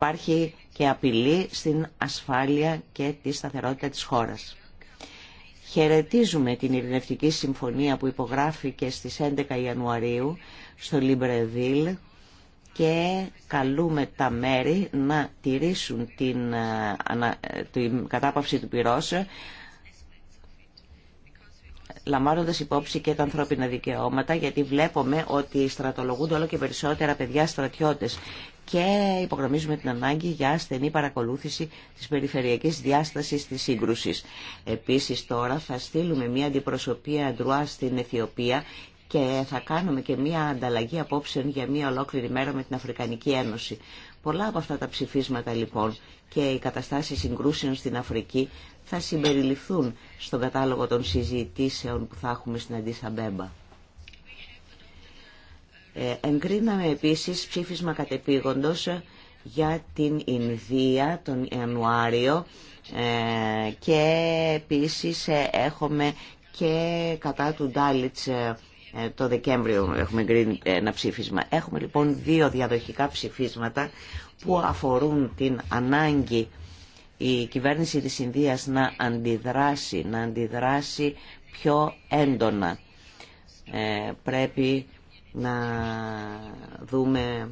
υπάρχει και απειλή στην ασφάλεια και τη σταθερότητα της χώρας. Χαιρετίζουμε την ειρηνευτική συμφωνία που υπογράφηκε στις 11 Ιανουαρίου στο Λιμπρεβίλ και καλούμε τα μέρη να τηρήσουν την, ε, ε, την κατάπαυση του πυρός λαμβάνοντας υπόψη και τα ανθρώπινα δικαιώματα, γιατί βλέπουμε ότι στρατολογούνται όλο και περισσότερα παιδιά στρατιώτες και υπογραμμίζουμε την ανάγκη για ασθενή παρακολούθηση της περιφερειακής διάστασης της σύγκρουσης. Επίσης τώρα θα στείλουμε μια αντιπροσωπεία ντρουά στην Αιθιοπία και θα κάνουμε και μια ανταλλαγή απόψεων για μια ολόκληρη μέρα με την Αφρικανική Ένωση. Πολλά από αυτά τα ψηφίσματα λοιπόν και οι καταστάσεις συγκρούσεων στην Αφρική θα συμπεριληφθούν στον κατάλογο των συζητήσεων που θα έχουμε στην Αντίσα ε, εγκρίναμε επίσης ψήφισμα κατεπήγοντος για την Ινδία τον Ιανουάριο ε, και επίσης ε, έχουμε και κατά του Ντάλιτς το Δεκέμβριο έχουμε εγκρίνει ένα ψήφισμα. Έχουμε λοιπόν δύο διαδοχικά ψηφίσματα που αφορούν την ανάγκη η κυβέρνηση της Ινδίας να αντιδράσει, να αντιδράσει πιο έντονα. πρέπει να δούμε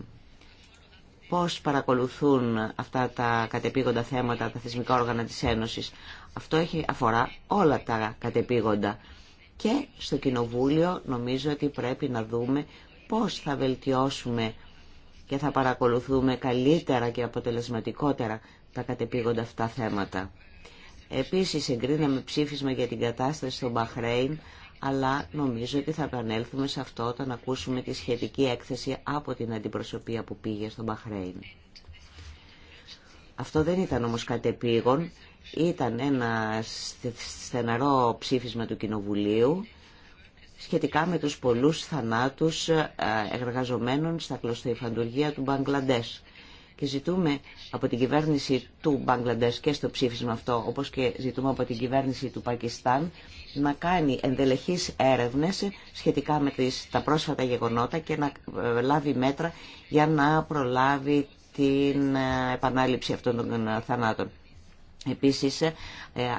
πώς παρακολουθούν αυτά τα κατεπήγοντα θέματα τα θεσμικά όργανα της Ένωσης. Αυτό έχει, αφορά όλα τα κατεπήγοντα. Και στο Κοινοβούλιο νομίζω ότι πρέπει να δούμε πώς θα βελτιώσουμε και θα παρακολουθούμε καλύτερα και αποτελεσματικότερα τα κατεπήγοντα αυτά θέματα. Επίσης εγκρίναμε ψήφισμα για την κατάσταση στο Μπαχρέιν αλλά νομίζω ότι θα επανέλθουμε σε αυτό όταν ακούσουμε τη σχετική έκθεση από την αντιπροσωπεία που πήγε στο Μπαχρέιν. Αυτό δεν ήταν όμως επίγον. ήταν ένα στεναρό ψήφισμα του Κοινοβουλίου σχετικά με τους πολλούς θανάτους ε, εργαζομένων στα κλωστοϊφαντουργία του Μπαγκλαντές. Και ζητούμε από την κυβέρνηση του Μπαγκλαντές και στο ψήφισμα αυτό, όπως και ζητούμε από την κυβέρνηση του Πακιστάν, να κάνει ενδελεχείς έρευνες σχετικά με τις, τα πρόσφατα γεγονότα και να ε, λάβει μέτρα για να προλάβει την ε, επανάληψη αυτών των ε, θανάτων. Επίσης,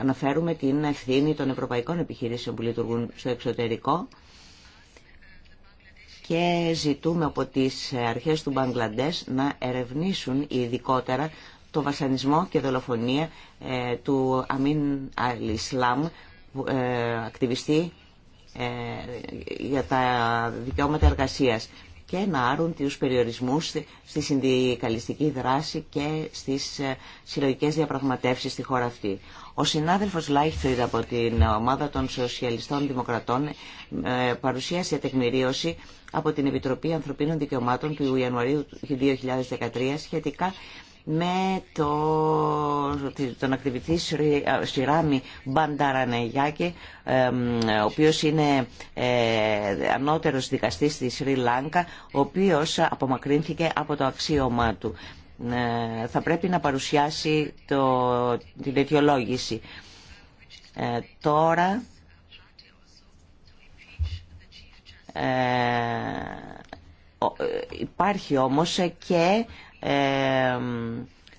αναφέρουμε την ευθύνη των ευρωπαϊκών επιχειρήσεων που λειτουργούν στο εξωτερικό και ζητούμε από τις αρχές του Μπαγκλαντές να ερευνήσουν ειδικότερα το βασανισμό και δολοφονία του Αμίν Αλ ακτιβιστή για τα δικαιώματα εργασίας και να άρουν τους περιορισμούς στη συνδικαλιστική δράση και στις συλλογικές διαπραγματεύσεις στη χώρα αυτή. Ο συνάδελφος Λάιχτριντ από την ομάδα των Σοσιαλιστών Δημοκρατών παρουσίασε τεκμηρίωση από την Επιτροπή Ανθρωπίνων Δικαιωμάτων του Ιανουαρίου 2013 σχετικά με το, τον ακτιβητή Σιράμι Μπανταρανεγιάκη, ο οποίος είναι ε, ανώτερος δικαστής στη Σρι Λάνκα, ο οποίος απομακρύνθηκε από το αξίωμά του. Ε, θα πρέπει να παρουσιάσει το, την αιτιολόγηση. Ε, τώρα υπάρχει όμως και ε,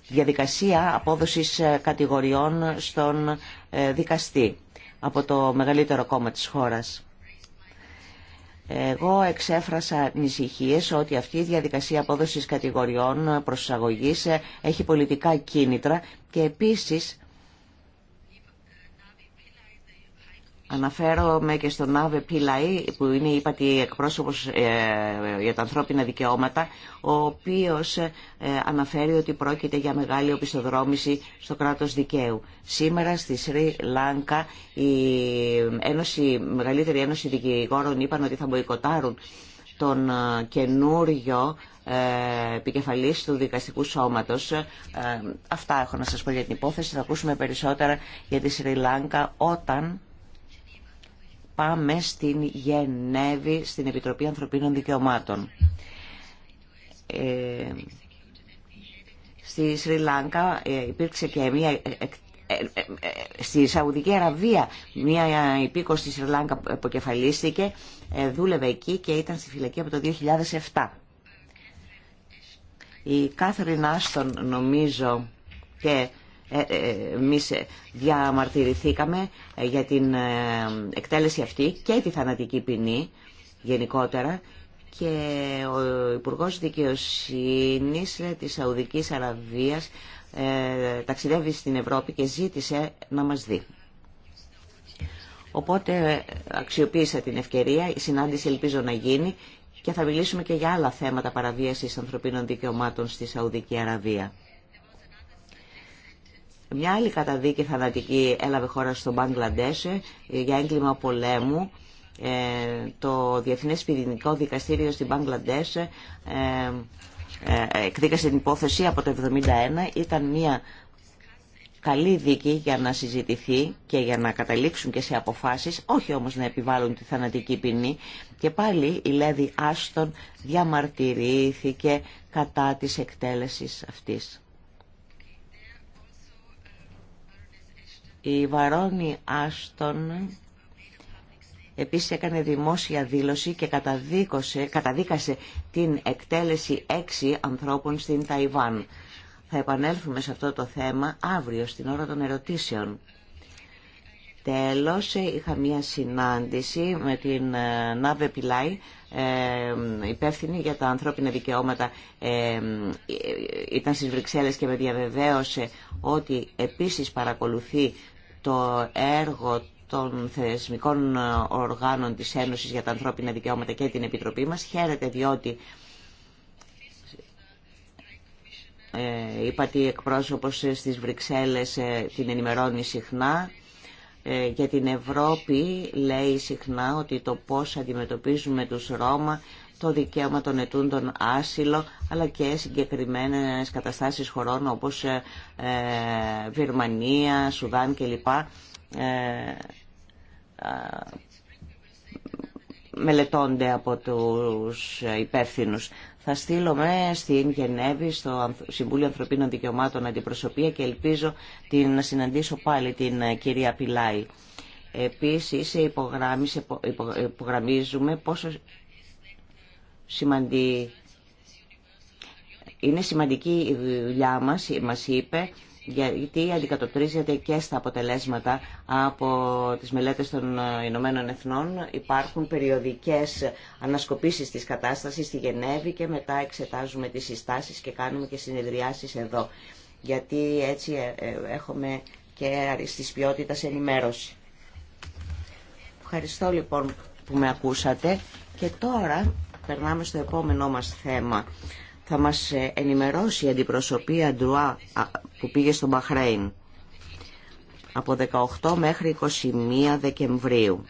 διαδικασία απόδοσης ε, κατηγοριών στον ε, δικαστή από το μεγαλύτερο κόμμα της χώρας. Εγώ εξέφρασα ανησυχίε ότι αυτή η διαδικασία απόδοσης κατηγοριών προσαγωγής έχει πολιτικά κίνητρα και επίσης Αναφέρομαι και στον Άβε Πιλαή που είναι είπατη εκπρόσωπος ε, για τα ανθρώπινα δικαιώματα ο οποίος ε, αναφέρει ότι πρόκειται για μεγάλη οπισθοδρόμηση στο κράτος δικαίου. Σήμερα στη Σρι Λάνκα η, Ένωση, η μεγαλύτερη Ένωση Δικηγόρων είπαν ότι θα μποϊκοτάρουν τον ε, καινούριο επικεφαλής του δικαστικού σώματος. Αυτά έχω να σας πω για την υπόθεση. Θα ακούσουμε περισσότερα για τη Σρι Λάνκα όταν πάμε στην Γενέβη, στην Επιτροπή Ανθρωπίνων Δικαιωμάτων. Ε, στη Σρι Λάνκα ε, υπήρξε και μια ε, ε, στη Σαουδική Αραβία μια υπήκοση στη Σρι που αποκεφαλίστηκε δούλευε εκεί και ήταν στη φυλακή από το 2007 η Κάθριν Άστον νομίζω και ε, ε, εμείς διαμαρτυρηθήκαμε ε, για την εκτέλεση αυτή και τη θανατική ποινή γενικότερα και ο Υπουργός Δικαιοσύνης της Σαουδικής Αραβίας ταξιδεύει στην Ευρώπη και ζήτησε να μας δει. Οπότε αξιοποίησα την ευκαιρία, η συνάντηση ελπίζω να γίνει και θα μιλήσουμε και για άλλα θέματα παραβίασης ανθρωπίνων δικαιωμάτων στη Σαουδική Αραβία. Μια άλλη καταδίκη θανατική έλαβε χώρα στο Μπαγκλαντές ε, για έγκλημα πολέμου. Ε, το Διεθνές Πυρηνικό Δικαστήριο στην Μπαγκλαντές ε, ε εκδίκασε την υπόθεση από το 1971. Ήταν μια καλή δίκη για να συζητηθεί και για να καταλήξουν και σε αποφάσεις, όχι όμως να επιβάλλουν τη θανατική ποινή. Και πάλι η Λέδη Άστον διαμαρτυρήθηκε κατά της εκτέλεσης αυτής. Η Βαρόνη Άστον επίσης έκανε δημόσια δήλωση και καταδίκασε την εκτέλεση έξι ανθρώπων στην Ταϊβάν. Θα επανέλθουμε σε αυτό το θέμα αύριο στην ώρα των ερωτήσεων. Τέλος, ε, είχα μία συνάντηση με την ε, Νάβε Πιλάη, ε, υπεύθυνη για τα ανθρώπινα δικαιώματα. Ήταν στις Βρυξέλλες και με διαβεβαίωσε ότι επίσης παρακολουθεί το έργο των θεσμικών οργάνων της Ένωσης για τα Ανθρώπινα Δικαιώματα και την Επιτροπή μας. Χαίρεται διότι ε, είπα τι εκπρόσωπος στις Βρυξέλλες ε, την ενημερώνει συχνά. Ε, για την Ευρώπη λέει συχνά ότι το πώς αντιμετωπίζουμε τους Ρώμα το δικαίωμα των ετούντων άσυλο, αλλά και συγκεκριμένες καταστάσεις χωρών όπως ε, ε Σουδάν κλπ. Ε, μελετώνται από τους υπεύθυνους. Θα με στην Γενέβη, στο Συμβούλιο Ανθρωπίνων Δικαιωμάτων Αντιπροσωπεία και ελπίζω την, να συναντήσω πάλι την ε, κυρία Πιλάη. Επίσης υπογραμμίζουμε πόσο σημαντι Είναι σημαντική η δουλειά μας, μας είπε, γιατί αντικατοπτρίζεται και στα αποτελέσματα από τις μελέτες των Ηνωμένων Εθνών. Υπάρχουν περιοδικές ανασκοπήσεις της κατάστασης στη Γενέβη και μετά εξετάζουμε τις συστάσεις και κάνουμε και συνεδριάσεις εδώ. Γιατί έτσι ε, ε, έχουμε και αριστής ποιότητας ενημέρωση. Ευχαριστώ λοιπόν που με ακούσατε και τώρα Περνάμε στο επόμενό μας θέμα. Θα μας ε, ενημερώσει η αντιπροσωπεία Ντρουά που πήγε στο Μπαχρέιν από 18 μέχρι 21 Δεκεμβρίου.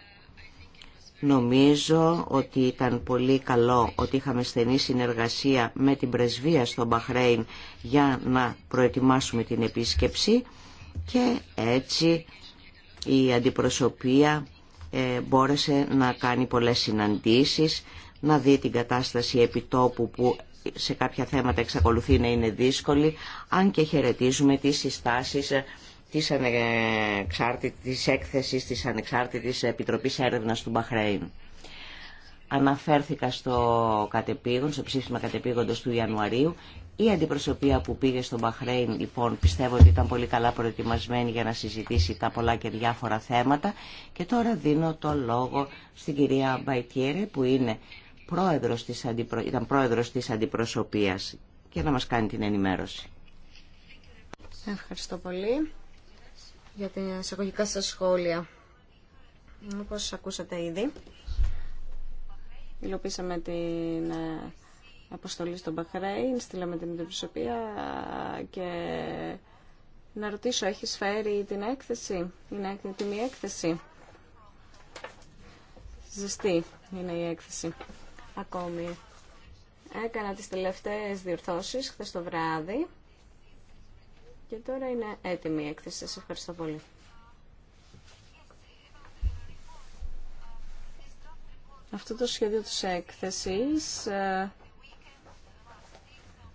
Νομίζω ότι ήταν πολύ καλό ότι είχαμε στενή συνεργασία με την πρεσβεία στο Μπαχρέιν για να προετοιμάσουμε την επίσκεψη και έτσι η αντιπροσωπεία ε, μπόρεσε να κάνει πολλές συναντήσεις να δει την κατάσταση επιτόπου που σε κάποια θέματα εξακολουθεί να είναι δύσκολη, αν και χαιρετίζουμε τις συστάσεις ε, της, ανεξάρτητης, της έκθεσης της Ανεξάρτητης Επιτροπής Έρευνας του Μπαχρέιν. Αναφέρθηκα στο, κατεπήγον, στο ψήφισμα κατεπήγοντος του Ιανουαρίου. Η αντιπροσωπεία που πήγε στο Μπαχρέιν, λοιπόν, πιστεύω ότι ήταν πολύ καλά προετοιμασμένη για να συζητήσει τα πολλά και διάφορα θέματα. Και τώρα δίνω το λόγο στην κυρία Μπαϊτιέρε, που είναι πρόεδρος της αντιπρο... ήταν πρόεδρος της αντιπροσωπείας και να μας κάνει την ενημέρωση. Ευχαριστώ πολύ για την εισαγωγικά σας σχόλια. Όπως ακούσατε ήδη, υλοποίησαμε την ε, αποστολή στον Μπαχρέιν, στείλαμε την αντιπροσωπεία και να ρωτήσω, έχεις φέρει την έκθεση, είναι έτοιμη έκθεση. Ζεστή είναι η έκθεση ακόμη. Έκανα τις τελευταίες διορθώσεις χθε το βράδυ και τώρα είναι έτοιμη η έκθεση. Σας ευχαριστώ πολύ. Αυτό το σχέδιο της έκθεσης ε,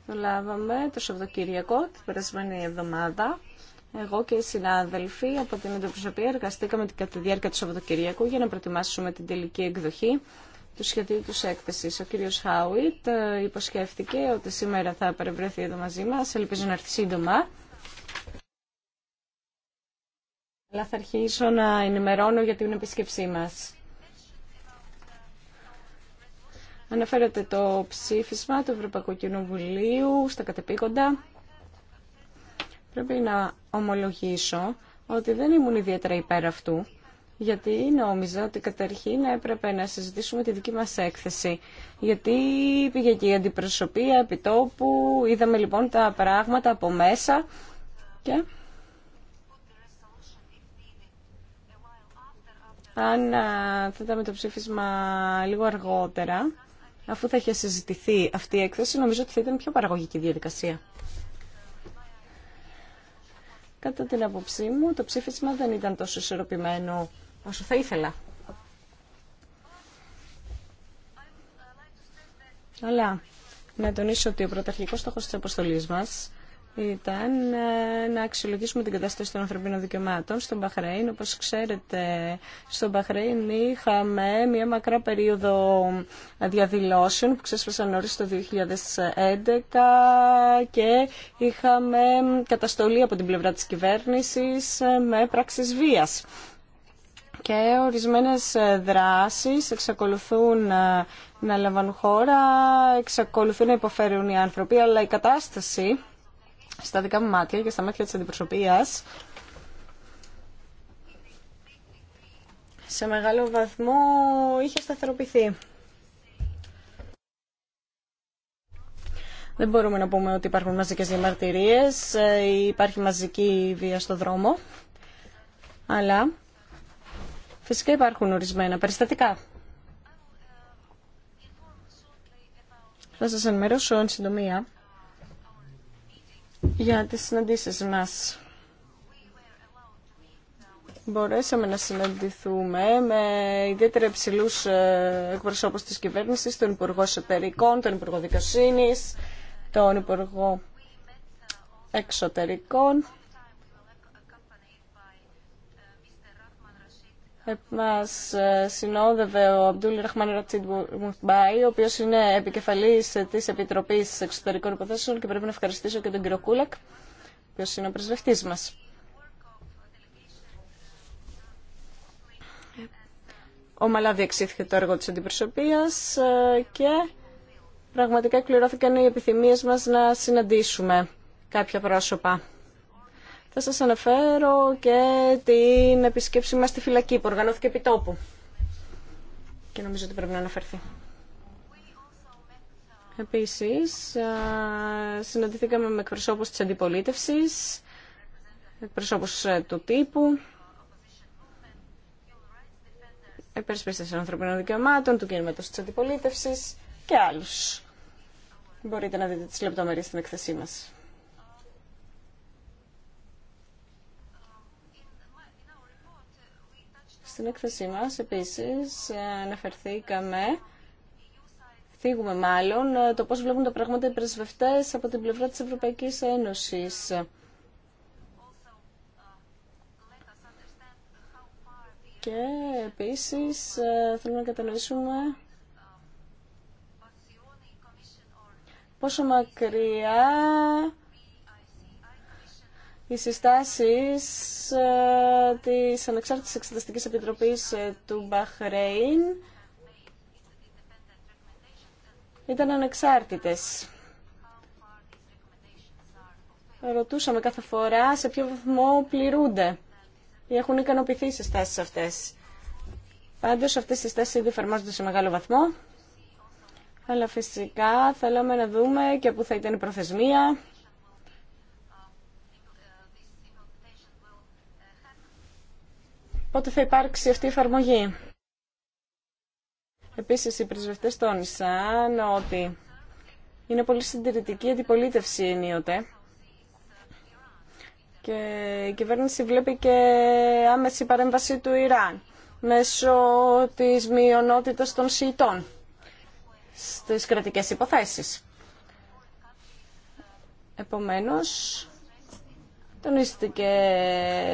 το λάβαμε το Σαββατοκύριακο, την περασμένη εβδομάδα. Εγώ και οι συνάδελφοι από την Εντροπροσωπεία εργαστήκαμε κατά τη διάρκεια του Σαββατοκυριακού για να προετοιμάσουμε την τελική εκδοχή του σχεδίου τους έκθεσης. Ο κύριος Χάουιτ ε, υποσχέθηκε ότι σήμερα θα παρευρεθεί εδώ μαζί μας, ελπίζω να έρθει σύντομα. Αλλά θα αρχίσω να ενημερώνω για την επίσκεψή μας. Αναφέρεται το ψήφισμα του Ευρωπαϊκού Κοινοβουλίου στα κατεπήγοντα. Πρέπει να ομολογήσω ότι δεν ήμουν ιδιαίτερα υπέρ αυτού γιατί νόμιζα ότι καταρχήν έπρεπε να συζητήσουμε τη δική μας έκθεση. Γιατί πήγε και η αντιπροσωπεία τόπου είδαμε λοιπόν τα πράγματα από μέσα και... Αν θέταμε το ψήφισμα λίγο αργότερα, αφού θα είχε συζητηθεί αυτή η έκθεση, νομίζω ότι θα ήταν πιο παραγωγική διαδικασία. Κατά την άποψή μου, το ψήφισμα δεν ήταν τόσο ισορροπημένο όσο θα ήθελα. Αλλά να τονίσω ότι ο πρωταρχικός στόχος της αποστολής μας ήταν ε, να αξιολογήσουμε την κατάσταση των ανθρωπίνων δικαιωμάτων στον Μπαχρέιν. Όπως ξέρετε, στον Μπαχρέιν είχαμε μια μακρά περίοδο διαδηλώσεων που ξέσπασαν νωρίς το 2011 και είχαμε καταστολή από την πλευρά της κυβέρνησης ε, με πράξεις βίας και ορισμένες ε, δράσεις εξακολουθούν ε, να λαμβάνουν χώρα, εξακολουθούν να υποφέρουν οι άνθρωποι, αλλά η κατάσταση στα δικά μου μάτια και στα μάτια της αντιπροσωπείας σε μεγάλο βαθμό είχε σταθεροποιηθεί. Δεν μπορούμε να πούμε ότι υπάρχουν μαζικές διαμαρτυρίες, ε, υπάρχει μαζική βία στο δρόμο, αλλά Φυσικά υπάρχουν ορισμένα περιστατικά. Θα σας ενημερώσω εν συντομία για τις συναντήσεις μας. Μπορέσαμε να συναντηθούμε με ιδιαίτερα υψηλού ε, εκπροσώπους της κυβέρνησης, τον Υπουργό Εσωτερικών, τον Υπουργό Δικαιοσύνη, τον Υπουργό Εξωτερικών μας ε, συνόδευε ο Αμπτούλη Ραχμάν Ρατσίτ Μουμπάη, ο οποίος είναι επικεφαλής ε, της Επιτροπής Εξωτερικών Υποθέσεων και πρέπει να ευχαριστήσω και τον κύριο Κούλακ, ο οποίος είναι ο πρεσβευτής μας. Ομαλά διεξήθηκε το έργο της αντιπροσωπείας ε, και πραγματικά εκπληρώθηκαν οι επιθυμίες μας να συναντήσουμε κάποια πρόσωπα. Θα σας αναφέρω και την επισκέψη μας στη φυλακή που οργανώθηκε επί τόπου. Και νομίζω ότι πρέπει να αναφερθεί. Επίσης, συναντηθήκαμε με εκπροσώπους της αντιπολίτευσης, εκπροσώπους ε, του τύπου, υπερασπίστες των ανθρωπινών δικαιωμάτων, του κινήματος της αντιπολίτευσης και άλλους. Μπορείτε να δείτε τις λεπτομέρειες στην εκθεσή μας. Στην έκθεσή μας επίσης αναφερθήκαμε θίγουμε μάλλον το πώς βλέπουν τα πράγματα οι πρεσβευτές από την πλευρά της Ευρωπαϊκής Ένωσης. Και επίσης ε, θέλουμε να κατανοήσουμε πόσο μακριά οι συστάσεις ε, της Ανεξάρτητης Εξεταστικής Επιτροπής ε, του Μπαχρέιν ήταν ανεξάρτητες. Ρωτούσαμε κάθε φορά σε ποιο βαθμό πληρούνται ή έχουν ικανοποιηθεί οι συστάσεις αυτές. Πάντως αυτές οι συστάσεις ήδη εφαρμόζονται σε μεγάλο βαθμό. Αλλά φυσικά θέλαμε να δούμε και πού θα ήταν η προθεσμία πότε θα υπάρξει αυτή η εφαρμογή. Επίσης, οι πρεσβευτές τόνισαν ότι είναι πολύ συντηρητική η αντιπολίτευση ενίοτε και η κυβέρνηση βλέπει και άμεση παρέμβαση του Ιράν μέσω της μειονότητας των Σιητών στις κρατικές υποθέσεις. Επομένως, Τονίστηκε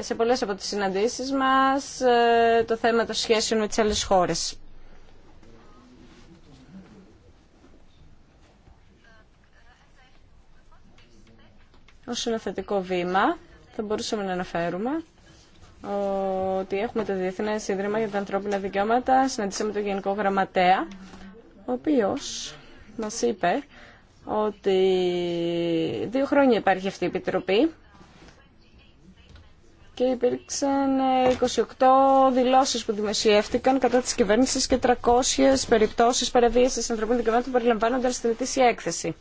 σε πολλές από τις συναντήσεις μας ε, το θέμα των σχέσεων με τις άλλες χώρες. Ως ένα θετικό βήμα θα μπορούσαμε να αναφέρουμε ότι έχουμε το Διεθνές Ίδρυμα για τα Ανθρώπινα Δικαιώματα. Συναντήσαμε τον Γενικό Γραμματέα, ο οποίος μας είπε ότι δύο χρόνια υπάρχει αυτή η Επιτροπή και υπήρξαν 28 ε, δηλώσεις που δημοσιεύτηκαν κατά της κυβέρνησης και 300 περιπτώσεις παραβίασης ανθρωπίνων δικαιωμάτων που περιλαμβάνονταν στην ετήσια έκθεση.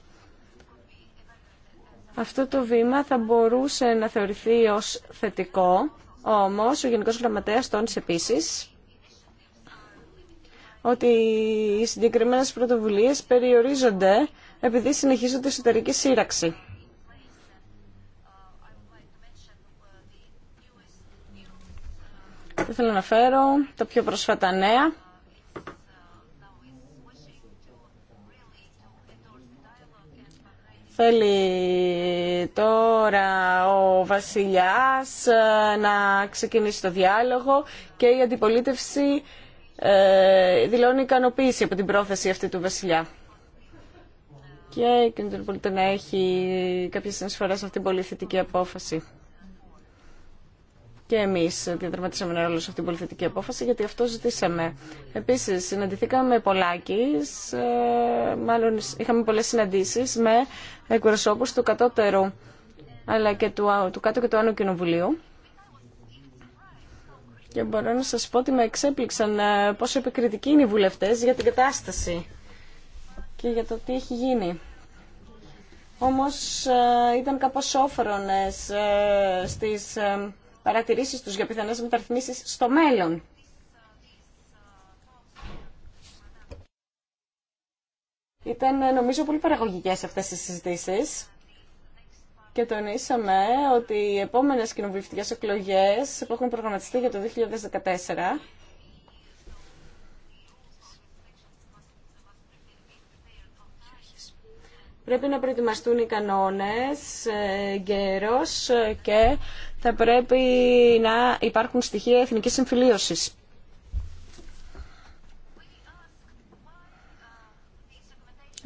Αυτό το βήμα θα μπορούσε να θεωρηθεί ως θετικό, όμως ο Γενικός Γραμματέας τόνισε επίσης ότι οι συγκεκριμένες πρωτοβουλίες περιορίζονται επειδή συνεχίζονται εσωτερική σύραξη. θα ήθελα να φέρω τα πιο πρόσφατα νέα. Θέλει τώρα ο Βασιλιάς ε, να ξεκινήσει το διάλογο και η αντιπολίτευση ε, δηλώνει ικανοποίηση από την πρόθεση αυτή του Βασιλιά. Και η κοινωνία να έχει κάποιες συνεισφορά σε αυτήν την πολύ θετική απόφαση και εμεί διαδραματίσαμε ένα ρόλο σε αυτήν την πολυθετική απόφαση, γιατί αυτό ζητήσαμε. Επίση, συναντηθήκαμε πολλάκι, ε, μάλλον είχαμε πολλέ συναντήσει με εκπροσώπου του κατώτερου αλλά και του, του κάτω και του άνω κοινοβουλίου. Και μπορώ να σας πω ότι με εξέπληξαν ε, πόσο επικριτικοί είναι οι βουλευτές για την κατάσταση και για το τι έχει γίνει. Όμως ε, ήταν κάπως όφρονες στις παρατηρήσεις τους για πιθανές μεταρρυθμίσεις στο μέλλον. Ήταν νομίζω πολύ παραγωγικές αυτές οι συζητήσεις και τονίσαμε ότι οι επόμενες κοινοβουλευτικές εκλογές που έχουν προγραμματιστεί για το 2014 Πρέπει να προετοιμαστούν οι κανόνες ε, γέρος ε, και θα πρέπει να υπάρχουν στοιχεία εθνικής συμφιλίωσης.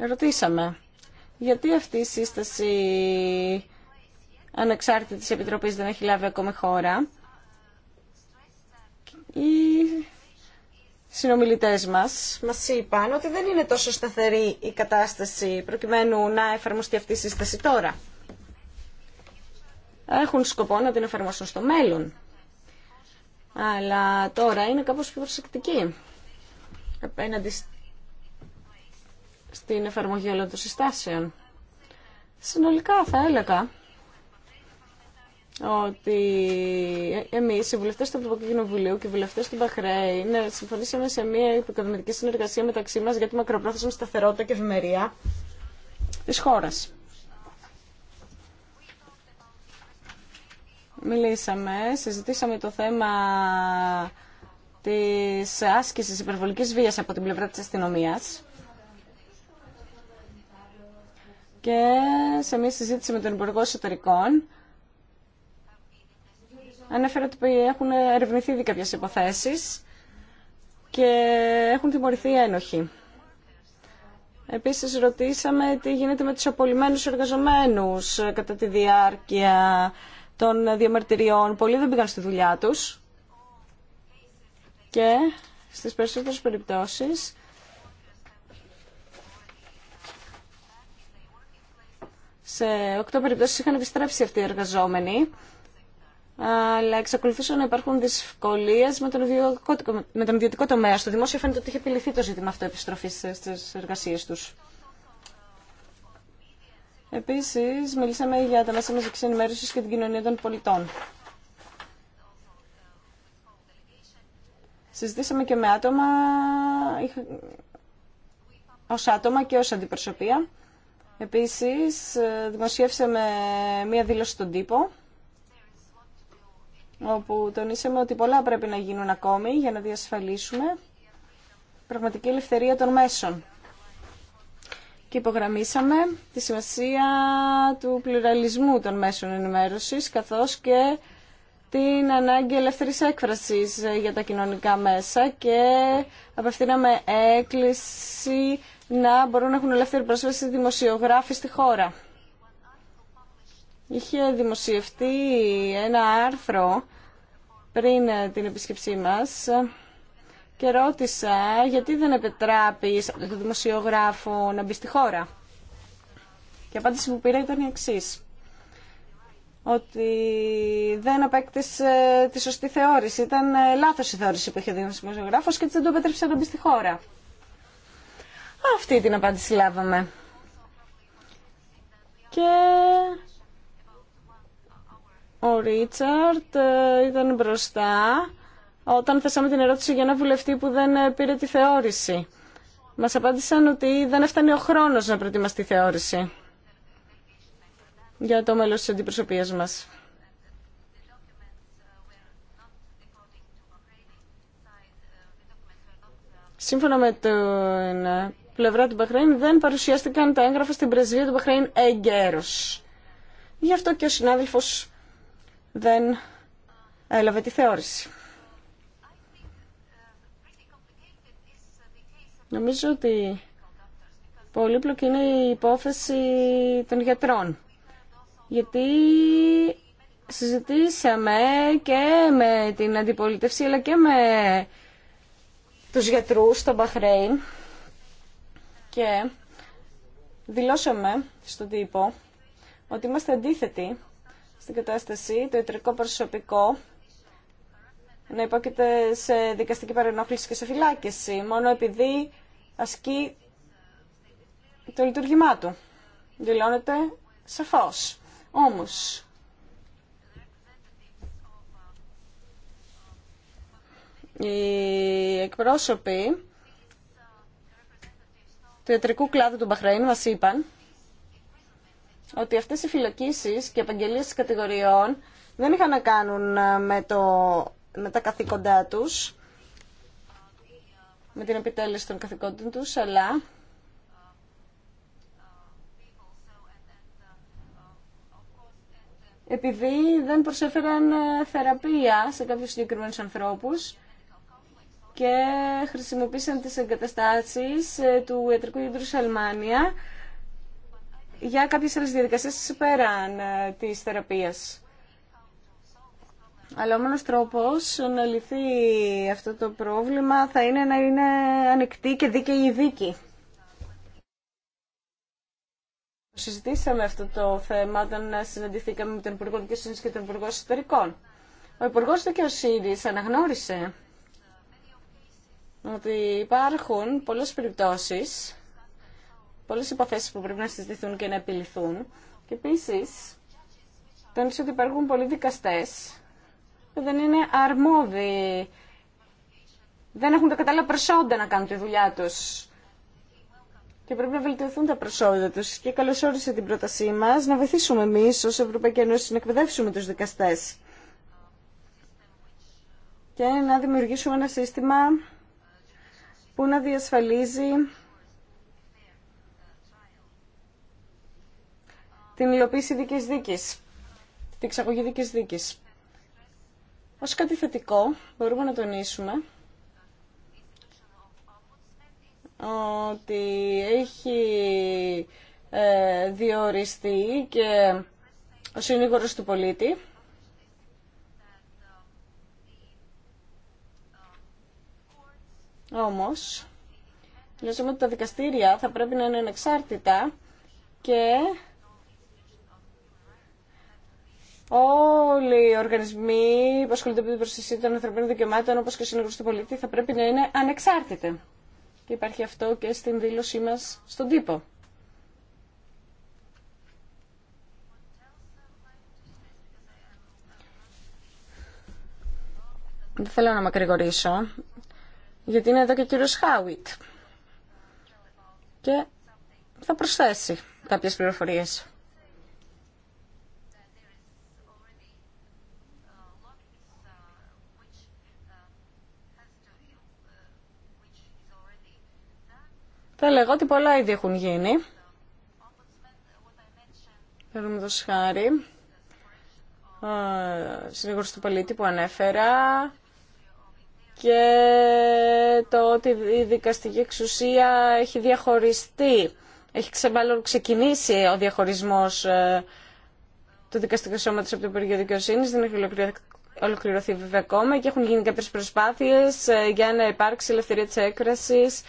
Ρωτήσαμε, γιατί αυτή η σύσταση ανεξάρτητης επιτροπής δεν έχει λάβει ακόμη χώρα. Οι συνομιλητές μας μας είπαν ότι δεν είναι τόσο σταθερή η κατάσταση προκειμένου να εφαρμοστεί αυτή η σύσταση τώρα έχουν σκοπό να την εφαρμόσουν στο μέλλον. Αλλά τώρα είναι κάπως πιο προσεκτική απέναντι στην εφαρμογή όλων των συστάσεων. Συνολικά θα έλεγα ότι εμείς οι βουλευτές του Ευρωπαϊκού Κοινοβουλίου και οι βουλευτές του Μπαχρέιν ε, συμφωνήσαμε σε μια επικοδομητική συνεργασία μεταξύ μας για τη μακροπρόθεσμη σταθερότητα και ευημερία της χώρας. μιλήσαμε, συζητήσαμε το θέμα της άσκησης υπερβολικής βίας από την πλευρά της αστυνομίας. Και σε μια συζήτηση με τον Υπουργό Εσωτερικών, ανέφερα ότι έχουν ερευνηθεί ήδη κάποιες υποθέσεις και έχουν τιμωρηθεί ένοχοι. Επίσης ρωτήσαμε τι γίνεται με τους απολυμμένους εργαζομένους κατά τη διάρκεια των διαμαρτυριών. Πολλοί δεν πήγαν στη δουλειά τους και στις περισσότερες περιπτώσεις σε οκτώ περιπτώσεις είχαν επιστρέψει αυτοί οι εργαζόμενοι αλλά εξακολουθούσαν να υπάρχουν δυσκολίε με, τον ιδιωτικό, με τον ιδιωτικό τομέα. Στο δημόσιο φαίνεται ότι είχε επιληθεί το ζήτημα αυτό επιστροφή στι εργασίε του. Επίσης, μιλήσαμε για τα μέσα μαζικής ενημέρωσης και την κοινωνία των πολιτών. Συζητήσαμε και με άτομα, ως άτομα και ως αντιπροσωπεία. Επίσης, δημοσιεύσαμε μία δήλωση στον τύπο, όπου τονίσαμε ότι πολλά πρέπει να γίνουν ακόμη για να διασφαλίσουμε πραγματική ελευθερία των μέσων και υπογραμμίσαμε τη σημασία του πλουραλισμού των μέσων ενημέρωσης καθώς και την ανάγκη ελεύθερης έκφρασης για τα κοινωνικά μέσα και απευθύναμε έκκληση να μπορούν να έχουν ελεύθερη πρόσβαση δημοσιογράφοι στη χώρα. Είχε δημοσιευτεί ένα άρθρο πριν την επίσκεψή μας και ρώτησα γιατί δεν επιτράπει το δημοσιογράφο να μπει στη χώρα. Και η απάντηση που πήρα ήταν η εξή. Ότι δεν απέκτησε τη σωστή θεώρηση. Ήταν ε, λάθος η θεώρηση που είχε δει ο δημοσιογράφος και έτσι δεν του επέτρεψε να μπει στη χώρα. Αυτή την απάντηση λάβαμε. Και ο Ρίτσαρτ ε, ήταν μπροστά όταν θέσαμε την ερώτηση για ένα βουλευτή που δεν ε, πήρε τη θεώρηση. Μας απάντησαν ότι δεν έφτανε ο χρόνος να προετοιμαστεί τη θεώρηση για το μέλος της αντιπροσωπείας μας. Σύμφωνα με την ε, πλευρά του Μπαχρέιν, δεν παρουσιάστηκαν τα έγγραφα στην πρεσβεία του Μπαχρέιν έγκαιρος. Γι' αυτό και ο συνάδελφος δεν έλαβε τη θεώρηση. Νομίζω ότι πολύπλοκη είναι η υπόθεση των γιατρών. Γιατί συζητήσαμε και με την αντιπολίτευση αλλά και με τους γιατρούς στο Μπαχρέιν και δηλώσαμε στον τύπο ότι είμαστε αντίθετοι στην κατάσταση το ιατρικό προσωπικό να υπόκειται σε δικαστική παρενόχληση και σε φυλάκιση μόνο επειδή ασκεί το λειτουργήμά του. Δηλώνεται σαφώς. Όμως, οι εκπρόσωποι του ιατρικού κλάδου του Μπαχραήν μας είπαν ότι αυτές οι φυλακίσεις και επαγγελίες κατηγοριών δεν είχαν να κάνουν με, το, με τα καθήκοντά τους, με την επιτέλεση των καθηκόντων τους, αλλά επειδή δεν προσέφεραν ε, θεραπεία σε κάποιους συγκεκριμένους ανθρώπους και χρησιμοποίησαν τις εγκαταστάσεις ε, του ιατρικού ίδρου Αλμάνια για κάποιες άλλες διαδικασίες πέραν ε, της θεραπείας. Αλλά ο μόνο τρόπο να λυθεί αυτό το πρόβλημα θα είναι να είναι ανοιχτή και δίκαιη η δίκη. Συζητήσαμε αυτό το θέμα όταν συναντηθήκαμε με τον Υπουργό Δικαιοσύνη και τον Υπουργό Εσωτερικών. Ο Υπουργό Δικαιοσύνη αναγνώρισε ότι υπάρχουν πολλές περιπτώσεις, πολλές υποθέσεις που πρέπει να συζητηθούν και να επιληθούν. Και επίσης, τόνισε ότι υπάρχουν πολλοί δικαστές δεν είναι αρμόδιοι. Δεν έχουν τα κατάλληλα προσόντα να κάνουν τη δουλειά τους. Και πρέπει να βελτιωθούν τα προσόντα τους. Και καλώ όρισε την πρότασή μας να βοηθήσουμε εμείς ως Ευρωπαϊκή Ένωση να εκπαιδεύσουμε τους δικαστές. Και να δημιουργήσουμε ένα σύστημα που να διασφαλίζει την υλοποίηση δικής δίκης, την εξαγωγή δικής δίκης. Ως κάτι θετικό μπορούμε να τονίσουμε ότι έχει ε, διοριστεί και ο συνήγορος του πολίτη Όμως, νομίζουμε ότι τα δικαστήρια θα πρέπει να είναι ανεξάρτητα και όλοι οι οργανισμοί που ασχολούνται με την προστασία των ανθρωπίνων δικαιωμάτων, όπως και ο Σύνολο του Πολίτη, θα πρέπει να είναι ανεξάρτητε. Και υπάρχει αυτό και στην δήλωσή μας στον τύπο. Δεν θέλω να μακρηγορήσω, γιατί είναι εδώ και ο κύριο Χάουιτ. Και θα προσθέσει κάποιες πληροφορίες. Θα λέγω ότι πολλά ήδη έχουν γίνει. Θέλουμε το σχάρι. Συνήγορο του πολίτη που ανέφερα και το ότι η δικαστική εξουσία έχει διαχωριστεί. Έχει ξεκινήσει ο διαχωρισμός ε, του δικαστικού σώματος από το Υπουργείο Δικαιοσύνης. Δεν έχει ολοκληρωθεί βέβαια ακόμα και έχουν γίνει κάποιες προσπάθειες ε, για να υπάρξει ελευθερία της έκρασης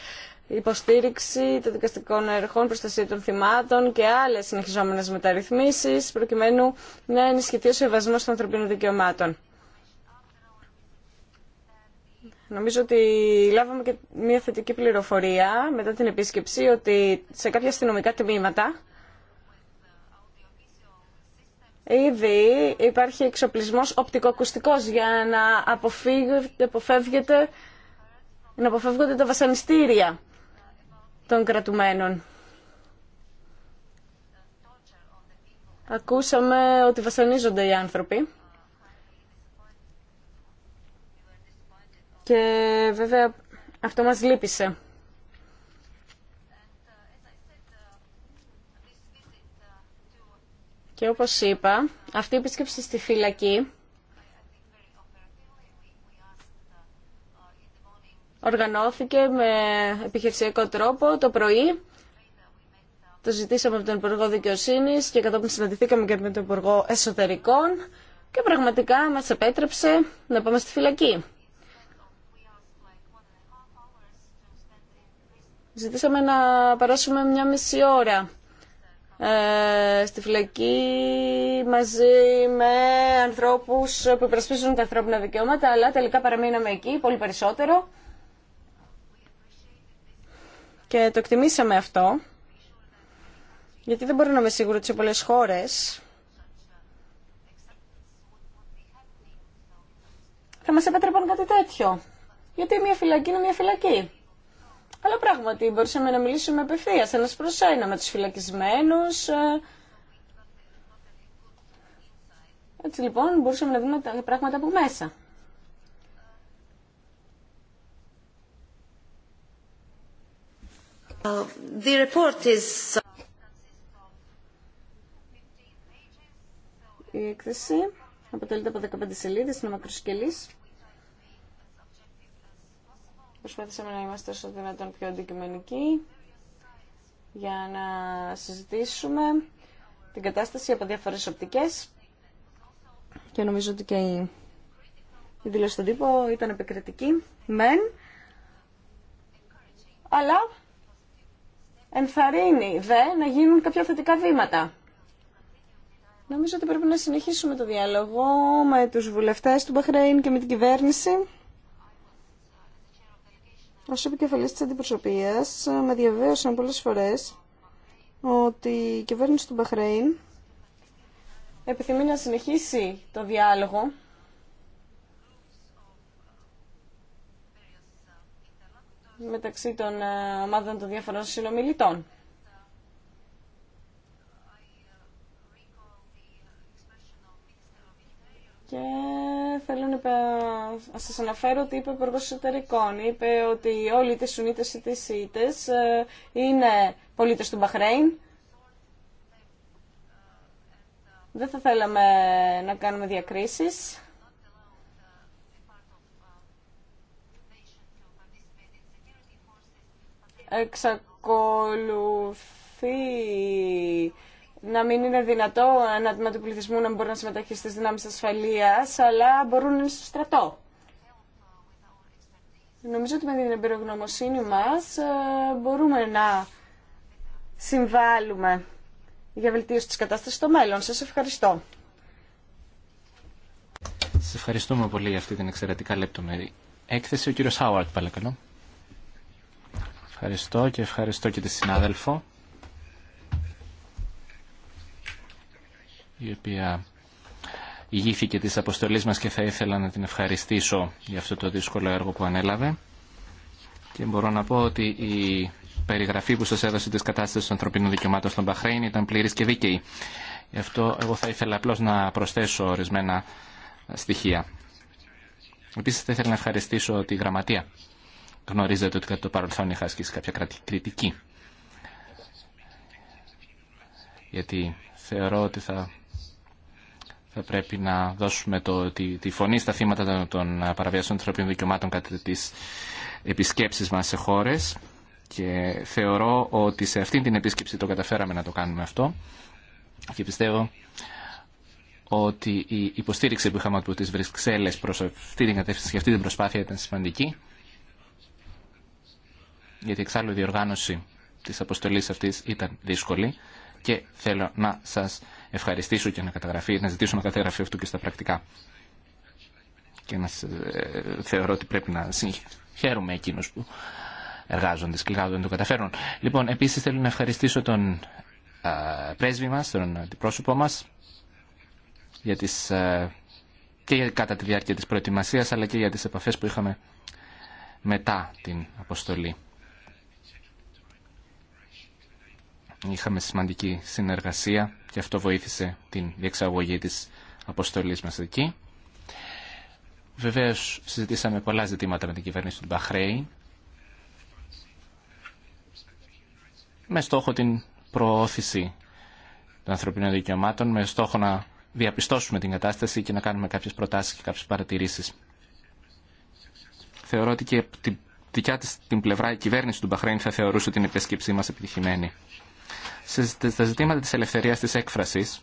υποστήριξη των δικαστικών ερχών, προστασία των θυμάτων και άλλες συνεχιζόμενες μεταρρυθμίσει προκειμένου να ενισχυθεί ο σεβασμό των ανθρωπίνων δικαιωμάτων. Νομίζω ότι λάβαμε και μια θετική πληροφορία μετά την επίσκεψη ότι σε κάποια αστυνομικά τμήματα ήδη υπάρχει εξοπλισμός οπτικοακουστικός για να αποφεύγεται, να αποφεύγονται τα βασανιστήρια των κρατουμένων. Ακούσαμε ότι βασανίζονται οι άνθρωποι. Και βέβαια αυτό μας λύπησε. Και όπως είπα, αυτή η επίσκεψη στη φυλακή οργανώθηκε με επιχειρησιακό τρόπο το πρωί. Το ζητήσαμε από τον Υπουργό Δικαιοσύνη και κατόπιν συναντηθήκαμε και με τον Υπουργό Εσωτερικών και πραγματικά μας επέτρεψε να πάμε στη φυλακή. Ζητήσαμε να περάσουμε μια μισή ώρα ε, στη φυλακή μαζί με ανθρώπους που υπερασπίζουν τα ανθρώπινα δικαιώματα, αλλά τελικά παραμείναμε εκεί πολύ περισσότερο. Και το εκτιμήσαμε αυτό, γιατί δεν μπορώ να είμαι σίγουρο ότι σε πολλές χώρες θα μας επέτρεπαν κάτι τέτοιο. Γιατί μια φυλακή είναι μια φυλακή. Αλλά πράγματι μπορούσαμε να μιλήσουμε απευθεία, ένα προ ένα με τους φυλακισμένους. Ε. Έτσι λοιπόν μπορούσαμε να δούμε τα πράγματα από μέσα. The report is... Η έκθεση αποτελείται από 15 σελίδες, είναι μακροσκελής. Προσπάθησαμε να είμαστε όσο δυνατόν πιο αντικειμενικοί για να συζητήσουμε την κατάσταση από διάφορες οπτικές και νομίζω ότι και η, η δήλωση στον τύπο ήταν επικριτική, μεν, αλλά ενθαρρύνει δε να γίνουν κάποια θετικά βήματα. Νομίζω ότι πρέπει να συνεχίσουμε το διάλογο με τους βουλευτές του Μπαχρέιν και με την κυβέρνηση. Ως επικεφαλής της αντιπροσωπείας με διαβέωσαν πολλές φορές ότι η κυβέρνηση του Μπαχρέιν επιθυμεί να συνεχίσει το διάλογο μεταξύ των ε, ομάδων των διαφορών συνομιλητών. Και θέλω να σας αναφέρω ότι είπε ο Εσωτερικών. Είπε ότι όλοι οι Σουνίτες οι ε, είναι πολίτες του Μπαχρέιν. Δεν θα θέλαμε να κάνουμε διακρίσεις. εξακολουθεί να μην είναι δυνατό ένα τμήμα του πληθυσμού να μπορεί να συμμετέχει στις δυνάμεις ασφαλείας, αλλά μπορούν να είναι στο στρατό. Νομίζω ότι με την εμπειρογνωμοσύνη μας ε, μπορούμε να συμβάλλουμε για βελτίωση της κατάστασης στο μέλλον. Σας ευχαριστώ. Σας ευχαριστούμε πολύ για αυτή την εξαιρετικά λεπτομερή έκθεση. Ο κύριος Χάουαρτ, παρακαλώ. Ευχαριστώ και ευχαριστώ και τη συνάδελφο η οποία ηγήθηκε της αποστολής μας και θα ήθελα να την ευχαριστήσω για αυτό το δύσκολο έργο που ανέλαβε και μπορώ να πω ότι η περιγραφή που σας έδωσε της κατάστασης των ανθρωπίνων δικαιωμάτων στον Παχρέιν ήταν πλήρης και δίκαιη. Γι' αυτό εγώ θα ήθελα απλώς να προσθέσω ορισμένα στοιχεία. Επίσης θα ήθελα να ευχαριστήσω τη Γραμματεία γνωρίζετε ότι κατά το παρελθόν είχα ασκήσει κάποια κριτική. Γιατί θεωρώ ότι θα, θα πρέπει να δώσουμε το, τη, φωνή στα θύματα των, παραβιάσεων ανθρωπίνων δικαιωμάτων κατά τις επισκέψεις μας σε χώρες και θεωρώ ότι σε αυτή την επίσκεψη το καταφέραμε να το κάνουμε αυτό και πιστεύω ότι η υποστήριξη που είχαμε από τις Βρυξέλλες προς αυτή την κατεύθυνση και αυτή την προσπάθεια ήταν σημαντική γιατί εξάλλου η διοργάνωση της αποστολής αυτής ήταν δύσκολη και θέλω να σας ευχαριστήσω και να καταγραφεί, να ζητήσω να καταγραφεί αυτό και στα πρακτικά. Και να ε, θεωρώ ότι πρέπει να συγχαίρουμε εκείνους που εργάζονται σκληρά όταν το καταφέρουν. Λοιπόν, επίσης θέλω να ευχαριστήσω τον πρέσβη μας, τον αντιπρόσωπό μας, για τις, και κατά τη διάρκεια της προετοιμασίας, αλλά και για τις επαφές που είχαμε μετά την αποστολή. είχαμε σημαντική συνεργασία και αυτό βοήθησε την διεξαγωγή της αποστολής μας εκεί. Βεβαίως συζητήσαμε πολλά ζητήματα με την κυβέρνηση του Μπαχρέιν με στόχο την προώθηση των ανθρωπίνων δικαιωμάτων, με στόχο να διαπιστώσουμε την κατάσταση και να κάνουμε κάποιες προτάσεις και κάποιες παρατηρήσεις. Θεωρώ ότι και δικιά της την πλευρά η κυβέρνηση του Μπαχρέιν θα θεωρούσε την επίσκεψή μας επιτυχημένη στα ζητήματα της ελευθερίας της έκφρασης.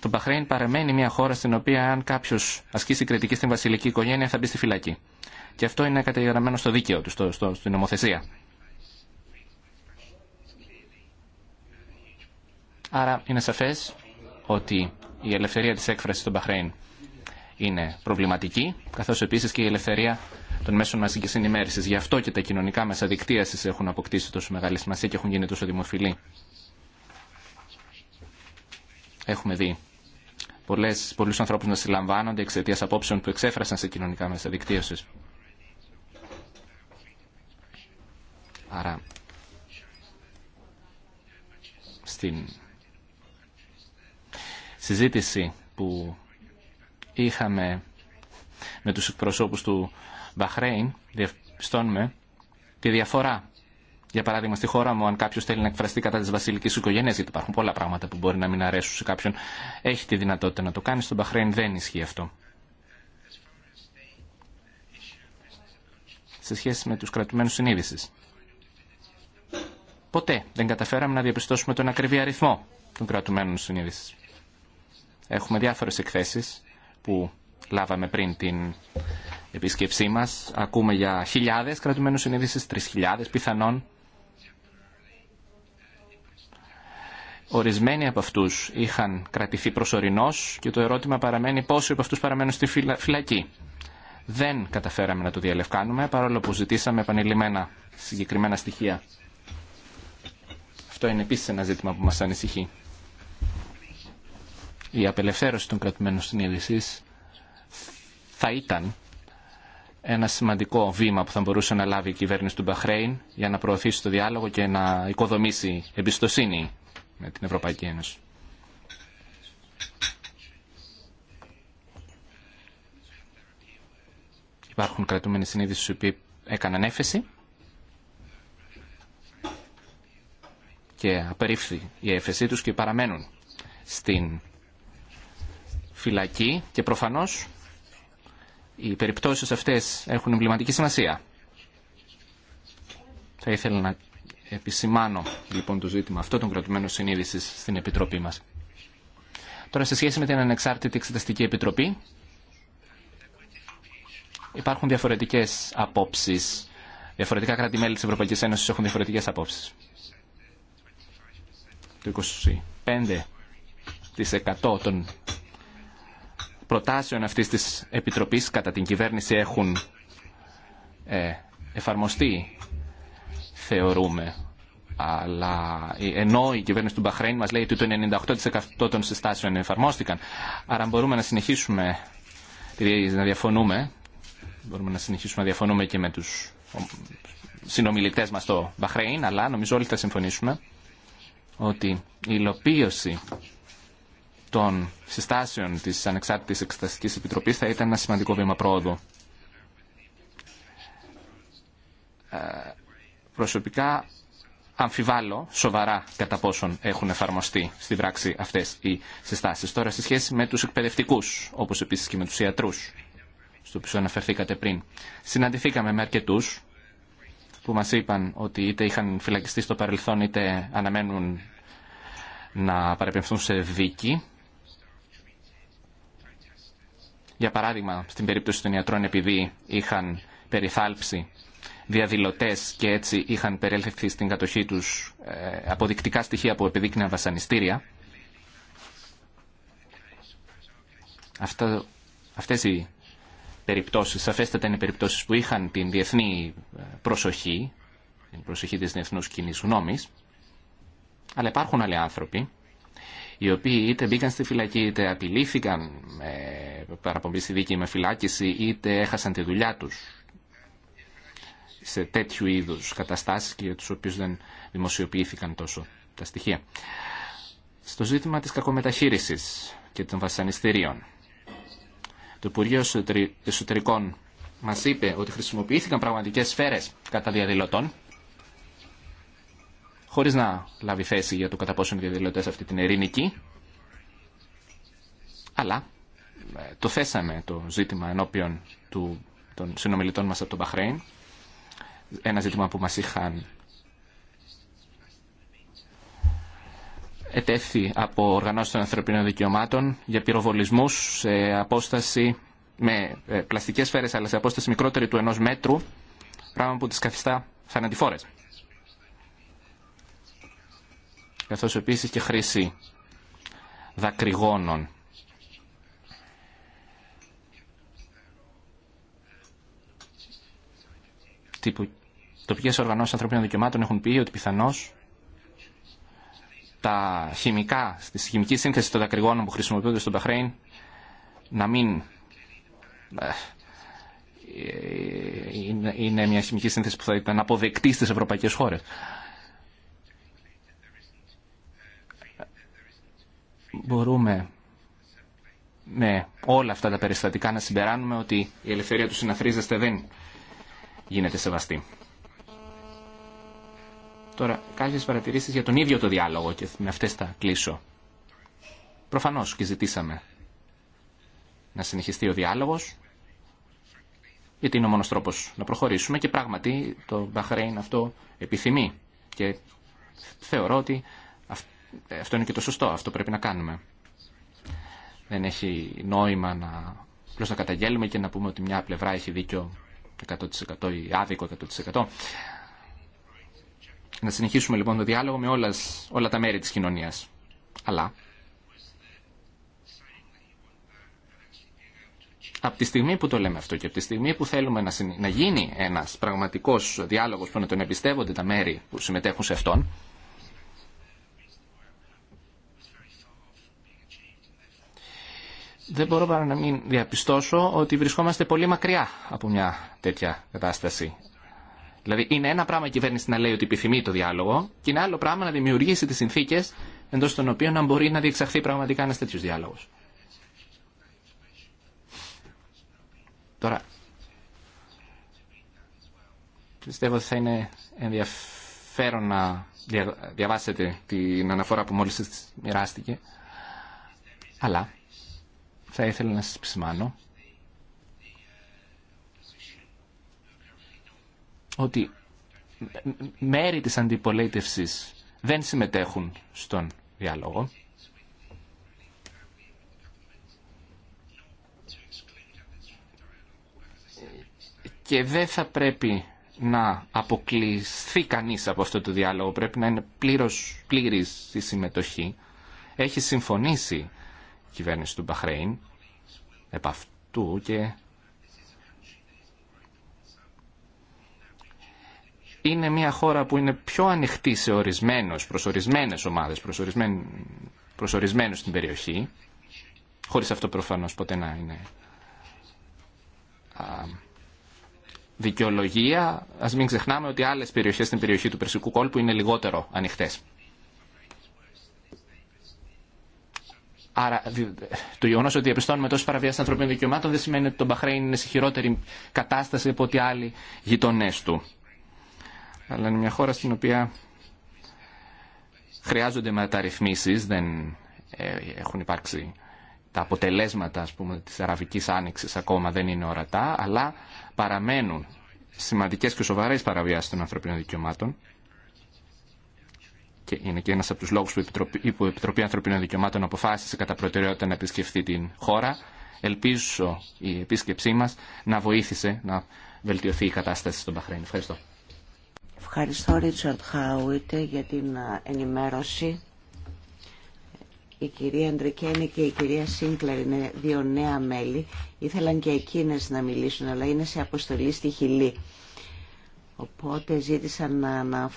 Το Μπαχρέιν παραμένει μια χώρα στην οποία αν κάποιο ασκήσει κριτική στην βασιλική οικογένεια θα μπει στη φυλακή. Και αυτό είναι καταγεγραμμένο στο δίκαιο του, στο, στην νομοθεσία. Άρα είναι σαφές ότι η ελευθερία της έκφρασης στο Μπαχρέιν είναι προβληματική, καθώς επίσης και η ελευθερία των μέσων μαζικής ενημέρωση, Γι' αυτό και τα κοινωνικά μέσα δικτύασης έχουν αποκτήσει τόσο μεγάλη σημασία και έχουν γίνει τόσο δημοφιλή Έχουμε δει πολλές, πολλούς ανθρώπους να συλλαμβάνονται εξαιτίας απόψεων που εξέφρασαν σε κοινωνικά μέσα δικτύωσης. Άρα, στην συζήτηση που είχαμε με τους εκπροσώπους του Μπαχρέιν, διαπιστώνουμε τη διαφορά για παράδειγμα, στη χώρα μου, αν κάποιο θέλει να εκφραστεί κατά τη βασιλική οικογένεια, γιατί υπάρχουν πολλά πράγματα που μπορεί να μην αρέσουν σε κάποιον, έχει τη δυνατότητα να το κάνει. Στον Παχρέν δεν ισχύει αυτό. Σε σχέση με του κρατουμένου συνείδηση. Ποτέ δεν καταφέραμε να διαπιστώσουμε τον ακριβή αριθμό των κρατουμένων συνείδηση. Έχουμε διάφορε εκθέσει που λάβαμε πριν την επίσκεψή μα. Ακούμε για χιλιάδε κρατουμένου συνείδηση, τρει χιλιάδε πιθανόν. Ορισμένοι από αυτού είχαν κρατηθεί προσωρινώ και το ερώτημα παραμένει πόσοι από αυτού παραμένουν στη φυλακή. Δεν καταφέραμε να το διαλευκάνουμε παρόλο που ζητήσαμε επανειλημμένα συγκεκριμένα στοιχεία. Αυτό είναι επίση ένα ζήτημα που μα ανησυχεί. Η απελευθέρωση των κρατουμένων συνείδηση θα ήταν ένα σημαντικό βήμα που θα μπορούσε να λάβει η κυβέρνηση του Μπαχρέιν για να προωθήσει το διάλογο και να οικοδομήσει εμπιστοσύνη την Ευρωπαϊκή Ένωση. Υπάρχουν κρατούμενοι συνείδησης οι οποίοι έκαναν έφεση και απερίφθη η έφεσή τους και παραμένουν στην φυλακή και προφανώς οι περιπτώσεις αυτές έχουν εμβληματική σημασία. Θα ήθελα να επισημάνω λοιπόν το ζήτημα αυτό των κρατουμένων συνείδηση στην Επιτροπή μας. Τώρα σε σχέση με την Ανεξάρτητη Εξεταστική Επιτροπή υπάρχουν διαφορετικές απόψεις. Διαφορετικά κράτη-μέλη της Ευρωπαϊκής Ένωσης έχουν διαφορετικές απόψεις. Το 25% των προτάσεων αυτής της Επιτροπής κατά την κυβέρνηση έχουν ε, εφαρμοστεί θεωρούμε αλλά ενώ η κυβέρνηση του Μπαχρέιν μας λέει ότι το 98% των συστάσεων εφαρμόστηκαν, άρα μπορούμε να συνεχίσουμε να διαφωνούμε, μπορούμε να συνεχίσουμε να διαφωνούμε και με τους συνομιλητές μας στο Μπαχρέιν, αλλά νομίζω όλοι θα συμφωνήσουμε ότι η υλοποίηση των συστάσεων της Ανεξάρτητης Εξεταστικής Επιτροπής θα ήταν ένα σημαντικό βήμα πρόοδου. Ε, προσωπικά αμφιβάλλω σοβαρά κατά πόσον έχουν εφαρμοστεί στη πράξη αυτές οι συστάσει. Τώρα στη σχέση με τους εκπαιδευτικού, όπως επίσης και με τους ιατρούς, στο οποίο αναφερθήκατε πριν. Συναντηθήκαμε με αρκετού, που μας είπαν ότι είτε είχαν φυλακιστεί στο παρελθόν είτε αναμένουν να παραπεμφθούν σε δίκη. Για παράδειγμα, στην περίπτωση των ιατρών επειδή είχαν περιθάλψει Διαδηλωτέ και έτσι είχαν περιέλθει στην κατοχή τους ε, αποδεικτικά στοιχεία που επιδείκνυαν βασανιστήρια. Αυτά, αυτές οι περιπτώσεις, σαφέστατα είναι περιπτώσεις που είχαν την διεθνή ε, προσοχή, την προσοχή της διεθνούς κοινή γνώμης, αλλά υπάρχουν άλλοι άνθρωποι οι οποίοι είτε μπήκαν στη φυλακή, είτε απειλήθηκαν με παραπομπή στη δίκη με φυλάκιση, είτε έχασαν τη δουλειά τους σε τέτοιου είδους καταστάσεις και για τους οποίους δεν δημοσιοποιήθηκαν τόσο τα στοιχεία. Στο ζήτημα της κακομεταχείρισης και των βασανιστήριων, το Υπουργείο Εσωτερικών μας είπε ότι χρησιμοποιήθηκαν πραγματικές σφαίρες κατά διαδηλωτών, χωρίς να λάβει θέση για το κατά πόσο οι διαδηλωτές αυτή την ειρηνική, αλλά ε, το θέσαμε το ζήτημα ενώπιον του, των συνομιλητών μας από τον ένα ζήτημα που μας είχαν ετέθη από οργανώσεις των ανθρωπίνων δικαιωμάτων για πυροβολισμούς σε απόσταση με ε, πλαστικές σφαίρες αλλά σε απόσταση μικρότερη του ενός μέτρου πράγμα που τις καθιστά θανατηφόρες. Καθώς επίσης και χρήση δακρυγόνων. Τύπου τοπικέ οργανώσεις ανθρωπίνων δικαιωμάτων έχουν πει ότι πιθανώς τα χημικά, στη χημική σύνθεση των δακρυγόνων που χρησιμοποιούνται στον Παχρέιν να μην ε, είναι μια χημική σύνθεση που θα ήταν αποδεκτή στις ευρωπαϊκές χώρες. Μπορούμε με όλα αυτά τα περιστατικά να συμπεράνουμε ότι η ελευθερία του συναθρίζεστε δεν γίνεται σεβαστή. Τώρα, κάποιε παρατηρήσει για τον ίδιο το διάλογο και με αυτέ θα κλείσω. Προφανώ και ζητήσαμε να συνεχιστεί ο διάλογο, γιατί είναι ο μόνο τρόπο να προχωρήσουμε και πράγματι το Μπαχρέιν αυτό επιθυμεί. Και θεωρώ ότι ε, αυτό είναι και το σωστό, αυτό πρέπει να κάνουμε. Δεν έχει νόημα να απλώ να καταγγέλουμε και να πούμε ότι μια πλευρά έχει δίκιο 100% ή άδικο 100%. Να συνεχίσουμε λοιπόν το διάλογο με όλες, όλα τα μέρη της κοινωνίας. Αλλά από τη στιγμή που το λέμε αυτό και από τη στιγμή που θέλουμε να, να γίνει ένας πραγματικός διάλογος που να τον εμπιστεύονται τα μέρη που συμμετέχουν σε αυτόν, δεν μπορώ παρά να μην διαπιστώσω ότι βρισκόμαστε πολύ μακριά από μια τέτοια κατάσταση. Δηλαδή είναι ένα πράγμα η κυβέρνηση να λέει ότι επιθυμεί το διάλογο και είναι άλλο πράγμα να δημιουργήσει τι συνθήκε εντό των οποίων να μπορεί να διεξαχθεί πραγματικά ένα τέτοιο διάλογο. Τώρα, πιστεύω ότι θα είναι ενδιαφέρον να διαβάσετε την αναφορά που μόλις σας μοιράστηκε. Αλλά θα ήθελα να σας επισημάνω ότι μέρη της αντιπολίτευσης δεν συμμετέχουν στον διάλογο. Και δεν θα πρέπει να αποκλειστεί κανείς από αυτό το διάλογο. Πρέπει να είναι πλήρως πλήρης η συμμετοχή. Έχει συμφωνήσει η κυβέρνηση του Μπαχρέιν επ' αυτού και είναι μια χώρα που είναι πιο ανοιχτή σε ορισμένους, προς ορισμένες ομάδες, προς, ορισμέν, στην περιοχή, χωρίς αυτό προφανώς ποτέ να είναι α, δικαιολογία. Ας μην ξεχνάμε ότι άλλες περιοχές στην περιοχή του Περσικού κόλπου είναι λιγότερο ανοιχτές. Άρα το γεγονό ότι διαπιστώνουμε τόσε παραβιάσει ανθρωπίνων δικαιωμάτων δεν σημαίνει ότι το Μπαχρέιν είναι σε χειρότερη κατάσταση από ότι άλλοι γειτονέ του αλλά είναι μια χώρα στην οποία χρειάζονται μεταρρυθμίσεις, δεν ε, έχουν υπάρξει τα αποτελέσματα ας πούμε, της Αραβικής Άνοιξης ακόμα δεν είναι ορατά, αλλά παραμένουν σημαντικές και σοβαρές παραβιάσεις των ανθρωπίνων δικαιωμάτων και είναι και ένας από τους λόγους που η Επιτροπή, που η Επιτροπή Ανθρωπίνων Δικαιωμάτων αποφάσισε κατά προτεραιότητα να επισκεφθεί την χώρα. Ελπίζω η επίσκεψή μας να βοήθησε να βελτιωθεί η κατάσταση στον Παχρέν. Ευχαριστώ. Ευχαριστώ Ρίτσαρτ Χάουιτε, για την ενημέρωση. Η κυρία Αντρικένη και η κυρία Σίνκλερ είναι δύο νέα μέλη. Ήθελαν και εκείνες να μιλήσουν, αλλά είναι σε αποστολή στη Χιλή. Οπότε ζήτησαν να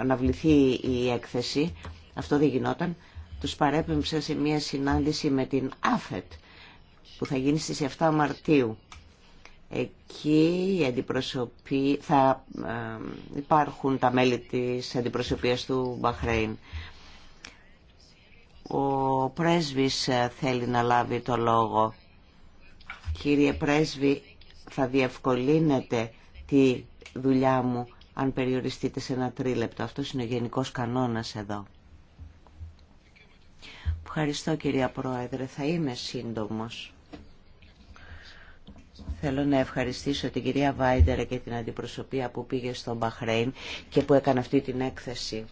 αναβληθεί η έκθεση. Αυτό δεν γινόταν. Τους παρέπεμψα σε μια συνάντηση με την ΑΦΕΤ που θα γίνει στις 7 Μαρτίου. Εκεί οι θα ε, υπάρχουν τα μέλη της αντιπροσωπείας του Μπαχρέιν. Ο πρέσβης ε, θέλει να λάβει το λόγο. Κύριε πρέσβη, θα διευκολύνετε τη δουλειά μου αν περιοριστείτε σε ένα τρίλεπτο. Αυτό είναι ο γενικός κανόνας εδώ. Ευχαριστώ κυρία Πρόεδρε, θα είμαι σύντομος. Θέλω να ευχαριστήσω την κυρία Βάιντερα και την αντιπροσωπεία που πήγε στο Μπαχρέιν και που έκανε αυτή την έκθεση.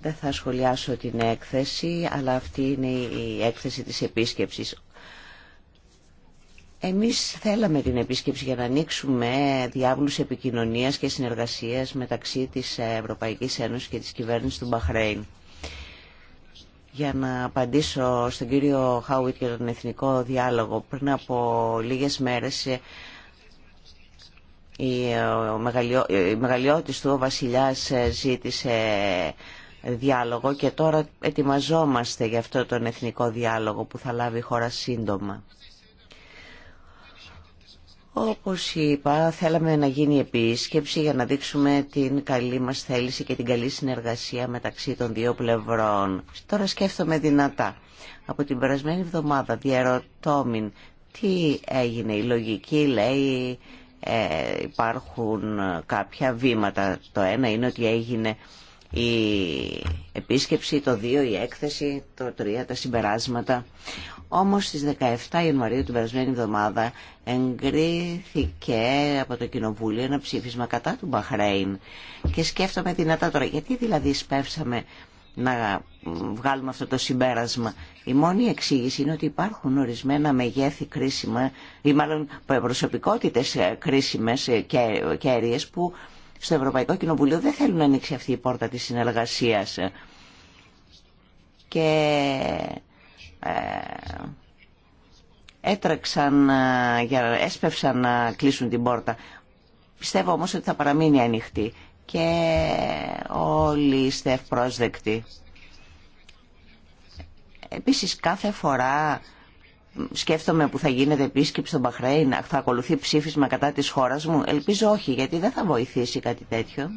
Δεν θα σχολιάσω την έκθεση, αλλά αυτή είναι η έκθεση της επίσκεψης. Εμείς θέλαμε την επίσκεψη για να ανοίξουμε διάβλους επικοινωνίας και συνεργασίας μεταξύ της Ευρωπαϊκής Ένωσης και της κυβέρνησης του Μπαχρέιν για να απαντήσω στον κύριο Χάουιτ για τον εθνικό διάλογο. Πριν από λίγες μέρες ε, ε, ο ε, μεγαλειότητα του, ο βασιλιάς, ζήτησε διάλογο και τώρα ετοιμαζόμαστε για αυτό τον εθνικό διάλογο που θα λάβει η χώρα σύντομα. Όπως είπα, θέλαμε να γίνει επίσκεψη για να δείξουμε την καλή μας θέληση και την καλή συνεργασία μεταξύ των δύο πλευρών. Τώρα σκέφτομαι δυνατά. Από την περασμένη εβδομάδα διαρωτώμην τι έγινε. Η λογική λέει ε, υπάρχουν κάποια βήματα. Το ένα είναι ότι έγινε η επίσκεψη, το 2 η έκθεση, το 3 τα συμπεράσματα. Όμως στις 17 Ιανουαρίου την περασμένη εβδομάδα εγκρίθηκε από το Κοινοβούλιο ένα ψήφισμα κατά του Μπαχρέιν και σκέφτομαι δυνατά τώρα γιατί δηλαδή σπεύσαμε να βγάλουμε αυτό το συμπέρασμα. Η μόνη εξήγηση είναι ότι υπάρχουν ορισμένα μεγέθη κρίσιμα ή μάλλον προσωπικότητες κρίσιμες και κέρυες που στο Ευρωπαϊκό Κοινοβουλίο δεν θέλουν να ανοίξει αυτή η πόρτα της συνεργασίας. Και ε, έτρεξαν, ε, έσπευσαν να κλείσουν την πόρτα. Πιστεύω όμως ότι θα παραμείνει ανοιχτή και όλοι είστε ευπρόσδεκτοι. Επίσης κάθε φορά σκέφτομαι που θα γίνεται επίσκεψη στον Μπαχρέιν, θα ακολουθεί ψήφισμα κατά της χώρας μου. Ελπίζω όχι, γιατί δεν θα βοηθήσει κάτι τέτοιο.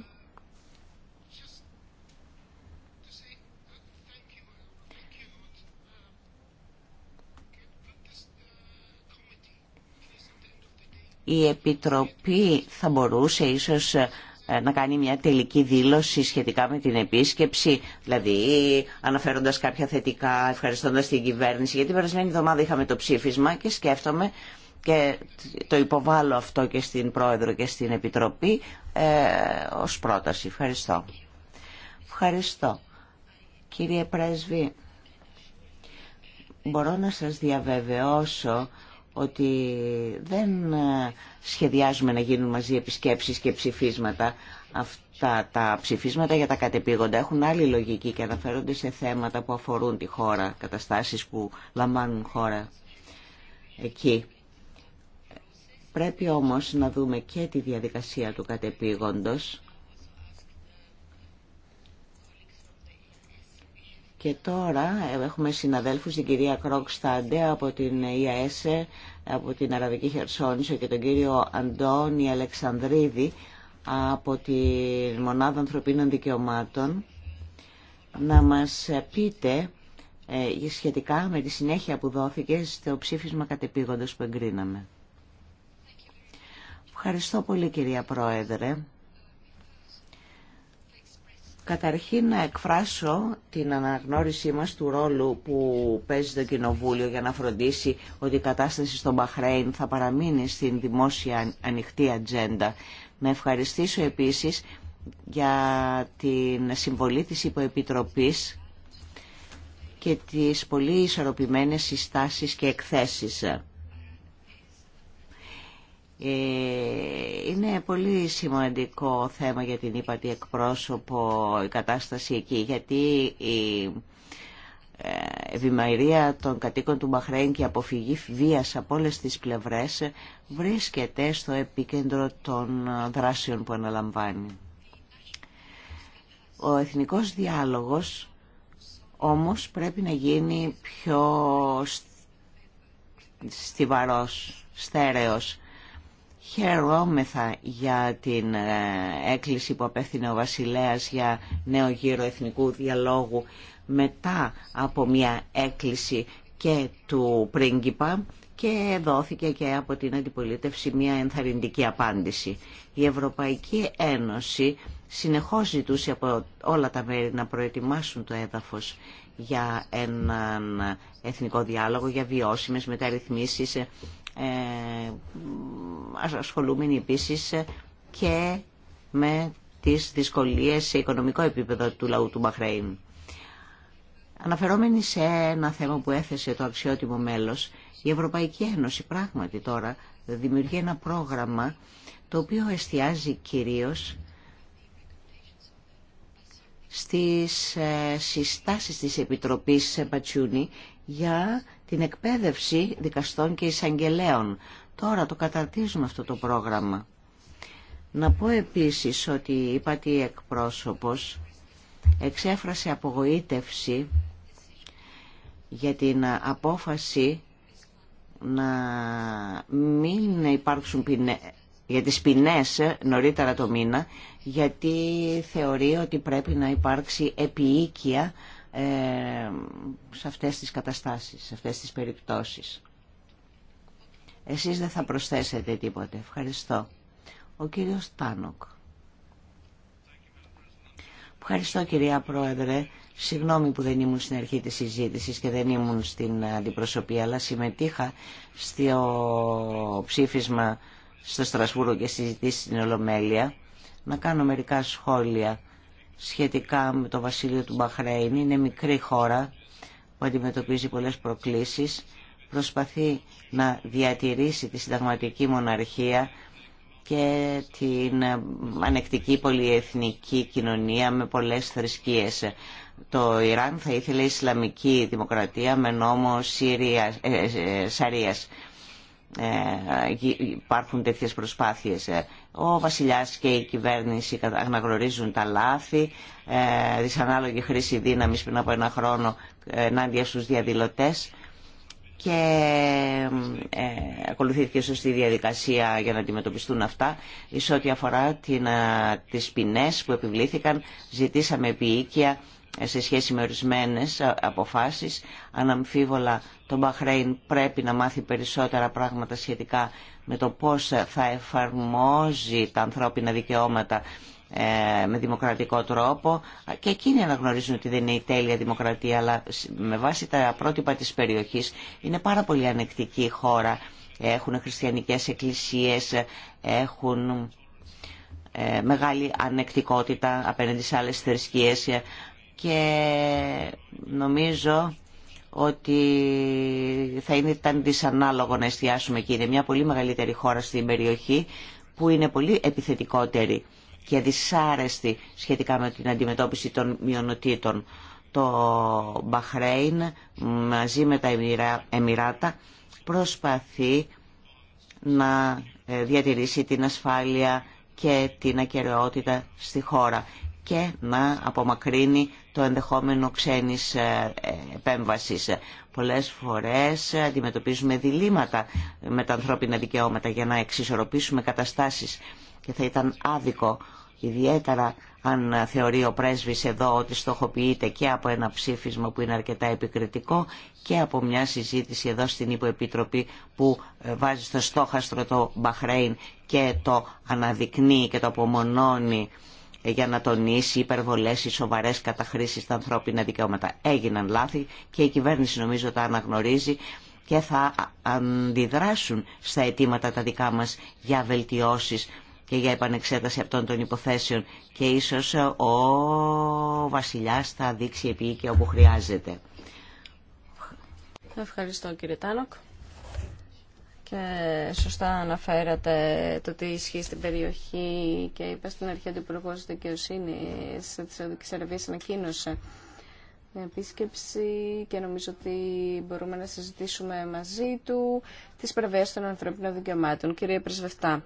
Η Επιτροπή θα μπορούσε ίσως ε, να κάνει μια τελική δήλωση σχετικά με την επίσκεψη, δηλαδή αναφέροντας κάποια θετικά, ευχαριστώντας την κυβέρνηση, γιατί περασμένη εβδομάδα είχαμε το ψήφισμα και σκέφτομαι και το υποβάλλω αυτό και στην Πρόεδρο και στην Επιτροπή ε, ως πρόταση. Ευχαριστώ. Ευχαριστώ. Κύριε Πρέσβη, μπορώ να σας διαβεβαιώσω ότι δεν ε, σχεδιάζουμε να γίνουν μαζί επισκέψεις και ψηφίσματα. Αυτά τα ψηφίσματα για τα κατεπήγοντα έχουν άλλη λογική και αναφέρονται σε θέματα που αφορούν τη χώρα, καταστάσεις που λαμβάνουν χώρα εκεί. Πρέπει όμως να δούμε και τη διαδικασία του κατεπήγοντος Και τώρα έχουμε συναδέλφους, την κυρία Στάντε από την ΙΑΕΣΕ, από την Αραβική Χερσόνησο και τον κύριο Αντώνη Αλεξανδρίδη από τη Μονάδα Ανθρωπίνων Δικαιωμάτων να μας πείτε ε, σχετικά με τη συνέχεια που δόθηκε στο ψήφισμα κατεπήγοντος που εγκρίναμε. Ευχαριστώ πολύ κυρία Πρόεδρε. Καταρχήν να εκφράσω την αναγνώρισή μας του ρόλου που παίζει το Κοινοβούλιο για να φροντίσει ότι η κατάσταση στο Μπαχρέιν θα παραμείνει στην δημόσια ανοιχτή ατζέντα. Να ευχαριστήσω επίσης για την συμβολή της Υποεπιτροπής και τις πολύ ισορροπημένες συστάσεις και εκθέσεις. Ε, είναι πολύ σημαντικό θέμα για την ύπατη εκπρόσωπο η κατάσταση εκεί, γιατί η ε, ευημαϊρία των κατοίκων του Μπαχρέν και η αποφυγή βίας από όλες τις πλευρές βρίσκεται στο επίκεντρο των δράσεων που αναλαμβάνει. Ο εθνικός διάλογος όμως πρέπει να γίνει πιο στιβαρός, στέρεος Χαιρόμεθα για την ε, έκκληση που απέθυνε ο Βασιλέας για νέο γύρο εθνικού διαλόγου μετά από μια έκκληση και του πρίγκιπα και δόθηκε και από την αντιπολίτευση μια ενθαρρυντική απάντηση. Η Ευρωπαϊκή Ένωση συνεχώς ζητούσε από όλα τα μέρη να προετοιμάσουν το έδαφος για έναν εθνικό διάλογο, για βιώσιμες μεταρρυθμίσεις ε, ε, ασχολούμενοι επίσης και με τις δυσκολίες σε οικονομικό επίπεδο του λαού του Μπαχρέιν. Αναφερόμενοι σε ένα θέμα που έθεσε το αξιότιμο μέλος, η Ευρωπαϊκή Ένωση πράγματι τώρα δημιουργεί ένα πρόγραμμα το οποίο εστιάζει κυρίως στις ε, συστάσεις της Επιτροπής Πατσιούνη για την εκπαίδευση δικαστών και εισαγγελέων. Τώρα το καταρτίζουμε αυτό το πρόγραμμα. Να πω επίσης ότι η Πατή Εκπρόσωπος εξέφρασε απογοήτευση για την απόφαση να μην υπάρξουν για τις ποινές νωρίτερα το μήνα, γιατί θεωρεί ότι πρέπει να υπάρξει επιοίκεια ε, σε αυτές τις καταστάσεις, σε αυτές τις περιπτώσεις. Εσείς δεν θα προσθέσετε τίποτε. Ευχαριστώ. Ο κύριος Τάνοκ. Ευχαριστώ κυρία Πρόεδρε. Συγγνώμη που δεν ήμουν στην αρχή της συζήτησης και δεν ήμουν στην αντιπροσωπή, αλλά συμμετείχα στο ψήφισμα στο Στρασβούργο και συζητήσει στην Ολομέλεια. Να κάνω μερικά σχόλια σχετικά με το βασίλειο του Μπαχρέιν. Είναι μικρή χώρα που αντιμετωπίζει πολλές προκλήσεις. Προσπαθεί να διατηρήσει τη συνταγματική μοναρχία και την ανεκτική πολυεθνική κοινωνία με πολλές θρησκείες. Το Ιράν θα ήθελε Ισλαμική δημοκρατία με νόμο Συρίας, ε, ε, Σαρίας. Ε, υπάρχουν τέτοιες προσπάθειες. Ε, ο βασιλιάς και η κυβέρνηση αναγνωρίζουν τα λάθη, ε, δυσανάλογη χρήση δύναμης πριν από ένα χρόνο ενάντια στους διαδηλωτές και ακολουθήθηκε σωστή διαδικασία για να αντιμετωπιστούν αυτά. Εις ό,τι αφορά την, τις ποινές που επιβλήθηκαν, ζητήσαμε επί οίκια ε, σε σχέση με ορισμένε ε, αποφάσεις. Αναμφίβολα το Μπαχρέιν πρέπει να μάθει περισσότερα πράγματα σχετικά με το πώς θα εφαρμόζει τα ανθρώπινα δικαιώματα ε, με δημοκρατικό τρόπο και εκείνοι αναγνωρίζουν ότι δεν είναι η τέλεια δημοκρατία αλλά με βάση τα πρότυπα της περιοχής είναι πάρα πολύ ανεκτική η χώρα έχουν χριστιανικές εκκλησίες έχουν μεγάλη ανεκτικότητα απέναντι σε άλλες θρησκείες και νομίζω ότι θα ήταν δυσανάλογο να εστιάσουμε εκεί. Είναι μια πολύ μεγαλύτερη χώρα στην περιοχή που είναι πολύ επιθετικότερη και δυσάρεστη σχετικά με την αντιμετώπιση των μειονοτήτων. Το Μπαχρέιν μαζί με τα Εμμυράτα προσπαθεί να ε, διατηρήσει την ασφάλεια και την ακαιρεότητα στη χώρα και να απομακρύνει το ενδεχόμενο ξένης ε, επέμβασης. Πολλές φορές αντιμετωπίζουμε διλήμματα με τα ανθρώπινα δικαιώματα για να εξισορροπήσουμε καταστάσεις και θα ήταν άδικο ιδιαίτερα αν θεωρεί ο πρέσβης εδώ ότι στοχοποιείται και από ένα ψήφισμα που είναι αρκετά επικριτικό και από μια συζήτηση εδώ στην Υποεπίτροπη που ε, βάζει στο στόχαστρο το Μπαχρέιν και το αναδεικνύει και το απομονώνει για να τονίσει υπερβολές ή σοβαρές καταχρήσεις στα ανθρώπινα δικαιώματα. Έγιναν λάθη και η κυβέρνηση νομίζω τα αναγνωρίζει και θα αντιδράσουν στα αιτήματα τα δικά μας για βελτιώσεις και για επανεξέταση αυτών των υποθέσεων και ίσως ο βασιλιάς θα δείξει και όπου χρειάζεται. Ευχαριστώ κύριε Τάνοκ. Και σωστά αναφέρατε το τι ισχύει στην περιοχή και είπα στην αρχή ότι ο Υπουργό Δικαιοσύνη τη Σαουδική Αραβία ανακοίνωσε την επίσκεψη και νομίζω ότι μπορούμε να συζητήσουμε μαζί του τι παραβιάσει των ανθρωπίνων δικαιωμάτων. Κύριε Πρεσβευτά,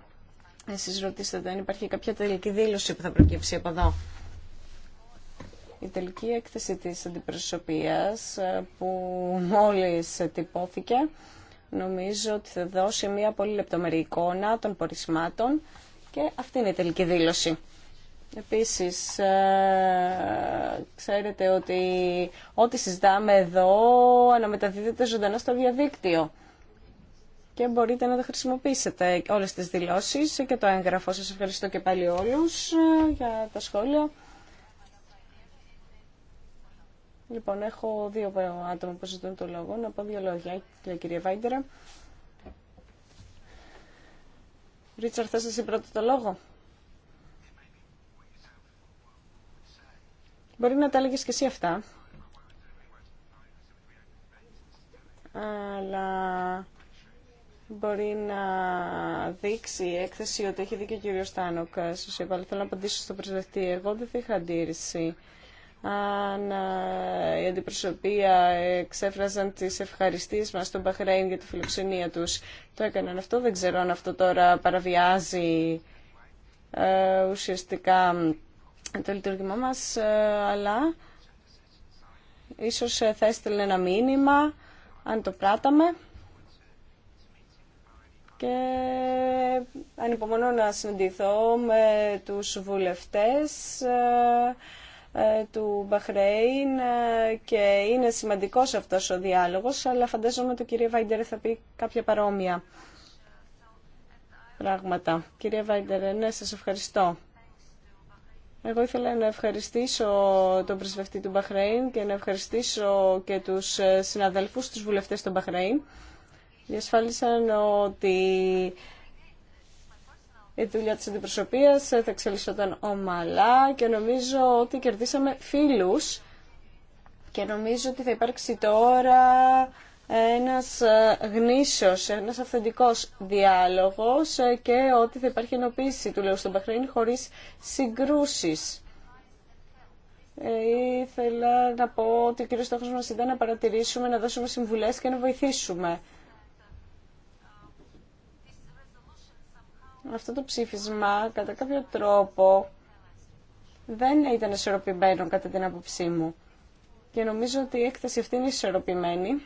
εσεί ρωτήσατε αν υπάρχει κάποια τελική δήλωση που θα προκύψει από εδώ. Η τελική έκθεση της αντιπροσωπείας ε, που μόλις τυπώθηκε νομίζω ότι θα δώσει μια πολύ λεπτομερή εικόνα των πορισμάτων και αυτή είναι η τελική δήλωση. Επίσης, ε, ξέρετε ότι ό,τι συζητάμε εδώ αναμεταδίδεται ζωντανά στο διαδίκτυο και μπορείτε να τα χρησιμοποιήσετε όλες τις δηλώσεις και το έγγραφο. Σας ευχαριστώ και πάλι όλους ε, για τα σχόλια. Λοιπόν, έχω δύο άτομα που ζητούν το λόγο. Να πω δύο λόγια, κυρία Βάιντερα. Ρίτσαρ, θες εσύ πρώτο το λόγο. Μπορεί να τα έλεγε και εσύ αυτά. Αλλά μπορεί να δείξει η έκθεση ότι έχει δίκιο ο κύριος Τάνοκ. Σα θέλω να απαντήσω στο πρεσβευτή. Εγώ δεν θα είχα αντίρρηση αν ε, η αντιπροσωπεία εξέφραζαν τις ευχαριστίες μας στον Παχρέιν για τη φιλοξενία τους. Το έκαναν αυτό, δεν ξέρω αν αυτό τώρα παραβιάζει ε, ουσιαστικά το λειτουργήμα μας, ε, αλλά ίσως θα έστειλε ένα μήνυμα, αν το πράταμε. Και ανυπομονώ να συναντηθώ με τους βουλευτές, ε, του Μπαχρέιν ε, και είναι σημαντικός αυτός ο διάλογος, αλλά φαντάζομαι ότι ο κύριε Βάιντερ θα πει κάποια παρόμοια πράγματα. Κύριε Βάιντερε, ναι, σας ευχαριστώ. Εγώ ήθελα να ευχαριστήσω τον πρεσβευτή του Μπαχρέιν και να ευχαριστήσω και τους ε, συναδελφούς, τους βουλευτές του Μπαχρέιν. Διασφάλισαν ότι η δουλειά της αντιπροσωπείας θα εξελισσόταν ομαλά και νομίζω ότι κερδίσαμε φίλους και νομίζω ότι θα υπάρξει τώρα ένας ε, γνήσιος, ένας αυθεντικός διάλογος ε, και ότι θα υπάρχει ενοποίηση του λέω στον Παχρέν χωρίς συγκρούσεις. Ε, ήθελα να πω ότι ο κύριος στόχος μας ήταν να παρατηρήσουμε, να δώσουμε συμβουλές και να βοηθήσουμε. αυτό το ψήφισμα κατά κάποιο τρόπο δεν ήταν ισορροπημένο κατά την άποψή μου. Και νομίζω ότι η έκθεση αυτή είναι ισορροπημένη.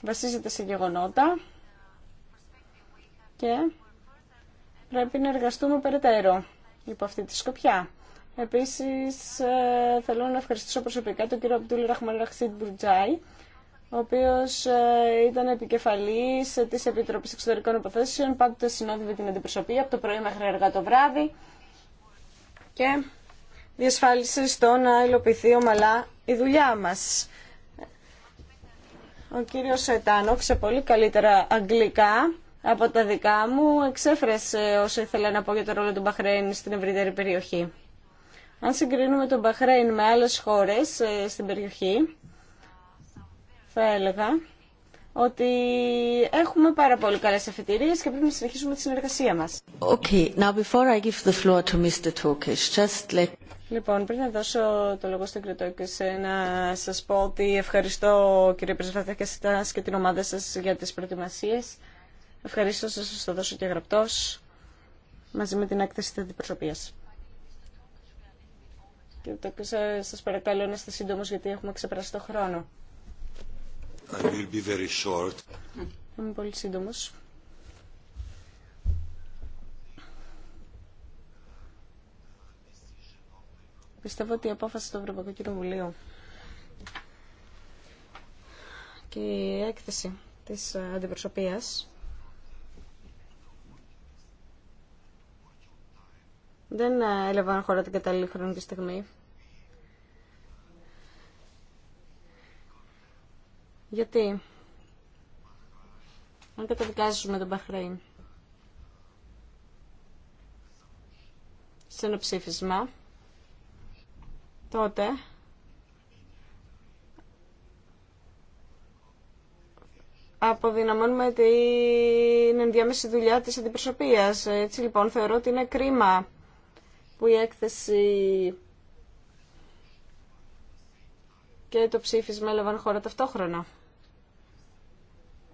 Βασίζεται σε γεγονότα και πρέπει να εργαστούμε περαιτέρω υπό αυτή τη σκοπιά. Επίσης, ε, θέλω να ευχαριστήσω προσωπικά τον κύριο Αμπτούλη Ραχμαν Ραχσίτ Μπουρτζάη ο οποίος ε, ήταν επικεφαλής της Επιτροπής Εξωτερικών Υποθέσεων, πάντοτε συνόδευε την αντιπροσωπεία από το πρωί μέχρι αργά το βράδυ και διασφάλισε στο να υλοποιηθεί ομαλά η δουλειά μας. Ο κύριος σε πολύ καλύτερα αγγλικά από τα δικά μου, εξέφρασε όσα ήθελα να πω για το ρόλο του Μπαχρέιν στην ευρύτερη περιοχή. Αν συγκρίνουμε τον Μπαχρέιν με άλλες χώρες ε, στην περιοχή, θα έλεγα ότι έχουμε πάρα πολύ καλές αφετηρίες και πρέπει να συνεχίσουμε τη συνεργασία μας. Okay, now before I give the floor to Mr. just let... Λοιπόν, πριν να δώσω το λόγο στον Τόκης να σας πω ότι ευχαριστώ κύριε Πρεσβευτά και εσάς και την ομάδα σας για τις προετοιμασίες. Ευχαριστώ σας, σας το δώσω και γραπτός, μαζί με την έκθεση της αντιπροσωπίας. Κύριε Τόκης, σας παρακαλώ να είστε σύντομος γιατί έχουμε ξεπεράσει το χρόνο. Είμαι πολύ σύντομος. Πιστεύω ότι η απόφαση του Ευρωπαϊκού Κοινοβουλίου και η έκθεση της αντιπροσωπείας δεν έλαβαν χώρα την κατάλληλη χρονική στιγμή. Γιατί αν καταδικάζουμε τον Μπαχρέιν σε ένα ψήφισμα, τότε αποδυναμώνουμε την ενδιάμεση δουλειά της αντιπροσωπείας. Έτσι λοιπόν θεωρώ ότι είναι κρίμα που η έκθεση και το ψήφισμα έλαβαν χώρα ταυτόχρονα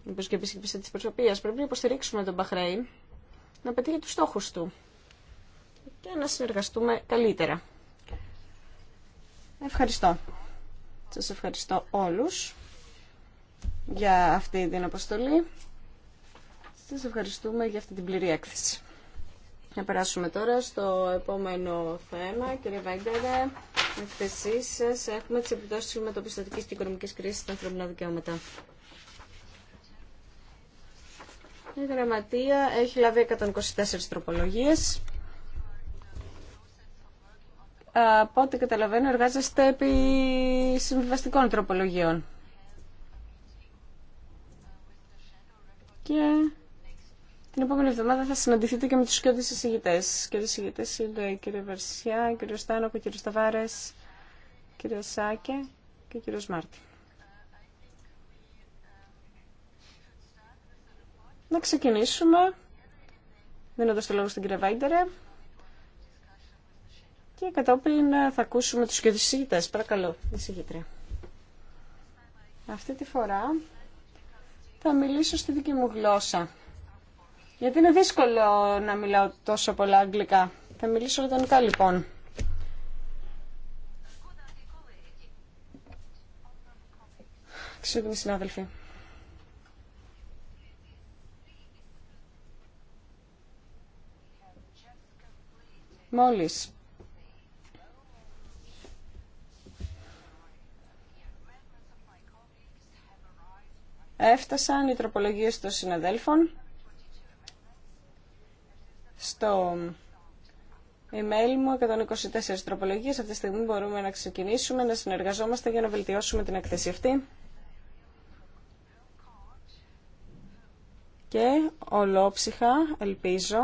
μήπως και επίσκεψη της προσωπίας, πρέπει να υποστηρίξουμε τον Μπαχρέιν να πετύχει τους στόχους του και να συνεργαστούμε καλύτερα. Ευχαριστώ. Σας ευχαριστώ όλους για αυτή την αποστολή. Σας ευχαριστούμε για αυτή την πληρή έκθεση. Να περάσουμε τώρα στο επόμενο θέμα. Κύριε Βάγκαρε, με τη σας έχουμε τις επιπτώσεις και οικονομικής κρίσης στα ανθρώπινα δικαιώματα. Η γραμματεία έχει λάβει 124 τροπολογίες. Από ό,τι καταλαβαίνω εργάζεστε επί συμβιβαστικών τροπολογιών. Και την επόμενη εβδομάδα θα συναντηθείτε και με τους κοιότητες εισηγητές. Κύριε εισηγητές είναι κύριε Βερσιά, κύριο Στάνοκο, κύριο Σταβάρες, κύριο Σάκε και κύριο Σμάρτη. Να ξεκινήσουμε δίνοντα το λόγο στην κυρία Βάιντερε και κατόπιν ε, θα ακούσουμε τους κοιοδησίτες. Παρακαλώ, εισηγήτρια. Αυτή τη φορά θα μιλήσω στη δική μου γλώσσα. Γιατί είναι δύσκολο να μιλάω τόσο πολλά αγγλικά. Θα μιλήσω λετωνικά λοιπόν. Ξέρετε, συνάδελφοι. Μόλις έφτασαν οι τροπολογίες των συναδέλφων στο email μου 124 τροπολογίες. Αυτή τη στιγμή μπορούμε να ξεκινήσουμε, να συνεργαζόμαστε για να βελτιώσουμε την εκθέση αυτή. Και ολόψυχα, ελπίζω,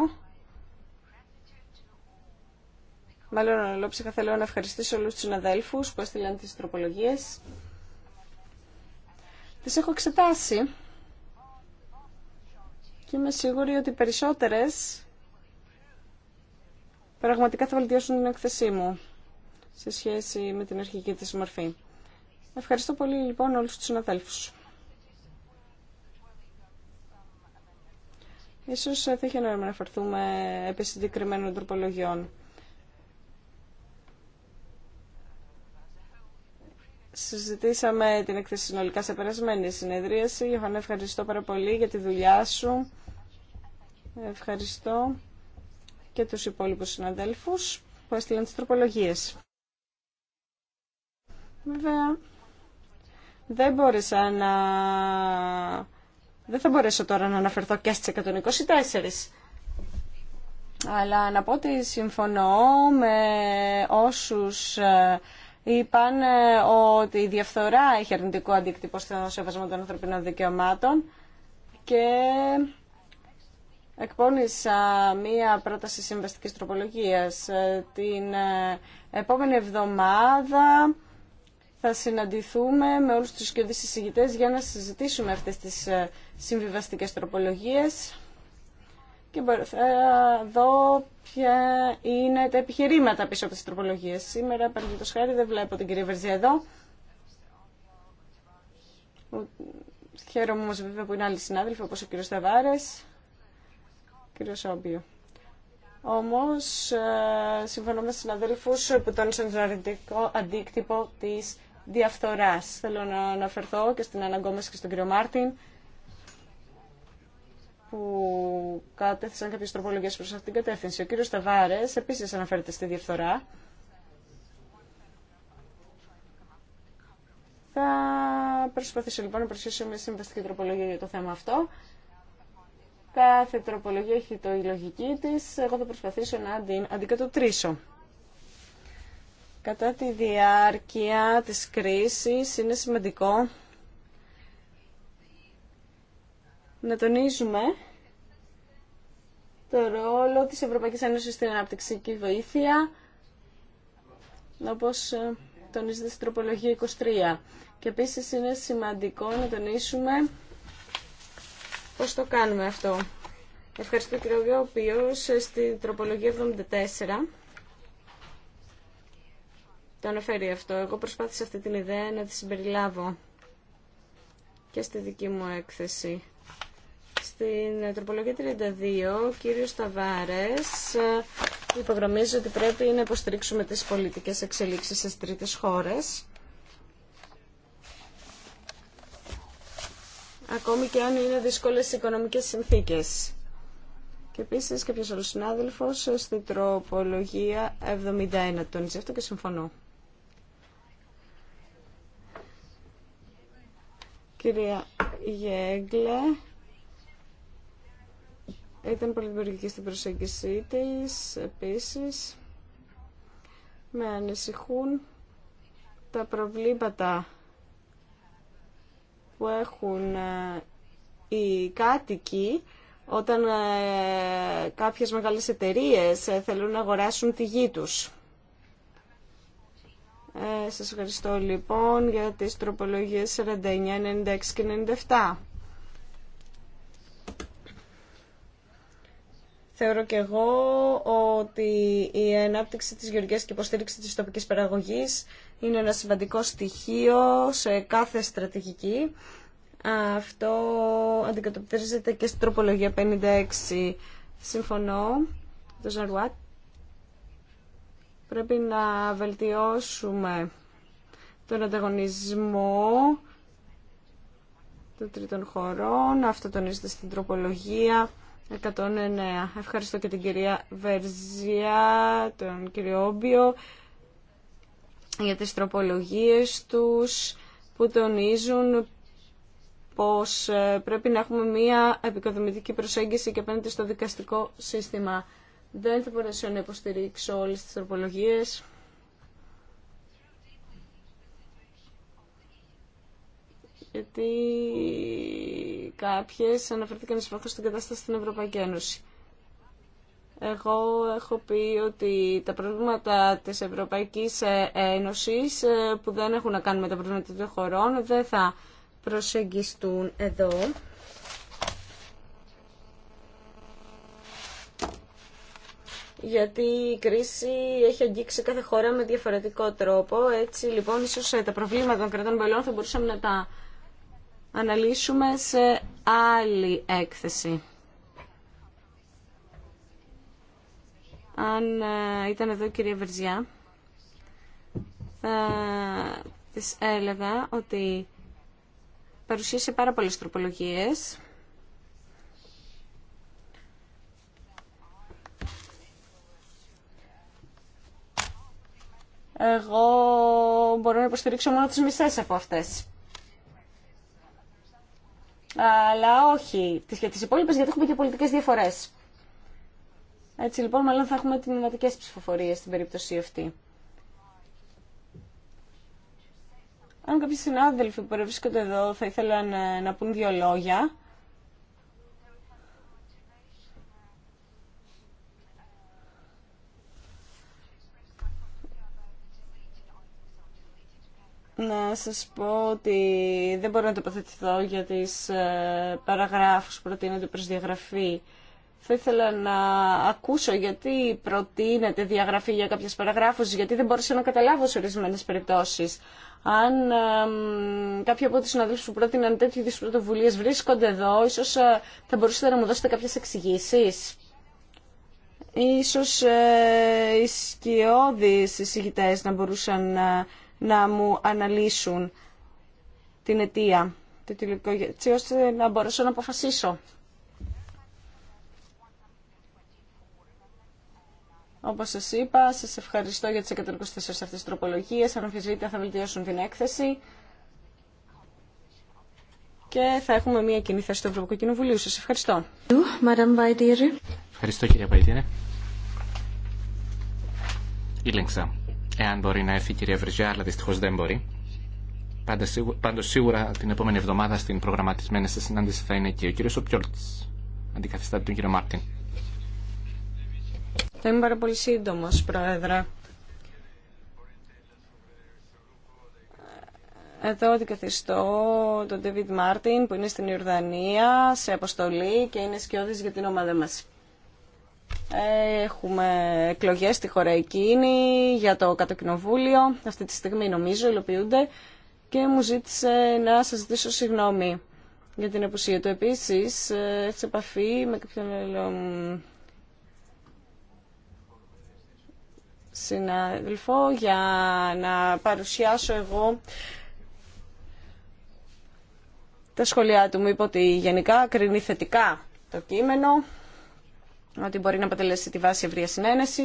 Μάλλον ολόψυχα θέλω να ευχαριστήσω όλους τους συναδέλφους που έστειλαν τις τροπολογίες. Τις έχω εξετάσει και είμαι σίγουρη ότι περισσότερες πραγματικά θα βελτιώσουν την έκθεσή μου σε σχέση με την αρχική της μορφή. Ευχαριστώ πολύ λοιπόν όλους τους συναδέλφους. Ίσως θα είχε νόημα να φερθούμε επί συγκεκριμένων τροπολογιών. Συζητήσαμε την εκθέση συνολικά σε περασμένη συνεδρίαση. Γιώργο, ευχαριστώ πάρα πολύ για τη δουλειά σου. Ευχαριστώ και τους υπόλοιπους συναδέλφους που έστειλαν τις τροπολογίες. Βέβαια, δεν μπόρεσα να... Δεν θα μπορέσω τώρα να αναφερθώ και στις 124. Αλλά να πω ότι συμφωνώ με όσους ε, είπαν ε, ότι η διαφθορά έχει αρνητικό αντίκτυπο στο σεβασμό των ανθρωπινών δικαιωμάτων και εκπώνησα μία πρόταση συμβαστικής τροπολογίας. Ε, την ε, επόμενη εβδομάδα θα συναντηθούμε με όλους τους κοινούς συζητητές για να συζητήσουμε αυτές τις συμβιβαστικές τροπολογίες και θα δω ποια είναι τα επιχειρήματα πίσω από τις τροπολογίες. Σήμερα, παραδείγματος χάρη, δεν βλέπω την κυρία Βερζιά εδώ. Χαίρομαι όμως βέβαια που είναι άλλοι συνάδελφοι, όπως ο κύριος Σταβάρες, κύριος Όμπιο. Όμως, ε, συμφωνώ με συναδέλφους που τόνισαν τον αρνητικό αντίκτυπο της διαφθοράς. Θέλω να αναφερθώ και στην Αναγκόμεση και στον κύριο Μάρτιν που κατέθεσαν κάποιες τροπολογίε προ αυτήν την κατεύθυνση. Ο κύριο Ταβάρες επίσης αναφέρεται στη διαφθορά. Θα προσπαθήσω λοιπόν να προσθέσω μια συμβαστική τροπολογία για το θέμα αυτό. Κάθε τροπολογία έχει το η λογική της. Εγώ θα προσπαθήσω να την αντικατοπτρίσω. Κατά τη διάρκεια της κρίσης είναι σημαντικό να τονίζουμε το ρόλο της Ευρωπαϊκής Ένωσης στην αναπτυξική βοήθεια, όπως ε, τονίζεται στην τροπολογία 23. Και επίσης είναι σημαντικό να τονίσουμε πώς το κάνουμε αυτό. Ευχαριστώ κύριο ο οποίος ε, στην τροπολογία 74 το αναφέρει αυτό. Εγώ προσπάθησα αυτή την ιδέα να τη συμπεριλάβω και στη δική μου έκθεση. Στην τροπολογία 32, ο κύριο Ταβάρε ε, υπογραμμίζει ότι πρέπει να υποστηρίξουμε τι πολιτικές εξελίξεις στις τρίτες χώρες. Ακόμη και αν είναι δύσκολες οι οικονομικές συνθήκες. Και επίση κάποιο άλλο συνάδελφο ε, στην τροπολογία 71 τονίζει αυτό και συμφωνώ. Κυρία Γέγκλε, ήταν πολύ δημιουργική στην προσέγγιση της. Επίσης, με ανησυχούν τα προβλήματα που έχουν ε, οι κάτοικοι όταν ε, κάποιες μεγάλες εταιρείες ε, θέλουν να αγοράσουν τη γη τους. Ε, σας ευχαριστώ λοιπόν για τις τροπολογίες 49, 96 και 97. Θεωρώ και εγώ ότι η ανάπτυξη της γεωργίας και υποστήριξη της τοπικής παραγωγής είναι ένα σημαντικό στοιχείο σε κάθε στρατηγική. Αυτό αντικατοπτρίζεται και στην τροπολογία 56. Συμφωνώ, το Ζαρουάτ. Πρέπει να βελτιώσουμε τον ανταγωνισμό των τρίτων χωρών. Αυτό τονίζεται στην τροπολογία 109. Ευχαριστώ και την κυρία Βερζιά, τον κύριο Όμπιο για τις τροπολογίες τους που τονίζουν πως ε, πρέπει να έχουμε μία επικοδομητική προσέγγιση και απέναντι στο δικαστικό σύστημα. Δεν θα μπορέσω να υποστηρίξω όλες τις τροπολογίες. γιατί κάποιες αναφερθήκαν σε στην κατάσταση στην Ευρωπαϊκή Ένωση. Εγώ έχω πει ότι τα προβλήματα της Ευρωπαϊκής Ένωσης ε, που δεν έχουν να κάνουν με τα προβλήματα των χωρών δεν θα προσεγγιστούν εδώ. γιατί η κρίση έχει αγγίξει κάθε χώρα με διαφορετικό τρόπο. Έτσι λοιπόν ίσως ε, τα προβλήματα των κρατών μελών θα μπορούσαμε να τα αναλύσουμε σε άλλη έκθεση. Αν ε, ήταν εδώ η κυρία Βερζιά, θα της έλεγα ότι παρουσίασε πάρα πολλές τροπολογίες. Εγώ μπορώ να υποστηρίξω μόνο τις μισές από αυτές αλλά όχι τις, τις υπόλοιπες γιατί έχουμε και πολιτικές διαφορές. Έτσι λοιπόν μάλλον θα έχουμε τμηματικές ψηφοφορίες στην περίπτωση αυτή. Αν κάποιοι συνάδελφοι που βρίσκονται εδώ θα ήθελαν ε, να πούν δύο λόγια να σας πω ότι δεν μπορώ να τοποθετηθώ για τις ε, παραγράφους που προτείνονται προς διαγραφή. Θα ήθελα να ακούσω γιατί προτείνεται διαγραφή για κάποιες παραγράφους, γιατί δεν μπορούσα να καταλάβω σε ορισμένες περιπτώσεις. Αν κάποιοι από τους συναδέλφους που πρότειναν τέτοιου είδους πρωτοβουλίες βρίσκονται εδώ, ίσως ε, θα μπορούσατε να μου δώσετε κάποιες εξηγήσεις. Ίσως ε, οι σκιώδεις εισηγητές να μπορούσαν να να μου αναλύσουν την αιτία του έτσι ώστε να μπορέσω να αποφασίσω. Όπως σας είπα, σας ευχαριστώ για τις 124 αυτές τις τροπολογίες. Αν αμφισβήτητα θα βελτιώσουν την έκθεση και θα έχουμε μια κοινή θέση του Ευρωπαϊκού Κοινοβουλίου. Σας ευχαριστώ. Ευχαριστώ κυρία Παϊτήρη. Ήλεγξα Εάν μπορεί να έρθει η κυρία Βριζιά, αλλά δυστυχώ δεν μπορεί. Πάντω σίγουρα την επόμενη εβδομάδα στην προγραμματισμένη σα συνάντηση θα είναι και ο κύριο Οπιόλτ. αντικαθιστά τον κύριο Μάρτιν. Θα είμαι πάρα πολύ σύντομο, Πρόεδρε. Εδώ αντικαθιστώ τον Ντέβιντ Μάρτιν που είναι στην Ιορδανία σε αποστολή και είναι σκιώδης για την ομάδα μας. Έχουμε εκλογές στη χώρα εκείνη για το κατοκοινοβούλιο. Αυτή τη στιγμή νομίζω υλοποιούνται και μου ζήτησε να σας ζητήσω συγγνώμη για την απουσία του. Επίσης, ε, έρθει επαφή με κάποιον άλλο συνάδελφο για να παρουσιάσω εγώ τα σχολιά του. Μου είπε ότι γενικά κρίνει θετικά το κείμενο ότι μπορεί να αποτελέσει τη βάση ευρεία συνένεση.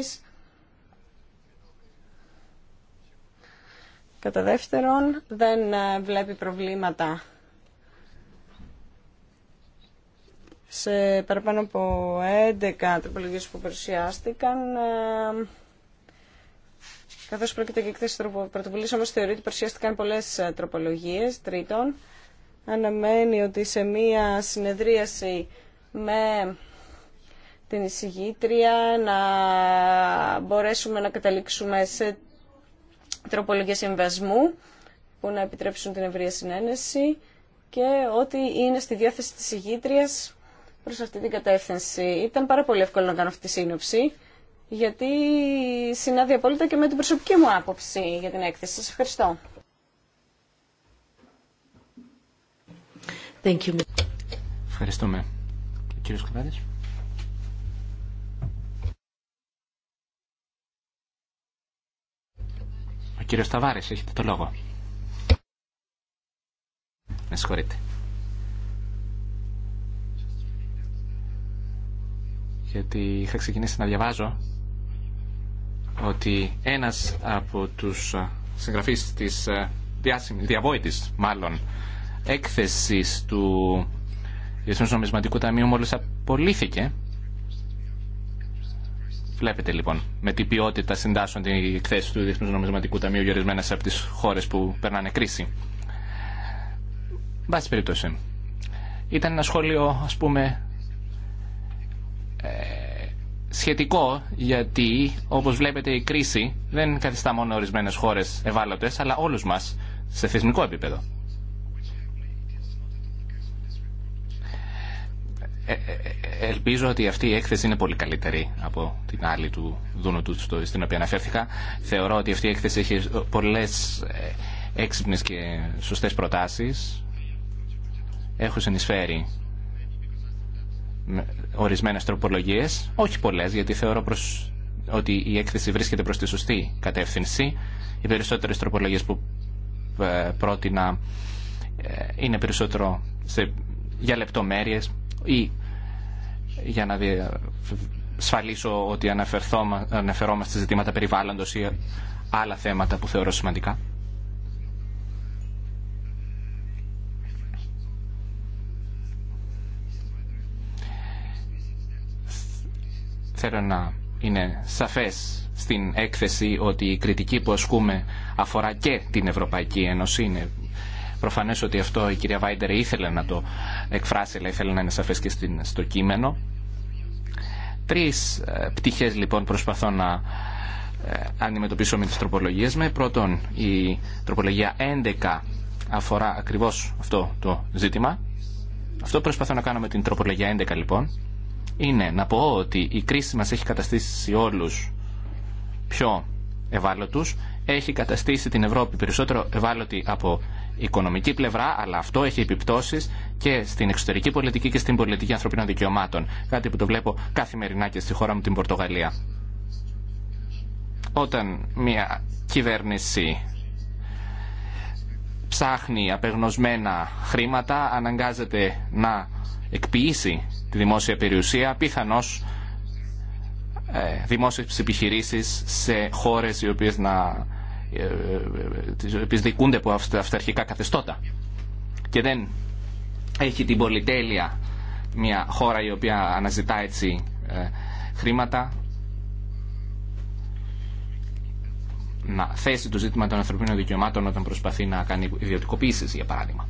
Κατά δεύτερον, δεν ε, βλέπει προβλήματα σε παραπάνω από 11 τροπολογίες που παρουσιάστηκαν. Ε, καθώς πρόκειται για εκθέσει πρωτοβουλία όμως θεωρεί ότι παρουσιάστηκαν πολλές ε, τροπολογίες. Τρίτον, αναμένει ότι σε μία συνεδρίαση με την εισηγήτρια να μπορέσουμε να καταλήξουμε σε τροπολογία συμβασμού που να επιτρέψουν την ευρεία συνένεση και ότι είναι στη διάθεση της εισηγήτριας προς αυτή την κατεύθυνση. Ήταν πάρα πολύ εύκολο να κάνω αυτή τη σύνοψη γιατί συνάδει απόλυτα και με την προσωπική μου άποψη για την έκθεση. Σας ευχαριστώ. Thank you. Ευχαριστούμε. Κύριο Σταβάρη, έχετε το λόγο. Με συγχωρείτε. Γιατί είχα ξεκινήσει να διαβάζω ότι ένας από τους ε, συγγραφείς της ε, διαβόητης μάλλον έκθεσης του Διεθνούς Νομισματικού Ταμείου μόλις απολύθηκε Βλέπετε λοιπόν με τι ποιότητα συντάσσονται οι εκθέσει του Διεθνού Νομισματικού Ταμείου για ορισμένε από τι χώρε που περνάνε κρίση. Μπράβο, περιπτώσει. Ήταν ένα σχόλιο, α πούμε, ε, σχετικό γιατί όπως βλέπετε η κρίση δεν καθιστά μόνο ορισμένε, χώρες ευάλωτε αλλά όλους μας σε θεσμικό επίπεδο. Ε, ε, ε, ελπίζω ότι αυτή η έκθεση είναι πολύ καλύτερη από την άλλη του Δούνου του στην οποία αναφέρθηκα. Θεωρώ ότι αυτή η έκθεση έχει πολλές έξυπνες και σωστές προτάσεις. Έχω συνεισφέρει ορισμένες τροπολογίες, όχι πολλές γιατί θεωρώ προς ότι η έκθεση βρίσκεται προς τη σωστή κατεύθυνση. Οι περισσότερες τροπολογίες που πρότεινα είναι περισσότερο σε, για λεπτομέρειες ή για να ασφαλίσω ότι αναφερόμαστε ότι αναφερόμαστε σε ζητήματα περιβάλλοντος ή άλλα θέματα που θεωρώ σημαντικά. Θέλω να είναι σαφές στην έκθεση ότι η κριτική που ασκούμε αφορά και την Ευρωπαϊκή Ένωση. Είναι Προφανέ ότι αυτό η κυρία Βάιντερ ήθελε να το εκφράσει, αλλά ήθελε να είναι σαφέ και στο κείμενο. Τρεις ε, πτυχές λοιπόν προσπαθώ να ε, αντιμετωπίσω με τις τροπολογίες με. Πρώτον, η τροπολογία 11 αφορά ακριβώς αυτό το ζήτημα. Αυτό που προσπαθώ να κάνω με την τροπολογία 11 λοιπόν είναι να πω ότι η κρίση μας έχει καταστήσει όλους πιο ευάλωτους, έχει καταστήσει την Ευρώπη περισσότερο ευάλωτη από οικονομική πλευρά, αλλά αυτό έχει επιπτώσει και στην εξωτερική πολιτική και στην πολιτική ανθρωπίνων δικαιωμάτων. Κάτι που το βλέπω καθημερινά και στη χώρα μου την Πορτογαλία. Όταν μια κυβέρνηση ψάχνει απεγνωσμένα χρήματα, αναγκάζεται να εκποιήσει τη δημόσια περιουσία, πιθανώς ε, δημόσιες επιχειρήσεις σε χώρες οι οποίες να ε, ε, επισδικούνται από αυταρχικά καθεστώτα και δεν έχει την πολυτέλεια μια χώρα η οποία αναζητά έτσι ε, χρήματα να θέσει το ζήτημα των ανθρωπίνων δικαιωμάτων όταν προσπαθεί να κάνει ιδιωτικοποίησεις για παράδειγμα.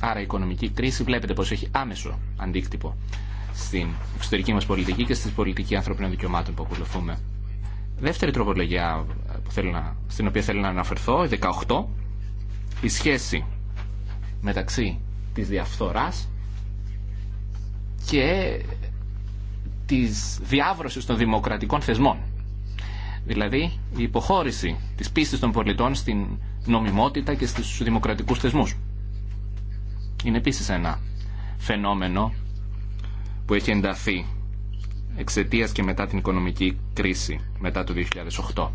Άρα η οικονομική κρίση βλέπετε πως έχει άμεσο αντίκτυπο στην εξωτερική μας πολιτική και στις πολιτική ανθρωπίνων δικαιωμάτων που ακολουθούμε. Δεύτερη τροπολογία που θέλω να, στην οποία θέλω να αναφερθώ, η 18, η σχέση μεταξύ της διαφθοράς και της διάβρωσης των δημοκρατικών θεσμών. Δηλαδή η υποχώρηση της πίστης των πολιτών στην νομιμότητα και στους δημοκρατικούς θεσμούς. Είναι επίσης ένα φαινόμενο που έχει ενταθεί εξαιτίας και μετά την οικονομική κρίση, μετά το 2008.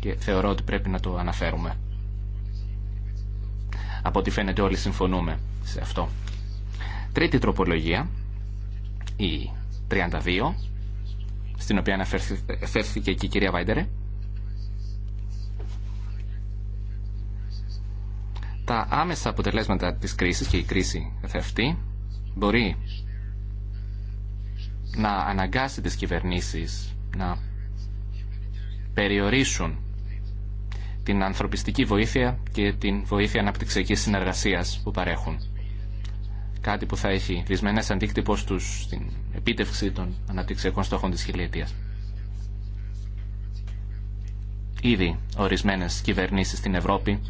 Και θεωρώ ότι πρέπει να το αναφέρουμε. Από ό,τι φαίνεται όλοι συμφωνούμε σε αυτό. Τρίτη τροπολογία, η 32, στην οποία αναφέρθηκε και η κυρία Βάιντερε. Τα άμεσα αποτελέσματα της κρίσης και η κρίση αυτή μπορεί να αναγκάσει τις κυβερνήσεις να περιορίσουν την ανθρωπιστική βοήθεια και την βοήθεια αναπτυξιακής συνεργασίας που παρέχουν. Κάτι που θα έχει δυσμενές αντίκτυπος τους στην επίτευξη των αναπτυξιακών στόχων της χιλιετίας. Ήδη ορισμένες κυβερνήσεις στην Ευρώπη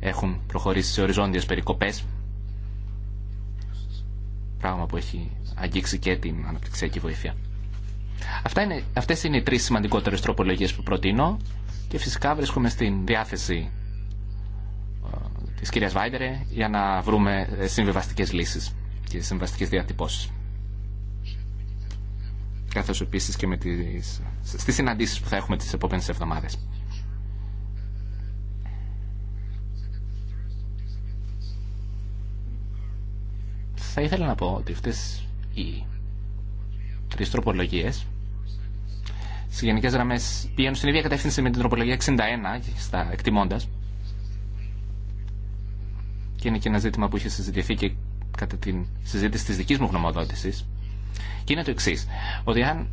έχουν προχωρήσει σε οριζόντιες περικοπές πράγμα που έχει αγγίξει και την αναπτυξιακή βοήθεια. Αυτά είναι, αυτές είναι οι τρεις σημαντικότερες τροπολογίες που προτείνω και φυσικά βρίσκομαι στην διάθεση ε, της κυρίας Βάιντερε για να βρούμε ε, συμβιβαστικές λύσεις και συμβαστικές διατυπώσεις. Καθώς επίσης και με τις, στις συναντήσεις που θα έχουμε τις επόμενες εβδομάδες. Θα ήθελα να πω ότι αυτές οι τρεις τροπολογίες σε γενικές γραμμές πηγαίνουν στην ίδια κατεύθυνση με την τροπολογία 61 στα εκτιμώντας και είναι και ένα ζήτημα που είχε συζητηθεί και κατά την συζήτηση της δικής μου γνωμοδότησης και είναι το εξή ότι αν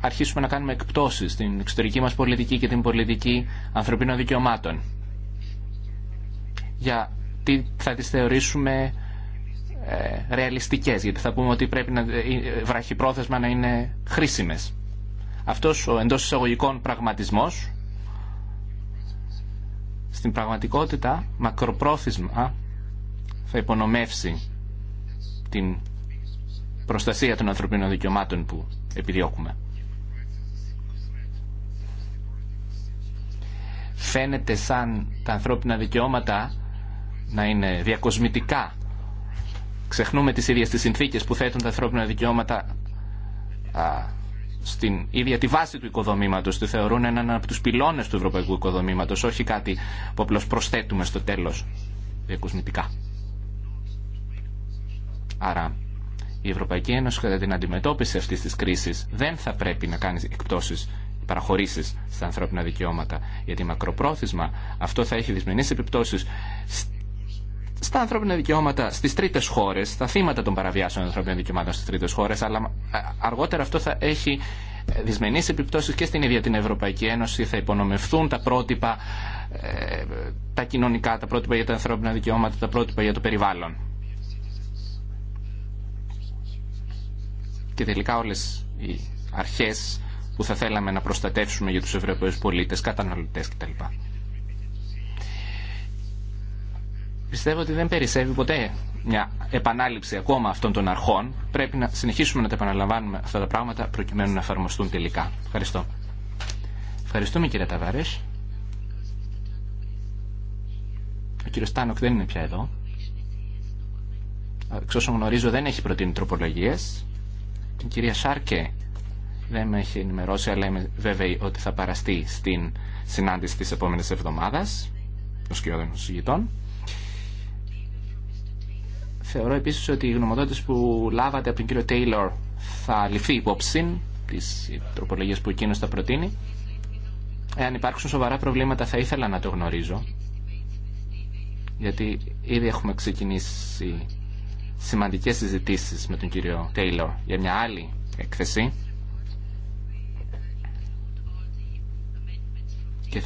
αρχίσουμε να κάνουμε εκπτώσεις στην εξωτερική μας πολιτική και την πολιτική ανθρωπίνων δικαιωμάτων για τι θα τις θεωρήσουμε ε, ρεαλιστικές, γιατί θα πούμε ότι πρέπει να, ε, ε, βραχυπρόθεσμα να είναι χρήσιμες. Αυτός ο εντός εισαγωγικών πραγματισμός στην πραγματικότητα μακροπρόθεσμα θα υπονομεύσει την προστασία των ανθρωπίνων δικαιωμάτων που επιδιώκουμε. Φαίνεται σαν τα ανθρώπινα δικαιώματα να είναι διακοσμητικά ξεχνούμε τις ίδιες τις συνθήκες που θέτουν τα ανθρώπινα δικαιώματα στην ίδια τη βάση του οικοδομήματος, τη θεωρούν έναν από τους πυλώνες του ευρωπαϊκού οικοδομήματος, όχι κάτι που απλώς προσθέτουμε στο τέλος διακοσμητικά. Άρα η Ευρωπαϊκή Ένωση κατά την αντιμετώπιση αυτής της κρίσης δεν θα πρέπει να κάνει εκπτώσεις παραχωρήσεις στα ανθρώπινα δικαιώματα. Γιατί μακροπρόθεσμα αυτό θα έχει δυσμενείς επιπτώσεις στα ανθρώπινα δικαιώματα στι τρίτε χώρε, στα θύματα των παραβιάσεων ανθρώπινων δικαιωμάτων στι τρίτε χώρε, αλλά ε, αργότερα αυτό θα έχει ε, δυσμενεί επιπτώσει και στην ίδια την Ευρωπαϊκή Ένωση. Θα υπονομευθούν τα πρότυπα, ε, τα κοινωνικά, τα πρότυπα για τα ανθρώπινα δικαιώματα, τα πρότυπα για το περιβάλλον. Και τελικά όλε οι αρχέ που θα θέλαμε να προστατεύσουμε για του Ευρωπαίου πολίτε, καταναλωτέ κτλ. πιστεύω ότι δεν περισσεύει ποτέ μια επανάληψη ακόμα αυτών των αρχών. Πρέπει να συνεχίσουμε να τα επαναλαμβάνουμε αυτά τα πράγματα προκειμένου να εφαρμοστούν τελικά. Ευχαριστώ. Ευχαριστούμε κύριε Ταβάρες. Ο κύριο Τάνοκ δεν είναι πια εδώ. Εξ όσων γνωρίζω δεν έχει προτείνει τροπολογίε. Την κυρία Σάρκε δεν με έχει ενημερώσει, αλλά είμαι βέβαιη ότι θα παραστεί στην συνάντηση τη επόμενη εβδομάδα των σκιώδων συγγητών. Θεωρώ επίσης ότι οι γνωμοδότηση που λάβατε από τον κύριο Τέιλορ θα ληφθεί υπόψη τι τροπολογίε που εκείνος θα προτείνει. Εάν υπάρξουν σοβαρά προβλήματα θα ήθελα να το γνωρίζω γιατί ήδη έχουμε ξεκινήσει σημαντικές συζητήσεις με τον κύριο Τέιλορ για μια άλλη έκθεση και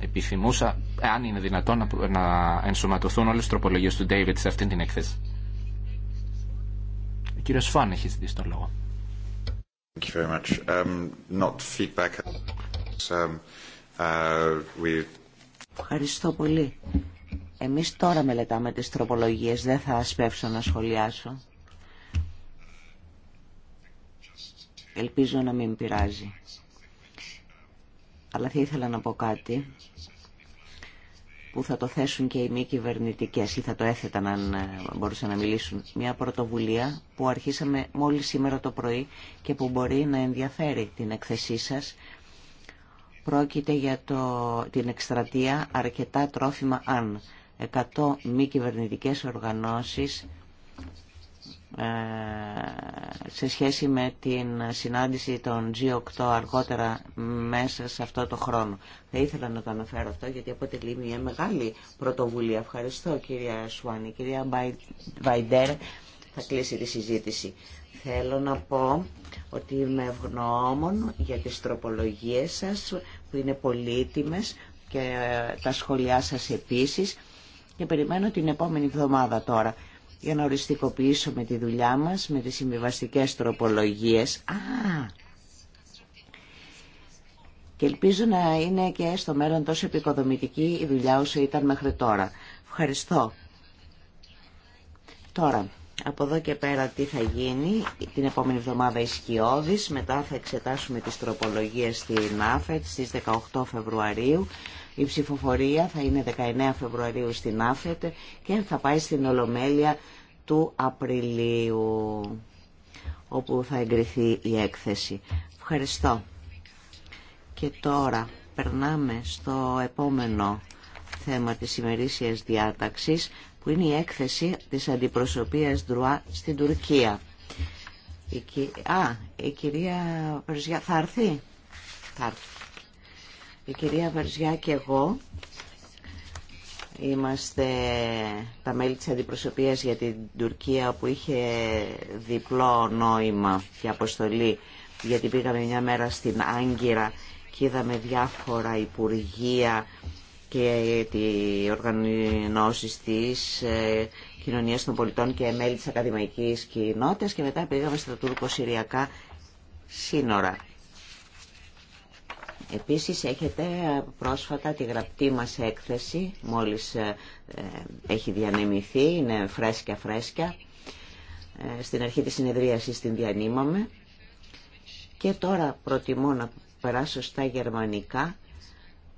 επιθυμούσα, αν είναι δυνατόν, να ενσωματωθούν όλες τις τροπολογίες του Ντέιβιτ σε αυτήν την έκθεση. Ο κύριος Φαν έχει ζητήσει τον λόγο. Ευχαριστώ πολύ. Εμείς τώρα μελετάμε τις τροπολογίες, δεν θα ασπεύσω να σχολιάσω. Ελπίζω να μην πειράζει αλλά θα ήθελα να πω κάτι που θα το θέσουν και οι μη κυβερνητικέ ή θα το έθεταν αν ε, μπορούσαν να μιλήσουν. Μια πρωτοβουλία που αρχίσαμε μόλις σήμερα το πρωί και που μπορεί να ενδιαφέρει την εκθεσή σας. Πρόκειται για το, την εκστρατεία αρκετά τρόφιμα αν. 100 μη κυβερνητικέ οργανώσεις ε, σε σχέση με την συνάντηση των G8 αργότερα μέσα σε αυτό το χρόνο. Θα ήθελα να το αναφέρω αυτό γιατί αποτελεί μια μεγάλη πρωτοβουλία. Ευχαριστώ κυρία Σουάνη. Κυρία Βαϊντέρ θα κλείσει τη συζήτηση. Θέλω να πω ότι είμαι ευγνώμων για τις τροπολογίες σας που είναι πολύτιμες και ε, τα σχόλιά σας επίσης και περιμένω την επόμενη εβδομάδα τώρα για να οριστικοποιήσουμε τη δουλειά μας με τις συμβιβαστικές τροπολογίες. και ελπίζω να είναι και στο μέλλον τόσο επικοδομητική η δουλειά όσο ήταν μέχρι τώρα. Ευχαριστώ. Τώρα, από εδώ και πέρα τι θα γίνει. Την επόμενη εβδομάδα η μετά θα εξετάσουμε τις τροπολογίες στην ΑΦΕΤ στις 18 Φεβρουαρίου. Η ψηφοφορία θα είναι 19 Φεβρουαρίου στην ΑΦΕΤ και θα πάει στην Ολομέλεια του Απριλίου όπου θα εγκριθεί η έκθεση. Ευχαριστώ. Και τώρα περνάμε στο επόμενο θέμα της ημερήσιας διάταξης που είναι η έκθεση της αντιπροσωπείας δρούα στην Τουρκία. Η, α, η κυρία Περζιά θα έρθει. Θα έρθει. Η κυρία Βαρζιά και εγώ είμαστε τα μέλη της αντιπροσωπείας για την Τουρκία που είχε διπλό νόημα και αποστολή γιατί πήγαμε μια μέρα στην Άγκυρα και είδαμε διάφορα υπουργεία και τη οργανώσεις της ε, κοινωνίας των πολιτών και μέλη της ακαδημαϊκής κοινότητας και μετά πήγαμε στα τουρκο-συριακά σύνορα. Επίσης έχετε πρόσφατα τη γραπτή μας έκθεση, μόλις ε, ε, έχει διανεμηθεί, είναι φρέσκια φρέσκια. Ε, στην αρχή της συνεδρίασης την διανύμαμε και τώρα προτιμώ να περάσω στα γερμανικά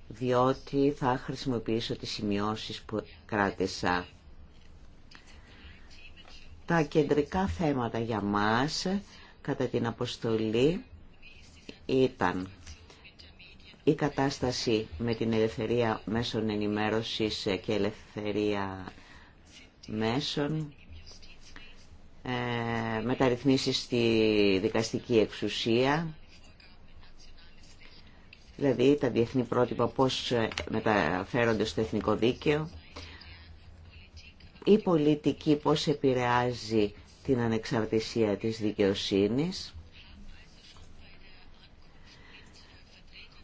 διότι θα χρησιμοποιήσω τις σημειώσεις που κράτησα. Τα κεντρικά θέματα για μας κατά την αποστολή ήταν η κατάσταση με την ελευθερία μέσων ενημέρωσης και ελευθερία μέσων, ε, μεταρρυθμίσεις στη δικαστική εξουσία, δηλαδή τα διεθνή πρότυπα πώς μεταφέρονται στο εθνικό δίκαιο, η πολιτική πώς επηρεάζει την ανεξαρτησία της δικαιοσύνης,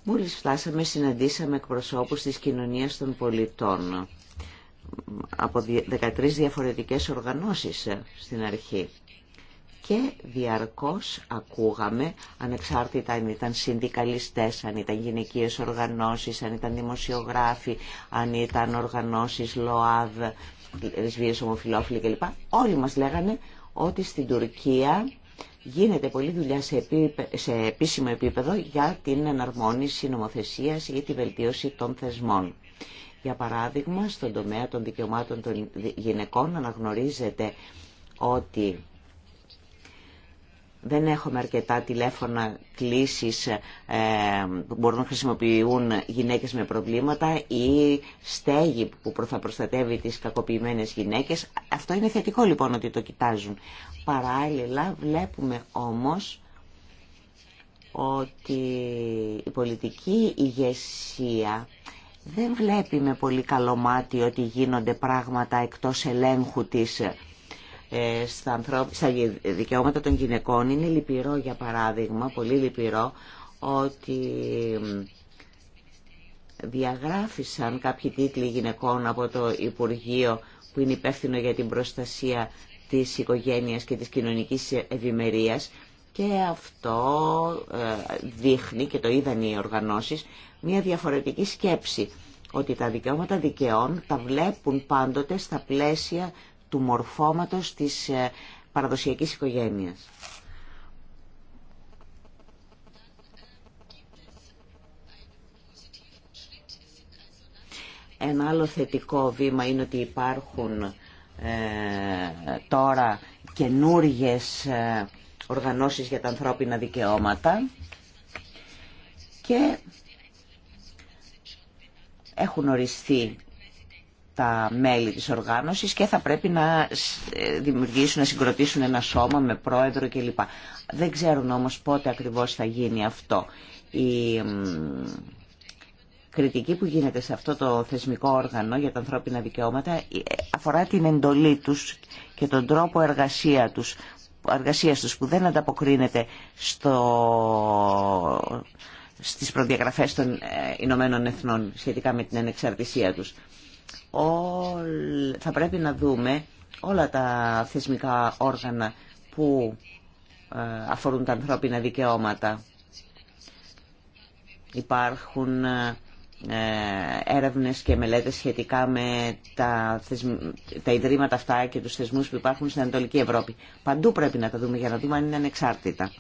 Μόλις φτάσαμε συναντήσαμε εκπροσώπους της κοινωνίας των πολιτών από 13 διαφορετικές οργανώσεις ε, στην αρχή και διαρκώς ακούγαμε ανεξάρτητα αν ήταν συνδικαλιστές, αν ήταν γυναικείες οργανώσεις, αν ήταν δημοσιογράφοι, αν ήταν οργανώσεις ΛΟΑΔ, λεσβείες ομοφιλόφιλοι κλπ. Όλοι μας λέγανε ότι στην Τουρκία Γίνεται πολλή δουλειά σε, σε επίσημο επίπεδο για την εναρμόνιση νομοθεσίας ή τη βελτίωση των θεσμών. Για παράδειγμα, στον τομέα των δικαιωμάτων των γυναικών αναγνωρίζεται ότι δεν έχουμε αρκετά τηλέφωνα κλήσεις ε, που μπορούν να χρησιμοποιούν γυναίκες με προβλήματα ή στέγη που θα προστατεύει τις κακοποιημένες γυναίκες. Αυτό είναι θετικό λοιπόν ότι το κοιτάζουν. Παράλληλα βλέπουμε όμως ότι η πολιτική ηγεσία δεν βλέπει με πολύ καλό μάτι ότι γίνονται πράγματα εκτός ελέγχου της ε, στα, στα δικαιώματα των γυναικών. Είναι λυπηρό για παράδειγμα, πολύ λυπηρό, ότι διαγράφησαν κάποιοι τίτλοι γυναικών από το Υπουργείο που είναι υπεύθυνο για την προστασία της οικογένειας και της κοινωνικής ευημερίας και αυτό ε, δείχνει, και το είδαν οι οργανώσεις, μια διαφορετική σκέψη ότι τα δικαιώματα δικαιών τα βλέπουν πάντοτε στα πλαίσια του μορφώματος της ε, παραδοσιακής οικογένειας. Ένα άλλο θετικό βήμα είναι ότι υπάρχουν ε, τώρα καινούργιες ε, οργανώσεις για τα ανθρώπινα δικαιώματα και έχουν οριστεί τα μέλη της οργάνωσης και θα πρέπει να ε, δημιουργήσουν, να συγκροτήσουν ένα σώμα με πρόεδρο κλπ. Δεν ξέρουν όμως πότε ακριβώς θα γίνει αυτό. Η κριτική που γίνεται σε αυτό το θεσμικό όργανο για τα ανθρώπινα δικαιώματα ε, αφορά την εντολή τους και τον τρόπο εργασία τους, εργασίας τους που δεν ανταποκρίνεται στο, στις προδιαγραφές των ε, Ηνωμένων Εθνών σχετικά με την ανεξαρτησία τους θα πρέπει να δούμε όλα τα θεσμικά όργανα που ε, αφορούν τα ανθρώπινα δικαιώματα. Υπάρχουν ε, έρευνες και μελέτες σχετικά με τα, τα ιδρύματα αυτά και τους θεσμούς που υπάρχουν στην Ανατολική Ευρώπη. Παντού πρέπει να τα δούμε για να δούμε αν είναι ανεξάρτητα.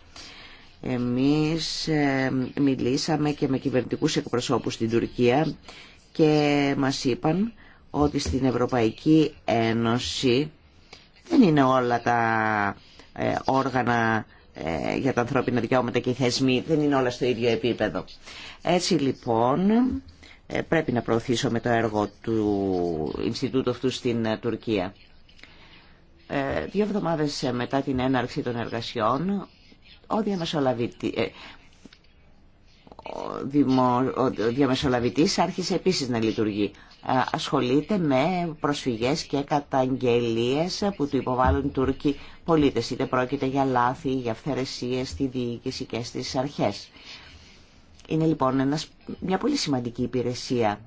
Εμείς ε, μιλήσαμε και με κυβερνητικούς εκπροσώπους στην Τουρκία και μας είπαν ότι στην Ευρωπαϊκή Ένωση δεν είναι όλα τα ε, όργανα ε, για τα ανθρώπινα δικαιώματα και οι θεσμοί, δεν είναι όλα στο ίδιο επίπεδο. Έτσι λοιπόν ε, πρέπει να με το έργο του Ινστιτούτου αυτού στην Τουρκία. Δύο εβδομάδες μετά την έναρξη των εργασιών, ο διαμεσολαβητή ο διαμεσολαβητής άρχισε επίσης να λειτουργεί. Ε, ασχολείται με προσφυγές και καταγγελίες που του υποβάλλουν Τούρκοι πολίτες, είτε πρόκειται για λάθη, για αυθαιρεσίες στη διοίκηση και στις αρχές. Είναι λοιπόν μια πολύ σημαντική υπηρεσία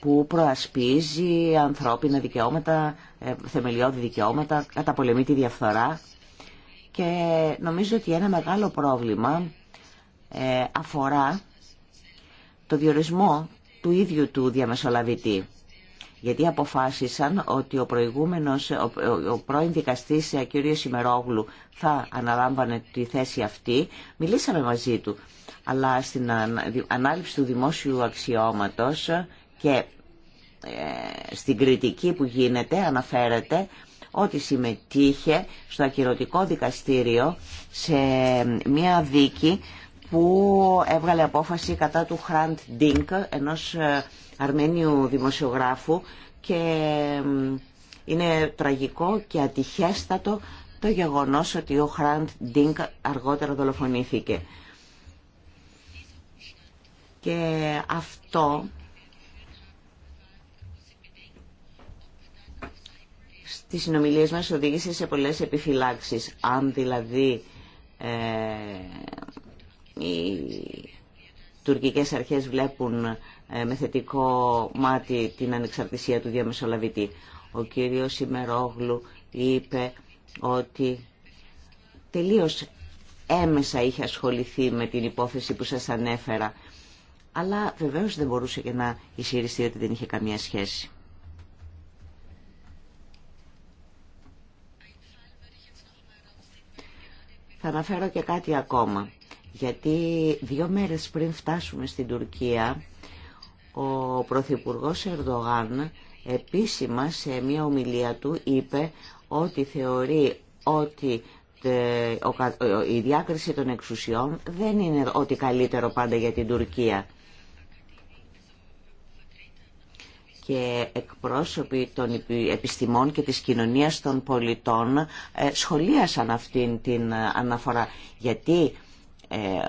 που προασπίζει ανθρώπινα δικαιώματα, ε, θεμελιώδη δικαιώματα, καταπολεμεί τη διαφθορά και νομίζω ότι ένα μεγάλο πρόβλημα ε, αφορά το διορισμό του ίδιου του διαμεσολαβητή. Γιατί αποφάσισαν ότι ο προηγούμενος, ο, ο πρώην δικαστής ε, κ. Σιμερόγλου θα αναλάμβανε τη θέση αυτή. Μιλήσαμε μαζί του, αλλά στην ανάληψη του δημόσιου αξιώματος και ε, στην κριτική που γίνεται αναφέρεται ότι συμμετείχε στο ακυρωτικό δικαστήριο σε ε, μια δίκη που έβγαλε απόφαση κατά του Χραντ Ντίνκ, ενός ε, Αρμένιου δημοσιογράφου και είναι τραγικό και ατυχέστατο το γεγονός ότι ο Χραντ Ντίνκ αργότερα δολοφονήθηκε. Και αυτό στις συνομιλίες μας οδήγησε σε πολλές επιφυλάξεις. Αν δηλαδή ε, οι τουρκικές αρχές βλέπουν ε, με θετικό μάτι την ανεξαρτησία του διαμεσολαβητή. Ο κύριος Σιμερόγλου είπε ότι τελείως έμεσα είχε ασχοληθεί με την υπόθεση που σας ανέφερα. Αλλά βεβαίως δεν μπορούσε και να ισχυριστεί ότι δεν είχε καμία σχέση. Θα αναφέρω και κάτι ακόμα γιατί δύο μέρες πριν φτάσουμε στην Τουρκία ο Πρωθυπουργός Ερδογάν επίσημα σε μια ομιλία του είπε ότι θεωρεί ότι η διάκριση των εξουσιών δεν είναι ότι καλύτερο πάντα για την Τουρκία. και εκπρόσωποι των επιστημών και της κοινωνίας των πολιτών ε, σχολίασαν αυτήν την ε, αναφορά. Γιατί ε,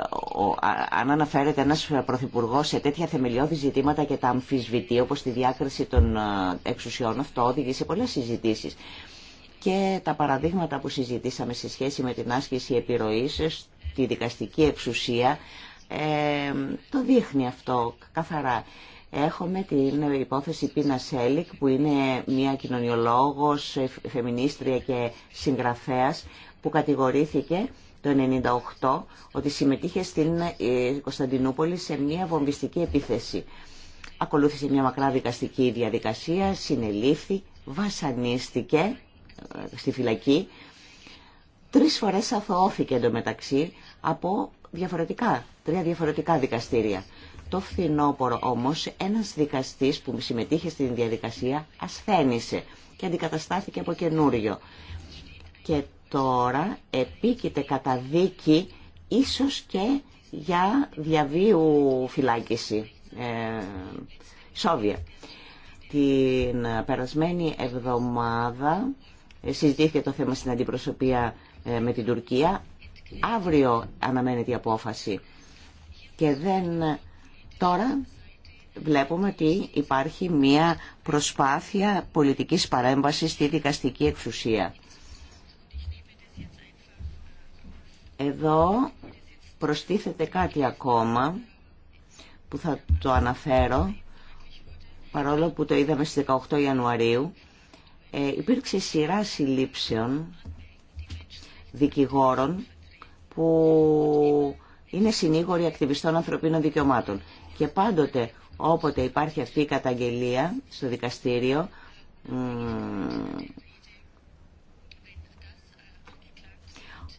αν αναφέρεται ένας Πρωθυπουργό σε τέτοια θεμελιώδη ζητήματα και τα αμφισβητεί όπως τη διάκριση των ε, εξουσιών αυτό οδηγεί σε πολλές συζητήσεις και τα παραδείγματα που συζητήσαμε σε σχέση με την άσκηση επιρροής στη δικαστική εξουσία ε, το δείχνει αυτό καθαρά. Έχουμε την υπόθεση Πίνα Σέλικ που είναι μια κοινωνιολόγος, φεμινίστρια και συγγραφέας που κατηγορήθηκε το 1998 ότι συμμετείχε στην ε, Κωνσταντινούπολη σε μια βομβιστική επίθεση. Ακολούθησε μια μακρά δικαστική διαδικασία, συνελήφθη, βασανίστηκε ε, στη φυλακή. Τρεις φορές αθωώθηκε εντωμεταξύ από διαφορετικά, τρία διαφορετικά δικαστήρια. Το φθινόπωρο όμως ένας δικαστής που συμμετείχε στην διαδικασία ασθένησε και αντικαταστάθηκε από καινούριο. Και τώρα επίκειται κατά δίκη ίσως και για διαβίου φυλάκιση ε, Σόβια. Την περασμένη εβδομάδα ε, συζητήθηκε το θέμα στην αντιπροσωπεία ε, με την Τουρκία. Αύριο αναμένεται η απόφαση. Και δεν... Τώρα βλέπουμε ότι υπάρχει μία προσπάθεια πολιτικής παρέμβασης στη δικαστική εξουσία. Εδώ προστίθεται κάτι ακόμα που θα το αναφέρω παρόλο που το είδαμε στις 18 Ιανουαρίου ε, υπήρξε σειρά συλλήψεων δικηγόρων που είναι συνήγοροι ακτιβιστών ανθρωπίνων δικαιωμάτων και πάντοτε όποτε υπάρχει αυτή η καταγγελία στο δικαστήριο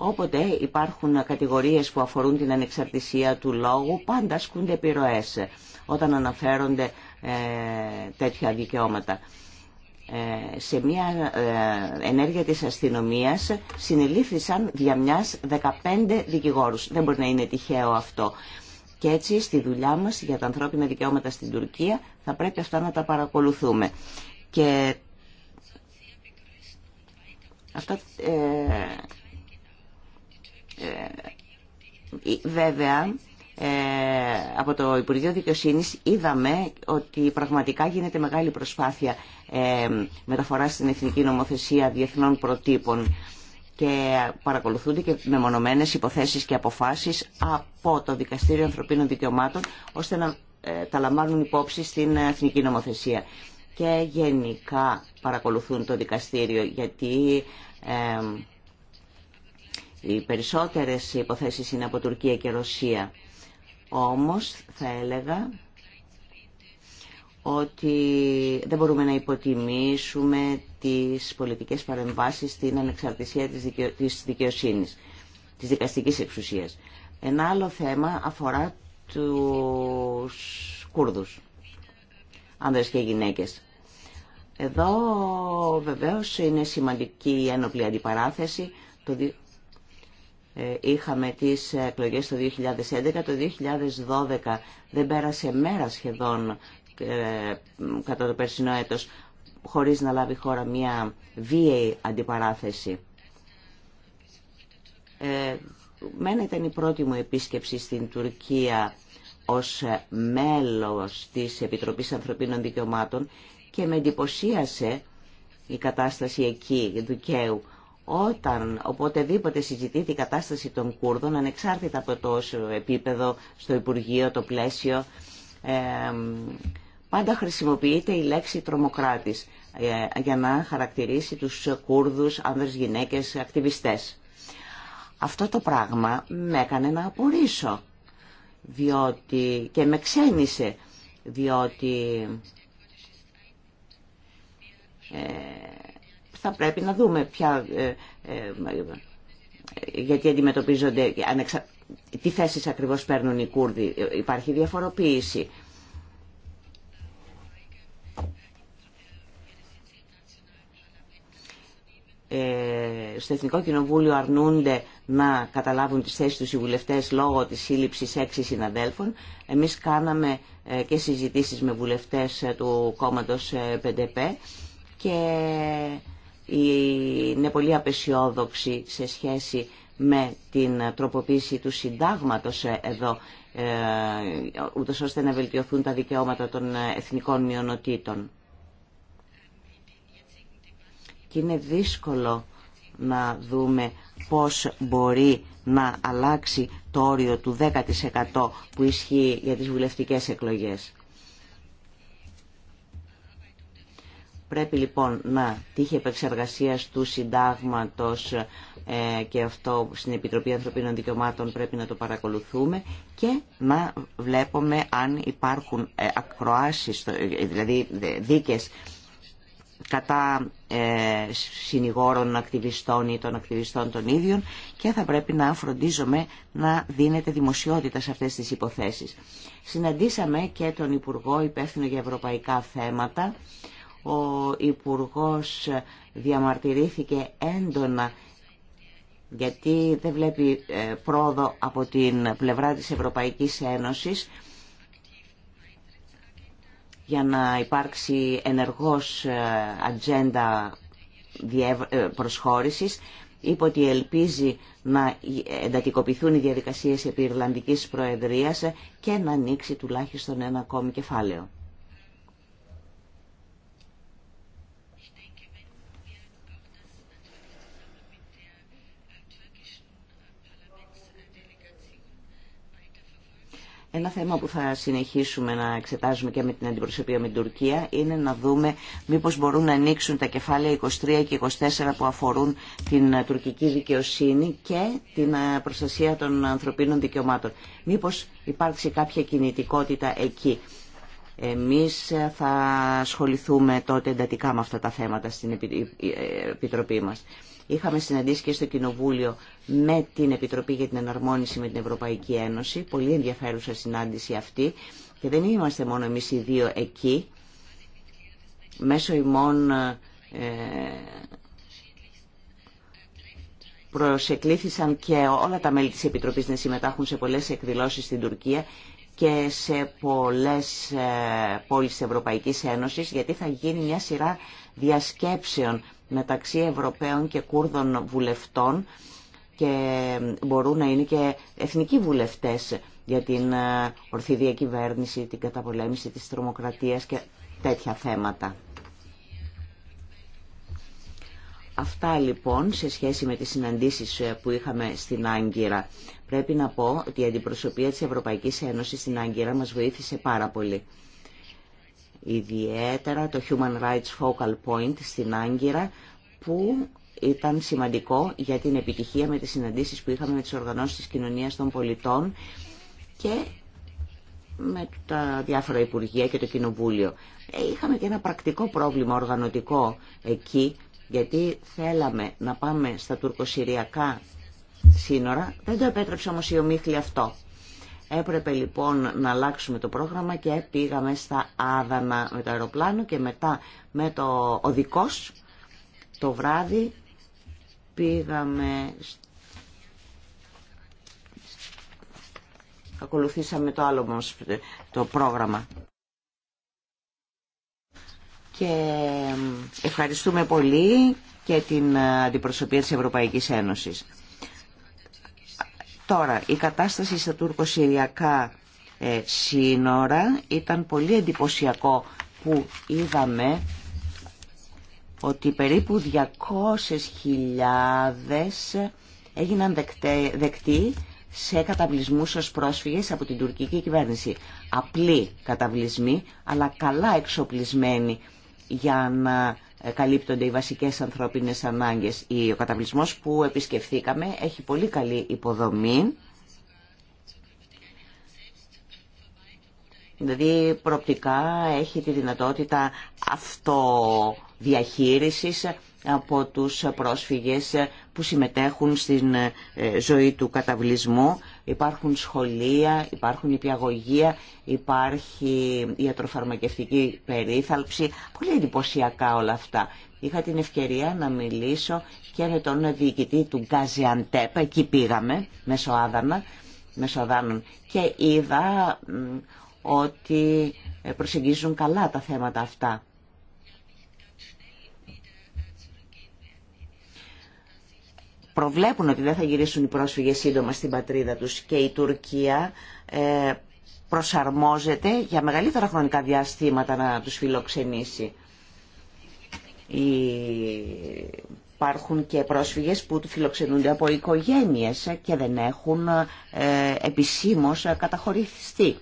Όποτε υπάρχουν κατηγορίες που αφορούν την ανεξαρτησία του λόγου, πάντα ασκούνται επιρροές ε, όταν αναφέρονται ε, τέτοια δικαιώματα. Ε, σε μια ενέργεια της αστυνομίας συνελήφθησαν για μιας 15 δικηγόρους. Δεν μπορεί να είναι τυχαίο αυτό. Και έτσι στη δουλειά μας για τα ανθρώπινα δικαιώματα στην Τουρκία θα πρέπει αυτά να τα παρακολουθούμε. Και ε, ε, βέβαια, ε, από το Υπουργείο Δικαιοσύνης είδαμε ότι πραγματικά γίνεται μεγάλη προσπάθεια μεταφορά στην εθνική νομοθεσία διεθνών προτύπων και παρακολουθούνται και μεμονωμένες υποθέσεις και αποφάσεις από το Δικαστήριο Ανθρωπίνων Δικαιωμάτων ώστε να τα λαμβάνουν υπόψη στην εθνική νομοθεσία. Και γενικά παρακολουθούν το δικαστήριο γιατί... Οι περισσότερες υποθέσεις είναι από Τουρκία και Ρωσία. Όμως θα έλεγα ότι δεν μπορούμε να υποτιμήσουμε τις πολιτικές παρεμβάσεις στην ανεξαρτησία της δικαιοσύνης, της δικαστικής εξουσίας. Ένα άλλο θέμα αφορά τους Κούρδους, άνδρες και γυναίκες. Εδώ βεβαίως είναι σημαντική η ένοπλη αντιπαράθεση. Ε, είχαμε τις εκλογές το 2011, το 2012 δεν πέρασε μέρα σχεδόν ε, κατά το περσινό έτος χωρίς να λάβει χώρα μια βίαιη αντιπαράθεση. Ε, μένα ήταν η πρώτη μου επίσκεψη στην Τουρκία ως μέλος της Επιτροπής Ανθρωπίνων Δικαιωμάτων και με εντυπωσίασε η κατάσταση εκεί, δικαίου. Όταν οποτεδήποτε συζητείται η κατάσταση των Κούρδων, ανεξάρτητα από το επίπεδο, στο Υπουργείο, το πλαίσιο, πάντα χρησιμοποιείται η λέξη τρομοκράτης ε, για να χαρακτηρίσει τους Κούρδους, άνδρες, γυναίκες, ακτιβιστές. Αυτό το πράγμα με έκανε να απορρίσω διότι, και με ξένησε, διότι ε, θα πρέπει να δούμε ποια, ε, ε, γιατί αντιμετωπίζονται, τι θέσεις ακριβώς παίρνουν οι Κούρδοι. Ε, υπάρχει διαφοροποίηση. στο Εθνικό Κοινοβούλιο αρνούνται να καταλάβουν τις θέσεις τους οι βουλευτές λόγω της σύλληψης έξι συναδέλφων. Εμείς κάναμε και συζητήσεις με βουλευτές του κόμματος 5 και είναι πολύ απεσιόδοξη σε σχέση με την τροποποίηση του συντάγματος εδώ, ε, ούτως ώστε να βελτιωθούν τα δικαιώματα των εθνικών μειονοτήτων. Και είναι δύσκολο να δούμε πώς μπορεί να αλλάξει το όριο του 10% που ισχύει για τις βουλευτικές εκλογές. Πρέπει λοιπόν να τύχει επεξεργασία του συντάγματος ε, και αυτό στην Επιτροπή Ανθρωπίνων Δικαιωμάτων πρέπει να το παρακολουθούμε και να βλέπουμε αν υπάρχουν ε, ακροάσεις, ε, δηλαδή δίκες κατά συνηγόρων ακτιβιστών ή των ακτιβιστών των ίδιων και θα πρέπει να φροντίζομαι να δίνεται δημοσιότητα σε αυτές τις υποθέσεις. Συναντήσαμε και τον Υπουργό Υπεύθυνο για Ευρωπαϊκά Θέματα ο Υπουργός διαμαρτυρήθηκε έντονα γιατί δεν βλέπει ε, πρόοδο από την πλευρά της Ευρωπαϊκής Ένωσης για να υπάρξει ενεργός ε, ατζέντα ε, προσχώρησης. Είπε ότι ελπίζει να εντατικοποιηθούν οι διαδικασίες επί Ιρλανδικής Προεδρίας και να ανοίξει τουλάχιστον ένα ακόμη κεφάλαιο. Ένα θέμα που θα συνεχίσουμε να εξετάζουμε και με την αντιπροσωπεία με την Τουρκία είναι να δούμε μήπως μπορούν να ανοίξουν τα κεφάλαια 23 και 24 που αφορούν την τουρκική δικαιοσύνη και την ε, προστασία των ανθρωπίνων δικαιωμάτων. Μήπως υπάρξει κάποια κινητικότητα εκεί. Εμείς ε, θα ασχοληθούμε τότε εντατικά με αυτά τα θέματα στην ε, Επιτροπή μας. Είχαμε συναντήσει και στο Κοινοβούλιο με την Επιτροπή για την Εναρμόνιση με την Ευρωπαϊκή Ένωση. Πολύ ενδιαφέρουσα συνάντηση αυτή και δεν είμαστε μόνο εμείς οι δύο εκεί. Μέσω ημών ε, προσεκλήθησαν και όλα τα μέλη της Επιτροπής να συμμετάχουν σε πολλές εκδηλώσεις στην Τουρκία και σε πολλές ε, πόλεις της Ευρωπαϊκής Ένωσης γιατί θα γίνει μια σειρά διασκέψεων μεταξύ Ευρωπαίων και Κούρδων βουλευτών και μπορούν να είναι και εθνικοί βουλευτές για την ε, ορθή διακυβέρνηση, την καταπολέμηση της τρομοκρατίας και τέτοια θέματα. Αυτά λοιπόν σε σχέση με τις συναντήσεις ε, που είχαμε στην Άγκυρα. Πρέπει να πω ότι η αντιπροσωπεία της Ευρωπαϊκής Ένωσης στην Άγκυρα μας βοήθησε πάρα πολύ. Ιδιαίτερα το Human Rights Focal Point στην Άγκυρα που ήταν σημαντικό για την επιτυχία με τις συναντήσεις που είχαμε με τις οργανώσεις της κοινωνίας των πολιτών και με τα διάφορα Υπουργεία και το Κοινοβούλιο. Ε, είχαμε και ένα πρακτικό πρόβλημα οργανωτικό εκεί, γιατί θέλαμε να πάμε στα τουρκοσυριακά σύνορα. Δεν το επέτρεψε όμως η ομίχλη αυτό. Έπρεπε λοιπόν να αλλάξουμε το πρόγραμμα και πήγαμε στα Άδανα με το αεροπλάνο και μετά με το οδικός το βράδυ πήγαμε ακολουθήσαμε το άλλο μας το πρόγραμμα και ευχαριστούμε πολύ και την αντιπροσωπεία της Ευρωπαϊκής Ένωσης. Τώρα, η κατάσταση στα τουρκο-συριακά ε, σύνορα ήταν πολύ εντυπωσιακό που είδαμε ότι περίπου 200.000 έγιναν δεκτοί σε καταβλισμούς ως πρόσφυγες από την τουρκική κυβέρνηση. Απλή καταβλισμοί, αλλά καλά εξοπλισμένοι για να καλύπτονται οι βασικές ανθρώπινες ανάγκες. Ο καταβλισμός που επισκεφθήκαμε έχει πολύ καλή υποδομή. Δηλαδή προπτικά έχει τη δυνατότητα αυτό διαχείρισης από τους πρόσφυγες που συμμετέχουν στην ε, ζωή του καταβλισμού. Υπάρχουν σχολεία, υπάρχουν υπηαγωγεία, υπάρχει ιατροφαρμακευτική περίθαλψη. Πολύ εντυπωσιακά όλα αυτά. Είχα την ευκαιρία να μιλήσω και με τον διοικητή του Γκαζιαντέπ, εκεί πήγαμε, μέσω Άδανα, και είδα ότι ε, προσεγγίζουν καλά τα θέματα αυτά. προβλέπουν ότι δεν θα γυρίσουν οι πρόσφυγες σύντομα στην πατρίδα τους και η Τουρκία ε, προσαρμόζεται για μεγαλύτερα χρονικά διαστήματα να τους φιλοξενήσει. Υπάρχουν και πρόσφυγες που φιλοξενούνται από οικογένειες και δεν έχουν ε, επισήμως καταχωριστεί.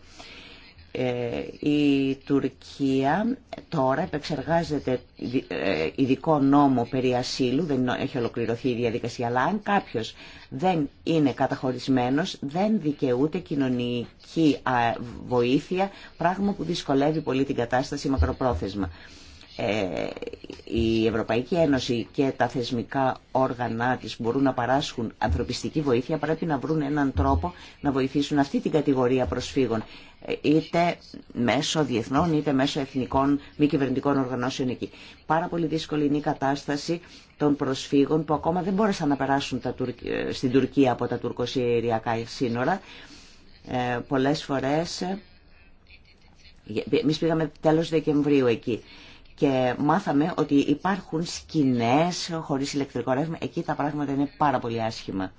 Ε, η Τουρκία τώρα επεξεργάζεται ε, ειδικό νόμο περί ασύλου, δεν έχει ολοκληρωθεί η διαδικασία, αλλά αν κάποιος δεν είναι καταχωρισμένος, δεν δικαιούται κοινωνική βοήθεια, πράγμα που δυσκολεύει πολύ την κατάσταση μακροπρόθεσμα. Ε, η Ευρωπαϊκή Ένωση και τα θεσμικά όργανα της μπορούν να παράσχουν ανθρωπιστική βοήθεια, πρέπει να βρουν έναν τρόπο να βοηθήσουν αυτή την κατηγορία προσφύγων είτε μέσω διεθνών είτε μέσω εθνικών μη κυβερνητικών οργανώσεων εκεί. Πάρα πολύ δύσκολη είναι η κατάσταση των προσφύγων που ακόμα δεν μπόρεσαν να περάσουν τα ε, στην Τουρκία από τα τουρκοσυριακά σύνορα. Ε, πολλές φορές, ε, εμείς πήγαμε τέλος Δεκεμβρίου εκεί και μάθαμε ότι υπάρχουν σκηνές χωρίς ηλεκτρικό ρεύμα. Εκεί τα πράγματα είναι πάρα πολύ άσχημα.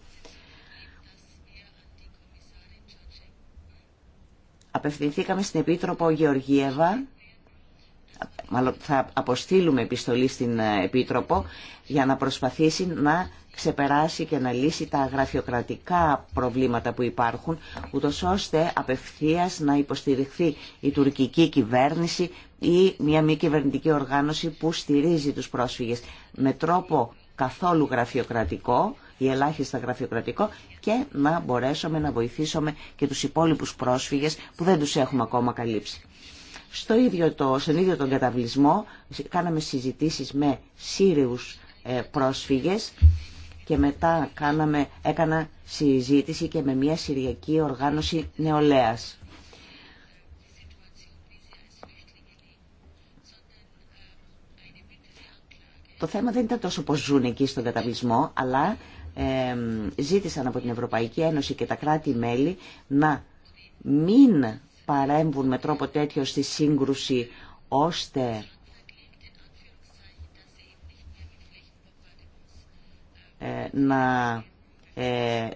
απευθυνθήκαμε στην Επίτροπο Γεωργίευα, μάλλον θα αποστείλουμε επιστολή στην ε, Επίτροπο για να προσπαθήσει να ξεπεράσει και να λύσει τα γραφειοκρατικά προβλήματα που υπάρχουν, ούτω ώστε απευθείας να υποστηριχθεί η τουρκική κυβέρνηση ή μια μη κυβερνητική οργάνωση που στηρίζει τους πρόσφυγες με τρόπο καθόλου γραφειοκρατικό ή ελάχιστα γραφειοκρατικό και να μπορέσουμε να βοηθήσουμε και τους υπόλοιπους πρόσφυγες που δεν τους έχουμε ακόμα καλύψει. Στο ίδιο το, στον ίδιο τον καταβλισμό κάναμε συζητήσεις με Σύριους ε, πρόσφυγες και μετά κάναμε, έκανα συζήτηση και με μια Συριακή Οργάνωση Νεολαίας. Το θέμα δεν ήταν τόσο πώς ζουν εκεί στον καταβλισμό, αλλά ζήτησαν από την Ευρωπαϊκή Ένωση και τα κράτη-μέλη να μην παρέμβουν με τρόπο τέτοιο στη σύγκρουση ώστε ε, να ε, ε,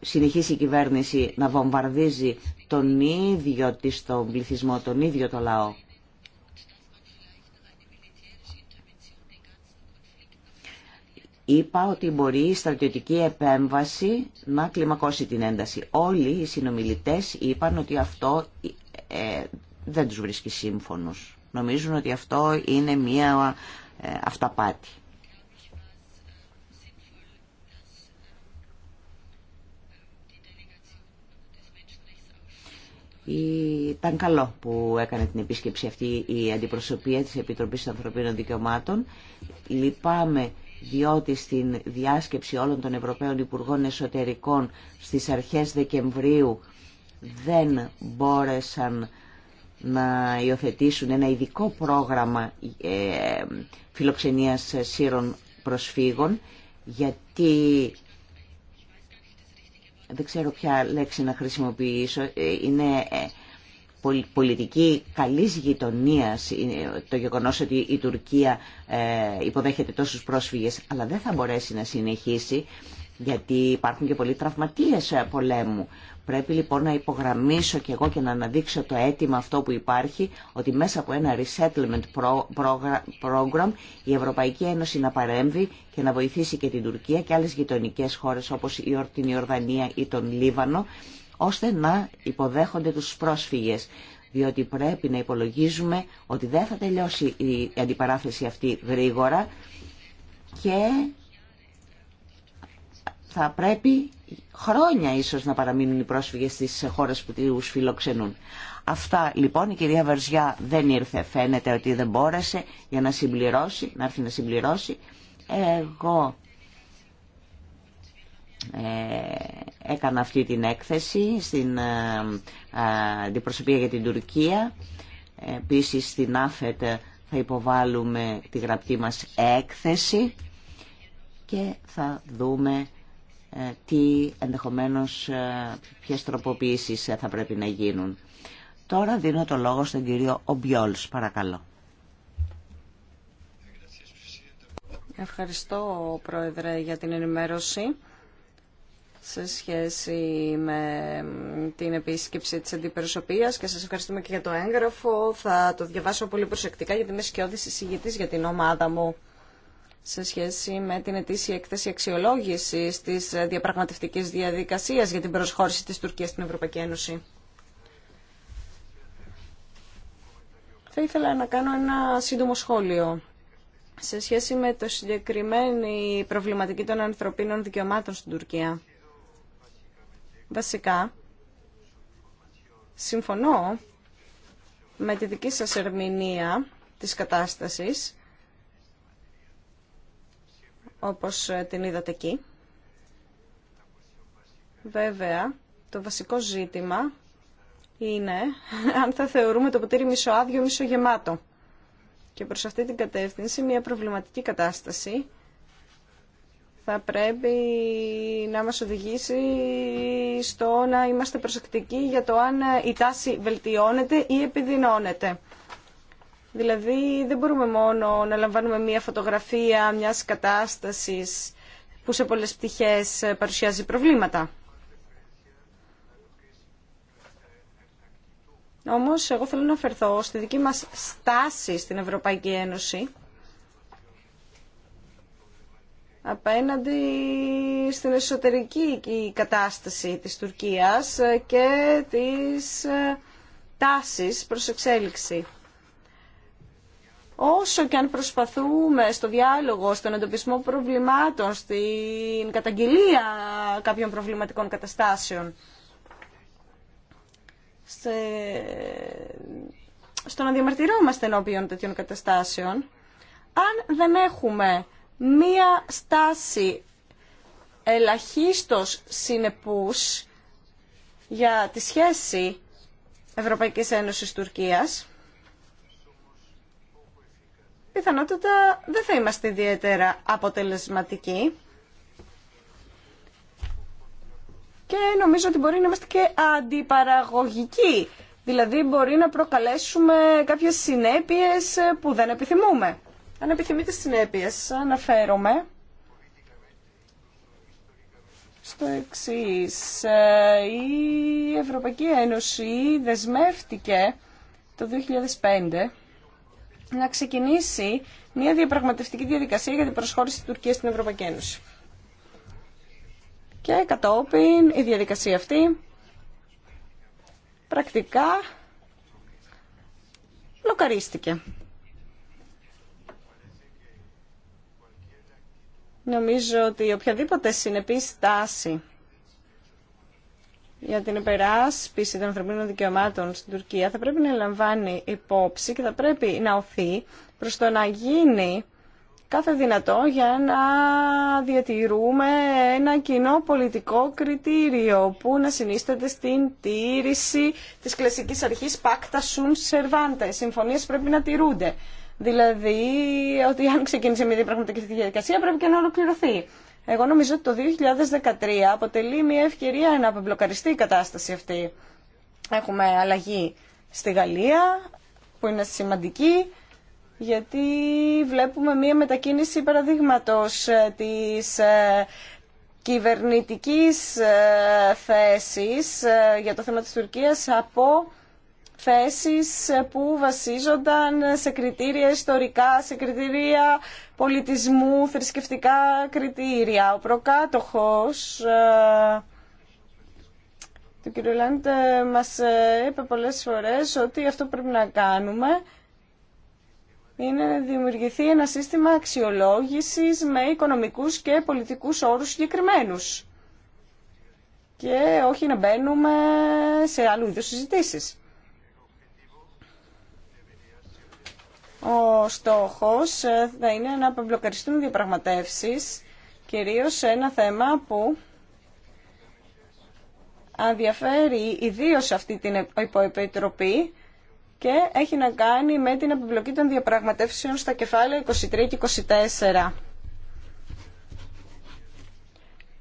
συνεχίσει η κυβέρνηση να βομβαρδίζει τον ίδιο της τον πληθυσμό, τον ίδιο το λαό. είπα ότι μπορεί η στρατιωτική επέμβαση να κλιμακώσει την ένταση. Όλοι οι συνομιλητές είπαν ότι αυτό ε, δεν τους βρίσκει σύμφωνος. Νομίζουν ότι αυτό είναι μία ε, αυταπάτη. Ήταν καλό που έκανε την επίσκεψη αυτή η αντιπροσωπεία της Επιτροπής των Ανθρωπίνων Δικαιωμάτων. Λυπάμαι διότι στην διάσκεψη όλων των Ευρωπαίων Υπουργών Εσωτερικών στις αρχές Δεκεμβρίου δεν μπόρεσαν να υιοθετήσουν ένα ειδικό πρόγραμμα ε, φιλοξενίας σύρων προσφύγων γιατί δεν ξέρω ποια λέξη να χρησιμοποιήσω ε, είναι ε, πολιτική καλής γειτονίας ε, το γεγονός ότι η Τουρκία ε, υποδέχεται τόσους πρόσφυγες αλλά δεν θα μπορέσει να συνεχίσει γιατί υπάρχουν και πολλοί τραυματίες ε, πολέμου. Πρέπει λοιπόν να υπογραμμίσω και εγώ και να αναδείξω το αίτημα αυτό που υπάρχει ότι μέσα από ένα resettlement program η Ευρωπαϊκή Ένωση να παρέμβει και να βοηθήσει και την Τουρκία και άλλες γειτονικές χώρες όπως την Ιορδανία ή τον Λίβανο ώστε να υποδέχονται τους πρόσφυγες διότι πρέπει να υπολογίζουμε ότι δεν θα τελειώσει η αντιπαράθεση αυτή γρήγορα και θα πρέπει χρόνια ίσως να παραμείνουν οι πρόσφυγες στις χώρες που τους φιλοξενούν. Αυτά λοιπόν, η κυρία Βερζιά δεν ήρθε, φαίνεται ότι δεν μπόρεσε για να συμπληρώσει, να έρθει να συμπληρώσει. Εγώ ε, έκανα αυτή την έκθεση στην ε, ε, αντιπροσωπεία για την Τουρκία. Επίσης στην ΑΦΕΤ θα υποβάλουμε τη γραπτή μας έκθεση και θα δούμε τι ενδεχομένως ποιες τροποποιήσεις θα πρέπει να γίνουν. Τώρα δίνω το λόγο στον κύριο Ομπιόλς, παρακαλώ. Ευχαριστώ, Πρόεδρε, για την ενημέρωση σε σχέση με την επίσκεψη της αντιπροσωπείας και σας ευχαριστούμε και για το έγγραφο. Θα το διαβάσω πολύ προσεκτικά γιατί είμαι σκιώδης εισηγητής για την ομάδα μου σε σχέση με την ετήσια έκθεση αξιολόγηση τη διαπραγματευτική διαδικασία για την προσχώρηση της Τουρκίας στην Ευρωπαϊκή Ένωση. Θα ήθελα να κάνω ένα σύντομο σχόλιο σε σχέση με το συγκεκριμένη προβληματική των ανθρωπίνων δικαιωμάτων στην Τουρκία. Βασικά, συμφωνώ με τη δική σας ερμηνεία της κατάστασης, όπως ε, την είδατε εκεί. Βέβαια, το βασικό ζήτημα είναι αν θα θεωρούμε το ποτήρι μισοάδιο μισογεμάτο. Και προς αυτή την κατεύθυνση μια προβληματική κατάσταση θα πρέπει να μας οδηγήσει στο να είμαστε προσεκτικοί για το αν η τάση βελτιώνεται ή επιδεινώνεται. Δηλαδή δεν μπορούμε μόνο να λαμβάνουμε μία φωτογραφία μιας κατάστασης που σε πολλές πτυχές παρουσιάζει προβλήματα. Όμως εγώ θέλω να αφαιρθώ στη δική μας στάση στην Ευρωπαϊκή Ένωση απέναντι στην εσωτερική κατάσταση της Τουρκίας και της ε, τάσης προς εξέλιξη. Όσο και αν προσπαθούμε στο διάλογο, στον εντοπισμό προβλημάτων, στην καταγγελία κάποιων προβληματικών καταστάσεων, στο να διαμαρτυρόμαστε ενώπιον τέτοιων καταστάσεων, αν δεν έχουμε μία στάση ελαχίστως συνεπούς για τη σχέση Ευρωπαϊκής Ένωσης Τουρκίας πιθανότητα δεν θα είμαστε ιδιαίτερα αποτελεσματικοί και νομίζω ότι μπορεί να είμαστε και αντιπαραγωγικοί δηλαδή μπορεί να προκαλέσουμε κάποιες συνέπειες που δεν επιθυμούμε αν επιθυμείτε συνέπειε, αναφέρομαι στο εξή. Ε, η Ευρωπαϊκή Ένωση δεσμεύτηκε το 2005 να ξεκινήσει μια διαπραγματευτική διαδικασία για την προσχώρηση της Τουρκίας στην Ευρωπαϊκή Ένωση. Και κατόπιν η διαδικασία αυτή πρακτικά λοκαρίστηκε. Νομίζω ότι οποιαδήποτε συνεπή στάση για την υπεράσπιση των ανθρωπίνων δικαιωμάτων στην Τουρκία θα πρέπει να λαμβάνει υπόψη και θα πρέπει να οθεί προς το να γίνει κάθε δυνατό για να διατηρούμε ένα κοινό πολιτικό κριτήριο που να συνίσταται στην τήρηση της κλασικής αρχής pacta sunt servante. Συμφωνίες πρέπει να τηρούνται. Δηλαδή ότι αν ξεκίνησε μια διαπραγματευτική διαδικασία πρέπει και να ολοκληρωθεί. Εγώ νομίζω ότι το 2013 αποτελεί μια ευκαιρία να απεμπλοκαριστεί η κατάσταση αυτή. Έχουμε αλλαγή στη Γαλλία που είναι σημαντική γιατί βλέπουμε μια μετακίνηση παραδείγματος ε, της ε, κυβερνητικής ε, θέσης για το θέμα της Τουρκίας από θέσεις που βασίζονταν σε κριτήρια ιστορικά, σε κριτήρια πολιτισμού, θρησκευτικά κριτήρια. Ο προκάτοχος ε, του κ. Λέντε μας ε, είπε πολλές φορές ότι αυτό που πρέπει να κάνουμε είναι να δημιουργηθεί ένα σύστημα αξιολόγησης με οικονομικούς και πολιτικούς όρους συγκεκριμένου. Και όχι να μπαίνουμε σε άλλου είδους συζητήσεις. Ο στόχος ε, θα είναι να απεμπλοκαριστούν διαπραγματεύσεις, κυρίως σε ένα θέμα που αδιαφέρει ιδίως αυτή την υποεπιτροπή και έχει να κάνει με την απεμπλοκή των διαπραγματεύσεων στα κεφάλαια 23 και 24.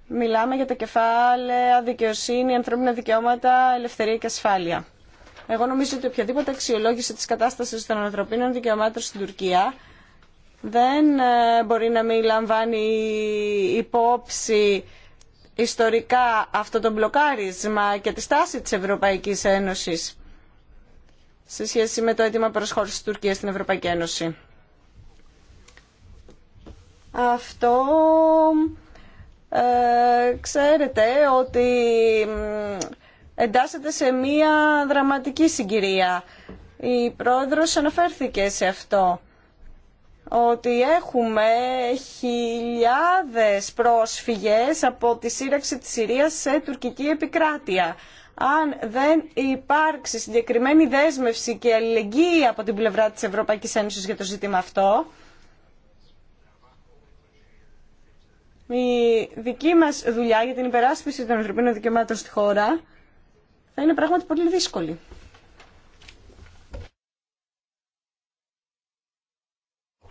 Μιλάμε για τα κεφάλαια δικαιοσύνη, ανθρώπινα δικαιώματα, ελευθερία και ασφάλεια. Εγώ νομίζω ότι οποιαδήποτε αξιολόγηση της κατάστασης των ανθρωπίνων δικαιωμάτων στην Τουρκία δεν ε, μπορεί να μην λαμβάνει υπόψη ιστορικά αυτό το μπλοκάρισμα και τη στάση της Ευρωπαϊκής Ένωσης σε σχέση με το αίτημα προσχώρησης της Τουρκίας στην Ευρωπαϊκή Ένωση. Αυτό ε, ξέρετε ότι εντάσσεται σε μία δραματική συγκυρία. Η πρόεδρος αναφέρθηκε σε αυτό ότι έχουμε χιλιάδες πρόσφυγες από τη σύραξη της Συρίας σε τουρκική επικράτεια. Αν δεν υπάρξει συγκεκριμένη δέσμευση και αλληλεγγύη από την πλευρά της Ευρωπαϊκής Ένωσης για το ζήτημα αυτό, η δική μας δουλειά για την υπεράσπιση των ανθρωπίνων δικαιωμάτων στη χώρα θα είναι πράγματι πολύ δύσκολη.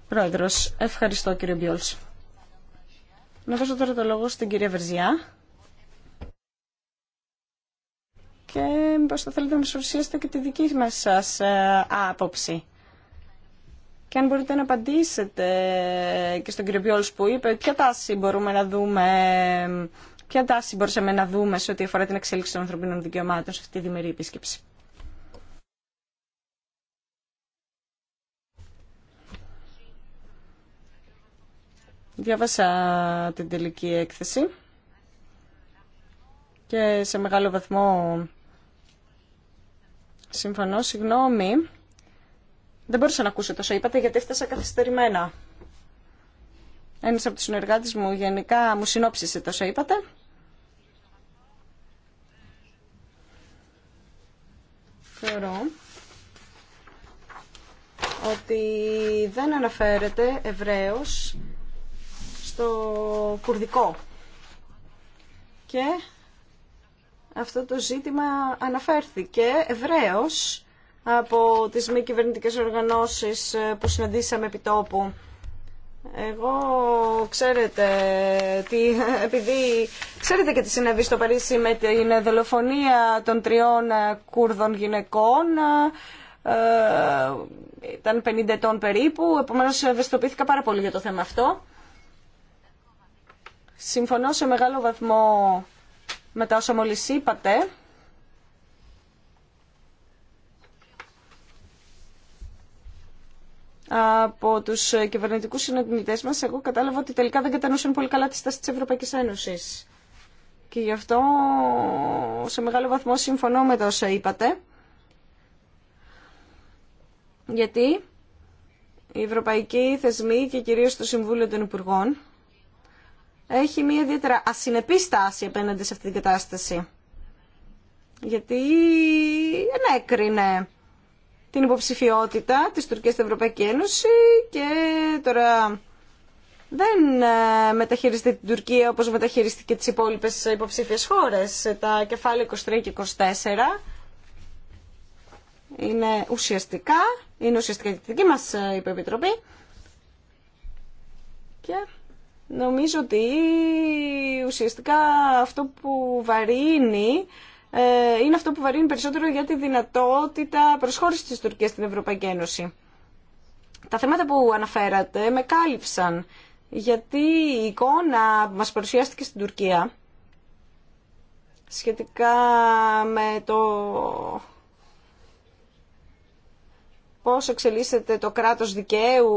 Πρόεδρος, ευχαριστώ κύριε Μπιόλς. Να δώσω τώρα το λόγο στην κυρία Βερζιά. Και μήπως θα θέλετε να μας ουσιαστείτε και τη δική μας σας ε, άποψη. Και αν μπορείτε να απαντήσετε και στον κύριο Μπιόλς που είπε, ποια τάση μπορούμε να δούμε Ποια τάση μπορούσαμε να δούμε σε ό,τι αφορά την εξέλιξη των ανθρωπίνων δικαιωμάτων σε αυτή τη διμερή επίσκεψη. Διάβασα την τελική έκθεση και σε μεγάλο βαθμό συμφωνώ, συγγνώμη. Δεν μπορούσα να ακούσω τόσο είπατε γιατί έφτασα καθυστερημένα. Ένα από του συνεργάτε μου γενικά μου συνόψισε τόσα είπατε. Θεωρώ ότι δεν αναφέρεται ευρέως στο κουρδικό. Και αυτό το ζήτημα αναφέρθηκε ευρέως από τις μη κυβερνητικέ οργανώσεις που συναντήσαμε επί εγώ ξέρετε τι, επειδή ξέρετε και τι συνέβη στο Παρίσι με την δολοφονία των τριών ε, Κούρδων γυναικών ε, ήταν 50 ετών περίπου, επομένως ε, ευαισθητοποιήθηκα πάρα πολύ για το θέμα αυτό. Συμφωνώ σε μεγάλο βαθμό με τα όσα μόλις είπατε. από του κυβερνητικού συναντητέ μας, εγώ κατάλαβα ότι τελικά δεν κατανοούσαν πολύ καλά τη στάση τη Ευρωπαϊκή Ένωση. Και γι' αυτό σε μεγάλο βαθμό συμφωνώ με τα όσα είπατε. Γιατί η Ευρωπαϊκή Θεσμή και κυρίως το Συμβούλιο των Υπουργών έχει μια ιδιαίτερα ασυνεπή στάση απέναντι σε αυτή την κατάσταση. Γιατί ενέκρινε την υποψηφιότητα της Τουρκίας στην Ευρωπαϊκή Ένωση και τώρα δεν ε, μεταχειριστεί την Τουρκία όπως μεταχειριστήκε τις υπόλοιπες υποψήφιες χώρες. Τα κεφάλαια 23 και 24 είναι ουσιαστικά, είναι ουσιαστικά και δική μας ε, υποεπιτροπή και νομίζω ότι ουσιαστικά αυτό που βαρύνει ε, είναι αυτό που βαρύνει περισσότερο για τη δυνατότητα προσχώρησης της Τουρκίας στην Ευρωπαϊκή Ένωση. Τα θέματα που αναφέρατε με κάλυψαν, γιατί η εικόνα που μας παρουσιάστηκε στην Τουρκία σχετικά με το πώς εξελίσσεται το κράτος δικαίου,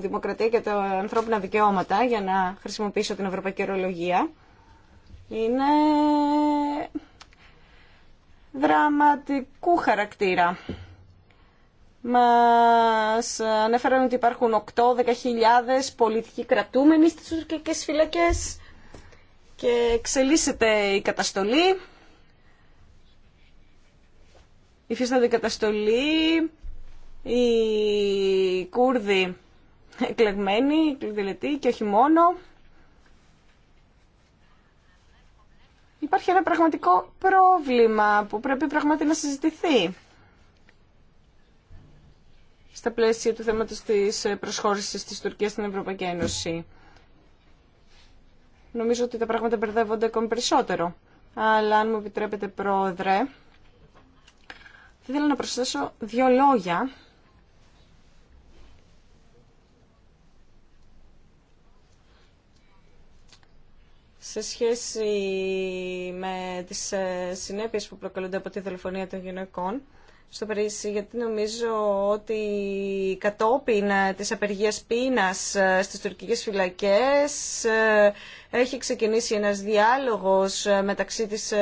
δημοκρατία και τα ανθρώπινα δικαιώματα, για να χρησιμοποιήσω την ευρωπαϊκή ορολογία, είναι δραματικού χαρακτήρα. Μας ανέφεραν ότι υπάρχουν 8-10 πολιτικοί κρατούμενοι στις τουρκικές φυλακές και εξελίσσεται η καταστολή. Η φυσική καταστολή, οι Κούρδοι εκλεγμένοι, και όχι μόνο. Υπάρχει ένα πραγματικό πρόβλημα που πρέπει πραγματικά να συζητηθεί στα πλαίσια του θέματος της προσχώρησης της Τουρκίας στην Ευρωπαϊκή Ένωση. Νομίζω ότι τα πράγματα μπερδεύονται ακόμη περισσότερο. Αλλά αν μου επιτρέπετε, Πρόεδρε, θα ήθελα να προσθέσω δύο λόγια σε σχέση με τις ε, συνέπειες που προκαλούνται από τη δολοφονία των γυναικών στο Παρίσι, γιατί νομίζω ότι κατόπιν ε, της απεργίας πείνας ε, στις τουρκικές φυλακές έχει ξεκινήσει ένας διάλογος μεταξύ της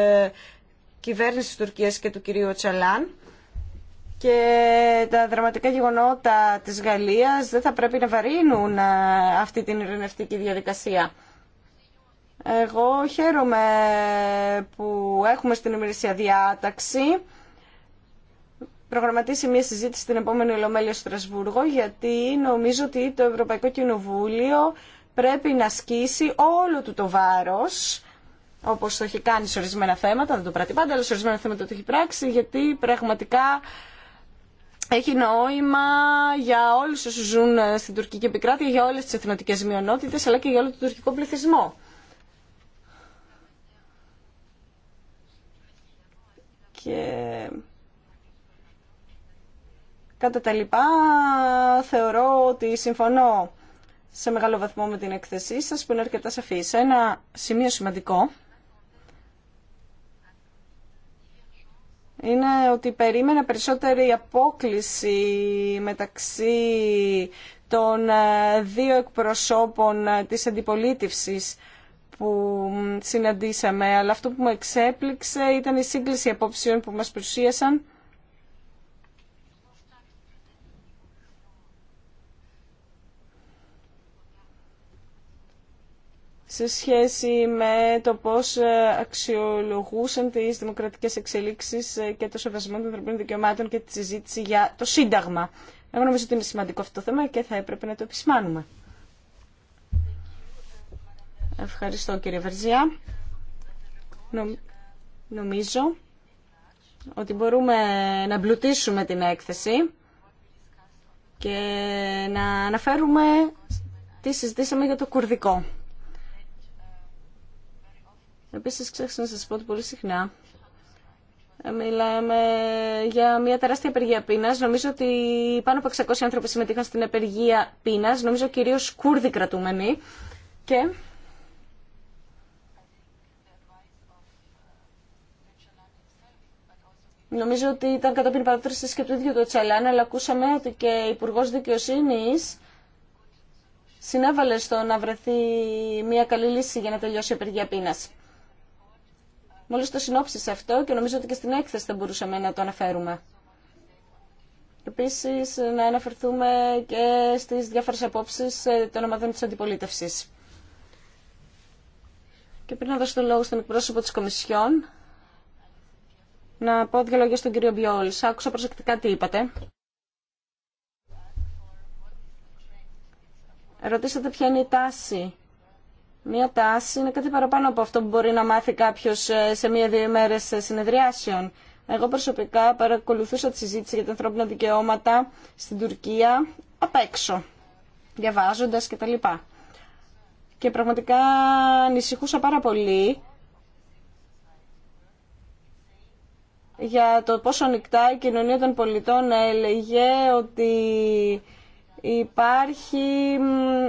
κυβέρνησης της Τουρκίας και του κυρίου Τσαλάν και τα δραματικά γεγονότα της Γαλλίας δεν θα πρέπει να βαρύνουν αυτή την ειρηνευτική διαδικασία. Εγώ χαίρομαι που έχουμε στην ημερήσια διάταξη προγραμματίσει μια συζήτηση στην επόμενη Ολομέλεια στο Στρασβούργο, γιατί νομίζω ότι το Ευρωπαϊκό Κοινοβούλιο πρέπει να ασκήσει όλο του το βάρος, όπως το έχει κάνει σε ορισμένα θέματα, δεν το πράττει πάντα, αλλά σε ορισμένα θέματα το έχει πράξει, γιατί πραγματικά έχει νόημα για όλους όσους ζουν στην τουρκική επικράτεια, για όλες τις εθνοτικές μειονότητες, αλλά και για όλο τον τουρκικό πληθυσμό. και κατά τα λοιπά θεωρώ ότι συμφωνώ σε μεγάλο βαθμό με την εκθεσή σας που είναι αρκετά Σε Ένα σημείο σημαντικό είναι ότι περίμενα περισσότερη απόκληση μεταξύ των ε, δύο εκπροσώπων ε, της αντιπολίτευσης που συναντήσαμε, αλλά αυτό που με εξέπληξε ήταν η σύγκληση απόψεων που μας προσίασαν. σε σχέση με το πώς αξιολογούσαν τις δημοκρατικές εξελίξεις και το σεβασμό των ανθρωπίνων δικαιωμάτων και τη συζήτηση για το Σύνταγμα. Εγώ νομίζω ότι είναι σημαντικό αυτό το θέμα και θα έπρεπε να το επισημάνουμε. Ευχαριστώ κύριε Βερζιά. Νομίζω ότι μπορούμε να μπλουτίσουμε την έκθεση και να αναφέρουμε τι συζητήσαμε για το κουρδικό. Επίσης ξέχασα να σας πω ότι πολύ συχνά ε, μιλάμε για μια τεράστια απεργία πείνας. Νομίζω ότι πάνω από 600 άνθρωποι συμμετείχαν στην απεργία πείνας, νομίζω κυρίως Κούρδοι κρατούμενοι. Και Νομίζω ότι ήταν κατόπιν παρατήρηση και του ίδιου του Τσαλάν, αλλά ακούσαμε ότι και ο Υπουργό Δικαιοσύνη συνέβαλε στο να βρεθεί μια καλή λύση για να τελειώσει η απεργία πείνα. Μόλι το συνόψισε αυτό και νομίζω ότι και στην έκθεση θα μπορούσαμε να το αναφέρουμε. Επίση, να αναφερθούμε και στι διάφορε απόψει ε, των ομάδων τη αντιπολίτευση. Και πριν να δώσω το λόγο στον εκπρόσωπο τη Κομισιόν, να πω δύο λόγια στον κύριο Μπιόλ. Άκουσα προσεκτικά τι είπατε. Ρωτήσατε ποια είναι η τάση. Μία τάση είναι κάτι παραπάνω από αυτό που μπορεί να μάθει κάποιο ε, σε μία-δύο ημέρε ε, συνεδριάσεων. Εγώ προσωπικά παρακολουθούσα τη συζήτηση για τα ανθρώπινα δικαιώματα στην Τουρκία απ' έξω, διαβάζοντα κτλ. Και, και πραγματικά ανησυχούσα πάρα πολύ για το πόσο ανοιχτά η κοινωνία των πολιτών έλεγε ότι υπάρχει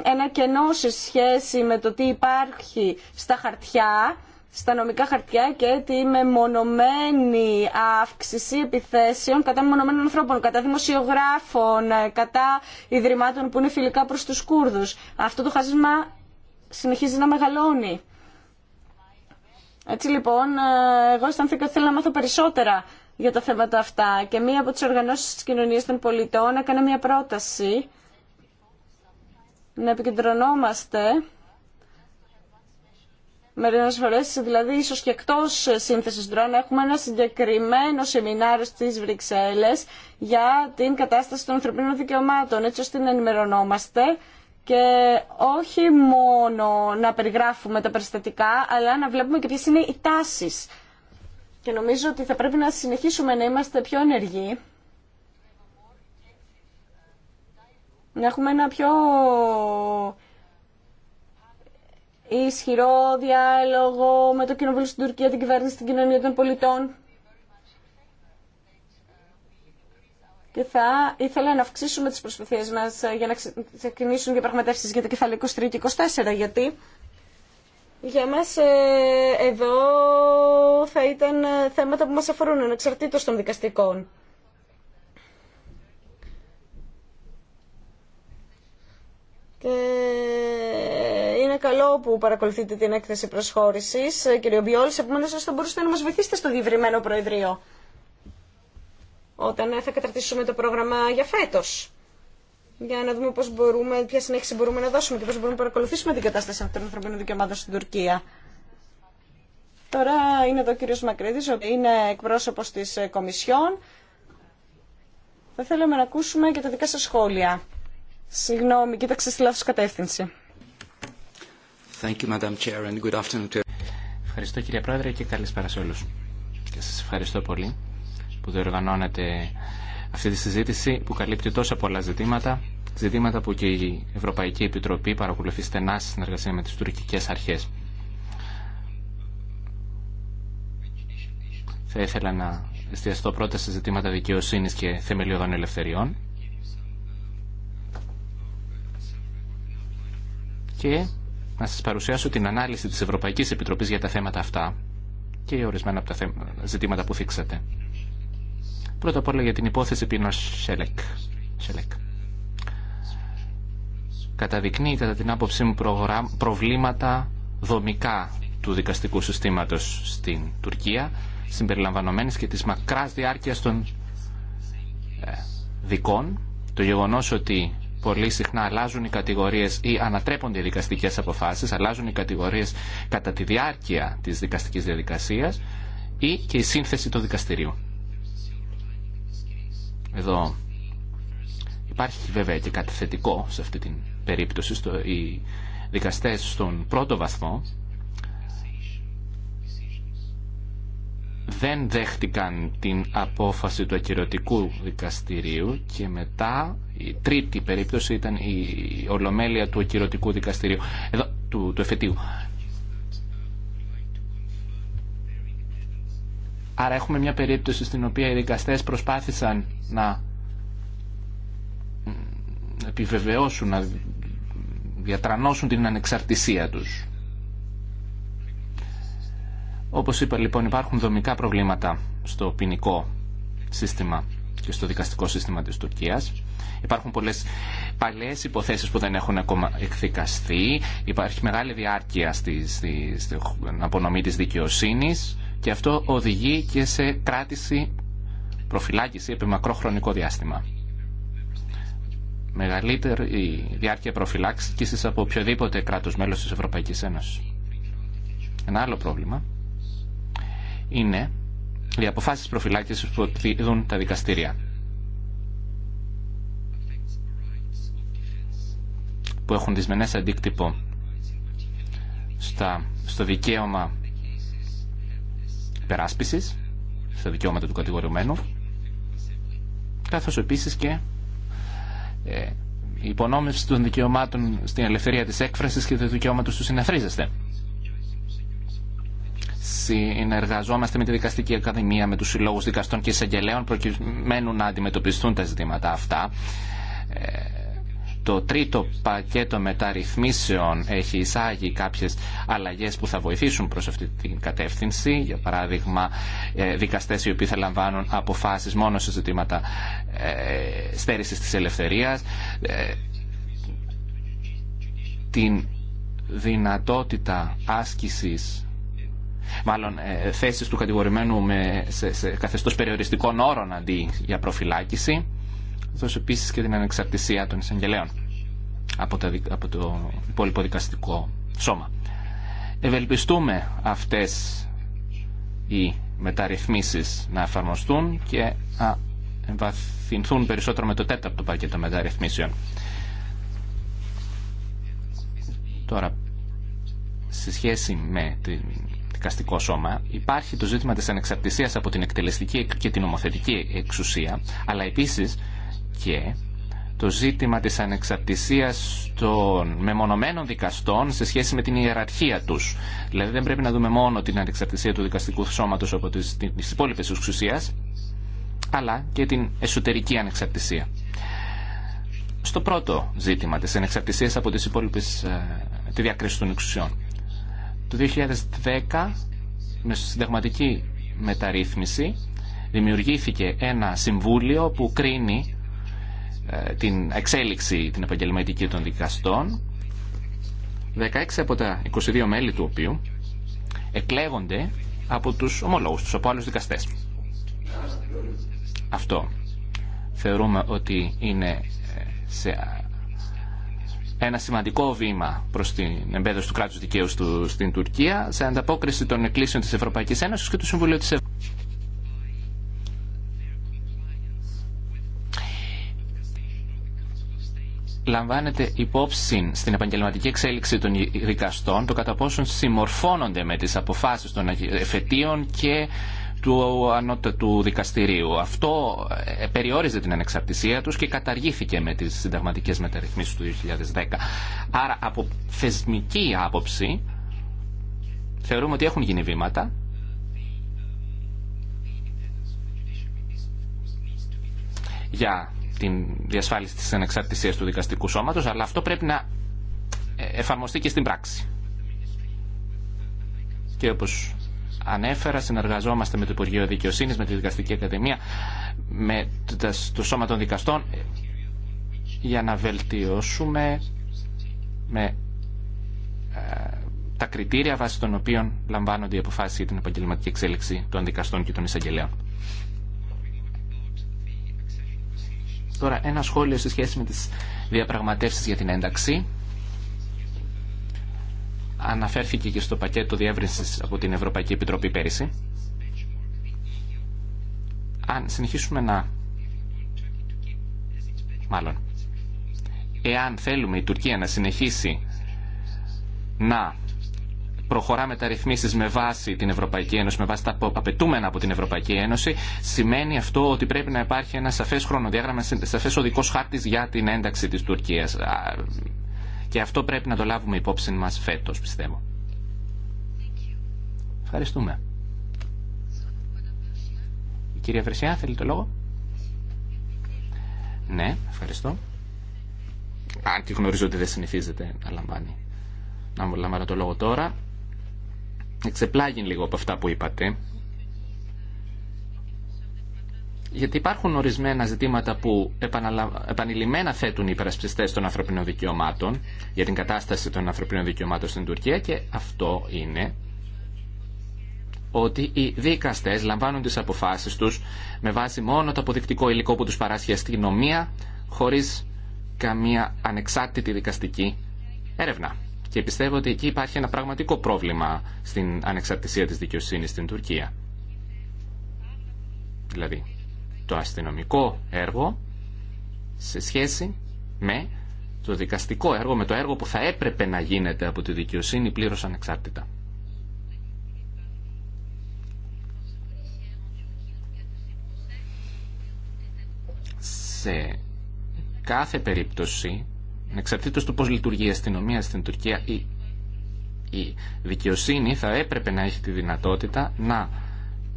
ένα κενό σε σχέση με το τι υπάρχει στα χαρτιά, στα νομικά χαρτιά και με μονομενή αύξηση επιθέσεων κατά μονομένων ανθρώπων, κατά δημοσιογράφων, κατά ιδρυμάτων που είναι φιλικά προς τους Κούρδους. Αυτό το χάσμα συνεχίζει να μεγαλώνει. Έτσι λοιπόν, ε, εγώ αισθανθήκα ότι θέλω να μάθω περισσότερα για τα θέματα αυτά και μία από τις οργανώσεις της κοινωνίας των πολιτών έκανε μία πρόταση να επικεντρωνόμαστε μερικές φορές, δηλαδή ίσως και εκτός σύνθεσης να έχουμε ένα συγκεκριμένο σεμινάριο στις Βρυξέλλες για την κατάσταση των ανθρωπίνων δικαιωμάτων, έτσι ώστε να ενημερωνόμαστε και όχι μόνο να περιγράφουμε τα περιστατικά, αλλά να βλέπουμε και ποιες είναι οι τάσεις. Και νομίζω ότι θα πρέπει να συνεχίσουμε να είμαστε πιο ενεργοί, να έχουμε ένα πιο ισχυρό διάλογο με το κοινοβούλιο στην Τουρκία, την κυβέρνηση, την κοινωνία των πολιτών. και θα ήθελα να αυξήσουμε τις προσπαθίες μας ε, για να ξεκινήσουν πραγματεύσεις για το κεφάλαιο 23 και 24 γιατί για μας ε, εδώ θα ήταν ε, θέματα που μας αφορούν ανεξαρτήτως των δικαστικών. Και είναι καλό που παρακολουθείτε την έκθεση προσχώρησης, κύριο Μπιόλης, επομένως θα μπορούσατε να μας βοηθήσετε στο διευρυμένο Προεδρείο όταν θα καταρτήσουμε το πρόγραμμα για φέτο. Για να δούμε πώς μπορούμε, ποια συνέχιση μπορούμε να δώσουμε και πώ μπορούμε να παρακολουθήσουμε την κατάσταση αυτών των ανθρωπίνων δικαιωμάτων στην Τουρκία. Τώρα είναι εδώ ο κύριος Μακρύδης, είναι εκπρόσωπος της ε, Κομισιόν. Θα θέλαμε να ακούσουμε και τα δικά σας σχόλια. Συγγνώμη, κοίταξε στη λάθος κατεύθυνση. Ευχαριστώ κύριε Πρόεδρε και καλησπέρα σε όλους. Και σας ευχαριστώ πολύ που διοργανώνεται αυτή τη συζήτηση που καλύπτει τόσα πολλά ζητήματα, ζητήματα που και η Ευρωπαϊκή Επιτροπή παρακολουθεί στενά στη συνεργασία με τις τουρκικές αρχές. Θα ήθελα να εστιαστώ πρώτα σε ζητήματα δικαιοσύνης και θεμελιωδών ελευθεριών και να σας παρουσιάσω την ανάλυση της Ευρωπαϊκής Επιτροπής για τα θέματα αυτά και ορισμένα από τα ζητήματα που θίξατε. Πρώτα απ' όλα για την υπόθεση πίνω Σελεκ. Σελεκ. Καταδεικνύει κατά την άποψή μου προβλήματα δομικά του δικαστικού συστήματος στην Τουρκία, συμπεριλαμβανομένης και της μακράς διάρκειας των ε, δικών. Το γεγονός ότι πολύ συχνά αλλάζουν οι κατηγορίες ή ανατρέπονται οι δικαστικές αποφάσεις, αλλάζουν οι κατηγορίες κατά τη διάρκεια της δικαστικής διαδικασίας ή και η σύνθεση του δικαστηρίου. Εδώ υπάρχει βέβαια και κάτι θετικό σε αυτή την περίπτωση. Στο, οι δικαστές στον πρώτο βαθμό δεν δέχτηκαν την απόφαση του ακυρωτικού δικαστηρίου και μετά η τρίτη περίπτωση ήταν η ολομέλεια του ακυρωτικού δικαστηρίου εδώ, του, του Άρα έχουμε μια περίπτωση στην οποία οι δικαστές προσπάθησαν να επιβεβαιώσουν, να διατρανώσουν την ανεξαρτησία τους. Όπως είπα λοιπόν υπάρχουν δομικά προβλήματα στο ποινικό σύστημα και στο δικαστικό σύστημα της Τουρκίας. Υπάρχουν πολλές παλαιές υποθέσεις που δεν έχουν ακόμα εκδικαστεί. Υπάρχει μεγάλη διάρκεια στην απονομή της δικαιοσύνης και αυτό οδηγεί και σε κράτηση, προφυλάκηση επί μακρό χρονικό διάστημα. Μεγαλύτερη διάρκεια προφυλάξηση από οποιοδήποτε κράτος μέλος της Ευρωπαϊκής Ένωσης. Ένα άλλο πρόβλημα είναι οι αποφάσει προφυλάκηση που εκδίδουν τα δικαστήρια. που έχουν δυσμενές αντίκτυπο στα, στο δικαίωμα υπεράσπισης στα δικαιώματα του κατηγορουμένου, καθώς επίσης και η ε, υπονόμευση των δικαιωμάτων στην ελευθερία της έκφρασης και του δικαιώματος του συναθρίζεστε. Συνεργαζόμαστε με τη Δικαστική Ακαδημία, με τους συλλόγους δικαστών και εισαγγελέων προκειμένου να αντιμετωπιστούν τα ζητήματα αυτά ε, το τρίτο πακέτο μεταρρυθμίσεων έχει εισάγει κάποιες αλλαγές που θα βοηθήσουν προς αυτή την κατεύθυνση. Για παράδειγμα, ε, δικαστές οι οποίοι θα λαμβάνουν αποφάσεις μόνο σε ζητήματα ε, στέρησης της ελευθερίας. Ε, την δυνατότητα άσκησης μάλλον θέσεις του κατηγορημένου με, σε, σε καθεστώς περιοριστικών όρων αντί για προφυλάκηση καθώ επίση και την ανεξαρτησία των εισαγγελέων από το, από το υπόλοιπο δικαστικό σώμα. Ευελπιστούμε αυτές οι μεταρρυθμίσεις να εφαρμοστούν και να εμβαθυνθούν περισσότερο με το τέταρτο πακέτο μεταρρυθμίσεων. Τώρα, σε σχέση με το δικαστικό σώμα, υπάρχει το ζήτημα της ανεξαρτησίας από την εκτελεστική και την ομοθετική εξουσία, αλλά επίσης και το ζήτημα της ανεξαρτησίας των μεμονωμένων δικαστών σε σχέση με την ιεραρχία τους. Δηλαδή δεν πρέπει να δούμε μόνο την ανεξαρτησία του δικαστικού σώματος από τις, τις υπόλοιπες εξουσίας, αλλά και την εσωτερική ανεξαρτησία. Στο πρώτο ζήτημα της ανεξαρτησίας από τις υπόλοιπες, ε, τη διακρίση των εξουσιών. Το 2010, με συνταγματική μεταρρύθμιση, δημιουργήθηκε ένα συμβούλιο που κρίνει ε, την εξέλιξη την επαγγελματική των δικαστών 16 από τα 22 μέλη του οποίου εκλέγονται από τους ομολόγους τους, από άλλους δικαστές. Αυτό θεωρούμε ότι είναι ε, σε ένα σημαντικό βήμα προς την εμπέδωση του κράτους δικαίου στην Τουρκία σε ανταπόκριση των εκκλήσεων της Ευρωπαϊκής Ένωσης και του Συμβουλίου της Ευρώπης. λαμβάνεται υπόψη στην επαγγελματική εξέλιξη των δικαστών το κατά πόσον συμμορφώνονται με τις αποφάσεις των εφετείων και του ανώτατου δικαστηρίου. Αυτό ε, περιόριζε την ανεξαρτησία τους και καταργήθηκε με τις συνταγματικές μεταρρυθμίσεις του 2010. Άρα από θεσμική άποψη θεωρούμε ότι έχουν γίνει βήματα για την διασφάλιση της ανεξαρτησίας του δικαστικού σώματος, αλλά αυτό πρέπει να εφαρμοστεί και στην πράξη. Και όπως ανέφερα, συνεργαζόμαστε με το Υπουργείο Δικαιοσύνης, με τη Δικαστική Ακαδημία, με το Σώμα των Δικαστών, για να βελτιώσουμε με ε, τα κριτήρια βάσει των οποίων λαμβάνονται οι αποφάσεις για την επαγγελματική εξέλιξη των δικαστών και των εισαγγελέων. Τώρα ένα σχόλιο σε σχέση με τις διαπραγματεύσεις για την ένταξη. Αναφέρθηκε και στο πακέτο διεύρυνσης από την Ευρωπαϊκή Επιτροπή πέρυσι. Αν συνεχίσουμε να... Μάλλον. Εάν θέλουμε η Τουρκία να συνεχίσει να προχωράμε τα ρυθμίσεις με βάση την Ευρωπαϊκή Ένωση, με βάση τα απαιτούμενα από την Ευρωπαϊκή Ένωση, σημαίνει αυτό ότι πρέπει να υπάρχει ένα σαφές χρονοδιάγραμμα, σαφές οδικός χάρτης για την ένταξη της Τουρκίας. Και αυτό πρέπει να το λάβουμε υπόψη μας φέτος, πιστεύω. Ευχαριστούμε. Η κυρία Βρεσιά, θέλει το λόγο. Ναι, ευχαριστώ. Αν τη γνωρίζω ότι δεν συνηθίζεται να λαμβάνει. Να μου λαμβάνω το λόγο τώρα εξεπλάγει λίγο από αυτά που είπατε. Γιατί υπάρχουν ορισμένα ζητήματα που επανειλημμένα θέτουν οι υπερασπιστέ των ανθρωπίνων δικαιωμάτων για την κατάσταση των ανθρωπίνων δικαιωμάτων στην Τουρκία και αυτό είναι ότι οι δικαστέ λαμβάνουν τι αποφάσει του με βάση μόνο το αποδεικτικό υλικό που του παράσχει η αστυνομία χωρί καμία ανεξάρτητη δικαστική έρευνα. Και πιστεύω ότι εκεί υπάρχει ένα πραγματικό πρόβλημα στην ανεξαρτησία της δικαιοσύνης στην Τουρκία. Δηλαδή, το αστυνομικό έργο σε σχέση με το δικαστικό έργο, με το έργο που θα έπρεπε να γίνεται από τη δικαιοσύνη πλήρως ανεξάρτητα. Σε κάθε περίπτωση εξαρτήτως του πώς λειτουργεί η αστυνομία στην Τουρκία η, η δικαιοσύνη θα έπρεπε να έχει τη δυνατότητα να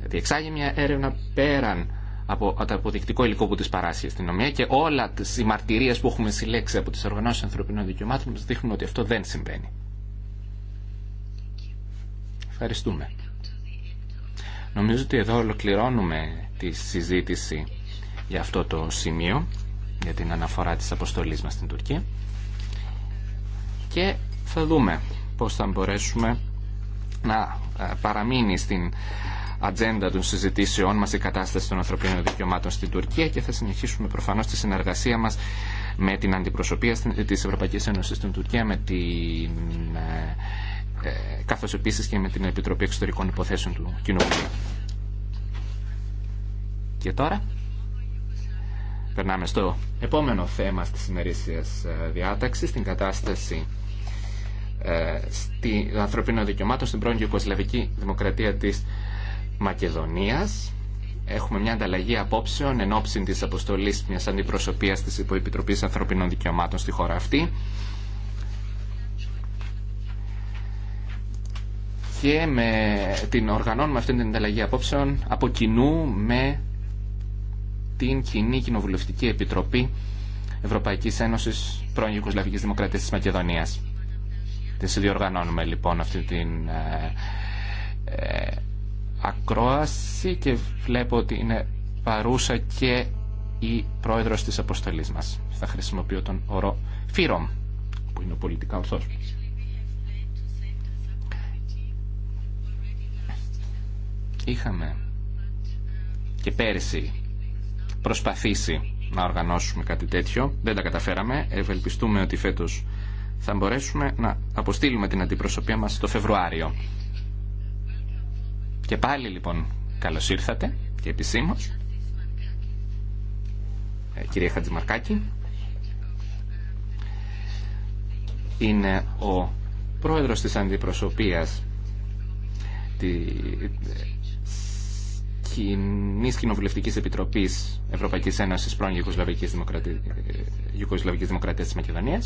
διεξάγει μια έρευνα πέραν από το αποδεικτικό υλικό που τη παράσχει η αστυνομία και όλα τι μαρτυρίε που έχουμε συλλέξει από τις οργανώσει ανθρωπινών δικαιωμάτων μας δείχνουν ότι αυτό δεν συμβαίνει. Ευχαριστούμε. Νομίζω ότι εδώ ολοκληρώνουμε τη συζήτηση για αυτό το σημείο για την αναφορά της αποστολής μας στην Τουρκία και θα δούμε πώς θα μπορέσουμε να ε, παραμείνει στην ατζέντα των συζητήσεών μας η κατάσταση των ανθρωπίνων δικαιωμάτων στην Τουρκία και θα συνεχίσουμε προφανώς τη συνεργασία μας με την αντιπροσωπεία της Ευρωπαϊκής Ένωσης στην Τουρκία με την, ε, ε, καθώς επίσης και με την Επιτροπή Εξωτερικών Υποθέσεων του Κοινοβουλίου. Και τώρα Περνάμε στο επόμενο θέμα της ημερήσιας ε, διάταξη. Στην κατάσταση ε, των ανθρωπίνων δικαιωμάτων στην πρώην Ιουκοσλαβική Δημοκρατία της Μακεδονίας. Έχουμε μια ανταλλαγή απόψεων εν ώψη της αποστολής μιας αντιπροσωπείας της Υποεπιτροπή Ανθρωπίνων Δικαιωμάτων στη χώρα αυτή. και με την οργανώνουμε αυτή την ανταλλαγή απόψεων από κοινού με την Κοινή Κοινοβουλευτική Επιτροπή Ευρωπαϊκή Ένωση πρώην Ιουκοσλαβική Δημοκρατίας της Μακεδονία. Την συνδιοργανώνουμε λοιπόν αυτή την ε, ε, ακρόαση και βλέπω ότι είναι παρούσα και η πρόεδρος της αποστολής μας. Θα χρησιμοποιώ τον όρο Φύρομ, που είναι ο πολιτικά ορθός. Είχαμε και πέρσι προσπαθήσει να οργανώσουμε κάτι τέτοιο. Δεν τα καταφέραμε. Ευελπιστούμε ότι φέτος θα μπορέσουμε να αποστείλουμε την αντιπροσωπεία μας το Φεβρουάριο. Και πάλι λοιπόν καλώς ήρθατε και επισήμως. Ε, κυρία Χατζημαρκάκη. Είναι ο πρόεδρος της αντιπροσωπείας κοινή κοινοβουλευτική επιτροπή Ευρωπαϊκή Ένωση πρώην Ιουγκοσλαβική Δημοκρατία, τη Μακεδονία.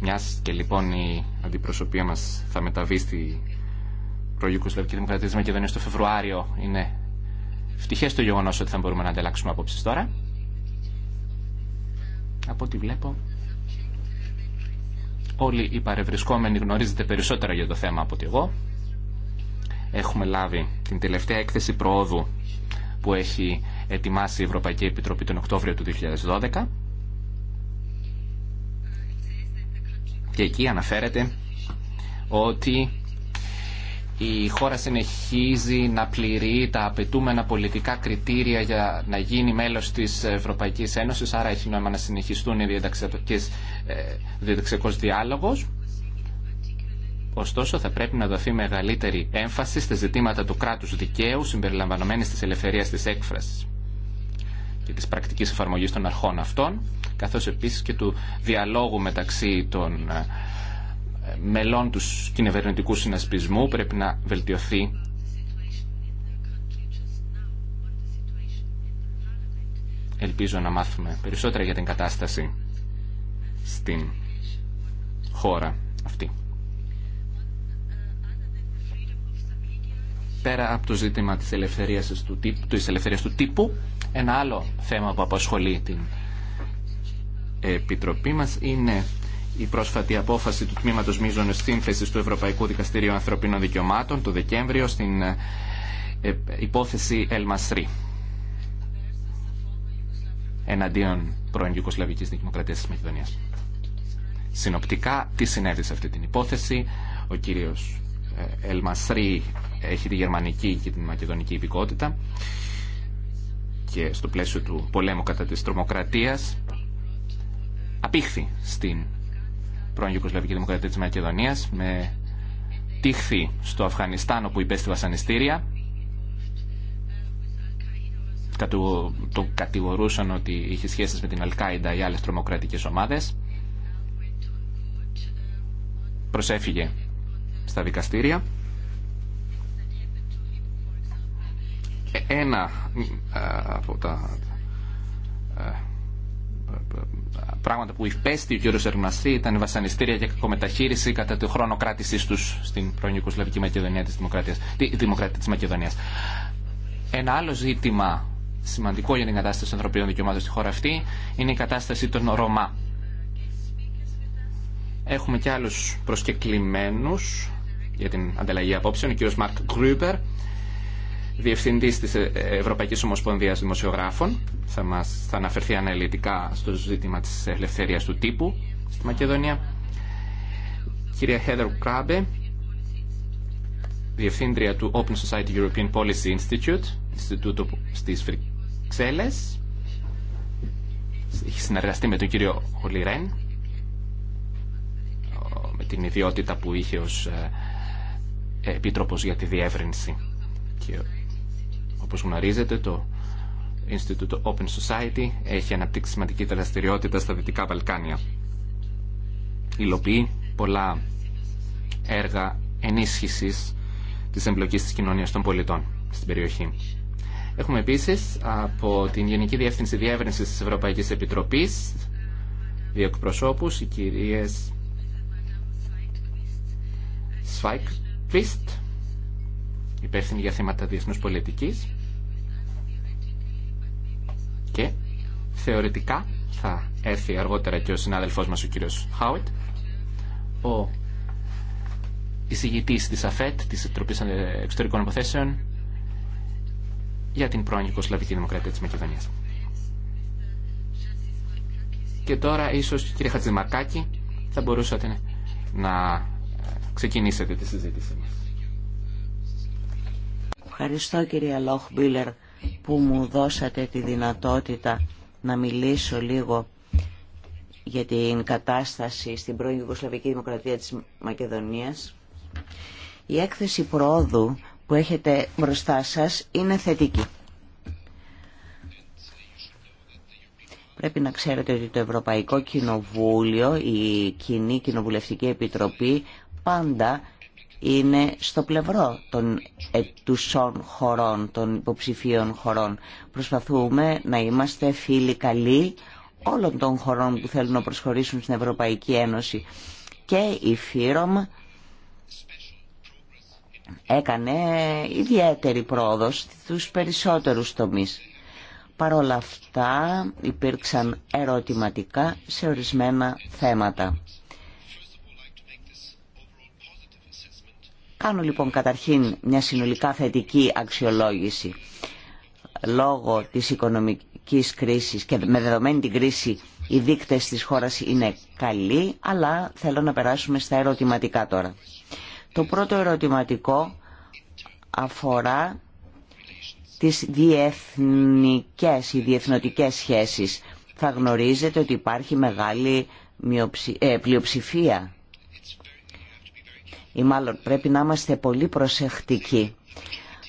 Μια και λοιπόν η αντιπροσωπεία μα θα μεταβεί στη Προ-Γιουκοσλαβική Δημοκρατία τη Μακεδονία το Φεβρουάριο, είναι φτυχέ το γεγονό ότι θα μπορούμε να ανταλλάξουμε απόψει τώρα. Από ό,τι βλέπω, Όλοι οι παρευρισκόμενοι γνωρίζετε περισσότερα για το θέμα από ότι εγώ. Έχουμε λάβει την τελευταία έκθεση προόδου που έχει ετοιμάσει η Ευρωπαϊκή Επιτροπή τον Οκτώβριο του 2012 και εκεί αναφέρεται ότι η χώρα συνεχίζει να πληρεί τα απαιτούμενα πολιτικά κριτήρια για να γίνει μέλος της Ευρωπαϊκής Ένωσης, άρα έχει νόημα να συνεχιστούν οι ε, διαταξιακός διάλογος. Ωστόσο, θα πρέπει να δοθεί μεγαλύτερη έμφαση στα ζητήματα του κράτους δικαίου, συμπεριλαμβανομένης της ελευθερίας της έκφρασης και της πρακτικής εφαρμογής των αρχών αυτών, καθώς επίσης και του διαλόγου μεταξύ των ε, μελών του κυβερνητικού συνασπισμού πρέπει να βελτιωθεί. Ελπίζω να μάθουμε περισσότερα για την κατάσταση στην χώρα αυτή. Πέρα από το ζήτημα της ελευθερίας του τύπου, της του τύπου ένα άλλο θέμα που απασχολεί την Επιτροπή μας είναι η πρόσφατη απόφαση του τμήματος Μίζων σύνθεση του Ευρωπαϊκού Δικαστηρίου Ανθρωπίνων Δικαιωμάτων το Δεκέμβριο στην ε, ε, υπόθεση Ελμασρή εναντίον πρώην Ιουκοσλαβικής Δημοκρατίας της Μακεδονίας. Συνοπτικά, τι συνέβη σε αυτή την υπόθεση. Ο κύριος Ελμασρή έχει τη γερμανική και την μακεδονική υπηκότητα και στο πλαίσιο του πολέμου κατά της τρομοκρατίας απήχθη στην πρώην Ιουκοσλαβική Δημοκρατία τη Μακεδονία, με τύχθη στο Αφγανιστάν όπου υπέστη βασανιστήρια το κατηγορούσαν ότι είχε σχέσεις με την Αλκάιντα ή άλλες τρομοκρατικές ομάδες προσέφυγε στα δικαστήρια ε, ένα από τα ε, πράγματα που υπέστη ο κ. Ερμαστή ήταν βασανιστήρια και κακομεταχείριση κατά το χρόνο κράτησή του στην πρώην Ιουκοσλαβική Μακεδονία τη Δημοκρατία. τη Μακεδονία. Ένα άλλο ζήτημα σημαντικό για την κατάσταση των ανθρωπίνων δικαιωμάτων στη χώρα αυτή είναι η κατάσταση των Ρωμά. Έχουμε και άλλου προσκεκλημένου για την ανταλλαγή απόψεων, ο κ. Μαρκ Γκρουπερ Διευθυντή τη ε- Ευρωπαϊκή Ομοσπονδια Δημοσιογράφων. Θα, μας, θα αναφερθεί αναλυτικά στο ζήτημα τη ελευθερία του τύπου στη Μακεδονία. Κυρία Χέδερ Κράμπε, διευθύντρια του Open Society European Policy Institute, Ινστιτούτο στι Βρυξέλλε. Έχει συνεργαστεί με τον κύριο Χολιρέν. με την ιδιότητα που είχε ως ε, ε, Επίτροπος για τη Διεύρυνση. Και όπως γνωρίζετε, το Ινστιτούτο Open Society έχει αναπτύξει σημαντική δραστηριότητα στα Δυτικά Βαλκάνια. Υλοποιεί πολλά έργα ενίσχυσης της εμπλοκής της κοινωνίας των πολιτών στην περιοχή. Έχουμε επίσης από την Γενική Διεύθυνση Διεύρυνσης της Ευρωπαϊκής Επιτροπής δύο εκπροσώπους, οι κυρίες Σφάικ Πρίστ υπεύθυνη για θέματα διεθνούς πολιτικής και θεωρητικά θα έρθει αργότερα και ο συνάδελφός μας ο κύριος Χάουιτ ο εισηγητής της ΑΦΕΤ, της Επιτροπής Εξωτερικών Υποθέσεων για την πρώην Οικοσλαβική Δημοκρατία της Μακεδονίας. Και τώρα ίσως κύριε Χατζημαρκάκη θα μπορούσατε να ξεκινήσετε τη συζήτησή μας. Ευχαριστώ κυρία Λόχμπίλερ που μου δώσατε τη δυνατότητα να μιλήσω λίγο για την κατάσταση στην πρώην Ιουγκοσλαβική Δημοκρατία της Μακεδονίας. Η έκθεση πρόοδου που έχετε μπροστά σας είναι θετική. Πρέπει να ξέρετε ότι το Ευρωπαϊκό Κοινοβούλιο, η Κοινή Κοινοβουλευτική Επιτροπή πάντα είναι στο πλευρό των ετουσών χωρών, των υποψηφίων χωρών. Προσπαθούμε να είμαστε φίλοι καλοί όλων των χωρών που θέλουν να προσχωρήσουν στην Ευρωπαϊκή Ένωση. Και η ΦΥΡΟΜ έκανε ιδιαίτερη πρόοδο στους περισσότερους τομείς. Παρ' όλα αυτά υπήρξαν ερωτηματικά σε ορισμένα θέματα. Κάνω λοιπόν καταρχήν μια συνολικά θετική αξιολόγηση λόγω της οικονομικής κρίσης και με δεδομένη την κρίση οι δείκτες της χώρας είναι καλοί, αλλά θέλω να περάσουμε στα ερωτηματικά τώρα. Το πρώτο ερωτηματικό αφορά τις διεθνικές ή διεθνωτικές σχέσεις. Θα γνωρίζετε ότι υπάρχει μεγάλη ε, πλειοψηφία ή μάλλον πρέπει να είμαστε πολύ προσεκτικοί.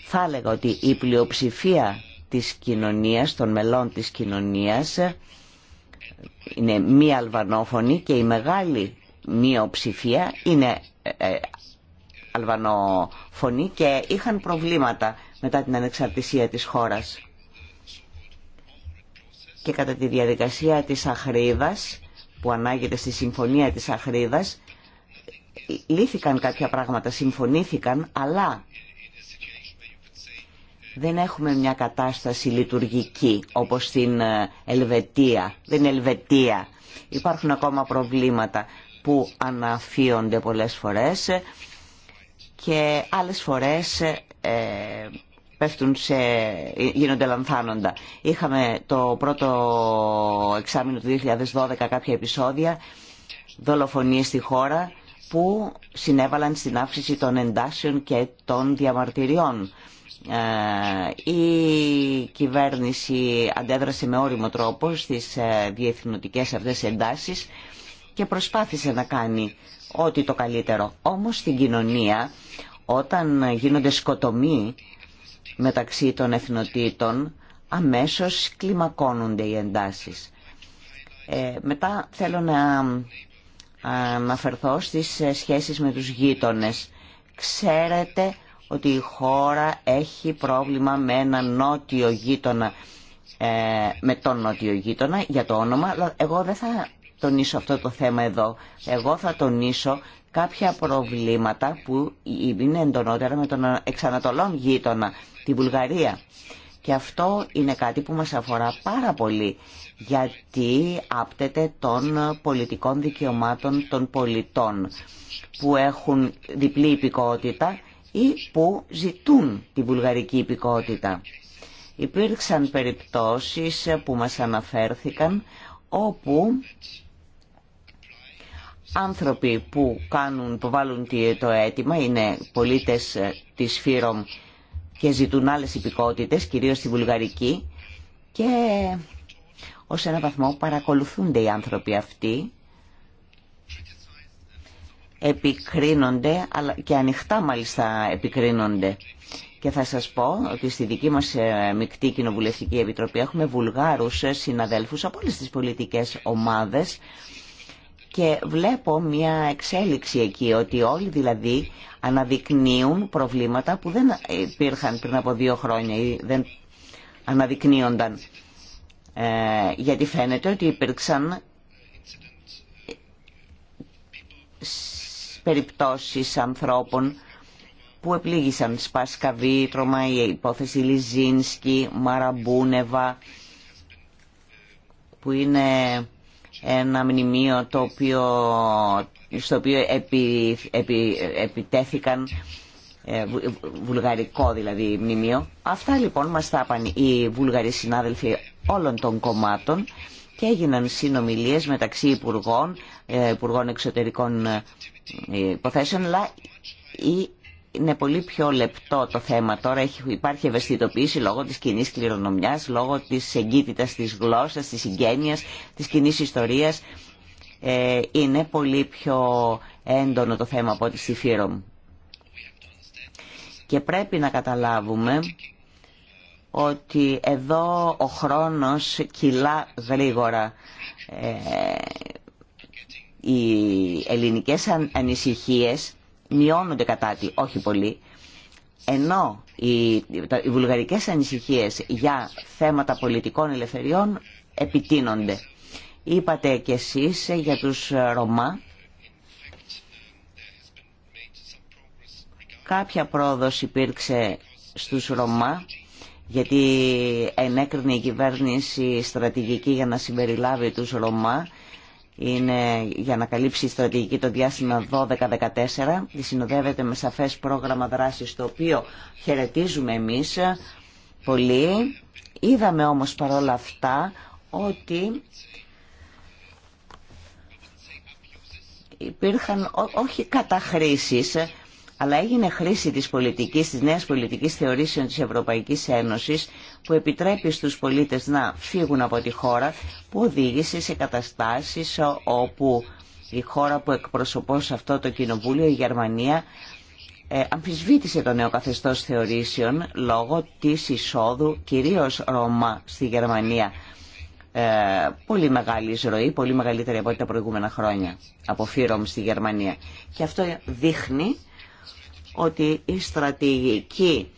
Θα έλεγα ότι η πλειοψηφία της κοινωνίας, των μελών της κοινωνίας, είναι μη αλβανόφωνη και η μεγάλη μειοψηφία είναι ε, ε, αλβανόφωνη και είχαν προβλήματα μετά την ανεξαρτησία της χώρας. Και κατά τη διαδικασία της Αχρίδας, που ανάγεται στη Συμφωνία της Αχρίδας, λύθηκαν κάποια πράγματα, συμφωνήθηκαν, αλλά δεν έχουμε μια κατάσταση λειτουργική όπως στην ε, Ελβετία. Δεν είναι Ελβετία. Υπάρχουν ακόμα προβλήματα που αναφύονται πολλές φορές και άλλες φορές ε, πέφτουν σε, γίνονται λανθάνοντα. Είχαμε το πρώτο εξάμεινο του 2012 κάποια επεισόδια, δολοφονίες στη χώρα που συνέβαλαν στην αύξηση των εντάσεων και των διαμαρτυριών. Ε, η κυβέρνηση αντέδρασε με όριμο τρόπο στις ε, διεθνωτικές αυτές εντάσεις και προσπάθησε να κάνει ό,τι το καλύτερο. Όμως στην κοινωνία όταν γίνονται σκοτομοί μεταξύ των εθνοτήτων αμέσως κλιμακώνονται οι εντάσεις. Ε, μετά θέλω να αναφερθώ στις σχέσεις με τους γείτονες. Ξέρετε ότι η χώρα έχει πρόβλημα με έναν νότιο γείτονα, ε, με τον νότιο γείτονα για το όνομα, αλλά εγώ δεν θα τονίσω αυτό το θέμα εδώ. Εγώ θα τονίσω κάποια προβλήματα που είναι εντονότερα με τον εξανατολών γείτονα, τη Βουλγαρία. Και αυτό είναι κάτι που μας αφορά πάρα πολύ γιατί άπτεται των πολιτικών δικαιωμάτων των πολιτών που έχουν διπλή υπηκότητα ή που ζητούν την βουλγαρική υπηκότητα. Υπήρξαν περιπτώσεις που μας αναφέρθηκαν όπου άνθρωποι που κάνουν, που βάλουν το αίτημα είναι πολίτες της Φύρομ και ζητούν άλλες υπηκότητες, κυρίως τη βουλγαρική και ως ένα βαθμό παρακολουθούνται οι άνθρωποι αυτοί, επικρίνονται και ανοιχτά μάλιστα επικρίνονται. Και θα σας πω ότι στη δική μας ε, μεικτή κοινοβουλευτική επιτροπή έχουμε βουλγάρους ε, συναδέλφους από όλες τις πολιτικές ομάδες και βλέπω μια εξέλιξη εκεί ότι όλοι δηλαδή αναδεικνύουν προβλήματα που δεν υπήρχαν πριν από δύο χρόνια ή δεν αναδεικνύονταν. Ε, γιατί φαίνεται ότι υπήρξαν περιπτώσεις ανθρώπων που επλήγησαν Σπάσκα Βίτρωμα, η υπόθεση Λιζίνσκι, Μαραμπούνεβα που είναι ένα μνημείο το οποίο, στο οποίο επι, επιτέθηκαν ε, ε, βουλγαρικό δηλαδή μνημείο. Αυτά λοιπόν μας τα είπαν οι βουλγαροί συνάδελφοι όλων των κομμάτων και έγιναν συνομιλίες μεταξύ υπουργών, ε, υπουργών εξωτερικών υποθέσεων, αλλά είναι πολύ πιο λεπτό το θέμα τώρα. Υπάρχει ευαισθητοποίηση λόγω της κοινή κληρονομιάς, λόγω της εγκύτητας της γλώσσας, της συγγένειας, της κοινή ιστορίας. Είναι πολύ πιο έντονο το θέμα από ό,τι στη Φύρομ. Και πρέπει να καταλάβουμε ότι εδώ ο χρόνος κυλά γρήγορα. Ε, οι ελληνικές ανησυχίες μειώνονται κατά τη, όχι πολύ, ενώ οι, βουλγαρικές ανησυχίες για θέματα πολιτικών ελευθεριών επιτείνονται. Είπατε κι εσείς για τους Ρωμά Κάποια πρόοδος υπήρξε στους Ρωμά, γιατί ενέκρινε η κυβέρνηση στρατηγική για να συμπεριλάβει τους Ρωμά, είναι για να καλύψει η στρατηγική το διάστημα 12-14, τη συνοδεύεται με σαφές πρόγραμμα δράσης, το οποίο χαιρετίζουμε εμείς πολύ. Είδαμε όμως παρόλα αυτά ότι υπήρχαν όχι καταχρήσεις, αλλά έγινε χρήση της πολιτικής, της νέας πολιτικής θεωρήσεων της Ευρωπαϊκής Ένωσης που επιτρέπει στους πολίτες να φύγουν από τη χώρα που οδήγησε σε καταστάσεις όπου η χώρα που εκπροσωπώ σε αυτό το κοινοβούλιο, η Γερμανία, ε, αμφισβήτησε το νέο καθεστώς θεωρήσεων λόγω της εισόδου κυρίως Ρώμα στη Γερμανία. Ε, πολύ μεγάλη εισρωή, πολύ μεγαλύτερη από τα προηγούμενα χρόνια από Φύρομ στη Γερμανία. Και αυτό δείχνει ότι η στρατηγική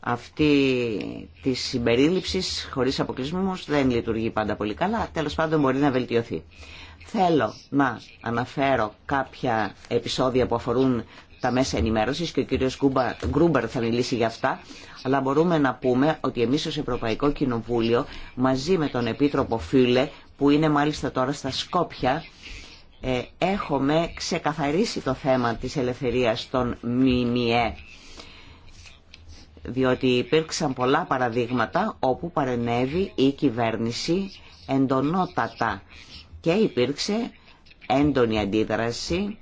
αυτή τη συμπερίληψη χωρίς αποκλεισμούς δεν λειτουργεί πάντα πολύ καλά, τέλος πάντων μπορεί να βελτιωθεί. Θέλω να αναφέρω κάποια επεισόδια που αφορούν τα μέσα ενημέρωση και ο κύριος Γκρούμπερ θα μιλήσει για αυτά, αλλά μπορούμε να πούμε ότι εμεί ω Ευρωπαϊκό Κοινοβούλιο μαζί με τον Επίτροπο Φίλε που είναι μάλιστα τώρα στα Σκόπια ε, έχουμε ξεκαθαρίσει το θέμα της ελευθερίας των ΜΜΕ διότι υπήρξαν πολλά παραδείγματα όπου παρενέβη η κυβέρνηση εντονότατα και υπήρξε έντονη αντίδραση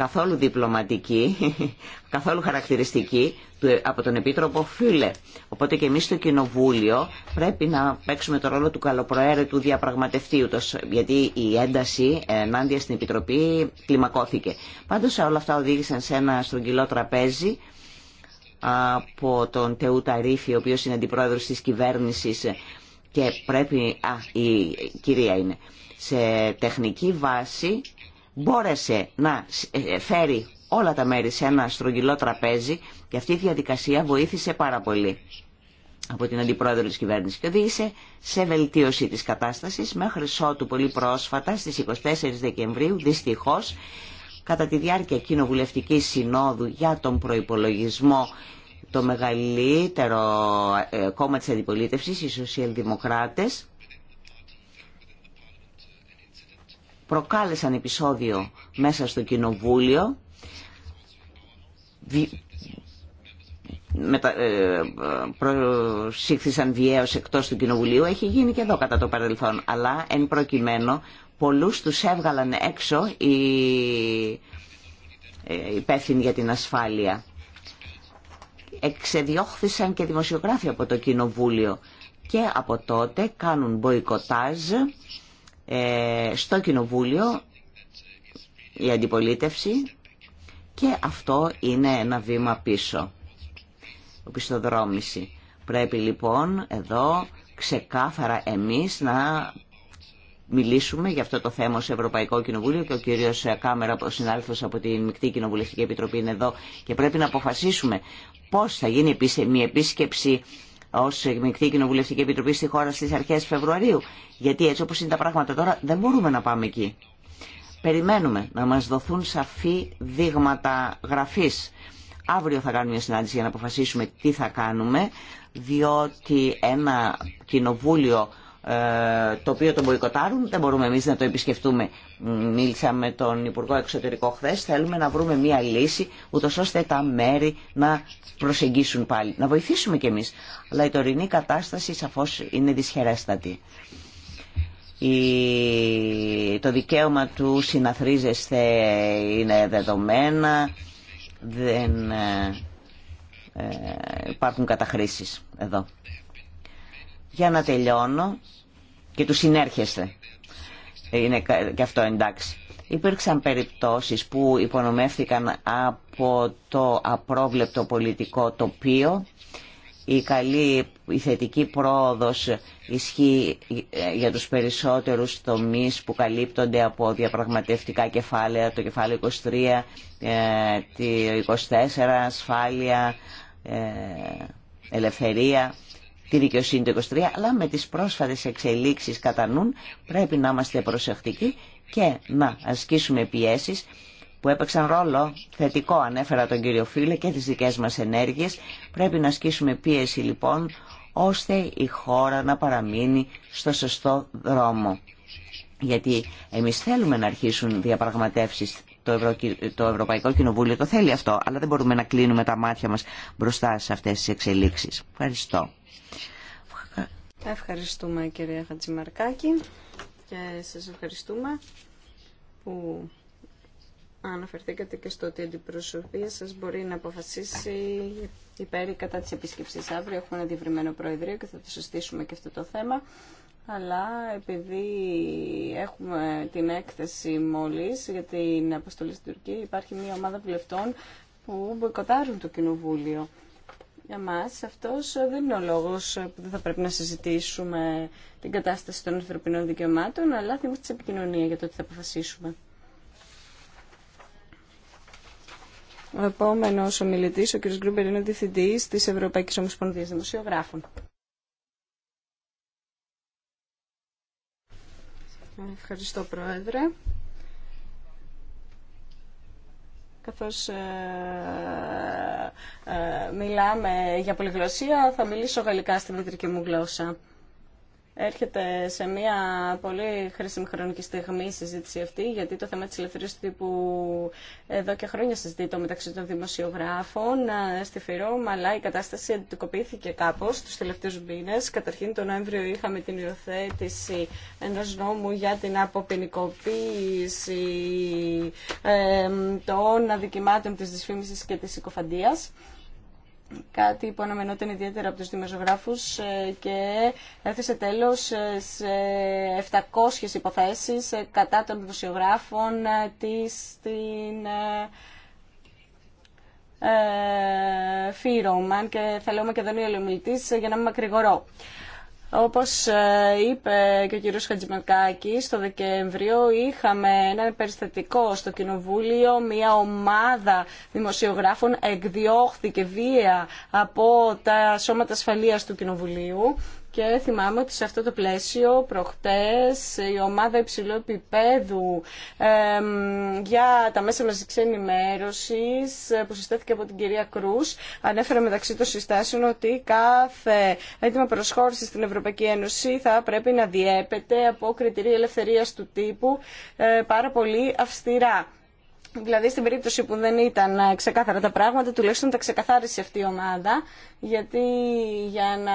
καθόλου διπλωματική, καθόλου χαρακτηριστική από τον Επίτροπο Φίλε. Οπότε και εμείς στο Κοινοβούλιο πρέπει να παίξουμε το ρόλο του καλοπροαίρετου διαπραγματευτή, γιατί η ένταση ενάντια στην Επιτροπή κλιμακώθηκε. Πάντως όλα αυτά οδήγησαν σε ένα στρογγυλό τραπέζι από τον Τεού Ταρίφη, ο οποίος είναι αντιπρόεδρος της κυβέρνησης και πρέπει... Α, η κυρία είναι. Σε τεχνική βάση μπόρεσε να ε, ε, φέρει όλα τα μέρη σε ένα στρογγυλό τραπέζι και αυτή η διαδικασία βοήθησε πάρα πολύ από την αντιπρόεδρο της κυβέρνησης και οδήγησε σε βελτίωση της κατάστασης μέχρι ότου πολύ πρόσφατα στις 24 Δεκεμβρίου δυστυχώς κατά τη διάρκεια κοινοβουλευτικής συνόδου για τον προϋπολογισμό το μεγαλύτερο ε, κόμμα της αντιπολίτευσης, οι σοσιαλδημοκράτες προκάλεσαν επεισόδιο μέσα στο κοινοβούλιο μετα, ε, προσήχθησαν βιαίως εκτός του Κοινοβουλίου έχει γίνει και εδώ κατά το παρελθόν αλλά εν προκειμένου πολλούς τους έβγαλαν έξω οι ε, υπεύθυνοι για την ασφάλεια εξεδιώχθησαν και δημοσιογράφοι από το Κοινοβούλιο και από τότε κάνουν μποϊκοτάζ ε, στο Κοινοβούλιο η αντιπολίτευση και αυτό είναι ένα βήμα πίσω. Οπισθοδρόμηση. Πρέπει λοιπόν εδώ ξεκάθαρα εμείς να μιλήσουμε για αυτό το θέμα σε Ευρωπαϊκό Κοινοβούλιο και ο κύριος Κάμερα, ο συνάδελφος από την Μικτή Κοινοβουλευτική Επιτροπή είναι εδώ και πρέπει να αποφασίσουμε πώς θα γίνει μια επίσκεψη Ω Μεικτή Κοινοβουλευτική Επιτροπή στη χώρα στις αρχές Φεβρουαρίου. Γιατί έτσι όπως είναι τα πράγματα τώρα δεν μπορούμε να πάμε εκεί. Περιμένουμε να μας δοθούν σαφή δείγματα γραφής. Αύριο θα κάνουμε μια συνάντηση για να αποφασίσουμε τι θα κάνουμε, διότι ένα κοινοβούλιο ε, το οποίο τον μποϊκοτάρουν δεν μπορούμε εμεί να το επισκεφτούμε μίλησα με τον Υπουργό Εξωτερικό χθε. Θέλουμε να βρούμε μια λύση, ούτω ώστε τα μέρη να προσεγγίσουν πάλι. Να βοηθήσουμε κι εμεί. Αλλά η τωρινή κατάσταση σαφώ είναι δυσχερέστατη. Η... Το δικαίωμα του συναθρίζεστε είναι δεδομένα. Δεν ε, ε, υπάρχουν καταχρήσεις εδώ. Για να τελειώνω και του συνέρχεστε είναι και αυτό εντάξει. Υπήρξαν περιπτώσεις που υπονομεύθηκαν από το απρόβλεπτο πολιτικό τοπίο. Η καλή, η θετική πρόοδος ισχύει ε, για τους περισσότερους τομείς που καλύπτονται από διαπραγματευτικά κεφάλαια, το κεφάλαιο 23, το 24, ασφάλεια, ε, ελευθερία τη δικαιοσύνη του 23, αλλά με τις πρόσφατες εξελίξεις κατά νουν πρέπει να είμαστε προσεκτικοί και να ασκήσουμε πιέσεις που έπαιξαν ρόλο θετικό, ανέφερα τον κύριο Φίλε, και τις δικές μας ενέργειες. Πρέπει να ασκήσουμε πίεση λοιπόν, ώστε η χώρα να παραμείνει στο σωστό δρόμο. Γιατί εμείς θέλουμε να αρχίσουν διαπραγματεύσεις το, το Ευρωπαϊκό Κοινοβούλιο το θέλει αυτό, αλλά δεν μπορούμε να κλείνουμε τα μάτια μας μπροστά σε αυτές τις εξελίξεις. Ευχαριστώ. Ευχαριστούμε κυρία Χατζημαρκάκη και σας ευχαριστούμε που αναφερθήκατε και στο ότι η αντιπροσωπεία σας μπορεί να αποφασίσει υπέρ ή κατά της επίσκεψης αύριο. Έχουμε ένα διευρυμένο προεδρείο και θα το συστήσουμε και αυτό το θέμα. Αλλά επειδή έχουμε την έκθεση μόλις για την αποστολή στην Τουρκία, υπάρχει μια ομάδα βουλευτών που μποϊκοτάρουν το Κοινοβούλιο. Για μας αυτός δεν είναι ο λόγο που δεν θα πρέπει να συζητήσουμε την κατάσταση των ανθρωπινών δικαιωμάτων, αλλά θα είμαστε σε επικοινωνία για το τι θα αποφασίσουμε. Ο επόμενο ομιλητή, ο κ. Γκρούμπερ, είναι ο διευθυντή τη Ευρωπαϊκή Ομοσπονδία Δημοσιογράφων. Ευχαριστώ, Πρόεδρε καθώς ε, ε, μιλάμε για πολυγλωσία, θα μιλήσω γαλλικά στη μητρική μου γλώσσα. Έρχεται σε μια πολύ χρήσιμη χρονική στιγμή η συζήτηση αυτή, γιατί το θέμα της ελευθερίας του τύπου εδώ και χρόνια συζητείται μεταξύ των δημοσιογράφων ε, στη Φιρόμ, αλλά η κατάσταση εντυπωσιοποιήθηκε κάπως τους τελευταίους μήνες. Καταρχήν τον Νοέμβριο είχαμε την υιοθέτηση ενός νόμου για την αποποινικοποίηση ε, των αδικημάτων της δυσφήμισης και της συκοφαντία κάτι που αναμενόταν ιδιαίτερα από τους δημοσιογράφους ε, και έθεσε τέλος ε, σε 700 υποθέσεις ε, κατά των δημοσιογράφων της, στην, ε, και θα λέω Μακεδονία Λεωμιλητής για να μην ακρηγορώ. Όπως ε, είπε και ο κύριος Χατζημακάκης, το Δεκέμβριο είχαμε ένα περιστατικό στο Κοινοβούλιο, μια ομάδα δημοσιογράφων εκδιώχθηκε βία από τα σώματα ασφαλείας του Κοινοβουλίου και θυμάμαι ότι σε αυτό το πλαίσιο προχτές η ομάδα υψηλού επίπεδου για τα μέσα μαζικής ενημέρωσης ε, που συστέθηκε από την κυρία Κρούς ανέφερε μεταξύ των συστάσεων ότι κάθε έτοιμο προσχώρηση στην Ευρωπαϊκή Ένωση θα πρέπει να διέπεται από κριτηρία ελευθερίας του τύπου ε, πάρα πολύ αυστηρά. Δηλαδή στην περίπτωση που δεν ήταν ε, ξεκάθαρα τα πράγματα, τουλάχιστον τα ξεκαθάρισε αυτή η ομάδα, γιατί για να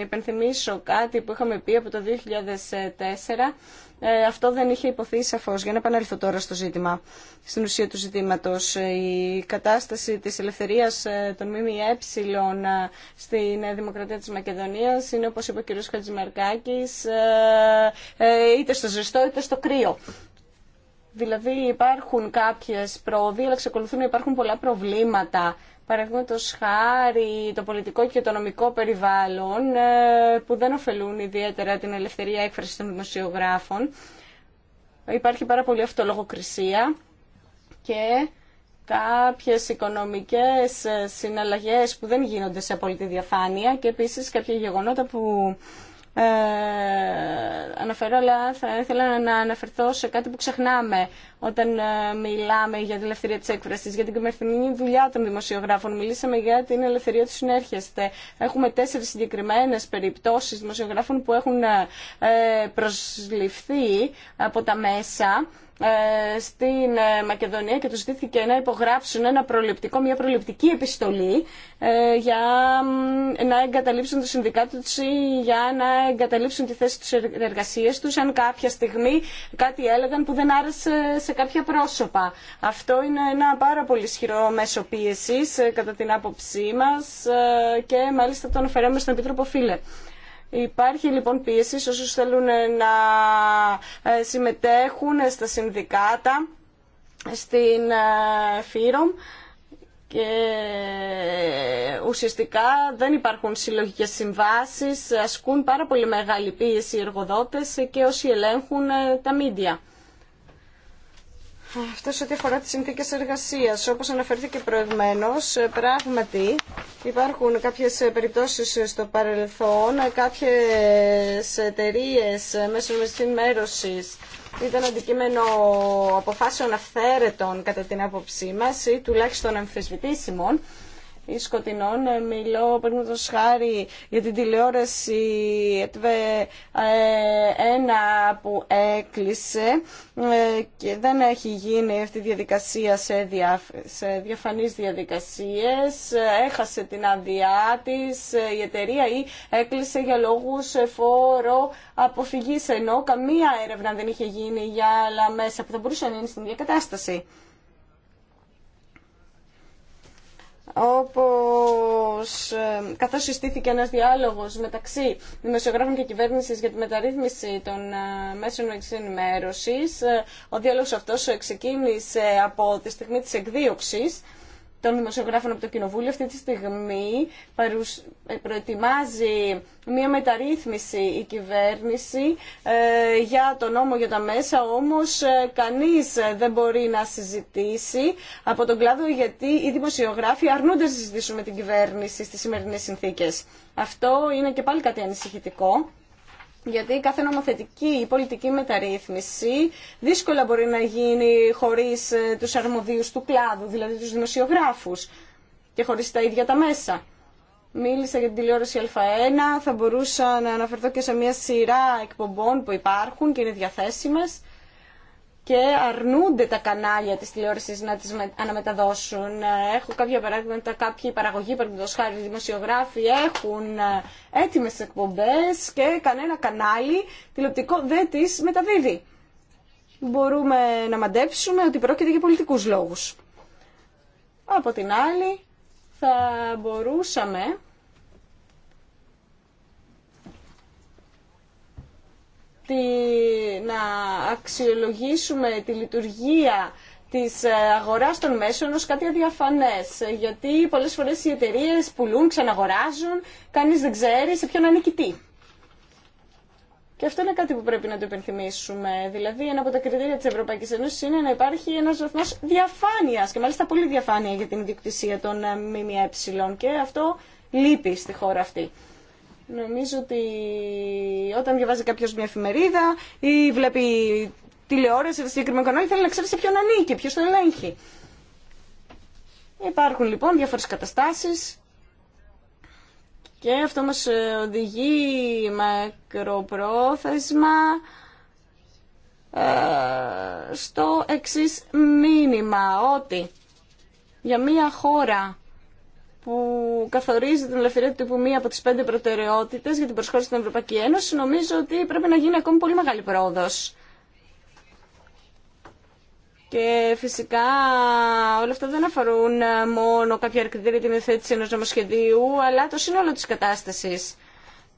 υπενθυμίσω κάτι που είχαμε πει από το 2004, ε, αυτό δεν είχε υποθεί σαφώς. Για να επανέλθω τώρα στο ζήτημα, στην ουσία του ζητήματος. Ε, η κατάσταση της ελευθερίας των ΜΜΕ στην Δημοκρατία της Μακεδονίας είναι, όπως είπε ο κ. Χατζημαρκάκης, είτε στο ζεστό είτε στο κρύο. Δηλαδή υπάρχουν κάποιες πρόοδοι, αλλά ξεκολουθούν να υπάρχουν πολλά προβλήματα. Παραδείγματο χάρη το πολιτικό και το νομικό περιβάλλον ε, που δεν ωφελούν ιδιαίτερα την ελευθερία έκφραση των δημοσιογράφων. Υπάρχει πάρα πολύ αυτολογοκρισία και κάποιες οικονομικές ε, συναλλαγές που δεν γίνονται σε απόλυτη διαφάνεια και επίσης κάποια γεγονότα που ε, αναφέρω, αλλά θα ήθελα να αναφερθώ σε κάτι που ξεχνάμε όταν ε, μιλάμε για την ελευθερία της έκφρασης, για την καθημερινή δουλειά των δημοσιογράφων. Μιλήσαμε για την ελευθερία του συνέρχεστε. Έχουμε τέσσερι συγκεκριμένε περιπτώσει δημοσιογράφων που έχουν ε, ε, προσληφθεί από τα μέσα στην Μακεδονία και τους ζητήθηκε να υπογράψουν ένα προληπτικό, μια προληπτική επιστολή για να εγκαταλείψουν το συνδικάτο τους ή για να εγκαταλείψουν τη θέση της εργασίας τους αν κάποια στιγμή κάτι έλεγαν που δεν άρεσε σε κάποια πρόσωπα. Αυτό είναι ένα πάρα πολύ ισχυρό μέσο πίεση ε, κατά την άποψή μας ε, και μάλιστα το αναφέραμε στον Επίτροπο Φίλε. Υπάρχει λοιπόν πίεση σε όσους θέλουν να ε, συμμετέχουν στα συνδικάτα, στην ΦΥΡΟΜ και ουσιαστικά δεν υπάρχουν συλλογικές συμβάσεις, ασκούν πάρα πολύ μεγάλη πίεση οι εργοδότες και όσοι ελέγχουν τα μίντια. Αυτό σε ό,τι αφορά τι συνθήκε εργασία. Όπω αναφέρθηκε προηγουμένω, πράγματι υπάρχουν κάποιε περιπτώσει στο παρελθόν, κάποιε εταιρείε μέσω ενημέρωση ήταν αντικείμενο αποφάσεων αυθαίρετων κατά την άποψή μα ή τουλάχιστον αμφισβητήσιμων ή σκοτεινών. Ε, μιλώ, παραδείγματο χάρη, για την τηλεόραση ΕΤΒΕ που έκλεισε ε, και δεν έχει γίνει αυτή η διαδικασία σε, δια, σε διαφανείς διαδικασίες. Έχασε την αδειά της ε, η εταιρεία ή έκλεισε για λόγους φόρο αποφυγής ενώ καμία έρευνα δεν είχε γίνει για άλλα μέσα που θα μπορούσαν να είναι στην διακατάσταση. όπως ε, καθώς συστήθηκε ένας διάλογος μεταξύ δημοσιογράφων και κυβέρνησης για τη μεταρρύθμιση των ε, μέσων ε, ο διάλογος αυτός ξεκίνησε από τη στιγμή της εκδίωξης των δημοσιογράφων από το Κοινοβούλιο αυτή τη στιγμή παρουσ... προετοιμάζει μία μεταρρύθμιση η κυβέρνηση ε, για το νόμο για τα μέσα, όμως ε, κανείς δεν μπορεί να συζητήσει από τον κλάδο γιατί οι δημοσιογράφοι αρνούνται να συζητήσουν με την κυβέρνηση στις σημερινές συνθήκες. Αυτό είναι και πάλι κάτι ανησυχητικό γιατί κάθε νομοθετική ή πολιτική μεταρρύθμιση δύσκολα μπορεί να γίνει χωρίς ε, τους αρμοδίους του κλάδου, δηλαδή τους δημοσιογράφους και χωρίς τα ίδια τα μέσα. Μίλησα για την τηλεόραση Α1, θα μπορούσα να αναφερθώ και σε μια σειρά εκπομπών που υπάρχουν και είναι διαθέσιμες και αρνούνται τα κανάλια της τηλεόρασης να τις αναμεταδώσουν. Ε, έχω κάποια παράδειγματα, κάποιοι παραγωγοί, παραδείγματος χάρη δημοσιογράφοι, έχουν ε, έτοιμες εκπομπές και κανένα κανάλι τηλεοπτικό δεν τις μεταδίδει. Μπορούμε να μαντέψουμε ότι πρόκειται για πολιτικούς λόγους. Από την άλλη, θα μπορούσαμε τη, να αξιολογήσουμε τη λειτουργία της ε, αγοράς των μέσων ως κάτι αδιαφανές. Ε, γιατί πολλές φορές οι εταιρείε πουλούν, ξαναγοράζουν, κανείς δεν ξέρει σε ποιον ανήκει Και αυτό είναι κάτι που πρέπει να το υπενθυμίσουμε. Δηλαδή, ένα από τα κριτήρια της Ευρωπαϊκής Ένωσης είναι να υπάρχει ένα βαθμό διαφάνεια και μάλιστα πολύ διαφάνεια για την ιδιοκτησία των ε, ΜΜΕ και αυτό λείπει στη χώρα αυτή. Νομίζω ότι όταν διαβάζει κάποιο μια εφημερίδα ή βλέπει τηλεόραση σε συγκεκριμένο κανάλι, θέλει να ξέρει σε ποιον ανήκει, ποιο τον ελέγχει. Υπάρχουν λοιπόν διάφορε καταστάσεις και αυτό μας οδηγεί μακροπρόθεσμα ε, στο εξής μήνυμα ότι για μία χώρα που καθορίζει την ελευθερία του τύπου μία από τις πέντε προτεραιότητε για την προσχώρηση στην Ευρωπαϊκή Ένωση, νομίζω ότι πρέπει να γίνει ακόμη πολύ μεγάλη πρόοδο. Και φυσικά όλα αυτά δεν αφορούν ε, μόνο κάποια κριτήρια την υιοθέτηση ενό νομοσχεδίου, αλλά το σύνολο τη κατάσταση.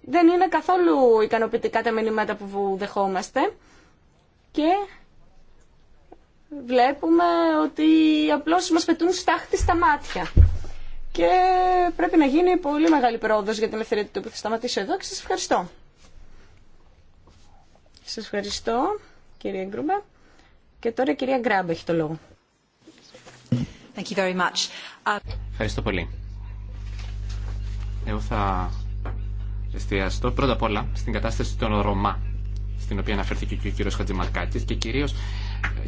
Δεν είναι καθόλου ικανοποιητικά τα μηνύματα που δεχόμαστε και βλέπουμε ότι απλώς μας πετούν στάχτη στα μάτια και πρέπει να γίνει πολύ μεγάλη πρόοδος για την ελευθερία του που Θα σταματήσω εδώ και σας ευχαριστώ. Σας ευχαριστώ, κυρία Γκρούμπα. Και τώρα η κυρία Γκράμπ έχει το λόγο. Uh, ευχαριστώ πολύ. Εγώ θα εστιαστώ πρώτα απ' όλα στην κατάσταση των Ρωμά, στην οποία αναφέρθηκε και ο κύριος Χατζημαρκάτης, και κυρίως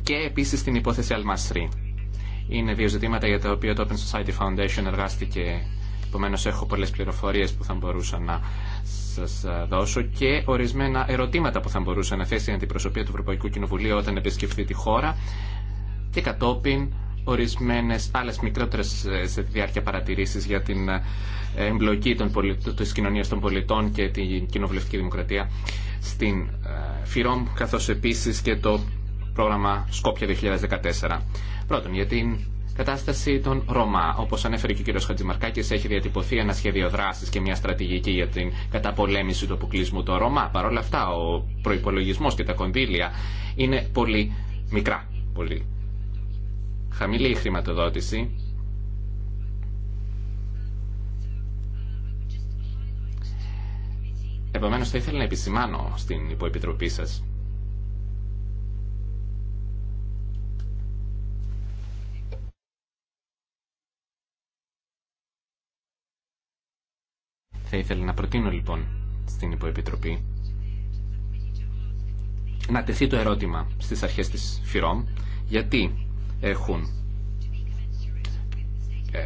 και επίσης στην υπόθεση Αλμασρή. Είναι δύο ζητήματα για τα οποία το Open Society Foundation εργάστηκε. Επομένω, έχω πολλέ πληροφορίε που θα μπορούσα να σα ε, δώσω και ορισμένα ερωτήματα που θα μπορούσα να θέσει η αντιπροσωπεία του Ευρωπαϊκού Κοινοβουλίου όταν επισκεφθεί τη χώρα και κατόπιν ορισμένε άλλε μικρότερε ε, σε διάρκεια παρατηρήσει για την ε, εμπλοκή τη κοινωνία των πολιτών και την κοινοβουλευτική δημοκρατία στην ΦΥΡΟΜ, καθώ επίση και το πρόγραμμα Σκόπια 2014. Πρώτον, για την κατάσταση των Ρωμά. Όπω ανέφερε και ο κ. Χατζημαρκάκη, έχει διατυπωθεί ένα σχέδιο δράση και μια στρατηγική για την καταπολέμηση του αποκλεισμού των Ρωμά. Παρ' όλα αυτά, ο προπολογισμό και τα κονδύλια είναι πολύ μικρά. Πολύ χαμηλή η χρηματοδότηση. Επομένω, θα ήθελα να επισημάνω στην υποεπιτροπή σα Θα ήθελα να προτείνω λοιπόν στην Υποεπιτροπή να τεθεί το ερώτημα στις αρχές της ΦΥΡΟΜ γιατί έχουν ε,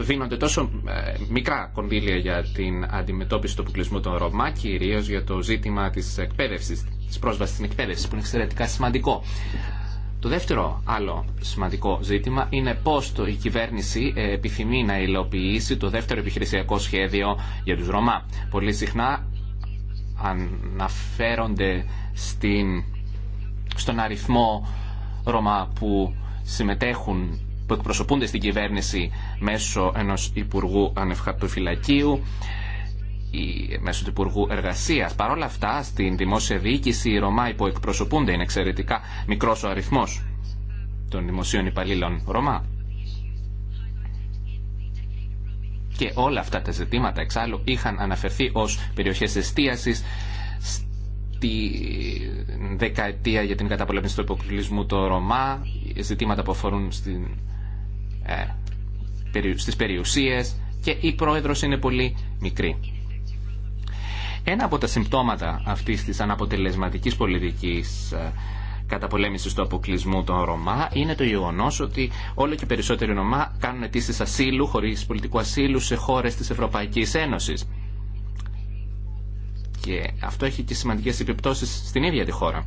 δίνονται τόσο ε, μικρά κονδύλια για την αντιμετώπιση του αποκλεισμού των Ρωμά, κυρίω για το ζήτημα της εκπαίδευση, της πρόσβασης στην εκπαίδευση, που είναι εξαιρετικά σημαντικό. Το δεύτερο άλλο σημαντικό ζήτημα είναι πώς η κυβέρνηση ε, επιθυμεί να υλοποιήσει το δεύτερο επιχειρησιακό σχέδιο για τους Ρωμά. Πολύ συχνά αναφέρονται στην, στον αριθμό Ρωμά που συμμετέχουν που εκπροσωπούνται στην κυβέρνηση μέσω ενός Υπουργού Ανευχατοφυλακίου μέσω του Υπουργού Εργασία. Παρ' όλα αυτά, στην δημόσια διοίκηση οι Ρωμά υποεκπροσωπούνται. Είναι εξαιρετικά μικρό ο αριθμό των δημοσίων υπαλλήλων Ρωμά. Και όλα αυτά τα ζητήματα εξάλλου είχαν αναφερθεί ως περιοχές εστίασης τη δεκαετία για την καταπολέμηση του υποκλεισμού το Ρωμά, ζητήματα που αφορούν στην, ε, στις περιουσίες και η πρόεδρος είναι πολύ μικρή. Ένα από τα συμπτώματα αυτής της αναποτελεσματικής πολιτικής ε, καταπολέμησης του αποκλεισμού των Ρωμά είναι το γεγονό ότι όλο και περισσότεροι Ρωμά κάνουν αιτήσει ασύλου, χωρίς πολιτικού ασύλου, σε χώρες της Ευρωπαϊκής Ένωσης. Και αυτό έχει και σημαντικές επιπτώσεις στην ίδια τη χώρα.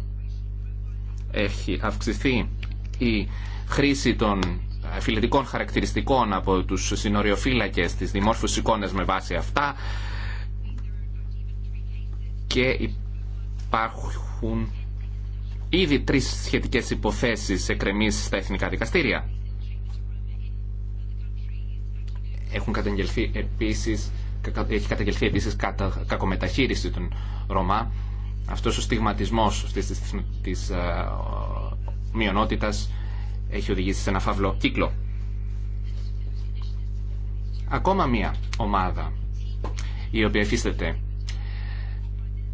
Έχει αυξηθεί η χρήση των ε, φιλετικών χαρακτηριστικών από τους συνοριοφύλακε της δημόρφους εικόνες με βάση αυτά, και υπάρχουν ήδη τρεις σχετικές υποθέσεις εκκρεμής στα εθνικά δικαστήρια. Έχουν καταγγελθεί επίσης, έχει καταγγελθεί επίσης κατα, κακομεταχείριση των Ρωμά. Αυτός ο στιγματισμός αυτής της, της, της ε, μειονότητας έχει οδηγήσει σε ένα φαύλο κύκλο. Ακόμα μία ομάδα η οποία υφίσταται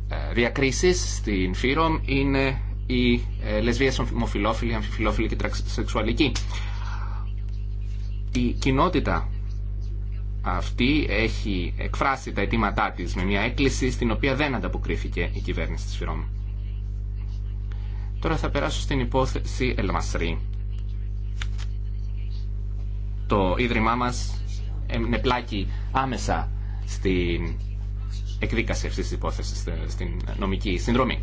ε, διακρίσεις στην ΦΥΡΟΜ είναι οι ε, λεσβείες, ομοφιλόφιλοι, αμφιφιλόφιλοι και τραξισεξουαλικοί. Η κοινότητα αυτή έχει εκφράσει τα αιτήματά της με μια έκκληση στην οποία δεν ανταποκρίθηκε η κυβέρνηση της ΦΥΡΟΜ. Τώρα θα περάσω στην υπόθεση Ελμασρή. Το Ίδρυμά μας είναι πλάκι άμεσα στην εκδίκαση αυτή τη υπόθεση ε, στην νομική συνδρομή.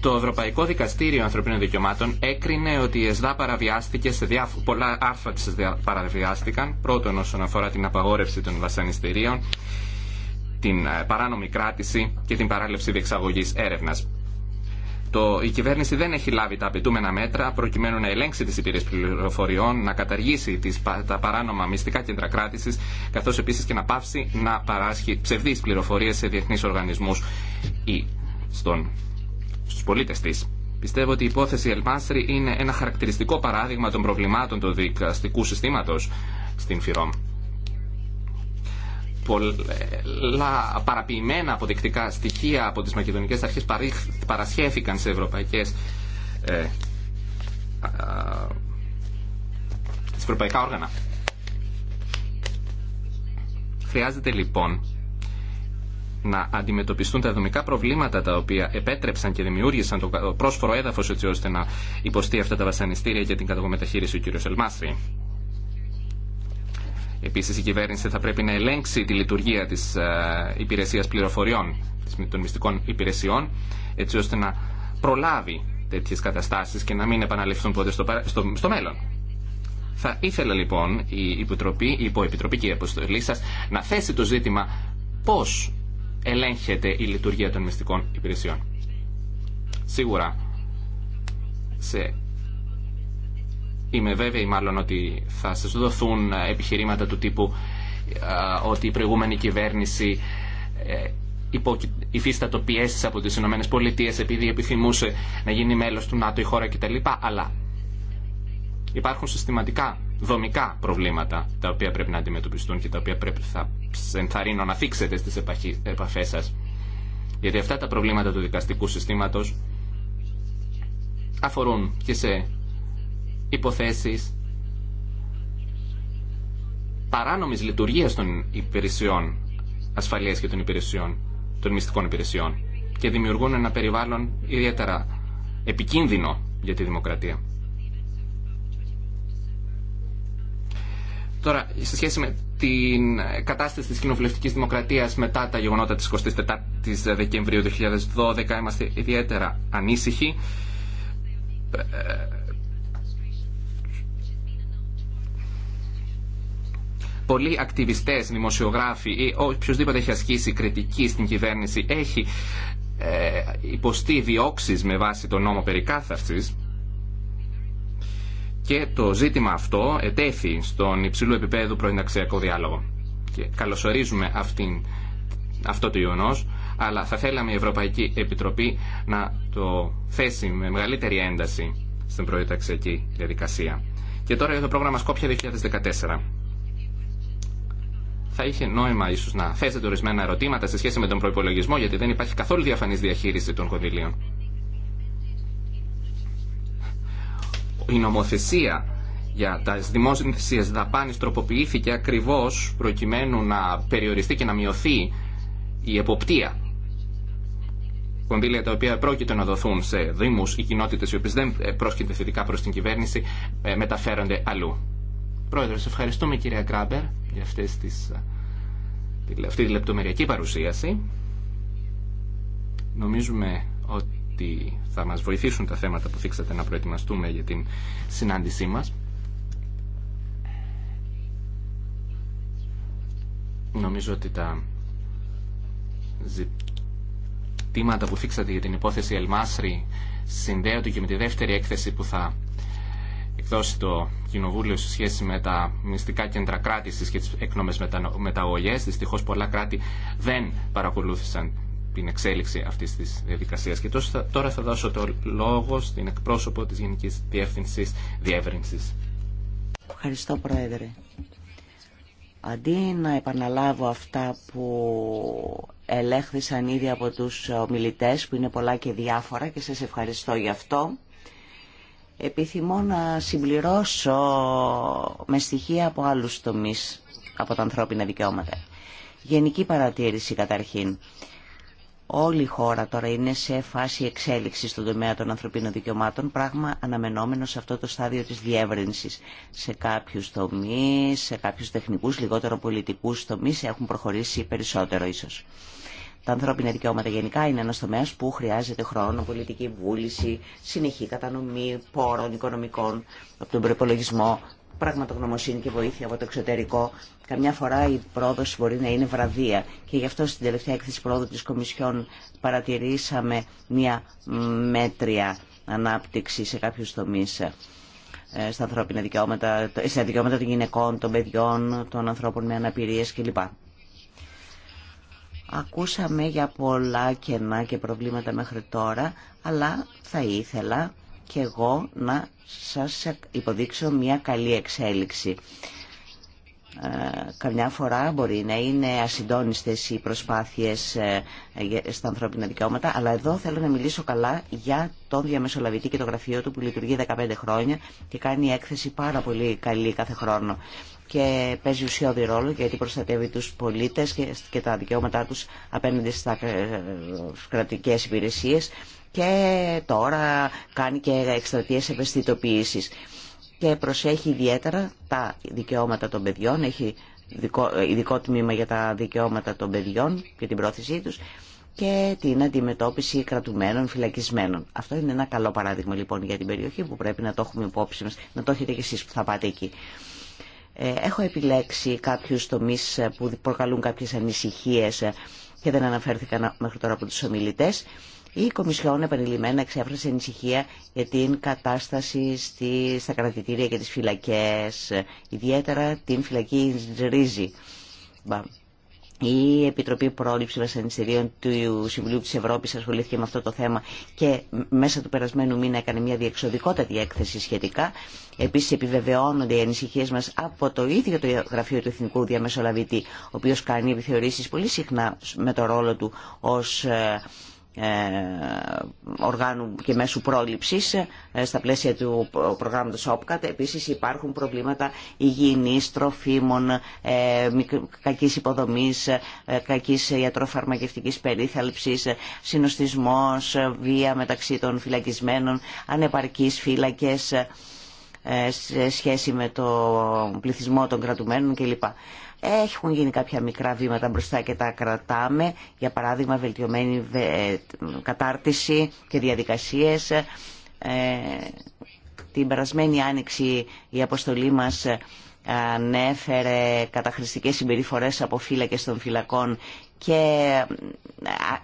Το Ευρωπαϊκό Δικαστήριο Ανθρωπίνων Δικαιωμάτων έκρινε ότι η ΕΣΔΑ παραβιάστηκε σε διάφορα. πολλά άρθρα της παραβιάστηκαν, πρώτον όσον αφορά την απαγόρευση των βασανιστήριων, την ε, παράνομη κράτηση και την παράλευση διεξαγωγή έρευνα το, η κυβέρνηση δεν έχει λάβει τα απαιτούμενα μέτρα προκειμένου να ελέγξει τις υπηρεσίες πληροφοριών, να καταργήσει τις, τα παράνομα μυστικά κέντρα κράτηση, καθώς επίσης και να πάυσει να παράσχει ψευδείς πληροφορίες σε διεθνείς οργανισμούς ή υπόθεση πολίτες Πιστεύω ότι η υπόθεση Ελμάστρη είναι ένα χαρακτηριστικό παράδειγμα των προβλημάτων του δικαστικού συστήματο στην Φιρόμ πολλά παραποιημένα αποδεικτικά στοιχεία από τις μακεδονικές αρχές παρασχέθηκαν σε ευρωπαϊκές ε, ευρωπαϊκά όργανα. Χρειάζεται λοιπόν να αντιμετωπιστούν τα δομικά προβλήματα τα οποία επέτρεψαν και δημιούργησαν το πρόσφορο έδαφος έτσι ώστε να υποστεί αυτά τα βασανιστήρια για την μεταχείριση του κ. Ελμάστρη. Επίσης η κυβέρνηση θα πρέπει να ελέγξει τη λειτουργία της ε, υπηρεσίας πληροφοριών, των μυστικών υπηρεσιών, έτσι ώστε να προλάβει τέτοιες καταστάσεις και να μην επαναληφθούν ποτέ στο, στο, μέλλον. Θα ήθελα λοιπόν η, Υποτροπή, η Υποεπιτροπή και η Αποστολή σας να θέσει το ζήτημα πώς ελέγχεται η λειτουργία των μυστικών υπηρεσιών. Σίγουρα σε είμαι βέβαιη μάλλον ότι θα σας δοθούν ε, επιχειρήματα του τύπου ε, ότι η προηγούμενη κυβέρνηση ε, υφίστατο πιέσει από τις Ηνωμένες Πολιτείες επειδή επιθυμούσε να γίνει μέλος του ΝΑΤΟ η χώρα κτλ. Αλλά υπάρχουν συστηματικά δομικά προβλήματα τα οποία πρέπει να αντιμετωπιστούν και τα οποία πρέπει θα ενθαρρύνω να θίξετε στις επαφές σας. Γιατί αυτά τα προβλήματα του δικαστικού συστήματος αφορούν και σε υποθέσεις παράνομης λειτουργίας των υπηρεσιών ασφαλείας και των υπηρεσιών, των μυστικών υπηρεσιών και δημιουργούν ένα περιβάλλον ιδιαίτερα επικίνδυνο για τη δημοκρατία. Τώρα, σε σχέση με την κατάσταση της κοινοβουλευτικής δημοκρατίας μετά τα γεγονότα της 24ης Δεκεμβρίου 2012 είμαστε ιδιαίτερα ανήσυχοι. Ε, πολλοί ακτιβιστέ, δημοσιογράφοι ή οποιοδήποτε έχει ασκήσει κριτική στην κυβέρνηση έχει ε, υποστεί διώξει με βάση τον νόμο περί κάθαρσης και το ζήτημα αυτό ετέθη στον υψηλού επίπεδου προενταξιακό διάλογο. Και καλωσορίζουμε αυτήν, αυτό το γεγονό, αλλά θα θέλαμε η Ευρωπαϊκή Επιτροπή να το θέσει με μεγαλύτερη ένταση στην προενταξιακή διαδικασία. Και τώρα για το πρόγραμμα Σκόπια 2014 θα είχε νόημα ίσω να θέσετε ορισμένα ερωτήματα σε σχέση με τον προπολογισμό, γιατί δεν υπάρχει καθόλου διαφανή διαχείριση των κονδυλίων. Η νομοθεσία για τα δημόσιε δαπάνε τροποποιήθηκε ακριβώ προκειμένου να περιοριστεί και να μειωθεί η εποπτεία. Κονδύλια τα οποία πρόκειται να δοθούν σε δήμου ή κοινότητε οι οποίε δεν πρόσκειται θετικά προ την κυβέρνηση ε, μεταφέρονται αλλού. Πρόεδρος, ευχαριστούμε κυρία Γκράμπερ για αυτές τις, ε, αυτή τη λεπτομεριακή παρουσίαση. Νομίζουμε ότι θα μας βοηθήσουν τα θέματα που θίξατε να προετοιμαστούμε για την συνάντησή μας. Νομίζω ότι τα ζητήματα που θίξατε για την υπόθεση Ελμάσρη συνδέονται και με τη δεύτερη έκθεση που θα εκδώσει το Κοινοβούλιο σε σχέση με τα μυστικά κέντρα κράτηση και τι εκνομε μεταγωγέ. Δυστυχώ πολλά κράτη δεν παρακολούθησαν την εξέλιξη αυτή τη διαδικασία. Και τώρα θα δώσω το λόγο στην εκπρόσωπο τη Γενική Διεύθυνση Διεύρυνση. Ευχαριστώ, Πρόεδρε. Αντί να επαναλάβω αυτά που ελέγχθησαν ήδη από τους ομιλητές που είναι πολλά και διάφορα και σας ευχαριστώ γι' αυτό Επιθυμώ να συμπληρώσω με στοιχεία από άλλους τομείς από τα ανθρώπινα δικαιώματα. Γενική παρατήρηση καταρχήν. Όλη η χώρα τώρα είναι σε φάση εξέλιξη στον τομέα των ανθρωπίνων δικαιωμάτων, πράγμα αναμενόμενο σε αυτό το στάδιο της διεύρυνσης. Σε κάποιους τομείς, σε κάποιους τεχνικούς, λιγότερο πολιτικούς τομεί έχουν προχωρήσει περισσότερο ίσως τα ανθρώπινα δικαιώματα γενικά είναι ένα τομέα που χρειάζεται χρόνο, πολιτική βούληση, συνεχή κατανομή πόρων οικονομικών από τον προπολογισμό, πραγματογνωμοσύνη και βοήθεια από το εξωτερικό. Καμιά φορά η πρόοδο μπορεί να είναι βραδία και γι' αυτό στην τελευταία έκθεση πρόοδου της Κομισιόν παρατηρήσαμε μια μέτρια ανάπτυξη σε κάποιους τομείς ε, στα ανθρώπινα δικαιώματα, ε, στα δικαιώματα των γυναικών, των παιδιών, των ανθρώπων με αναπηρίες κλπ. Ακούσαμε για πολλά κενά και προβλήματα μέχρι τώρα, αλλά θα ήθελα και εγώ να σας υποδείξω μια καλή εξέλιξη. Ε, καμιά φορά μπορεί να είναι ασυντόνιστες οι προσπάθειες ε, στα ανθρώπινα δικαιώματα, αλλά εδώ θέλω να μιλήσω καλά για τον διαμεσολαβητή και το γραφείο του που λειτουργεί 15 χρόνια και κάνει έκθεση πάρα πολύ καλή κάθε χρόνο και παίζει ουσιώδη ρόλο γιατί προστατεύει τους πολίτες και τα δικαιώματά τους απέναντι στα κρατικές υπηρεσίες και τώρα κάνει και εκστρατείες ευαισθητοποίησης και προσέχει ιδιαίτερα τα δικαιώματα των παιδιών, έχει ειδικό τμήμα για τα δικαιώματα των παιδιών και την πρόθεσή τους και την αντιμετώπιση κρατουμένων φυλακισμένων. Αυτό είναι ένα καλό παράδειγμα λοιπόν για την περιοχή που πρέπει να το έχουμε υπόψη μας, να το έχετε και εσείς που θα πάτε εκεί. Ε, έχω επιλέξει κάποιους τομείς ε, που προκαλούν κάποιες ανησυχίες ε, και δεν αναφέρθηκαν μέχρι τώρα από τους ομιλητές. Η Κομισιόν επανειλημμένα εξέφρασε ανησυχία για την κατάσταση στη, στα κρατητήρια και τις φυλακές, ιδιαίτερα την φυλακή Ρίζη. Η Επιτροπή Πρόληψη Βασανιστήριων του Συμβουλίου της Ευρώπης ασχολήθηκε με αυτό το θέμα και μέσα του περασμένου μήνα έκανε μια διεξοδικότατη έκθεση σχετικά. Επίση επιβεβαιώνονται οι ανησυχίε μας από το ίδιο το Γραφείο του Εθνικού Διαμεσολαβητή, ο οποίος κάνει επιθεωρήσει πολύ συχνά με το ρόλο του ως ε, ε, οργάνου και μέσου πρόληψης ε, στα πλαίσια του προγράμματος ΟΠΚΑΤ. Επίσης υπάρχουν προβλήματα υγιεινής, τροφίμων, ε, κακής υποδομής, κακής ιατροφαρμακευτικής περίθαλψης, συνοστισμός, βία μεταξύ των φυλακισμένων, ανεπαρκείς φύλακες σε σχέση με το πληθυσμό των κρατουμένων κλπ. Έχουν γίνει κάποια μικρά βήματα μπροστά και τα κρατάμε, για παράδειγμα βελτιωμένη ε, κατάρτιση και διαδικασίες. Ε, την περασμένη άνοιξη η αποστολή μας ανέφερε καταχρηστικές συμπεριφορές από φύλακες των φυλακών και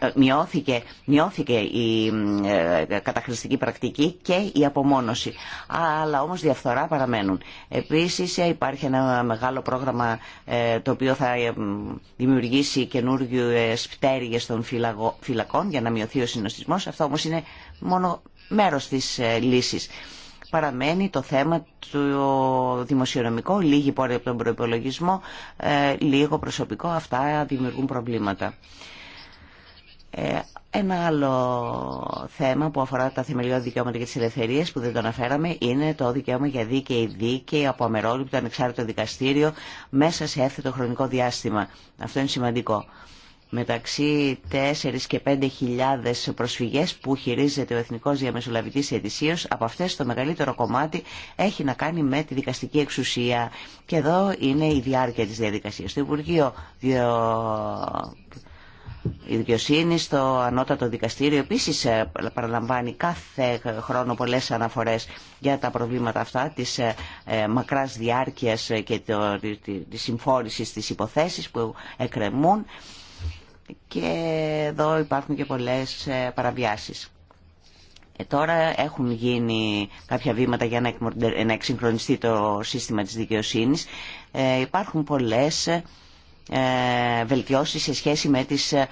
ε, μειώθηκε, μειώθηκε η ε, καταχρηστική πρακτική και η απομόνωση. Αλλά όμως διαφθορά παραμένουν. Επίσης ε, υπάρχει ένα μεγάλο πρόγραμμα το οποίο θα δημιουργήσει καινούργιες πτέρυγες των φυλακών για να μειωθεί ο συνοστισμός. Αυτό όμως είναι μόνο μέρος της λύσης παραμένει το θέμα του δημοσιονομικού, λίγη πόρη από τον προϋπολογισμό, ε, λίγο προσωπικό, αυτά δημιουργούν προβλήματα. Ε, ένα άλλο θέμα που αφορά τα θεμελιώδη δικαιώματα και τις ελευθερίες που δεν το αναφέραμε είναι το δικαίωμα για δίκαιη δίκαιη από αμερόληπτο ανεξάρτητο δικαστήριο μέσα σε έφθετο χρονικό διάστημα. Αυτό είναι σημαντικό μεταξύ 4 και 5 χιλιάδες προσφυγές που χειρίζεται ο Εθνικός Διαμεσολαβητής Ετησίως. Από αυτές το μεγαλύτερο κομμάτι έχει να κάνει με τη δικαστική εξουσία και εδώ είναι η διάρκεια της διαδικασίας. Το Υπουργείο η δικαιοσύνη στο ανώτατο δικαστήριο επίσης ε, παραλαμβάνει κάθε χρόνο πολλές αναφορές για τα προβλήματα αυτά της ε, ε, μακράς διάρκειας και τη συμφόρησης της υποθέσεις που εκκρεμούν και εδώ υπάρχουν και πολλές ε, παραβιάσεις. Ε, τώρα έχουν γίνει κάποια βήματα για να εξυγχρονιστεί το σύστημα της δικαιοσύνης. Ε, υπάρχουν πολλές ε, βελτιώσεις σε σχέση με τις ε,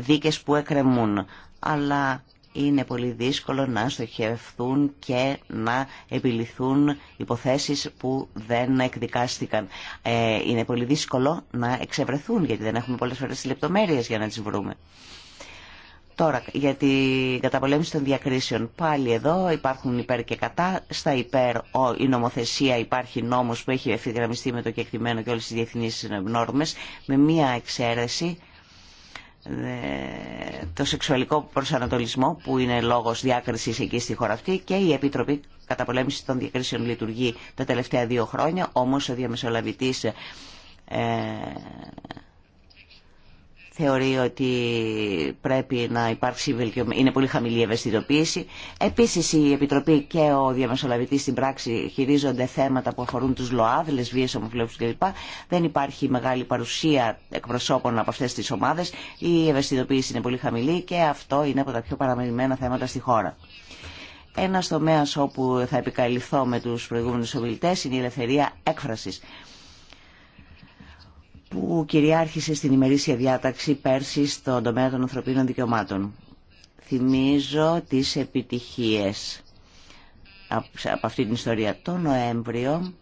δίκες που εκκρεμούν. Αλλά είναι πολύ δύσκολο να στοχευθούν και να επιληθούν υποθέσεις που δεν εκδικάστηκαν. Ε, είναι πολύ δύσκολο να εξευρεθούν γιατί δεν έχουμε πολλές φορές λεπτομέρειες για να τις βρούμε. Τώρα, για την καταπολέμηση των διακρίσεων. Πάλι εδώ υπάρχουν υπέρ και κατά. Στα υπέρ η νομοθεσία υπάρχει νόμος που έχει ευθυγραμμιστεί με το κεκτημένο και όλες τις διεθνείς νόρμες, με μία εξαίρεση ναι, το σεξουαλικό προσανατολισμό που είναι λόγος διάκρισης εκεί στη χώρα αυτή και η Επιτροπή Καταπολέμησης των Διακρίσεων λειτουργεί τα τελευταία δύο χρόνια όμως ο διαμεσολαβητής ε, θεωρεί ότι πρέπει να υπάρξει βελτιωμένη, είναι πολύ χαμηλή η ευαισθητοποίηση. Επίσης η Επιτροπή και ο διαμεσολαβητής στην πράξη χειρίζονται θέματα που αφορούν τους ΛΟΑΔ, βίες, ομοφυλόφους κλπ. Δεν υπάρχει μεγάλη παρουσία εκπροσώπων από αυτές τις ομάδες. Η ευαισθητοποίηση είναι πολύ χαμηλή και αυτό είναι από τα πιο παραμελημένα θέματα στη χώρα. Ένα τομέα όπου θα επικαλυφθώ με του προηγούμενου ομιλητέ είναι η ελευθερία έκφραση που κυριάρχησε στην ημερήσια διάταξη πέρσι στον τομέα των ανθρωπίνων δικαιωμάτων. Θυμίζω τις επιτυχίες από αυτή την ιστορία. Το Νοέμβριο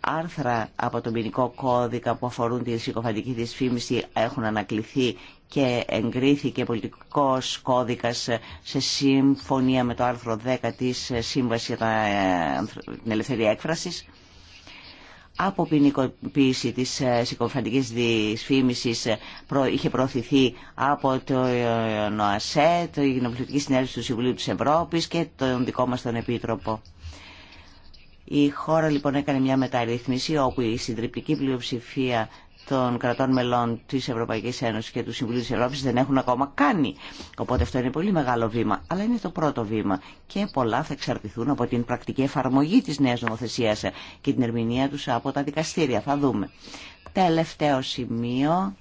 άρθρα από τον ποινικό κώδικα που αφορούν τη συγκοφαντική δυσφήμιση έχουν ανακληθεί και εγκρίθηκε πολιτικός κώδικας σε συμφωνία με το άρθρο 10 της Σύμβασης για ε, την Ελευθερία Έκφρασης από ποινικοποίηση της ε, συκοφαντικής δυσφήμισης ε, είχε προωθηθεί από το ε, ΝΟΑΣΕ, το Υγνοπληκτική Συνέλευση του Συμβουλίου της Ευρώπης και τον δικό μας τον Επίτροπο. Η χώρα λοιπόν έκανε μια μεταρρύθμιση όπου η συντριπτική πλειοψηφία των κρατών μελών τη Ευρωπαϊκή Ένωση και του Συμβουλίου τη Ευρώπη, δεν έχουν ακόμα κάνει. Οπότε αυτό είναι πολύ μεγάλο βήμα, αλλά είναι το πρώτο βήμα και πολλά θα εξαρτηθούν από την πρακτική εφαρμογή τη Νέα νομοθεσία και την ερμηνεία του από τα δικαστήρια. Θα δούμε. Τελευταίο σημείο,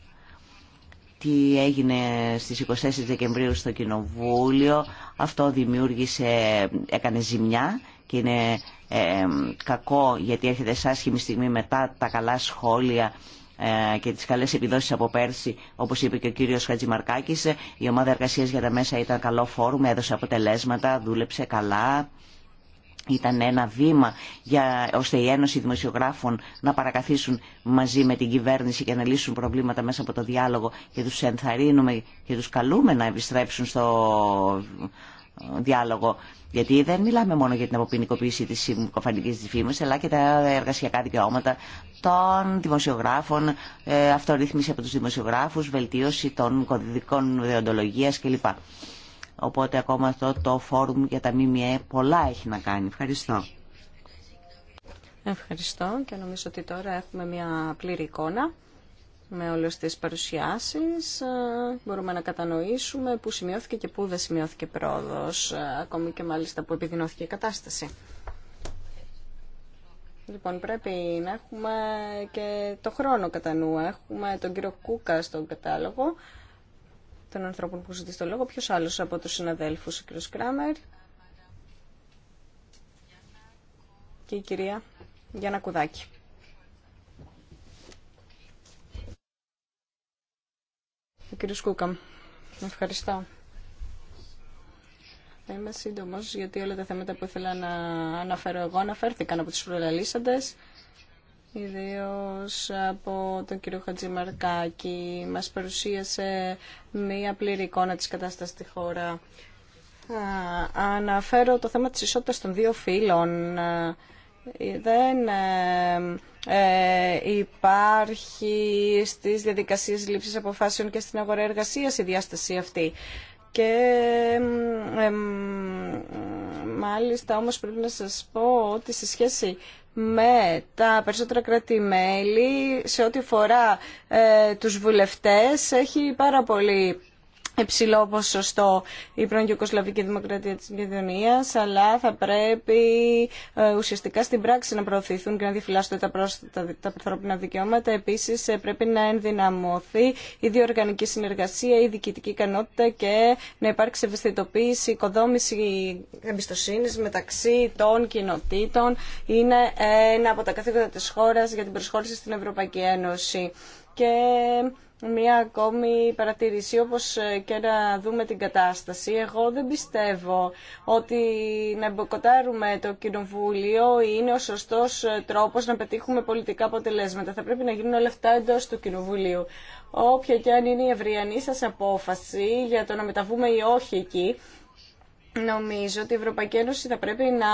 τι έγινε στις 24 Δεκεμβρίου στο Κοινοβούλιο, αυτό δημιούργησε, έκανε ζημιά και είναι ε, κακό γιατί έρχεται σε άσχημη στιγμή μετά τα καλά σχόλια ε, και τις καλές επιδόσεις από πέρσι, όπως είπε και ο κύριος Χατζημαρκάκης. Ε, η ομάδα εργασίας για τα μέσα ήταν καλό φόρουμ, έδωσε αποτελέσματα, δούλεψε καλά. Ήταν ένα βήμα για, ώστε η Ένωση Δημοσιογράφων να παρακαθίσουν μαζί με την κυβέρνηση και να λύσουν προβλήματα μέσα από το διάλογο και τους ενθαρρύνουμε και τους καλούμε να επιστρέψουν στο διάλογο. Γιατί δεν μιλάμε μόνο για την αποποινικοποίηση τη συμφωνική της αλλά και τα εργασιακά δικαιώματα των δημοσιογράφων, ε, αυτορύθμιση από τους δημοσιογράφους, βελτίωση των κωδικών δεοντολογίας κλπ. Οπότε ακόμα αυτό το φόρουμ για τα ΜΜΕ πολλά έχει να κάνει. Ευχαριστώ. Ευχαριστώ και νομίζω ότι τώρα έχουμε μια πλήρη εικόνα με όλες τις παρουσιάσεις ε, μπορούμε να κατανοήσουμε πού σημειώθηκε και πού δεν σημειώθηκε πρόοδος, ε, ακόμη και μάλιστα που επιδεινώθηκε η κατάσταση. Λοιπόν, πρέπει να έχουμε και το χρόνο κατά νου. Έχουμε τον κύριο Κούκα στον κατάλογο των ανθρώπων που ζητήσει το λόγο. Ποιος άλλος από τους συναδέλφους, ο κύριος Κράμερ και η κυρία Γιάννα Κουδάκη. Ο κύριος Κούκαμ. Ευχαριστώ. είμαι σύντομο γιατί όλα τα θέματα που ήθελα να αναφέρω εγώ αναφέρθηκαν από του προλαλήσαντε. Ιδίω από τον κύριο Χατζημαρκάκη μας παρουσίασε μία πλήρη εικόνα τη κατάσταση στη χώρα. Αναφέρω το θέμα της ισότητα των δύο φύλων δεν ε, ε, υπάρχει στις διαδικασίες λήψης αποφάσεων και στην αγορά εργασίας η διάσταση αυτή. Και μάλιστα όμως πρέπει να σας πω ότι σε σχέση με τα περισσοτερα κρατημέλη, σε ό,τι φορά ε, τους βουλευτές έχει πάρα πολύ υψηλό ποσοστό η πρώην Ιουκοσλαβική Δημοκρατία της Μακεδονίας, αλλά θα πρέπει ε, ουσιαστικά στην πράξη να προωθηθούν και να διαφυλάσσονται τα, πρόσθετα, τα ανθρώπινα δικαιώματα. Επίσης ε, πρέπει να ενδυναμωθεί η διοργανική συνεργασία, η διοικητική ικανότητα και να υπάρξει ευαισθητοποίηση, οικοδόμηση εμπιστοσύνη μεταξύ των κοινοτήτων. Είναι ένα από τα καθήκοντα της χώρας για την προσχώρηση στην Ευρωπαϊκή Ένωση. Και μία ακόμη παρατήρηση, όπως ε, και να δούμε την κατάσταση. Εγώ δεν πιστεύω ότι να εμποκοτάρουμε το Κοινοβούλιο είναι ο σωστός ε, τρόπος να πετύχουμε πολιτικά αποτελέσματα. Θα πρέπει να γίνουν όλα αυτά εντός του Κοινοβουλίου. Όποια και αν είναι η ευριανή σας απόφαση για το να μεταβούμε ή όχι εκεί, Νομίζω ότι η Ευρωπαϊκή Ένωση θα πρέπει να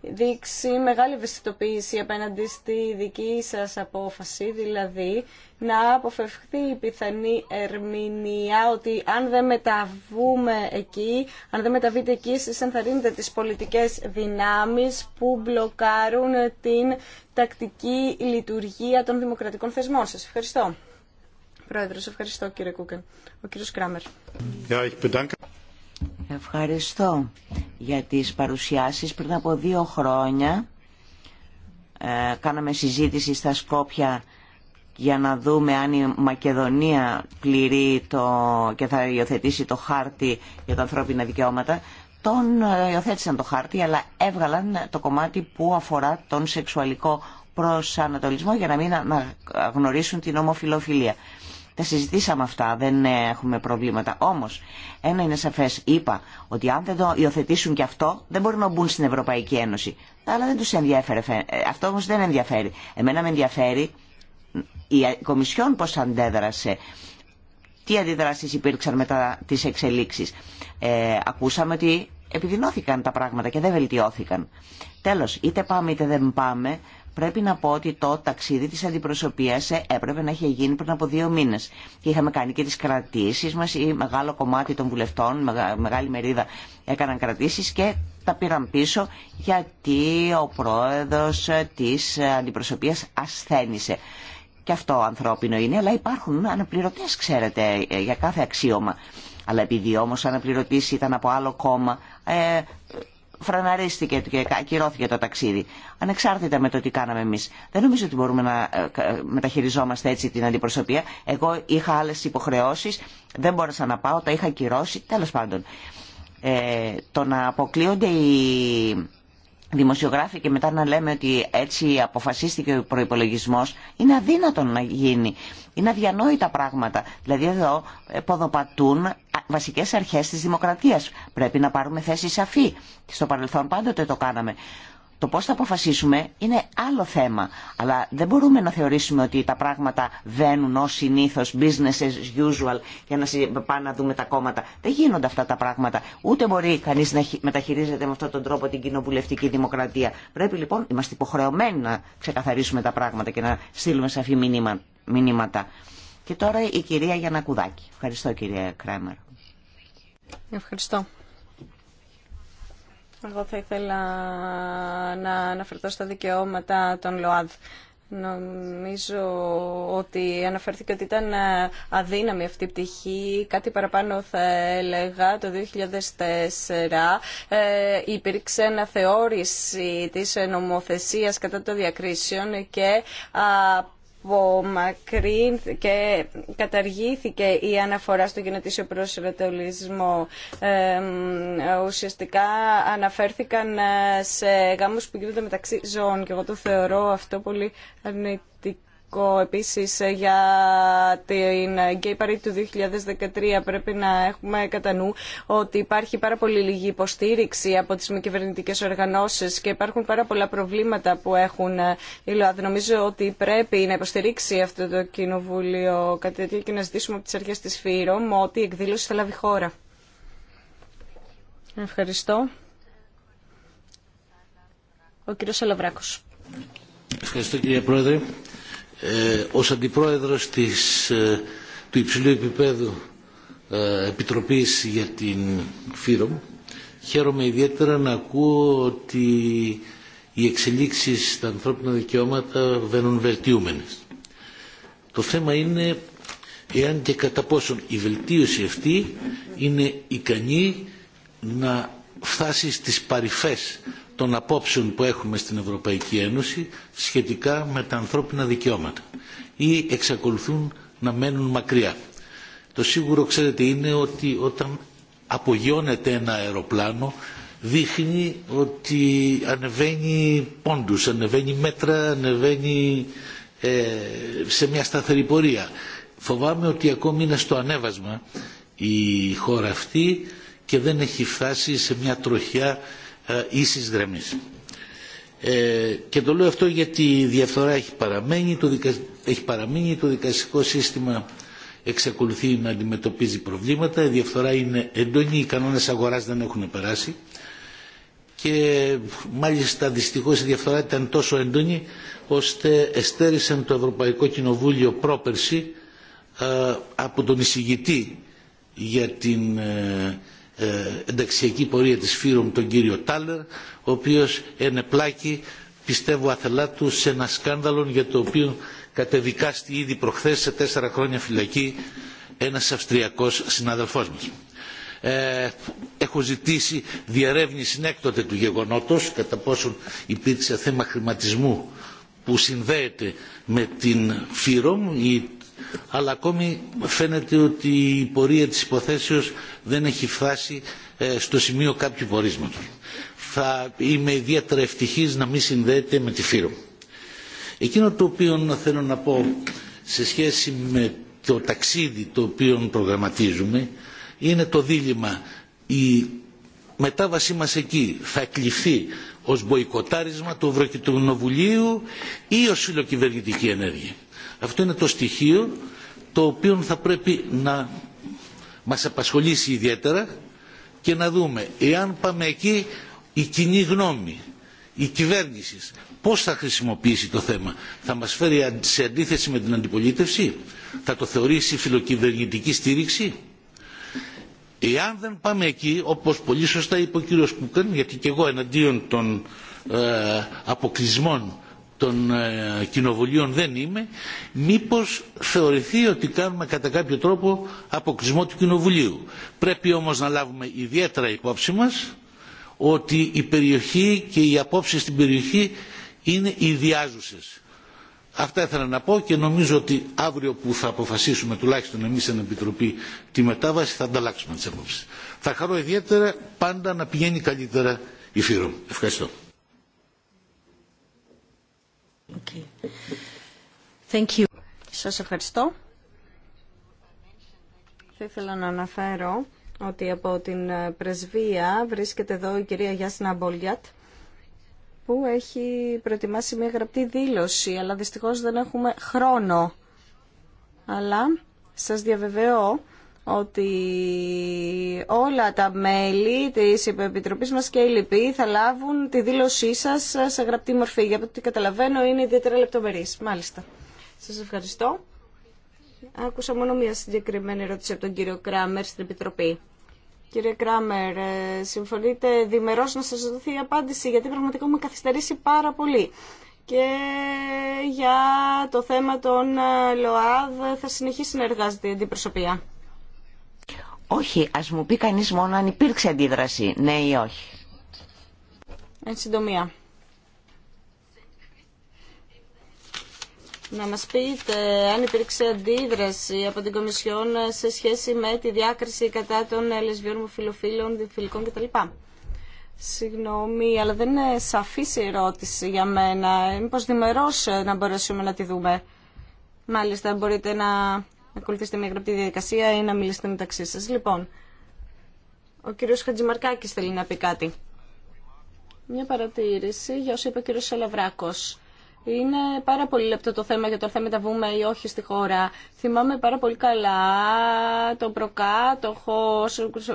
δείξει μεγάλη ευαισθητοποίηση απέναντι στη δική σας απόφαση, δηλαδή να αποφευχθεί η πιθανή ερμηνεία ότι αν δεν μεταβούμε εκεί, αν δεν μεταβείτε εκεί, εσείς ενθαρρύνετε τις πολιτικές δυνάμεις που μπλοκάρουν την τακτική λειτουργία των δημοκρατικών θεσμών σας. Ευχαριστώ. Πρόεδρος, ευχαριστώ κύριε Κούκεν. Ο κύριος Κράμερ. Ευχαριστώ για τις παρουσιάσεις. Πριν από δύο χρόνια ε, κάναμε συζήτηση στα Σκόπια για να δούμε αν η Μακεδονία πληρεί το, και θα υιοθετήσει το χάρτη για τα ανθρώπινα δικαιώματα. Τον ε, υιοθέτησαν το χάρτη, αλλά έβγαλαν το κομμάτι που αφορά τον σεξουαλικό προσανατολισμό για να μην αναγνωρίσουν την ομοφιλοφιλία. Τα συζητήσαμε αυτά, δεν έχουμε προβλήματα. Όμως, ένα είναι σαφέ, είπα ότι αν δεν το υιοθετήσουν και αυτό, δεν μπορούν να μπουν στην Ευρωπαϊκή Ένωση. άλλα δεν τους ενδιαφέρει, ε, αυτό όμω δεν ενδιαφέρει. Εμένα με ενδιαφέρει η Κομισιόν πώ αντέδρασε τι αντιδράσει υπήρξαν μετά τι εξελίξεις. Ε, ακούσαμε ότι επιδεινώθηκαν τα πράγματα και δεν βελτιώθηκαν. Τέλος, είτε πάμε είτε δεν πάμε, Πρέπει να πω ότι το ταξίδι της αντιπροσωπείας έπρεπε να είχε γίνει πριν από δύο μήνες. Και είχαμε κάνει και τις κρατήσεις μας, ή μεγάλο κομμάτι των βουλευτών, μεγάλη μερίδα έκαναν κρατήσεις και τα πήραν πίσω γιατί ο πρόεδρος της αντιπροσωπείας ασθένησε. Και αυτό ανθρώπινο είναι, αλλά υπάρχουν αναπληρωτές, ξέρετε, για κάθε αξίωμα. Αλλά επειδή όμως αναπληρωτής ήταν από άλλο κόμμα, ε, φραναρίστηκε και ακυρώθηκε το ταξίδι. Ανεξάρτητα με το τι κάναμε εμεί. Δεν νομίζω ότι μπορούμε να ε, μεταχειριζόμαστε έτσι την αντιπροσωπεία. Εγώ είχα άλλε υποχρεώσεις, δεν μπόρεσα να πάω, τα είχα ακυρώσει, τέλο πάντων. Ε, το να αποκλείονται οι δημοσιογράφοι και μετά να λέμε ότι έτσι αποφασίστηκε ο προπολογισμό, είναι αδύνατο να γίνει. Είναι αδιανόητα πράγματα. Δηλαδή εδώ ε, ποδοπατούν Βασικέ αρχέ τη δημοκρατία. Πρέπει να πάρουμε θέση σαφή. Στο παρελθόν πάντοτε το κάναμε. Το πώ θα αποφασίσουμε είναι άλλο θέμα, αλλά δεν μπορούμε να θεωρήσουμε ότι τα πράγματα βαίνουν ω συνήθω business as usual, για να πάμε να δούμε τα κόμματα. Δεν γίνονται αυτά τα πράγματα. Ούτε μπορεί κανεί να μεταχειρίζεται με αυτόν τον τρόπο την κοινοβουλευτική δημοκρατία. Πρέπει λοιπόν, είμαστε υποχρεωμένοι να ξεκαθαρίσουμε τα πράγματα και να στείλουμε σαφή μηνύματα. Και τώρα η κυρία Γιανακουδάκη. Ευχαριστώ κυρία Κρέμερ. Ευχαριστώ. Εγώ θα ήθελα να αναφερθώ στα δικαιώματα των ΛΟΑΔ. Νομίζω ότι αναφέρθηκε ότι ήταν αδύναμη αυτή η πτυχή. Κάτι παραπάνω θα έλεγα. Το 2004 ε, υπήρξε θεώρηση της νομοθεσίας κατά των διακρίσεων και απομακρύνθηκε, καταργήθηκε η αναφορά στο γενετήσιο προσανατολισμό. Ε, ουσιαστικά αναφέρθηκαν ε, σε γάμους που γίνονται μεταξύ ζώων και εγώ το θεωρώ αυτό πολύ αρνητικό σημαντικό επίσης για την Gay Parade του 2013. Πρέπει να έχουμε κατά νου ότι υπάρχει πάρα πολύ λίγη υποστήριξη από τις μη κυβερνητικέ οργανώσεις και υπάρχουν πάρα πολλά προβλήματα που έχουν η ΛΟΑΔ. Νομίζω ότι πρέπει να υποστηρίξει αυτό το κοινοβούλιο κάτι τέτοιο και να ζητήσουμε από τις αρχές της ΦΥΡΟΜ ότι η εκδήλωση θα λάβει χώρα. Ευχαριστώ. Ο κύριος Αλαβράκος. Ευχαριστώ κύριε Πρόεδρε. Ε, ως αντιπρόεδρος της, ε, του υψηλού επίπεδου ε, Επιτροπής για την ΦΥΡΟΜ χαίρομαι ιδιαίτερα να ακούω ότι οι εξελίξεις στα ανθρώπινα δικαιώματα βαίνουν βελτιούμενες. Το θέμα είναι εάν και κατά πόσον η βελτίωση αυτή είναι ικανή να φτάσει στις παρυφές των απόψεων που έχουμε στην Ευρωπαϊκή Ένωση σχετικά με τα ανθρώπινα δικαιώματα ή εξακολουθούν να μένουν μακριά. Το σίγουρο ξέρετε είναι ότι όταν απογειώνεται ένα αεροπλάνο δείχνει ότι ανεβαίνει πόντους, ανεβαίνει μέτρα, ανεβαίνει ε, σε μια σταθερή πορεία. Φοβάμαι ότι ακόμη είναι στο ανέβασμα η χώρα αυτή και δεν έχει φτάσει σε μια τροχιά ε, ίσης γραμμής. Ε, και το λέω αυτό γιατί η διαφθορά έχει παραμείνει, το, έχει το δικαστικό σύστημα εξακολουθεί να αντιμετωπίζει προβλήματα, η διαφθορά είναι εντονή, οι κανόνες αγοράς δεν έχουν περάσει και μάλιστα δυστυχώς η διαφθορά ήταν τόσο εντονή ώστε εστέρισαν το Ευρωπαϊκό Κοινοβούλιο πρόπερση ε, από τον εισηγητή για την ε, ενταξιακή πορεία της ΦΥΡΟΜ τον κύριο Τάλερ, ο οποίος πλάκη πιστεύω αθελάτου σε ένα σκάνδαλο για το οποίο κατεδικάστη ήδη προχθές σε τέσσερα χρόνια φυλακή ένας αυστριακός συναδελφός μας. Ε, έχω ζητήσει διαρεύνηση έκτοτε του γεγονότος κατά πόσον υπήρξε θέμα χρηματισμού που συνδέεται με την ΦΥΡΟΜ ή αλλά ακόμη φαίνεται ότι η πορεία της υποθέσεως δεν έχει φτάσει ε, στο σημείο κάποιου πορίσματος. Θα είμαι ιδιαίτερα ευτυχής να μην συνδέεται με τη Φύρο. Εκείνο το οποίο θέλω να πω σε σχέση με το ταξίδι το οποίο προγραμματίζουμε είναι το δίλημα η μετάβασή μας εκεί θα εκλειφθεί ως μποϊκοτάρισμα του Ευρωκοινοβουλίου ή ως φιλοκυβερνητική ενέργεια. Αυτό είναι το στοιχείο το οποίο θα πρέπει να μας απασχολήσει ιδιαίτερα και να δούμε εάν πάμε εκεί η κοινή γνώμη, η κυβέρνηση πώς θα χρησιμοποιήσει το θέμα. Θα μας φέρει σε αντίθεση με την αντιπολίτευση, θα το θεωρήσει φιλοκυβερνητική στήριξη. Εάν δεν πάμε εκεί, όπως πολύ σωστά είπε ο κύριος Κούκαν, γιατί και εγώ εναντίον των ε, αποκλεισμών των ε, κοινοβουλίων δεν είμαι, μήπως θεωρηθεί ότι κάνουμε κατά κάποιο τρόπο αποκλεισμό του κοινοβουλίου. Πρέπει όμως να λάβουμε ιδιαίτερα υπόψη μας ότι η περιοχή και οι απόψεις στην περιοχή είναι ιδιάζουσες. Αυτά ήθελα να πω και νομίζω ότι αύριο που θα αποφασίσουμε τουλάχιστον εμείς στην Επιτροπή τη μετάβαση θα ανταλλάξουμε τις απόψεις. Θα χαρώ ιδιαίτερα πάντα να πηγαίνει καλύτερα η ΦΥΡΟ. Ευχαριστώ. Okay. Thank you. Σας ευχαριστώ. Θα ήθελα να αναφέρω ότι από την ε, πρεσβεία βρίσκεται εδώ η κυρία Γιάσνα Μπολιάτ που έχει προετοιμάσει μια γραπτή δήλωση, αλλά δυστυχώς δεν έχουμε χρόνο. Αλλά σας διαβεβαιώ ότι όλα τα μέλη της Επιτροπής μας και η ΛΥΠΗ θα λάβουν τη δήλωσή σας σε γραπτή μορφή. Για καταλαβαίνω είναι ιδιαίτερα λεπτομερής. Μάλιστα. Σας ευχαριστώ. Άκουσα μόνο μια συγκεκριμένη ερώτηση από τον κύριο Κράμερ στην Επιτροπή. Κύριε Κράμερ, ε, συμφωνείτε διμερώς να σας δοθεί η απάντηση, γιατί πραγματικά μου καθυστερήσει πάρα πολύ. Και για το θέμα των ε, ΛΟΑΔ θα συνεχίσει να εργάζεται η αντιπροσωπεία. Όχι, ας μου πει κανεί μόνο αν υπήρξε αντίδραση, ναι ή όχι. Εν συντομία. Να μας πείτε αν υπήρξε αντίδραση από την Κομισιόν σε σχέση με τη διάκριση κατά των ε, λεσβιών μου φιλοφίλων, διφιλικών κτλ. Συγγνώμη, αλλά δεν είναι σαφής η ερώτηση για μένα. Μήπως δημερός ε, να μπορέσουμε να τη δούμε. Μάλιστα, μπορείτε να ακολουθήσετε μια γραπτή διαδικασία ή να μιλήσετε μεταξύ σας. Λοιπόν, ο κύριος Χατζημαρκάκης θέλει να πει κάτι. Μια παρατήρηση για όσο είπε ο κύριος Σαλαβράκος. Είναι πάρα πολύ λεπτό το θέμα για το αν θα μεταβούμε ή όχι στη χώρα. Θυμάμαι πάρα πολύ καλά τον προκάτοχο,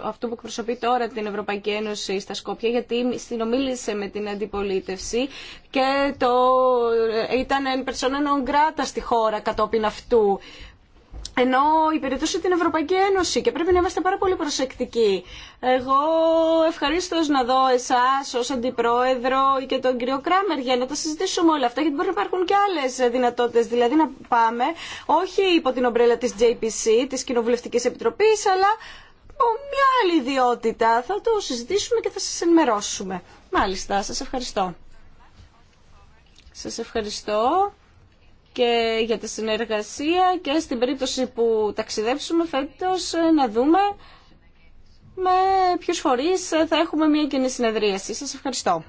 αυτού που εκπροσωπεί τώρα την Ευρωπαϊκή Ένωση στα Σκόπια, γιατί συνομίλησε με την αντιπολίτευση και το... ήταν εν persona non στη χώρα κατόπιν αυτού ενώ υπηρετούσε την Ευρωπαϊκή Ένωση και πρέπει να είμαστε πάρα πολύ προσεκτικοί. Εγώ ευχαρίστω να δω εσά ω αντιπρόεδρο και τον κύριο Κράμερ για να τα συζητήσουμε όλα αυτά, γιατί μπορεί να υπάρχουν και άλλε δυνατότητε. Δηλαδή να πάμε όχι υπό την ομπρέλα τη JPC, τη Κοινοβουλευτική Επιτροπή, αλλά μια άλλη ιδιότητα. Θα το συζητήσουμε και θα σα ενημερώσουμε. Μάλιστα, σα ευχαριστώ. Σας ευχαριστώ και για τη συνεργασία και στην περίπτωση που ταξιδέψουμε φέτος ε, να δούμε με ποιους φορείς θα έχουμε μια κοινή συνεδρίαση. Σας ευχαριστώ.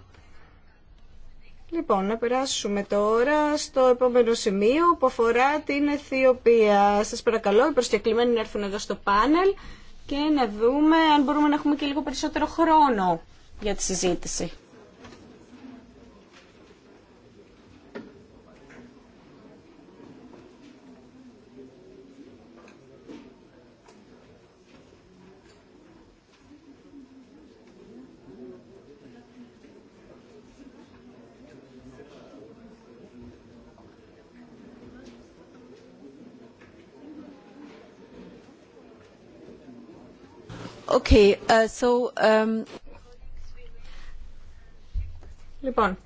Λοιπόν, να περάσουμε τώρα στο επόμενο σημείο που αφορά την Αιθιοπία. Σας παρακαλώ οι προσκεκλημένοι να έρθουν εδώ στο πάνελ και να δούμε αν μπορούμε να έχουμε και λίγο περισσότερο χρόνο για τη συζήτηση. Uh, um, λοιπόν,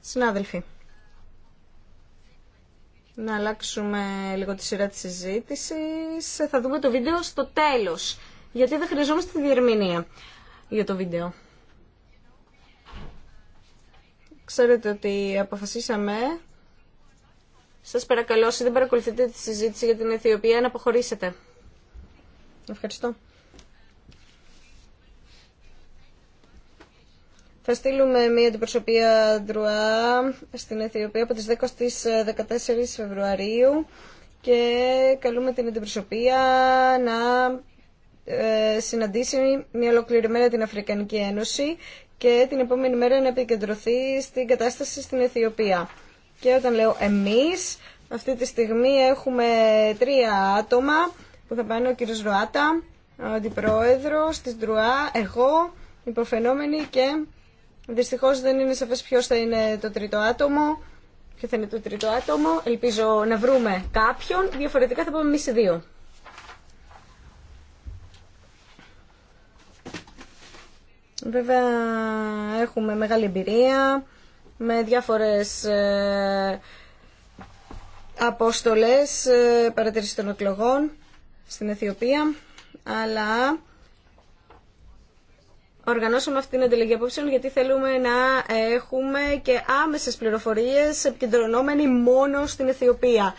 συνάδελφοι, να αλλάξουμε λίγο τη σειρά της συζήτηση. Θα δούμε το βίντεο στο τέλος, γιατί δεν χρειαζόμαστε τη διερμηνία για το βίντεο. Ξέρετε ότι αποφασίσαμε... Σας παρακαλώ, όσοι δεν παρακολουθείτε τη συζήτηση για την Αιθιοπία, να αποχωρήσετε. Ευχαριστώ. Θα στείλουμε μία αντιπροσωπεία ντρουά στην Αιθιοπία από τις 10 στις 14 ε, Φεβρουαρίου και καλούμε την αντιπροσωπεία να ε, συναντήσει μια ολοκληρωμένη την Αφρικανική Ένωση και την επόμενη μέρα να επικεντρωθεί στην κατάσταση στην Αιθιοπία. Και όταν λέω εμείς, αυτή τη στιγμή έχουμε τρία άτομα που θα πάνε ο κύριος Ροάτα, ο αντιπρόεδρος της Ντρουά, εγώ, υποφαινόμενη και Δυστυχώ δεν είναι σαφέ ποιο θα είναι το τρίτο άτομο. Ποιο θα είναι το τρίτο άτομο. Ελπίζω να βρούμε κάποιον. Διαφορετικά θα πάμε εμεί οι δύο. Βέβαια έχουμε μεγάλη εμπειρία με διάφορες ε, αποστολές ε, των εκλογών στην Αιθιοπία αλλά οργανώσαμε αυτή την ανταλλαγή απόψεων γιατί θέλουμε να έχουμε και άμεσες πληροφορίες επικεντρωνόμενοι μόνο στην Αιθιοπία.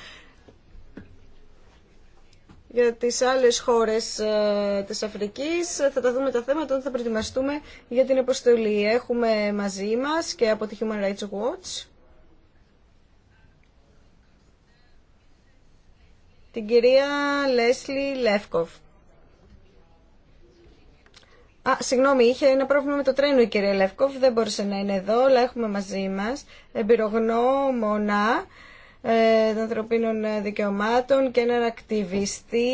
Για τις άλλες χώρες ε, της Αφρικής θα τα δούμε τα θέματα όταν θα προετοιμαστούμε για την αποστολή. Έχουμε μαζί μας και από τη Human Rights Watch την κυρία Λέσλι Λεύκοφ Α, συγγνώμη, είχε ένα πρόβλημα με το τρένο η κυρία Λεύκοφ, δεν μπορούσε να είναι εδώ, αλλά έχουμε μαζί μας εμπειρογνώμονα ε, των ανθρωπίνων δικαιωμάτων και έναν ακτιβιστή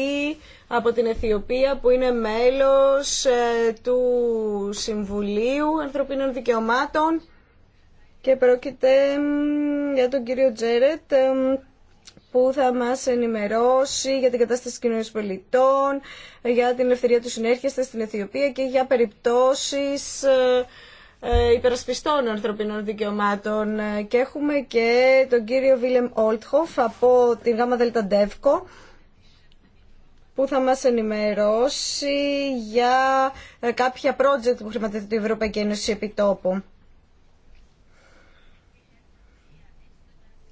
από την Αιθιοπία που είναι μέλος ε, του Συμβουλίου Ανθρωπίνων Δικαιωμάτων και πρόκειται για τον κύριο Τζέρετ, που θα μας ενημερώσει για την κατάσταση τη κοινωνία πολιτών, για την ελευθερία του συνέρχεστα στην Αιθιοπία και για περιπτώσεις ε, ε, υπερασπιστών ανθρωπινών δικαιωμάτων. Και έχουμε και τον κύριο Βίλεμ Όλτχοφ από την ΓΑΜΑ ΔΕΛΤΑΝΤΕΒΚΟ που θα μας ενημερώσει για ε, κάποια project που χρηματοδοτεί η Ευρωπαϊκή Ένωση επί τόπου.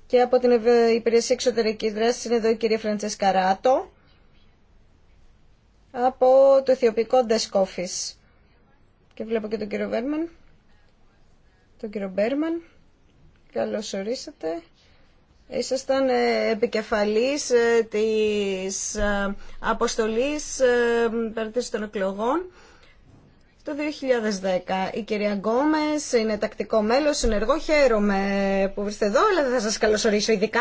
και από την Υπηρεσία εξωτερική Δράσης είναι εδώ η κυρία Φραντσέσκα Ράτο από το Αιθιοπικό Desk Office. Και βλέπω και τον κύριο Βέρμαν. Τον κύριο Μπέρμαν. καλώ ορίσατε. Ήσασταν ε, επικεφαλής ε, της ε, αποστολής παρατήρησης των εκλογών το 2010 η κυρία Γκόμε είναι τακτικό μέλο, συνεργό, χαίρομαι που είστε εδώ, αλλά δεν θα σα καλωσορίσω ειδικά.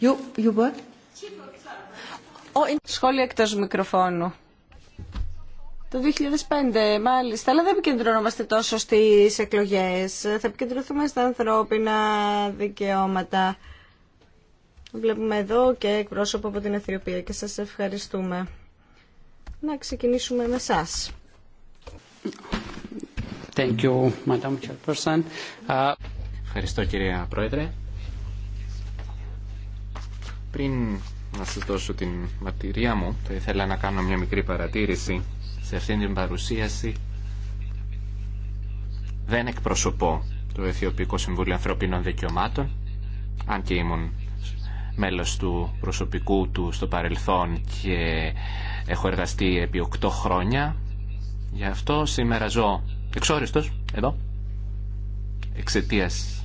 You, you what? Oh, Σχόλια εκτός μικροφώνου. Το 2005, μάλιστα, αλλά δεν επικεντρωνόμαστε τόσο στις εκλογές. Θα επικεντρωθούμε στα ανθρώπινα δικαιώματα. Βλέπουμε εδώ και εκπρόσωπο από την Αιθιοπία και σας ευχαριστούμε. Να ξεκινήσουμε με εσά. Uh, Ευχαριστώ κυρία Πρόεδρε. Πριν να σας δώσω την μαρτυρία μου, θα ήθελα να κάνω μια μικρή παρατήρηση σε αυτήν την παρουσίαση. Δεν εκπροσωπώ το Αιθιοπικό Συμβούλιο Ανθρωπίνων Δικαιωμάτων, αν και ήμουν μέλος του προσωπικού του στο παρελθόν και έχω εργαστεί επί 8 χρόνια. Γι' αυτό σήμερα ζω εξόριστος εδώ, εξαιτίας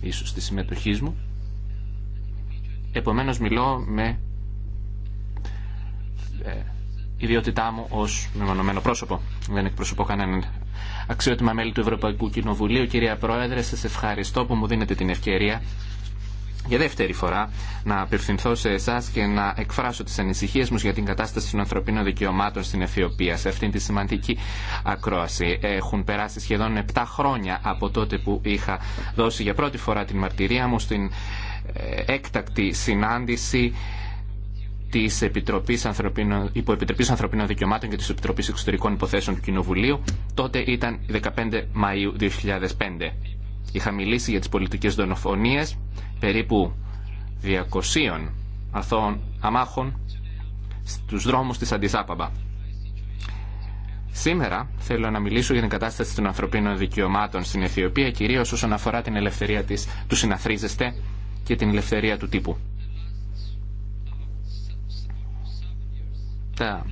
ίσως της συμμετοχής μου. Επομένως μιλώ με ε, ιδιότητά μου ως μεμονωμένο πρόσωπο. Δεν εκπροσωπώ κανέναν αξιότιμα μέλη του Ευρωπαϊκού Κοινοβουλίου. Κυρία Πρόεδρε, σας ευχαριστώ που μου δίνετε την ευκαιρία για δεύτερη φορά να απευθυνθώ σε εσά και να εκφράσω τι ανησυχίε μου για την κατάσταση των ανθρωπίνων δικαιωμάτων στην Αιθιοπία. Σε αυτήν τη σημαντική ακρόαση έχουν περάσει σχεδόν 7 χρόνια από τότε που είχα δώσει για πρώτη φορά την μαρτυρία μου στην ε, έκτακτη συνάντηση τη Επιτροπής Ανθρωπίνων, Ανθρωπίνων Δικαιωμάτων και τη Επιτροπή Εξωτερικών Υποθέσεων του Κοινοβουλίου. Τότε ήταν 15 Μαου 2005. Είχα μιλήσει για τις πολιτικές δολοφονίες περίπου 200 αθώων αμάχων στους δρόμους της Αντιζάπαμπα. Σήμερα θέλω να μιλήσω για την κατάσταση των ανθρωπίνων δικαιωμάτων στην Αιθιοπία, κυρίως όσον αφορά την ελευθερία της, του συναθρίζεστε και την ελευθερία του τύπου. Τα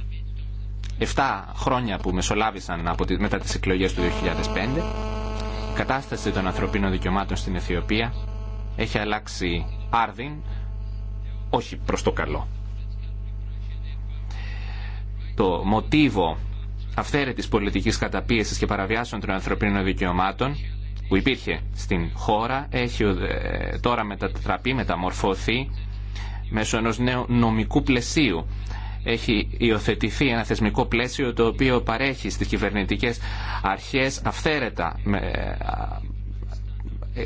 7 χρόνια που μεσολάβησαν από, μετά τις εκλογές του 2005 κατάσταση των ανθρωπίνων δικαιωμάτων στην Αιθιοπία έχει αλλάξει άρδιν, όχι προς το καλό. Το μοτίβο αυθαίρετης πολιτικής καταπίεσης και παραβιάσεων των ανθρωπίνων δικαιωμάτων που υπήρχε στην χώρα έχει ε, τώρα μετατραπεί, μεταμορφωθεί μέσω ενός νέου νομικού πλαισίου έχει υιοθετηθεί ένα θεσμικό πλαίσιο το οποίο παρέχει στις κυβερνητικές αρχές αυθαίρετα ε,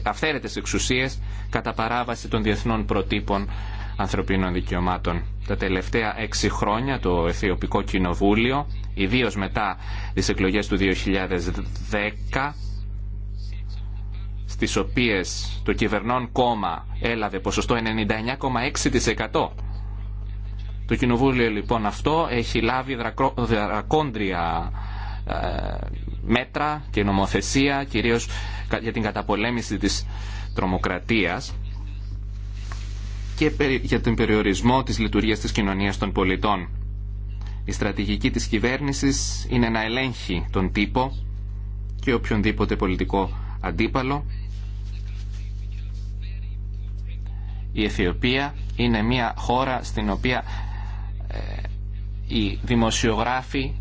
αυθαίρετες εξουσίες κατά παράβαση των διεθνών προτύπων ανθρωπίνων δικαιωμάτων. Τα τελευταία έξι χρόνια το Αιθιοπικό Κοινοβούλιο, ιδίω μετά τις εκλογές του 2010, στις οποίες το κυβερνών κόμμα έλαβε ποσοστό 99,6% το κοινοβούλιο λοιπόν αυτό έχει λάβει δρακόντρια ε, μέτρα και νομοθεσία κυρίως για την καταπολέμηση της τρομοκρατίας και για τον περιορισμό της λειτουργίας της κοινωνίας των πολιτών. Η στρατηγική της κυβέρνησης είναι να ελέγχει τον τύπο και οποιονδήποτε πολιτικό αντίπαλο. Η Αιθιοπία είναι μια χώρα στην οποία ε, οι δημοσιογράφοι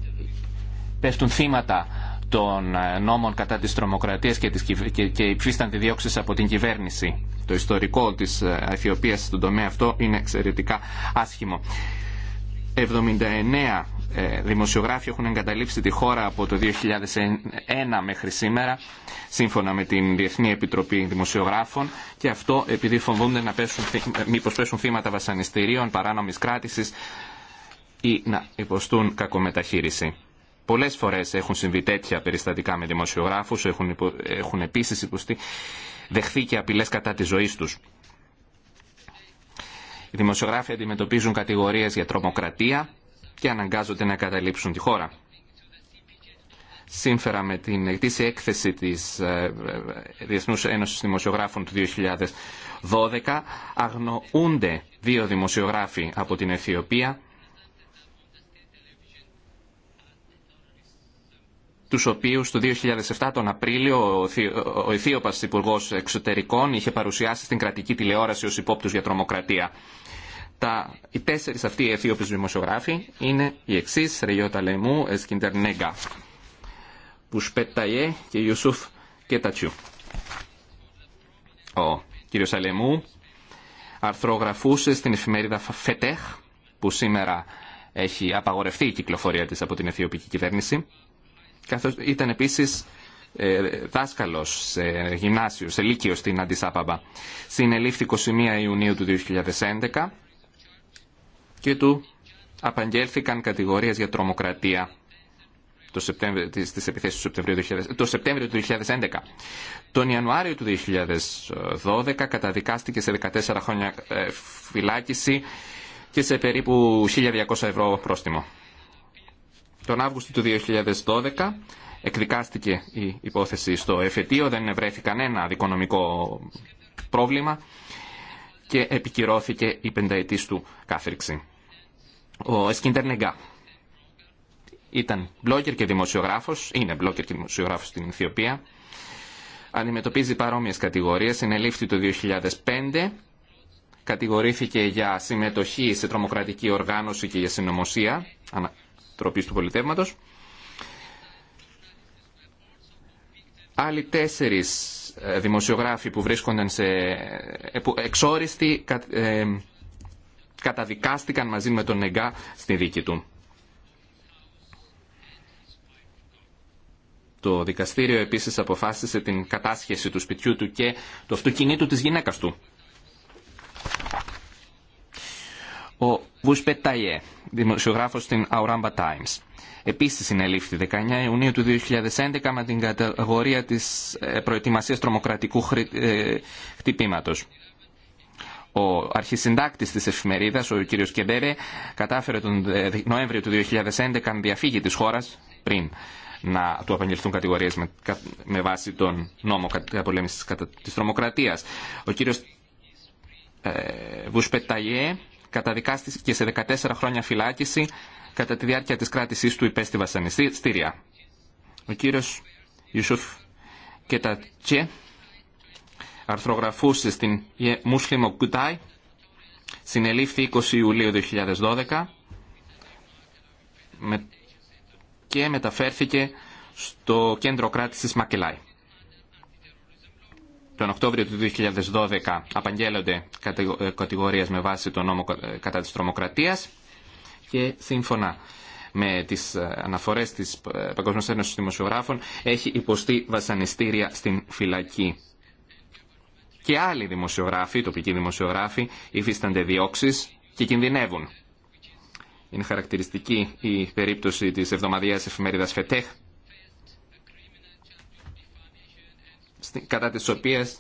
πέφτουν θύματα των ε, νόμων κατά της τρομοκρατίας και, της, και, και υφίστανται διώξεις από την κυβέρνηση. Το ιστορικό της ε, Αιθιοπίας στον τομέα αυτό είναι εξαιρετικά άσχημο. 79 δημοσιογράφοι έχουν εγκαταλείψει τη χώρα από το 2001 μέχρι σήμερα, σύμφωνα με την Διεθνή Επιτροπή Δημοσιογράφων, και αυτό επειδή φοβούνται να πέσουν, μήπως πέσουν θύματα βασανιστήριων, παράνομης κράτησης, ή να υποστούν κακομεταχείριση. Πολλέ φορέ έχουν συμβεί τέτοια περιστατικά με δημοσιογράφου, έχουν, υπο... έχουν επίση υποστεί, δεχθεί και απειλέ κατά τη ζωή του. Οι δημοσιογράφοι αντιμετωπίζουν κατηγορίε για τρομοκρατία και αναγκάζονται να καταλήψουν τη χώρα. Σύμφερα με την εκτίση έκθεση τη ε, ε, Διεθνού Ένωση Δημοσιογράφων του 2012, αγνοούνται δύο δημοσιογράφοι από την Αιθιοπία Του οποίου το 2007 τον Απρίλιο ο Ιθίωπα υπουργό Εξωτερικών είχε παρουσιάσει στην κρατική τηλεόραση ως υπόπτου για τρομοκρατία. Τα, οι τέσσερι αυτοί Αιθίωπες δημοσιογράφοι είναι οι εξή Ρεγιώτα Λεμού, Εσκίντερ Νέγκα, Πουσπέταγε και Ιουσούφ Κετατσιού. Ο κύριο Αλεμού αρθρογραφούσε στην εφημερίδα Φετέχ, που σήμερα έχει απαγορευτεί η κυκλοφορία της από την αιθιοπική κυβέρνηση, καθώς ήταν επίσης ε, δάσκαλος σε γυμνάσιο, σε λύκειο στην Αντισάπαμπα. Συνελήφθη 21 Ιουνίου του 2011 και του απαγγέλθηκαν κατηγορίες για τρομοκρατία το επιθέσεις του Σεπτεμβρίου, το Σεπτέμβριο του 2011. Τον Ιανουάριο του 2012 καταδικάστηκε σε 14 χρόνια ε, φυλάκιση και σε περίπου 1.200 ευρώ πρόστιμο. Τον Αύγουστο του 2012 εκδικάστηκε η υπόθεση στο εφετείο, δεν βρέθη κανένα δικονομικό πρόβλημα και επικυρώθηκε η πενταετής του κάθριξη. Ο Εσκίντερ Νεγκά ήταν μπλόκερ και δημοσιογράφος, είναι μπλόκερ και δημοσιογράφος στην Ιθιοπία, αντιμετωπίζει παρόμοιες κατηγορίες, συνελήφθη το 2005, κατηγορήθηκε για συμμετοχή σε τρομοκρατική οργάνωση και για συνωμοσία, του Άλλοι τέσσερι ε, δημοσιογράφοι που βρίσκονταν σε ε, που εξόριστοι κα, ε, καταδικάστηκαν μαζί με τον Νεγκά στη δίκη του. Το δικαστήριο επίσης αποφάσισε την κατάσχεση του σπιτιού του και του αυτοκινήτου της γυναίκας του. Ο Βουσπεταϊέ, δημοσιογράφο δημοσιογράφος στην Αουράμπα Times. Επίσης συνελήφθη 19 Ιουνίου του 2011 με την κατηγορία της ε, προετοιμασία τρομοκρατικού ε, χτυπήματο. Ο αρχισυντάκτης της εφημερίδας, ο κύριος Κεντέρε, κατάφερε τον ε, Νοέμβριο του 2011 να διαφύγει της χώρας πριν να του απαγγελθούν κατηγορίες με, βάση τον νόμο καταπολέμησης της τρομοκρατίας. Ο κύριος καταδικάστηκε σε 14 χρόνια φυλάκιση κατά τη διάρκεια της κράτησής του υπέστη βασανιστήρια. Ο κύριος Ιουσούφ Κετατσέ αρθρογραφούσε στην Μουσλιμο Κουτάι συνελήφθη 20 Ιουλίου 2012 και μεταφέρθηκε στο κέντρο κράτησης Μακελάι τον Οκτώβριο του 2012 απαγγέλλονται ε, κατηγορίες με βάση τον νόμο ε, κατά της τρομοκρατίας και σύμφωνα με τις ε, αναφορές της Παγκοσμίας Ένωσης Δημοσιογράφων έχει υποστεί βασανιστήρια στην φυλακή. Και άλλοι δημοσιογράφοι, τοπικοί δημοσιογράφοι, υφίστανται διώξεις και κινδυνεύουν. Είναι χαρακτηριστική η περίπτωση της εβδομαδίας εφημερίδας ΦΕΤΕΧ κατά τις οποίες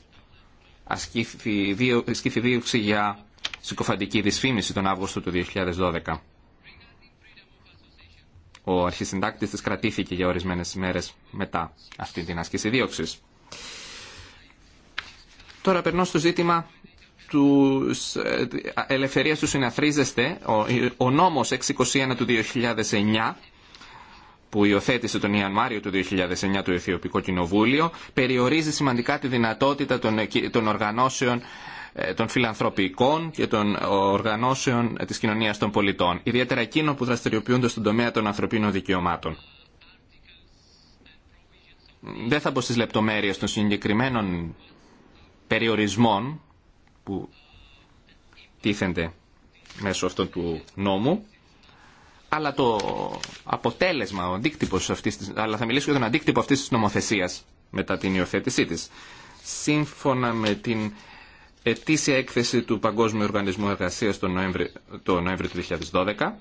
ασκήθη δίωξη για συκοφαντική δυσφήμιση τον Αύγουστο του 2012. Ο αρχισυντάκτης της κρατήθηκε για ορισμένες μέρες μετά αυτή την άσκηση δίωξης. Τώρα περνώ στο ζήτημα του ε, ελευθερίας του συναθρίζεστε. Ο, ο νόμος 621 του 2009 που υιοθέτησε τον Ιανουάριο του 2009 το Αιθιοπικό Κοινοβούλιο περιορίζει σημαντικά τη δυνατότητα των ε, οργανώσεων ε, των φιλανθρωπικών και των ε, οργανώσεων της κοινωνίας των πολιτών, ιδιαίτερα εκείνων που δραστηριοποιούνται στον τομέα των ανθρωπίνων δικαιωμάτων. Δεν θα πω στις λεπτομέρειες των συγκεκριμένων περιορισμών που τίθενται μέσω αυτού του νόμου αλλά το αποτέλεσμα, ο αυτής, αλλά θα μιλήσω για τον αντίκτυπο αυτής της νομοθεσίας μετά την υιοθέτησή της. Σύμφωνα με την ετήσια έκθεση του Παγκόσμιου Οργανισμού Εργασία τον το Νοέμβριο του 2012,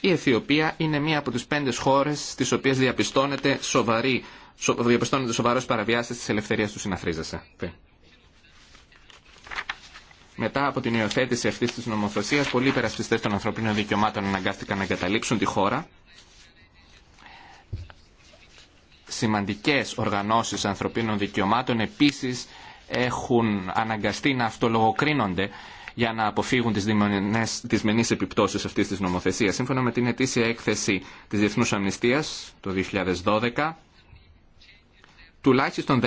η Αιθιοπία είναι μία από τις πέντε χώρες στι οποίες διαπιστώνεται σοβαρή, παραβιάσει τη παραβιάσεις του συναθρίζεσαι. Μετά από την υιοθέτηση αυτή τη νομοθεσία, πολλοί υπερασπιστέ των ανθρωπίνων δικαιωμάτων αναγκάστηκαν να εγκαταλείψουν τη χώρα. Σημαντικέ οργανώσει ανθρωπίνων δικαιωμάτων επίση έχουν αναγκαστεί να αυτολογοκρίνονται για να αποφύγουν τις, διμενές, τις αυτή επιπτώσεις αυτής της νομοθεσίας. Σύμφωνα με την ετήσια έκθεση της Διεθνούς Αμνηστίας το 2012, τουλάχιστον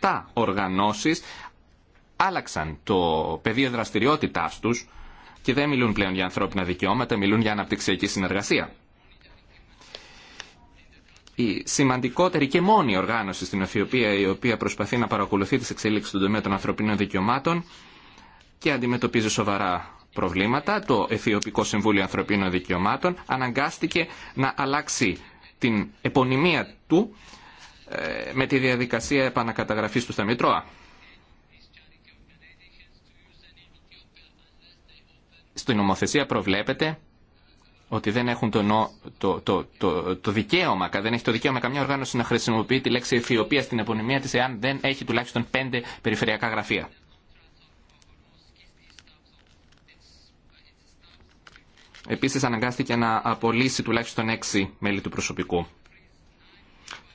17 οργανώσεις άλλαξαν το πεδίο δραστηριότητάς τους και δεν μιλούν πλέον για ανθρώπινα δικαιώματα, μιλούν για αναπτυξιακή συνεργασία. Η σημαντικότερη και μόνη οργάνωση στην Αθιοπία η οποία προσπαθεί να παρακολουθεί τις εξέλιξεις στον τομέα των ανθρωπίνων δικαιωμάτων και αντιμετωπίζει σοβαρά προβλήματα, το Αιθιοπικό Συμβούλιο Ανθρωπίνων Δικαιωμάτων αναγκάστηκε να αλλάξει την επωνυμία του ε, με τη διαδικασία επανακαταγραφής του στα Μητρώα. στην νομοθεσία προβλέπεται ότι δεν έχουν το, το, το, το, δικαίωμα, δεν έχει το δικαίωμα καμιά οργάνωση να χρησιμοποιεί τη λέξη εφιοπία στην επωνυμία της εάν δεν έχει τουλάχιστον πέντε περιφερειακά γραφεία. Επίσης αναγκάστηκε να απολύσει τουλάχιστον έξι μέλη του προσωπικού.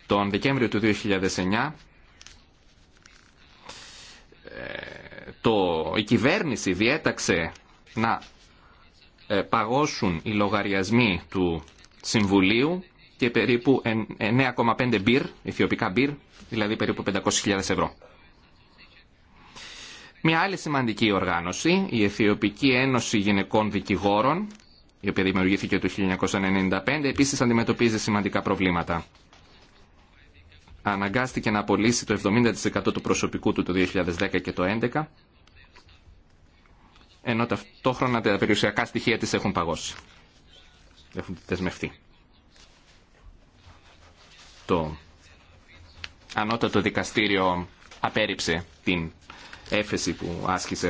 Τον Δεκέμβριο του 2009 ε, το, η κυβέρνηση διέταξε να ε, παγώσουν οι λογαριασμοί του Συμβουλίου και περίπου 9,5 μπυρ, ηθιοπικά μπυρ, δηλαδή περίπου 500.000 ευρώ. Μια άλλη σημαντική οργάνωση, η Αιθιοπική Ένωση Γυναικών Δικηγόρων, η οποία δημιουργήθηκε το 1995, επίσης αντιμετωπίζει σημαντικά προβλήματα. Αναγκάστηκε να απολύσει το 70% του προσωπικού του το 2010 και το 2011 ενώ ταυτόχρονα τα περιουσιακά στοιχεία της έχουν παγώσει. Έχουν δεσμευτεί. Το ανώτατο δικαστήριο απέρριψε την έφεση που άσκησε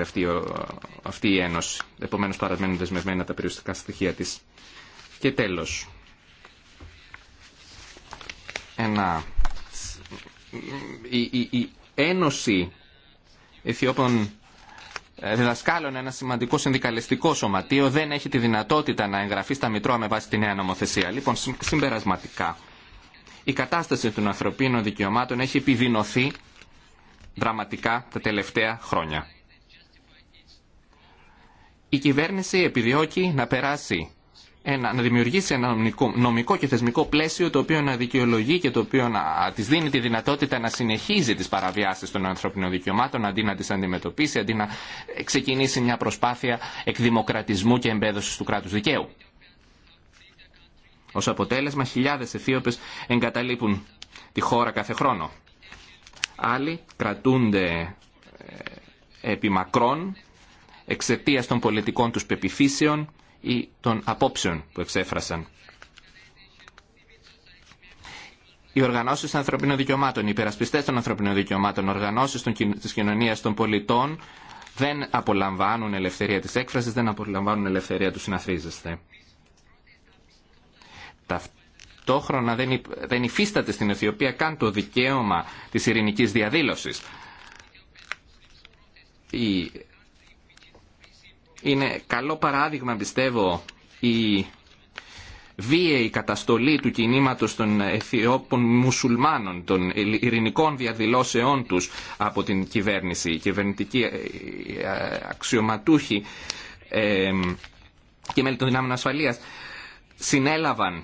αυτή, η Ένωση. Επομένως παραμένουν δεσμευμένα τα περιουσιακά στοιχεία της. Και τέλος, η, η, η Ένωση Αιθιώπων ε, διδασκάλων ένα σημαντικό συνδικαλιστικό σωματείο δεν έχει τη δυνατότητα να εγγραφεί στα Μητρώα με βάση τη νέα νομοθεσία. Λοιπόν, συμπερασματικά, η κατάσταση των ανθρωπίνων δικαιωμάτων έχει επιδεινωθεί δραματικά τα τελευταία χρόνια. Η κυβέρνηση επιδιώκει να περάσει ένα, να δημιουργήσει ένα νομικό, και θεσμικό πλαίσιο το οποίο να δικαιολογεί και το οποίο να τη δίνει τη δυνατότητα να συνεχίζει τι παραβιάσει των ανθρωπίνων δικαιωμάτων αντί να τι αντιμετωπίσει, αντί να ε, ξεκινήσει μια προσπάθεια εκδημοκρατισμού και εμπέδωση του κράτου δικαίου. Ω αποτέλεσμα, χιλιάδε Αιθίωπε εγκαταλείπουν τη χώρα κάθε χρόνο. Άλλοι κρατούνται ε, επιμακρών εξαιτία των πολιτικών του πεπιθήσεων ή των απόψεων που εξέφρασαν. Οι οργανώσει των ανθρωπίνων δικαιωμάτων, οι υπερασπιστέ των ανθρωπίνων δικαιωμάτων, οργανώσει τη κοινωνία των πολιτών δεν απολαμβάνουν ελευθερία τη έκφραση, δεν απολαμβάνουν ελευθερία του συναθρίζεσθε. Ταυτόχρονα δεν, δεν υφίσταται στην Αιθιοπία καν το δικαίωμα τη ειρηνική διαδήλωση. Είναι καλό παράδειγμα πιστεύω η βίαιη καταστολή του κινήματος των Αιθιώπων μουσουλμάνων, των ειρηνικών διαδηλώσεών τους από την κυβέρνηση. Οι κυβερνητικοί ε, αξιωματούχοι ε, και μέλη των δυνάμεων ασφαλείας συνέλαβαν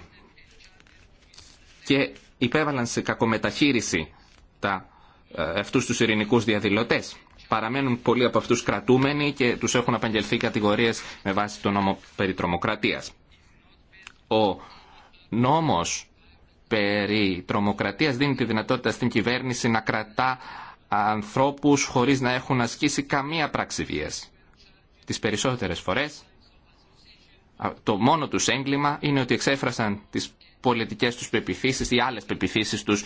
και υπέβαλαν σε κακομεταχείριση τα, ε, αυτούς τους ειρηνικούς διαδηλωτές. Παραμένουν πολλοί από αυτούς κρατούμενοι και τους έχουν απαγγελθεί κατηγορίες με βάση τον νόμο περί τρομοκρατίας. Ο νόμος περί τρομοκρατίας δίνει τη δυνατότητα στην κυβέρνηση να κρατά ανθρώπους χωρίς να έχουν ασκήσει καμία πράξη βίας. Τις περισσότερες φορές το μόνο τους έγκλημα είναι ότι εξέφρασαν τις πολιτικές τους πεπιθήσεις ή άλλες πεπιθήσεις τους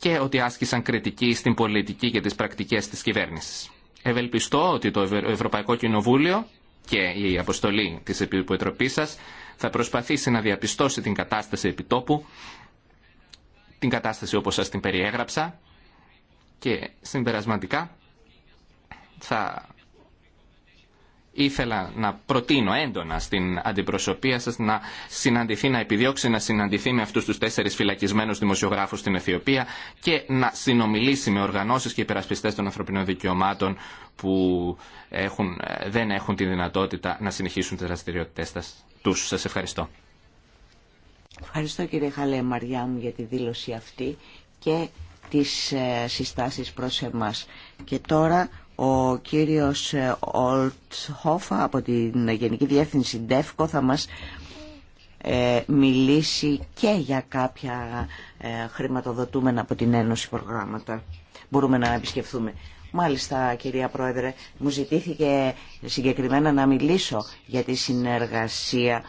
και ότι άσκησαν κριτική στην πολιτική και τις πρακτικές της κυβέρνησης. Ευελπιστώ ότι το Ευρωπαϊκό Κοινοβούλιο και η αποστολή της Επιτροπής σας θα προσπαθήσει να διαπιστώσει την κατάσταση επιτόπου, την κατάσταση όπως σας την περιέγραψα και συμπερασματικά θα ήθελα να προτείνω έντονα στην αντιπροσωπεία σας να συναντηθεί, να επιδιώξει να συναντηθεί με αυτούς τους τέσσερις φυλακισμένους δημοσιογράφους στην Αιθιοπία και να συνομιλήσει με οργανώσεις και υπερασπιστές των ανθρωπινών δικαιωμάτων που έχουν, δεν έχουν τη δυνατότητα να συνεχίσουν τις δραστηριότητές τους. Σας ευχαριστώ. Ευχαριστώ κύριε Χαλέ Μαριά μου για τη δήλωση αυτή και τις ε, συστάσεις προς εμάς. Και τώρα ο κύριος ε, Ολτσχόφα από την Γενική Διεύθυνση ΔΕΦΚΟ θα μας ε, μιλήσει και για κάποια ε, χρηματοδοτούμενα από την Ένωση προγράμματα. Μπορούμε να επισκεφθούμε. Μάλιστα, κυρία Πρόεδρε, μου ζητήθηκε συγκεκριμένα να μιλήσω για τη συνεργασία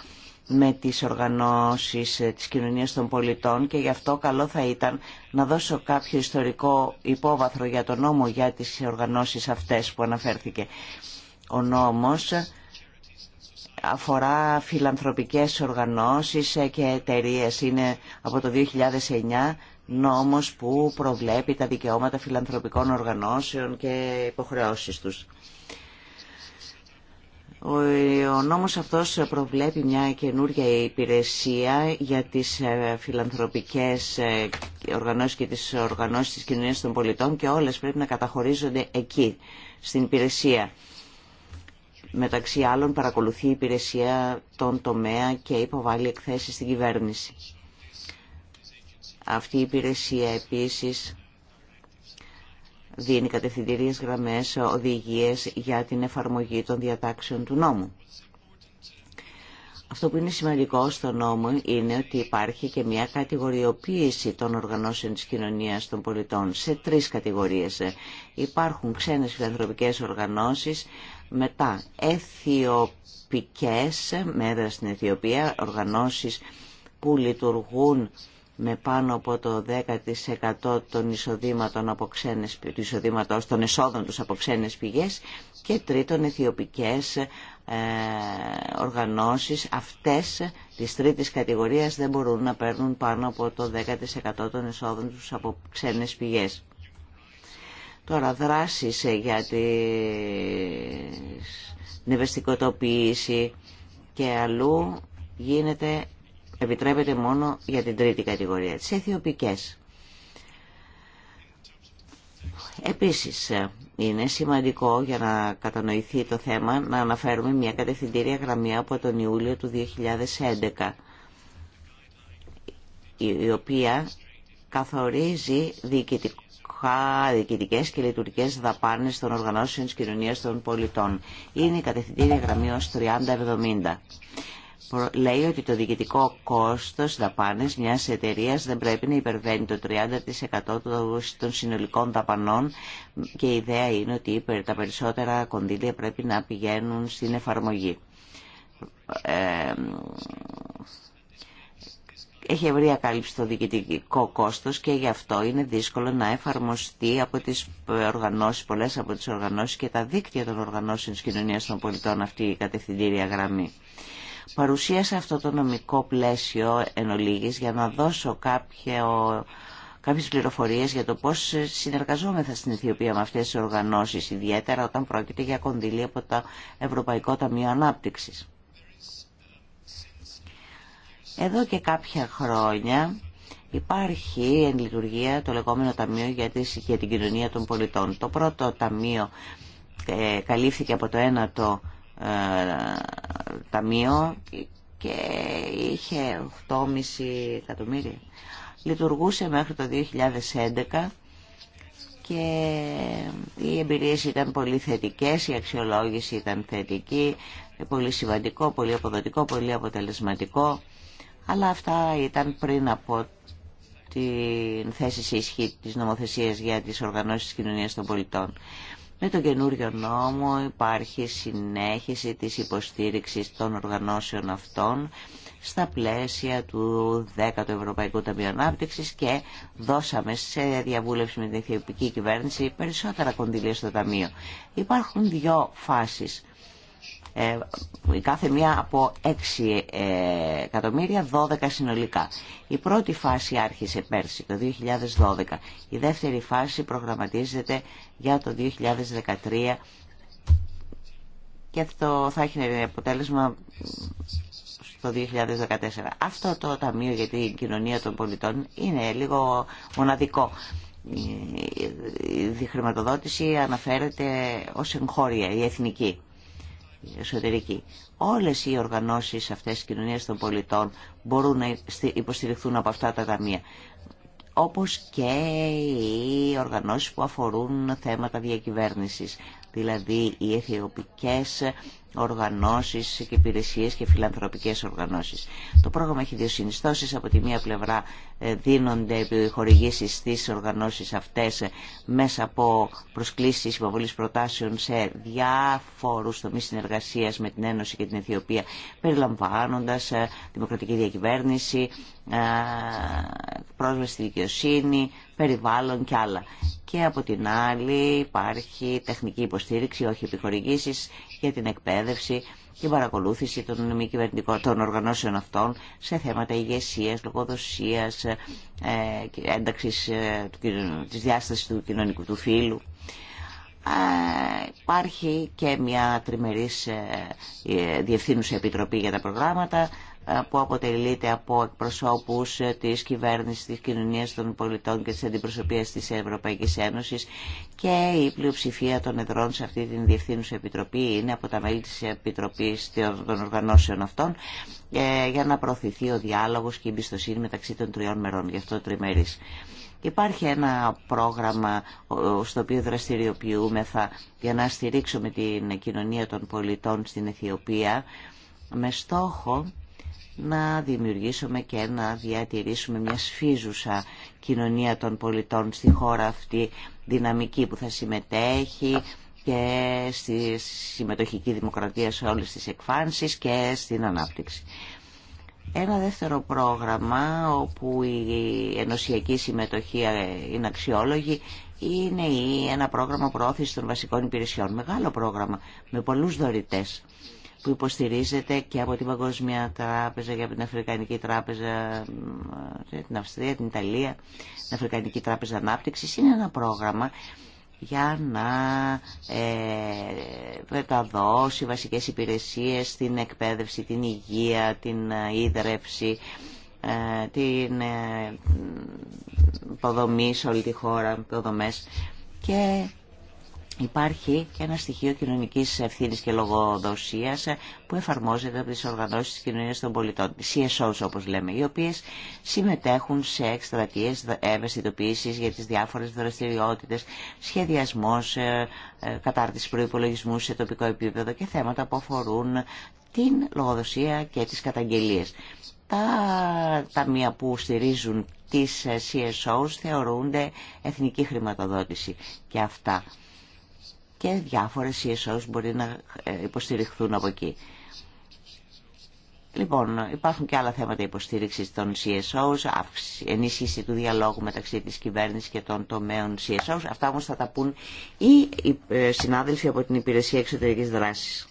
με τις οργανώσεις ε, της κοινωνίας των πολιτών και γι' αυτό καλό θα ήταν να δώσω κάποιο ιστορικό υπόβαθρο για τον νόμο για τις οργανώσεις αυτές που αναφέρθηκε. Ο νόμος ε, αφορά φιλανθρωπικές οργανώσεις ε, και εταιρείε. Είναι από το 2009 νόμος που προβλέπει τα δικαιώματα φιλανθρωπικών οργανώσεων και υποχρεώσεις τους. Ο νόμος αυτός προβλέπει μια καινούργια υπηρεσία για τις ε, φιλανθρωπικές ε, οργανώσεις και τις οργανώσεις της κοινωνίας των πολιτών και όλες πρέπει να καταχωρίζονται εκεί, στην υπηρεσία. Μεταξύ άλλων παρακολουθεί η υπηρεσία των τομέα και υποβάλλει εκθέσεις στην κυβέρνηση. Αυτή η υπηρεσία επίσης δίνει κατευθυντηρίες γραμμές, οδηγίες για την εφαρμογή των διατάξεων του νόμου. Αυτό που είναι σημαντικό στο νόμο είναι ότι υπάρχει και μια κατηγοριοποίηση των οργανώσεων της κοινωνίας των πολιτών σε τρεις κατηγορίες. Υπάρχουν ξένες φιλανθρωπικές οργανώσεις, μετά έθιοπικές, με στην Αιθιοπία, οργανώσεις που λειτουργούν με πάνω από το 10% των εισοδήματων από ξένες, των εσόδων τους από ξένες πηγές και τρίτον αιθιοπικές ε, οργανώσεις. Αυτές της τρίτης κατηγορίας δεν μπορούν να παίρνουν πάνω από το 10% των εσόδων τους από ξένες πηγές. Τώρα δράσεις για την ευαισθηκοτοποίηση και αλλού γίνεται επιτρέπεται μόνο για την τρίτη κατηγορία, τις αιθιοπικές. Επίσης, είναι σημαντικό για να κατανοηθεί το θέμα να αναφέρουμε μια κατευθυντήρια γραμμή από τον Ιούλιο του 2011, η οποία καθορίζει διοικητικό και λειτουργικές δαπάνες των οργανώσεων της κοινωνίας των πολιτών. Είναι η κατευθυντήρια γραμμή ως 3070 λέει ότι το διοικητικό κόστος δαπάνες μιας εταιρείας δεν πρέπει να υπερβαίνει το 30% των συνολικών δαπανών και η ιδέα είναι ότι τα περισσότερα κονδύλια πρέπει να πηγαίνουν στην εφαρμογή. Ε, έχει ευρία κάλυψη το διοικητικό κόστος και γι' αυτό είναι δύσκολο να εφαρμοστεί από τις οργανώσεις, πολλές από τις οργανώσεις και τα δίκτυα των οργανώσεων της κοινωνίας των πολιτών αυτή η κατευθυντήρια γραμμή. Παρουσίασα αυτό το νομικό πλαίσιο εν ολίγης για να δώσω ο, κάποιες πληροφορίες για το πώς συνεργαζόμεθα στην Αιθιοπία με αυτές τις οργανώσεις, ιδιαίτερα όταν πρόκειται για κονδυλία από το Ευρωπαϊκό Ταμείο Ανάπτυξης. Εδώ και κάποια χρόνια υπάρχει εν λειτουργία το λεγόμενο Ταμείο για την Κοινωνία των Πολιτών. Το πρώτο ταμείο ε, καλύφθηκε από το ένατο ταμείο και είχε 8,5 εκατομμύρια. Λειτουργούσε μέχρι το 2011 και οι εμπειρίες ήταν πολύ θετικές, η αξιολόγηση ήταν θετική, πολύ σημαντικό, πολύ αποδοτικό, πολύ αποτελεσματικό. Αλλά αυτά ήταν πριν από την θέση σε ισχύ της νομοθεσίας για τις οργανώσεις της κοινωνίας των πολιτών. Με τον καινούριο νόμο υπάρχει συνέχιση της υποστήριξης των οργανώσεων αυτών στα πλαίσια του 10ου Ευρωπαϊκού Ταμείου Ανάπτυξης και δώσαμε σε διαβούλευση με την Αιθιοπική Κυβέρνηση περισσότερα κονδύλια στο Ταμείο. Υπάρχουν δύο φάσεις. Ε, κάθε μία από 6 ε, εκατομμύρια, 12 συνολικά. Η πρώτη φάση άρχισε πέρσι, το 2012. Η δεύτερη φάση προγραμματίζεται για το 2013 και αυτό θα έχει αποτέλεσμα το 2014. Αυτό το Ταμείο για την Κοινωνία των Πολιτών είναι λίγο μοναδικό. Η χρηματοδότηση αναφέρεται ως εγχώρια, η εθνική, η εσωτερική. Όλες οι οργανώσεις αυτές της κοινωνίας των πολιτών μπορούν να υποστηριχθούν από αυτά τα ταμεία όπως και οι οργανώσεις που αφορούν θέματα διακυβέρνησης, δηλαδή οι έθιοπικές οργανώσεις και υπηρεσίες και φιλανθρωπικές οργανώσεις. Το πρόγραμμα έχει δύο συνιστώσεις. Από τη μία πλευρά ε, δίνονται χορηγήσεις στις οργανώσεις αυτές ε, μέσα από προσκλήσεις υποβολή προτάσεων σε διάφορους τομείς συνεργασίας με την Ένωση και την Αιθιοπία περιλαμβάνοντας ε, δημοκρατική διακυβέρνηση, πρόσβαση στη δικαιοσύνη, περιβάλλον και άλλα. Και από την άλλη υπάρχει τεχνική υποστήριξη, όχι επιχορηγήσεις, για την εκπαίδευση, και παρακολούθηση των μη των οργανώσεων αυτών σε θέματα ηγεσία, λογοδοσία, ε, ένταξη ε, τη διάσταση του κοινωνικού του φύλου. Υπάρχει και μια τριμερής ε, διευθύνουσα επιτροπή για τα προγράμματα που αποτελείται από εκπροσώπους της κυβέρνησης, της κοινωνίας των πολιτών και της αντιπροσωπείας της Ευρωπαϊκής Ένωσης και η πλειοψηφία των εδρών σε αυτή την Διευθύνουσα Επιτροπή είναι από τα μέλη της Επιτροπής των Οργανώσεων αυτών ε, για να προωθηθεί ο διάλογος και η εμπιστοσύνη μεταξύ των τριών μερών, γι' αυτό τριμερής. Υπάρχει ένα πρόγραμμα στο οποίο δραστηριοποιούμεθα για να στηρίξουμε την κοινωνία των πολιτών στην Αιθιοπία με στόχο να δημιουργήσουμε και να διατηρήσουμε μια σφίζουσα κοινωνία των πολιτών στη χώρα αυτή δυναμική που θα συμμετέχει και στη συμμετοχική δημοκρατία σε όλες τις εκφάνσεις και στην ανάπτυξη. Ένα δεύτερο πρόγραμμα όπου η ενωσιακή συμμετοχή είναι αξιόλογη είναι ένα πρόγραμμα προώθησης των βασικών υπηρεσιών. Μεγάλο πρόγραμμα με πολλούς δωρητές που υποστηρίζεται και από την Παγκόσμια Τράπεζα και από την Αφρικανική Τράπεζα, ε, την Αυστρία, την Ιταλία, την Αφρικανική Τράπεζα ανάπτυξη, Είναι ένα πρόγραμμα για να ε, μεταδώσει βασικές υπηρεσίες στην εκπαίδευση, την υγεία, την ε, ίδρευση, ε, την ε, υποδομή σε όλη τη χώρα, υποδομές. Και Υπάρχει και ένα στοιχείο κοινωνική ευθύνη και λογοδοσία που εφαρμόζεται από τι οργανώσει τη κοινωνία των πολιτών, CSOs όπω λέμε, οι οποίε συμμετέχουν σε εκστρατείε ε, ευαισθητοποίησης για τις διάφορες δραστηριότητες, σχεδιασμός, ε, ε, κατάρτιση προπολογισμού, σε τοπικό επίπεδο και θέματα που αφορούν την λογοδοσία και τι καταγγελίε. Τα ταμεία που στηρίζουν τις CSOs θεωρούνται εθνική χρηματοδότηση και αυτά και διάφορες CSOs μπορεί να ε, υποστηριχθούν από εκεί. Λοιπόν, υπάρχουν και άλλα θέματα υποστήριξης των CSOs, ενίσχυση του διαλόγου μεταξύ της κυβέρνησης και των τομέων CSOs. Αυτά όμως θα τα πούν οι ε, συνάδελφοι από την Υπηρεσία Εξωτερικής Δράσης.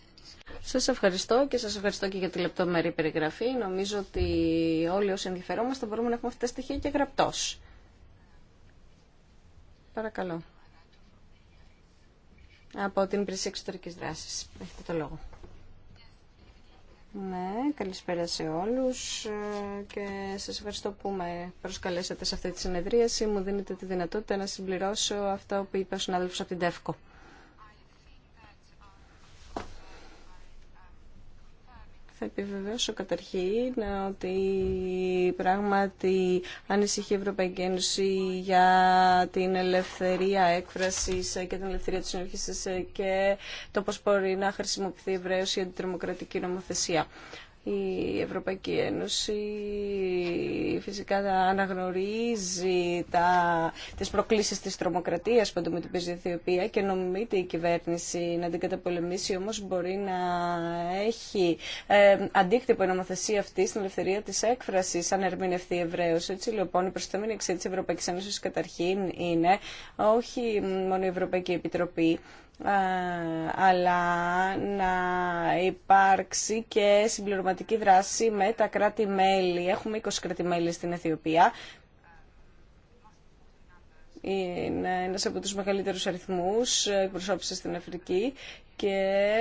Σας ευχαριστώ και σας ευχαριστώ και για τη λεπτομερή περιγραφή. Νομίζω ότι όλοι όσοι ενδιαφερόμαστε μπορούμε να έχουμε αυτά τα στοιχεία και γραπτός. Παρακαλώ από την Υπηρεσία Εξωτερικής Δράσης. Έχετε το λόγο. Ναι, καλησπέρα σε όλους ε, και σας ευχαριστώ που με προσκαλέσατε σε αυτή τη συνεδρίαση. Μου δίνετε τη δυνατότητα να συμπληρώσω αυτό που είπε ο συνάδελφος από την ΤΕΦΚΟ. Θα επιβεβαιώσω καταρχήν ότι πράγματι ανησυχεί η Ευρωπαϊκή Ένωση για την ελευθερία έκφρασης και την ελευθερία της συνοχής και το πώς μπορεί να χρησιμοποιηθεί ευρέως η αντιτρομοκρατική νομοθεσία η Ευρωπαϊκή Ένωση φυσικά αναγνωρίζει τα, τις προκλήσεις της τρομοκρατίας που αντιμετωπίζει η Αιθιοπία και νομιμείται η κυβέρνηση να την καταπολεμήσει όμως μπορεί να έχει ε, αντίκτυπο η νομοθεσία αυτή στην ελευθερία της έκφρασης αν ερμηνευτεί ευραίως. Έτσι λοιπόν η προσθέμενη εξέτηση της Ευρωπαϊκής Ένωσης καταρχήν είναι όχι μόνο η Ευρωπαϊκή Επιτροπή αλλά να υπάρξει και συμπληρωματική δράση με τα κράτη-μέλη. Έχουμε 20 κράτη-μέλη στην Αιθιοπία. Είναι ένας από τους μεγαλύτερους αριθμούς εκπροσώπησης στην Αφρική και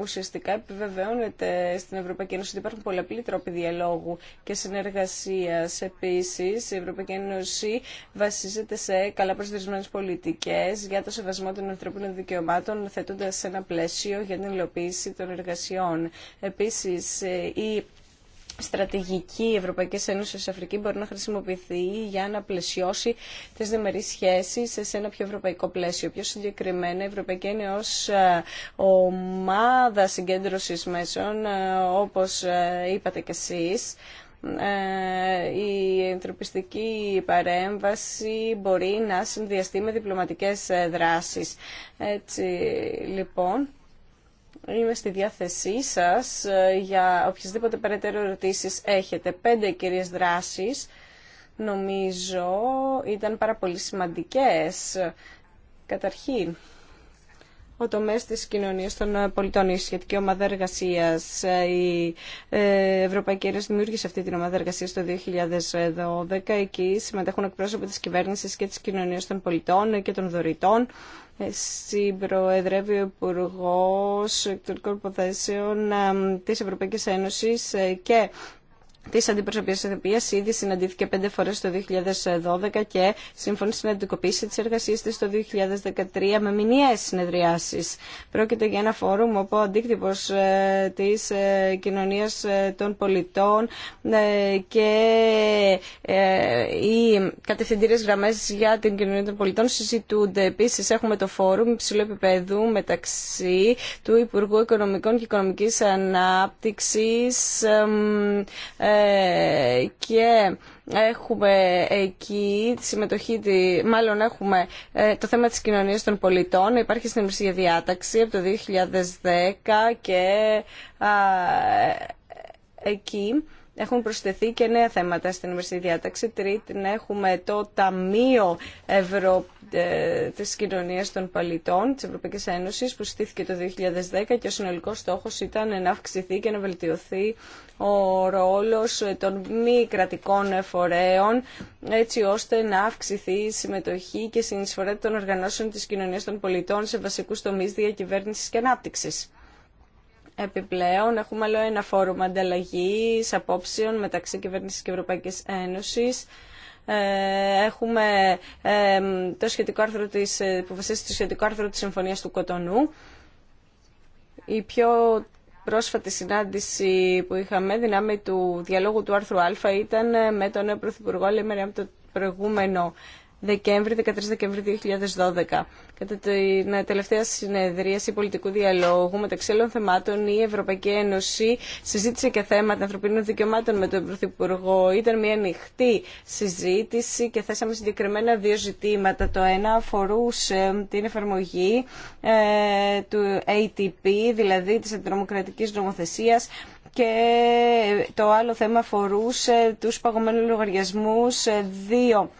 ουσιαστικά επιβεβαιώνεται στην Ευρωπαϊκή Ένωση ότι υπάρχουν πολλαπλή τρόποι διαλόγου και συνεργασίας. Επίσης, η Ευρωπαϊκή Ένωση βασίζεται σε καλά προσδιορισμένες πολιτικές για το σεβασμό των ανθρώπινων δικαιωμάτων, θέτοντας ένα πλαίσιο για την υλοποίηση των εργασιών. Επίσης, η στρατηγική Ευρωπαϊκή Ένωση Αφρική μπορεί να χρησιμοποιηθεί για να πλαισιώσει τις διμερείς σχέσει σε ένα πιο ευρωπαϊκό πλαίσιο. Πιο συγκεκριμένα η Ευρωπαϊκή Ένωση ω ε, ομάδα συγκέντρωσης μέσων, ε, όπως ε, είπατε κι εσείς, η ανθρωπιστική παρέμβαση μπορεί να συνδυαστεί με διπλωματικές δράσεις. Έτσι λοιπόν Είμαι στη διάθεσή σας ε, για οποιασδήποτε περαιτέρω ερωτήσεις έχετε. Πέντε κυρίες δράσεις νομίζω ήταν πάρα πολύ σημαντικές. Καταρχήν, ο τομέας της κοινωνίας των πολιτών, η σχετική ομάδα εργασίας, ε, η ε, Ευρωπαϊκή Ένωση δημιούργησε αυτή την ομάδα εργασίας το 2012. Εκεί συμμετέχουν εκπρόσωποι της κυβέρνησης και της κοινωνίας των πολιτών και των δωρητών συμπροεδρεύει ο Υπουργό Εκτορικών Υποθέσεων ε, της Ευρωπαϊκής Ένωσης ε, και της τη Εθνοπίας ήδη συναντήθηκε πέντε φορές το 2012 και σύμφωνα στην αντικοποίηση τη εργασία τη το 2013 με μηνιαίε συνεδριάσεις. Πρόκειται για ένα φόρουμ όπου ο αντίκτυπος ε, της ε, κοινωνίας ε, των πολιτών και οι κατευθυντήριε γραμμέ για την κοινωνία των πολιτών συζητούνται. Επίση έχουμε το φόρουμ υψηλού επίπεδου μεταξύ του Υπουργού Οικονομικών και Οικονομικής Ανάπτυξης ε, και έχουμε εκεί τη συμμετοχή, μάλλον έχουμε ε, το θέμα της κοινωνίας των πολιτών, υπάρχει στην για διάταξη από το 2010 και ε, εκεί έχουν προσθεθεί και νέα θέματα στην ευρωπαϊκή διάταξη. Τρίτην, έχουμε το Ταμείο Ευρω... ε, της Κοινωνίας των Πολιτών τη Ευρωπαϊκή Ένωση που στήθηκε το 2010 και ο συνολικό στόχο ήταν να αυξηθεί και να βελτιωθεί ο ρόλος των μη κρατικών φορέων έτσι ώστε να αυξηθεί η συμμετοχή και συνεισφορά των οργανώσεων τη κοινωνία των πολιτών σε βασικού τομεί διακυβέρνηση και ανάπτυξη. Επιπλέον, έχουμε άλλο ένα φόρουμ ανταλλαγή απόψεων μεταξύ κυβέρνηση και Ευρωπαϊκή Ένωση. Ε, έχουμε ε, το σχετικό άρθρο της, ε, που βασίζεται στο σχετικό άρθρο της Συμφωνίας του Κοτονού. Η πιο πρόσφατη συνάντηση που είχαμε, δυνάμει του διαλόγου του άρθρου Α, ήταν με τον νέο Πρωθυπουργό, λέμε από το προηγούμενο Δεκέμβρη, 13 Δεκεμβρίου 2012. Κατά την ε, τελευταία συνεδρίαση πολιτικού διαλόγου μεταξύ άλλων θεμάτων, η Ευρωπαϊκή Ένωση συζήτησε και θέματα ανθρωπίνων δικαιωμάτων με τον Πρωθυπουργό. Ήταν μια ανοιχτή συζήτηση και θέσαμε συγκεκριμένα δύο ζητήματα. Το ένα αφορούσε ε, την εφαρμογή ε, του ATP, δηλαδή της αντιτρομοκρατικής νομοθεσίας, και το άλλο θέμα αφορούσε τους παγωμένους λογαριασμούς δύο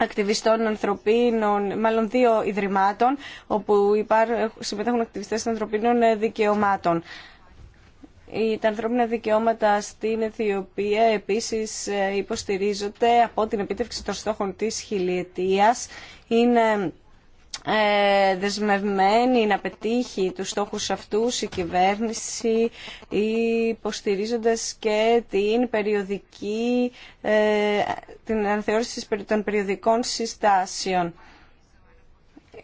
ακτιβιστών ανθρωπίνων, μάλλον δύο ιδρυμάτων, όπου συμμετέχουν ακτιβιστές ανθρωπίνων δικαιωμάτων. Τα ανθρώπινα δικαιώματα στην Αιθιοπία επίσης ε, υποστηρίζονται από την επίτευξη των στόχων της χιλιετίας. Είναι ε, δεσμευμένη να πετύχει τους στόχους αυτούς η κυβέρνηση υποστηρίζοντας και την περιοδική ε, την αναθεώρηση των περιοδικών συστάσεων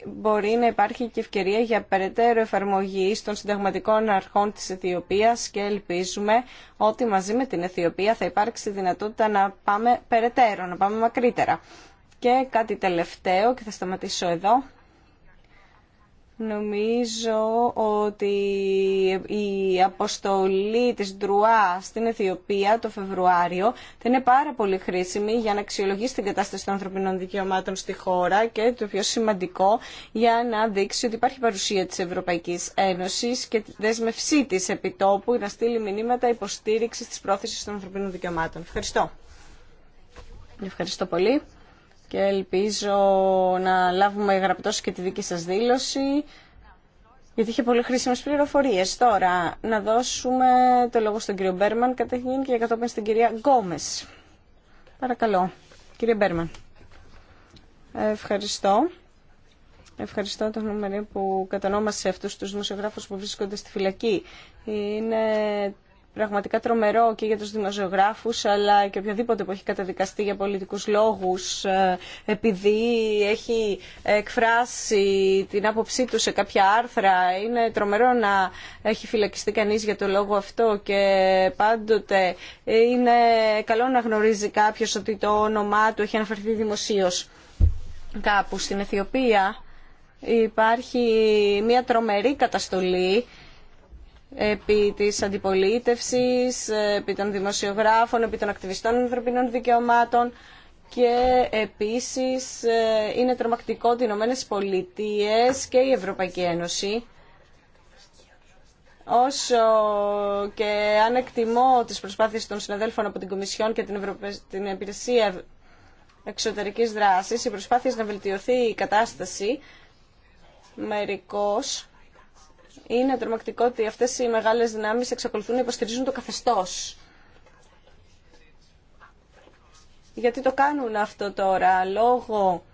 μπορεί να υπάρχει και ευκαιρία για περαιτέρω εφαρμογή των συνταγματικών αρχών της Αιθιοπίας και ελπίζουμε ότι μαζί με την Αιθιοπία θα υπάρξει δυνατότητα να πάμε περαιτέρω, να πάμε μακρύτερα. Και κάτι τελευταίο και θα σταματήσω εδώ. Νομίζω ότι η αποστολή της Ντρουά στην Αιθιοπία το Φεβρουάριο θα είναι πάρα πολύ χρήσιμη για να αξιολογήσει την κατάσταση των ανθρωπινών δικαιωμάτων στη χώρα και το πιο σημαντικό για να δείξει ότι υπάρχει παρουσία της Ευρωπαϊκής Ένωσης και τη δέσμευσή της επιτόπου να στείλει μηνύματα υποστήριξης της πρόθεσης των ανθρωπίνων δικαιωμάτων. Ευχαριστώ. Ευχαριστώ πολύ και ελπίζω να λάβουμε γραπτό και τη δική σας δήλωση γιατί είχε πολύ χρήσιμες πληροφορίες. Τώρα, να δώσουμε το λόγο στον κύριο Μπέρμαν καταρχήν και κατόπιν στην κυρία Γκόμες. Παρακαλώ, κύριε Μπέρμαν. Ευχαριστώ. Ευχαριστώ τον νούμερο που κατανόμασε αυτούς τους δημοσιογράφους που βρίσκονται στη φυλακή. Είναι πραγματικά τρομερό και για τους δημοσιογράφους αλλά και οποιοδήποτε που έχει καταδικαστεί για πολιτικούς λόγους ε, επειδή έχει εκφράσει την άποψή του σε κάποια άρθρα είναι τρομερό να έχει φυλακιστεί κανείς για το λόγο αυτό και πάντοτε είναι καλό να γνωρίζει κάποιος ότι το όνομά του έχει αναφερθεί δημοσίως κάπου στην Αιθιοπία υπάρχει μια τρομερή καταστολή επί της αντιπολίτευσης, επί των δημοσιογράφων, επί των ακτιβιστών ανθρωπινών δικαιωμάτων και επίσης ε, είναι τρομακτικό ότι οι Ηνωμένες και η Ευρωπαϊκή Ένωση όσο και αν εκτιμώ τις προσπάθειες των συναδέλφων από την Κομισιόν και την, Ευρωπα... την Υπηρεσία Εξωτερικής Δράσης, οι προσπάθειες να βελτιωθεί η κατάσταση μερικώς είναι τρομακτικό ότι αυτές οι μεγάλες δυνάμεις εξακολουθούν να υποστηρίζουν το καθεστώς. Γιατί το κάνουν αυτό τώρα, λόγω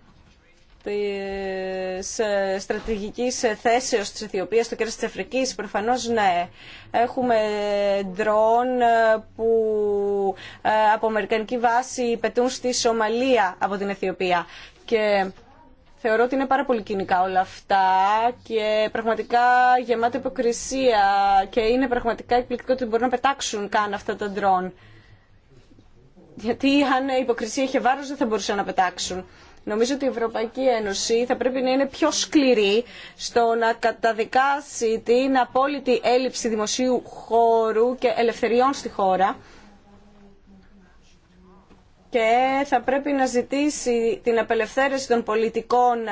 της ε, στρατηγικής θέσεως της Αιθιοπίας στο κέντρο της Αφρικής. Προφανώς ναι. Έχουμε ντρόν ε, που ε, από αμερικανική βάση πετούν στη Σομαλία από την Αιθιοπία. Και Θεωρώ ότι είναι πάρα πολύ κοινικά όλα αυτά και πραγματικά γεμάτα υποκρισία και είναι πραγματικά εκπληκτικό ότι μπορούν να πετάξουν καν αυτά τα ντρόν. Γιατί αν η υποκρισία είχε βάρος δεν θα μπορούσαν να πετάξουν. Νομίζω ότι η Ευρωπαϊκή Ένωση θα πρέπει να είναι πιο σκληρή στο να καταδικάσει την απόλυτη έλλειψη δημοσίου χώρου και ελευθεριών στη χώρα και θα πρέπει να ζητήσει την απελευθέρωση των πολιτικών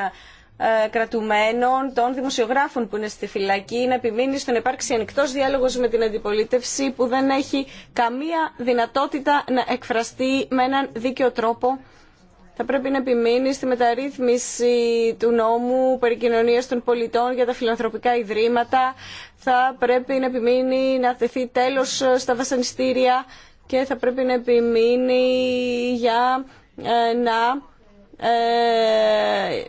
ε, κρατουμένων, των δημοσιογράφων που είναι στη φυλακή, να επιμείνει στον υπάρξει ανοιχτό διάλογο με την αντιπολίτευση που δεν έχει καμία δυνατότητα να εκφραστεί με έναν δίκαιο τρόπο. Θα πρέπει να επιμείνει στη μεταρρύθμιση του νόμου περί των πολιτών για τα φιλανθρωπικά ιδρύματα. Θα πρέπει να επιμείνει να θεθεί τέλος στα βασανιστήρια και θα πρέπει να επιμείνει για ε, να ε,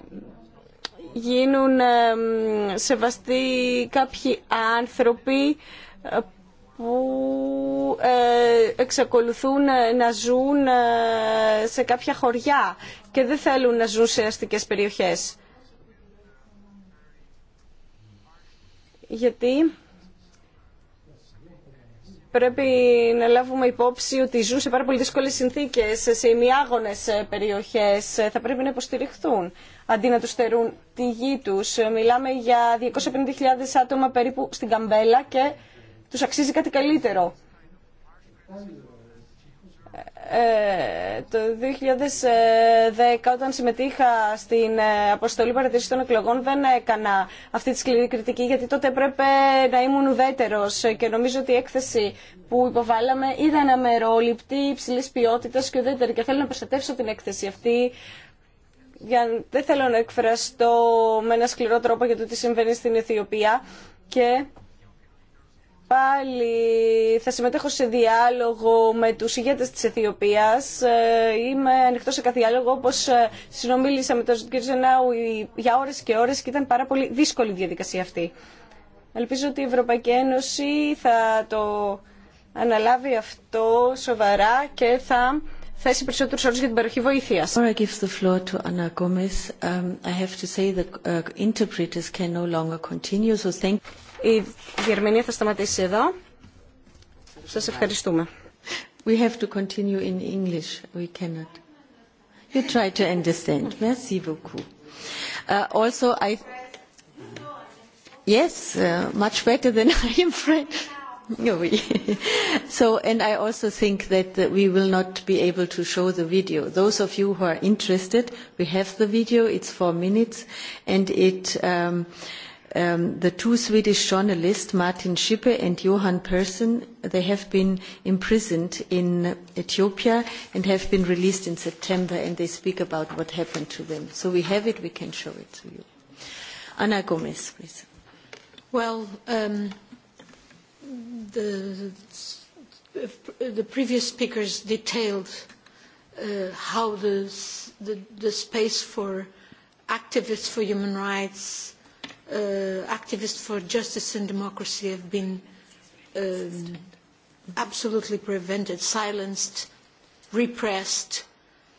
γίνουν ε, σεβαστοί κάποιοι άνθρωποι που εξακολουθούν να ζουν σε κάποια χωριά και δεν θέλουν να ζουν σε αστικές περιοχές. Γιατί πρέπει να λάβουμε υπόψη ότι ζουν σε πάρα πολύ δύσκολε συνθήκε, σε ημιάγονε περιοχέ. Θα πρέπει να υποστηριχθούν αντί να του στερούν τη γη του. Μιλάμε για 250.000 άτομα περίπου στην Καμπέλα και του αξίζει κάτι καλύτερο. Ε, το 2010 όταν συμμετείχα στην ε, αποστολή παρατηρήσεων των εκλογών δεν έκανα αυτή τη σκληρή κριτική γιατί τότε έπρεπε να ήμουν ουδέτερος και νομίζω ότι η έκθεση που υποβάλαμε ήταν αμερόληπτη, υψηλής ποιότητας και ουδέτερη και θέλω να προστατεύσω την έκθεση αυτή για, δεν θέλω να εκφραστώ με ένα σκληρό τρόπο για το τι συμβαίνει στην Αιθιοπία και πάλι θα συμμετέχω σε διάλογο με τους ηγέτες της Αιθιοπίας. Ε, είμαι ανοιχτό σε κάθε διάλογο, όπως ε, συνομίλησα με τον κ. Ζενάου για ώρε και ώρε και ήταν πάρα πολύ δύσκολη η διαδικασία αυτή. Ελπίζω ότι η Ευρωπαϊκή Ένωση θα το αναλάβει αυτό σοβαρά και θα θέσει περισσότερους όρους για την παροχή βοήθειας. Η Γερμανία θα σταματήσει εδώ. Σας ευχαριστούμε. We have to continue in English. We cannot. You try to understand. Merci beaucoup. also, I. Yes, uh, much better than I am French. So, and I also think that we will not be able to show the video. Those of you who are interested, we have the video. It's four minutes, and it the two Swedish journalists, Martin Schippe and Johan Persson, they have been imprisoned in Ethiopia and have been released in September, and they speak about what happened to them. So we have it, we can show it to you. Ana Gomez, please. Well, the previous speakers detailed how the space for activists for human rights activists for justice and democracy have been absolutely prevented, silenced, repressed,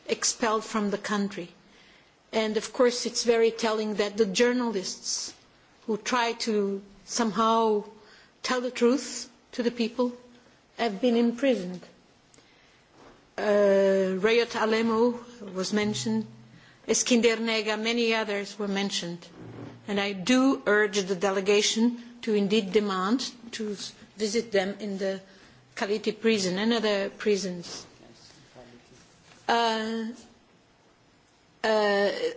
expelled from the country. And of course it's very telling that the journalists who try to somehow tell the truth to the people have been imprisoned. Rayot Alemo was mentioned, Eskinder Nega, many others were mentioned and I do urge the delegation to indeed demand to visit them in the Kaliti prison and other prisons.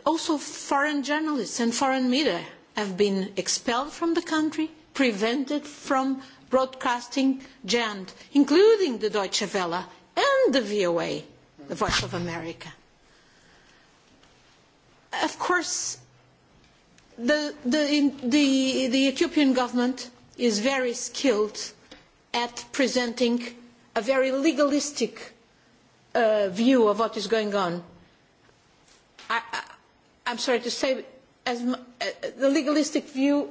Also foreign journalists and foreign media have been expelled from the country, prevented from broadcasting jammed, including the Deutsche Welle and the VOA, the Voice of America. Of course The Ethiopian government is very skilled at presenting a very legalistic view of what is going on. I'm sorry to say, the legalistic view,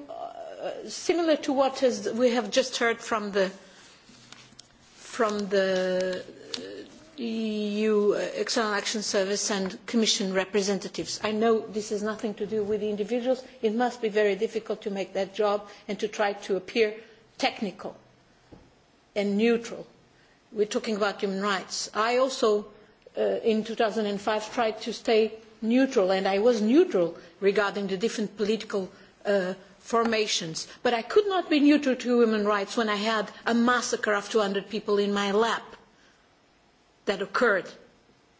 similar to what we have just heard from the EU External Action Service and Commission representatives. I know this has nothing to do with the individuals. It must be very difficult to make that job and to try to appear technical and neutral. We are talking about human rights. I also, in 2005, tried to stay neutral, and I was neutral regarding the different political formations. But I could not be neutral to human rights when I had a massacre of 200 people in my lap that occurred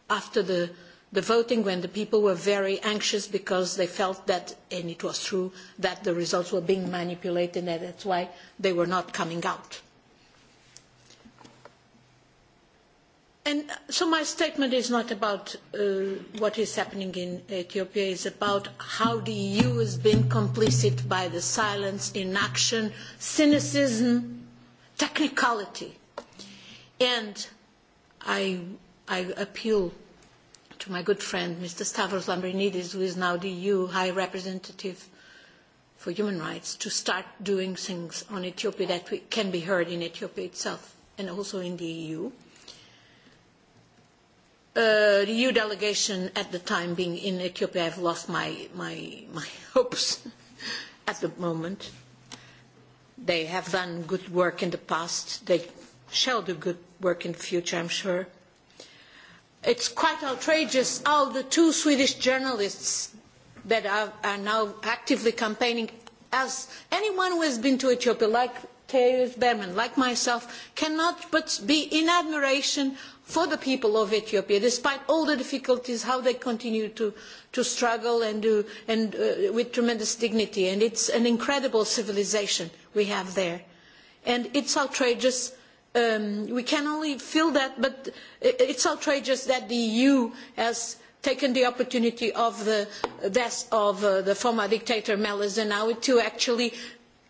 after the voting when the people were very anxious because they felt that, and it was true, that the results were being manipulated and that's why they were not coming out. And so my statement is not about what is happening in Ethiopia, it's about how the EU has been complicit by the silence, inaction, cynicism, technicality. And I appeal to my good friend, Mr. Stavros Lambrinidis, who is now the EU High Representative for Human Rights, to start doing things on Ethiopia that can be heard in Ethiopia itself and also in the EU. The EU delegation at the time being in Ethiopia, I've lost my hopes at the moment. They have done good work in the past. They shall do good work in the future, I'm sure. It's quite outrageous how the two Swedish journalists that are now actively campaigning, as anyone who has been to Ethiopia, like Teus Berman, like myself, cannot but be in admiration for the people of Ethiopia, despite all the difficulties, how they continue to struggle and with tremendous dignity. And it's an incredible civilization we have there. And it's outrageous we can only feel that but it's outrageous that the eu has taken the opportunity of the death of the former dictator meles now to actually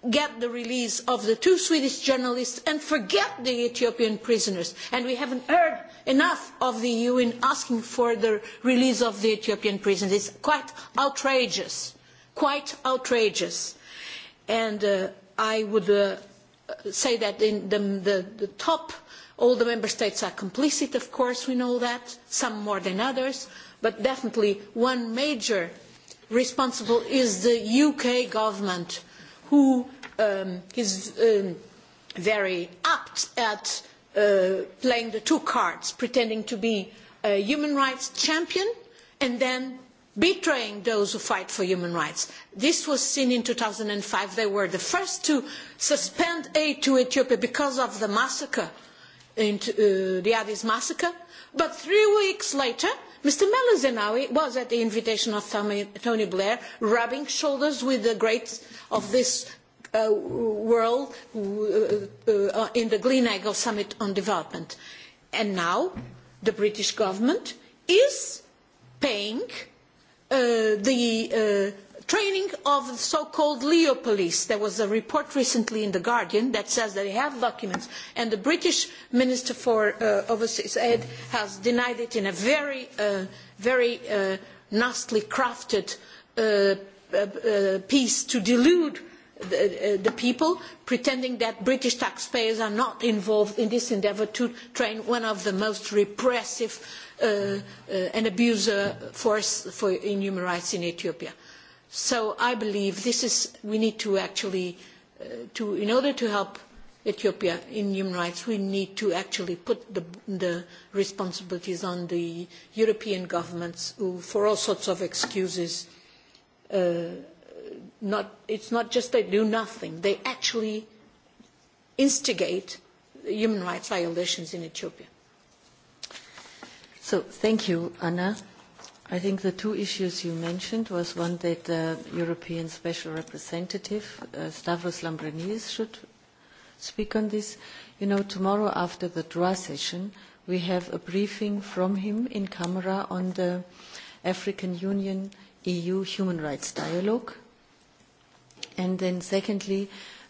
get the release of the two swedish journalists and forget the ethiopian prisoners and we haven't heard enough of the eu in asking for the release of the ethiopian prisoners. it's quite outrageous quite outrageous and i would say that in the top all the member states are complicit of course we know that some more than others but definitely one major responsible is the uk government who is very apt at playing the two cards pretending to be a human rights champion and then betraying those who fight for human rights. This was seen in 2005. They were the first to suspend aid to Ethiopia because of the massacre, the Addis massacre. But three weeks later, Mr. Melazenawi was, at the invitation of Tony Blair, rubbing shoulders with the greats of this world in the Eagle Summit on Development. And now the British government is paying the training of the so called leo police there was a report recently in the guardian that says that they have documents and the british minister for overseas aid has denied it in a very very nastily crafted piece to delude the people pretending that british taxpayers are not involved in this endeavour to train one of the most repressive an abuser force in human rights in Ethiopia. So I believe this is we need to actually in order to help Ethiopia in human rights we need to actually put the responsibilities on the European governments who for all sorts of excuses not it's not just they do nothing they actually instigate human rights violations in Ethiopia So thank you, Anna. I think the two issues you mentioned was one that the European Special Representative, Stavros Lambrinidis, should speak on this. You know, tomorrow after the draw session, we have a briefing from him in camera on the African Union EU Human Rights Dialogue. And then secondly,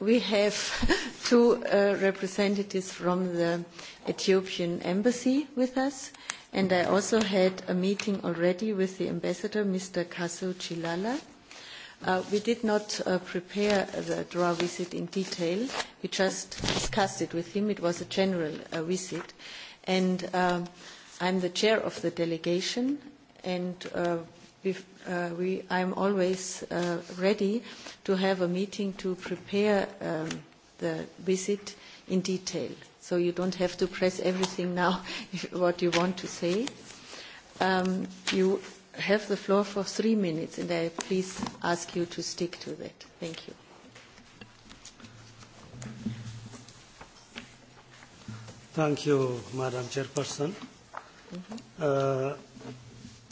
we have two representatives from the Ethiopian embassy with us, and I also had a meeting already with the ambassador, Mr. Kasu Chilala. We did not prepare the draw visit in detail. We just discussed it with him. It was a general visit. And I'm the chair of the delegation, and I am always ready to have a meeting to prepare the visit in detail. So you don't have to press everything now, what you want to say. You have the floor for three minutes, and I please ask you to stick to that. Thank you. Thank you, Madam Chairperson.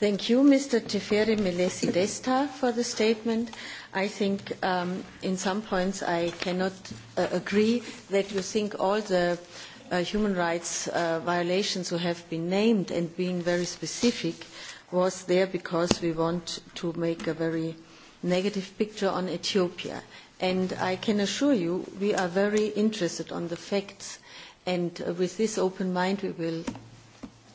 Thank you, Mr. Teferi Melesi Desta, for the statement. I think in some points I cannot agree that you think all the human rights violations who have been named and being very specific was there because we want to make a very negative picture on Ethiopia. And I can assure you we are very interested on the facts and with this open mind we will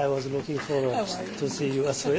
I was looking forward to see you as well.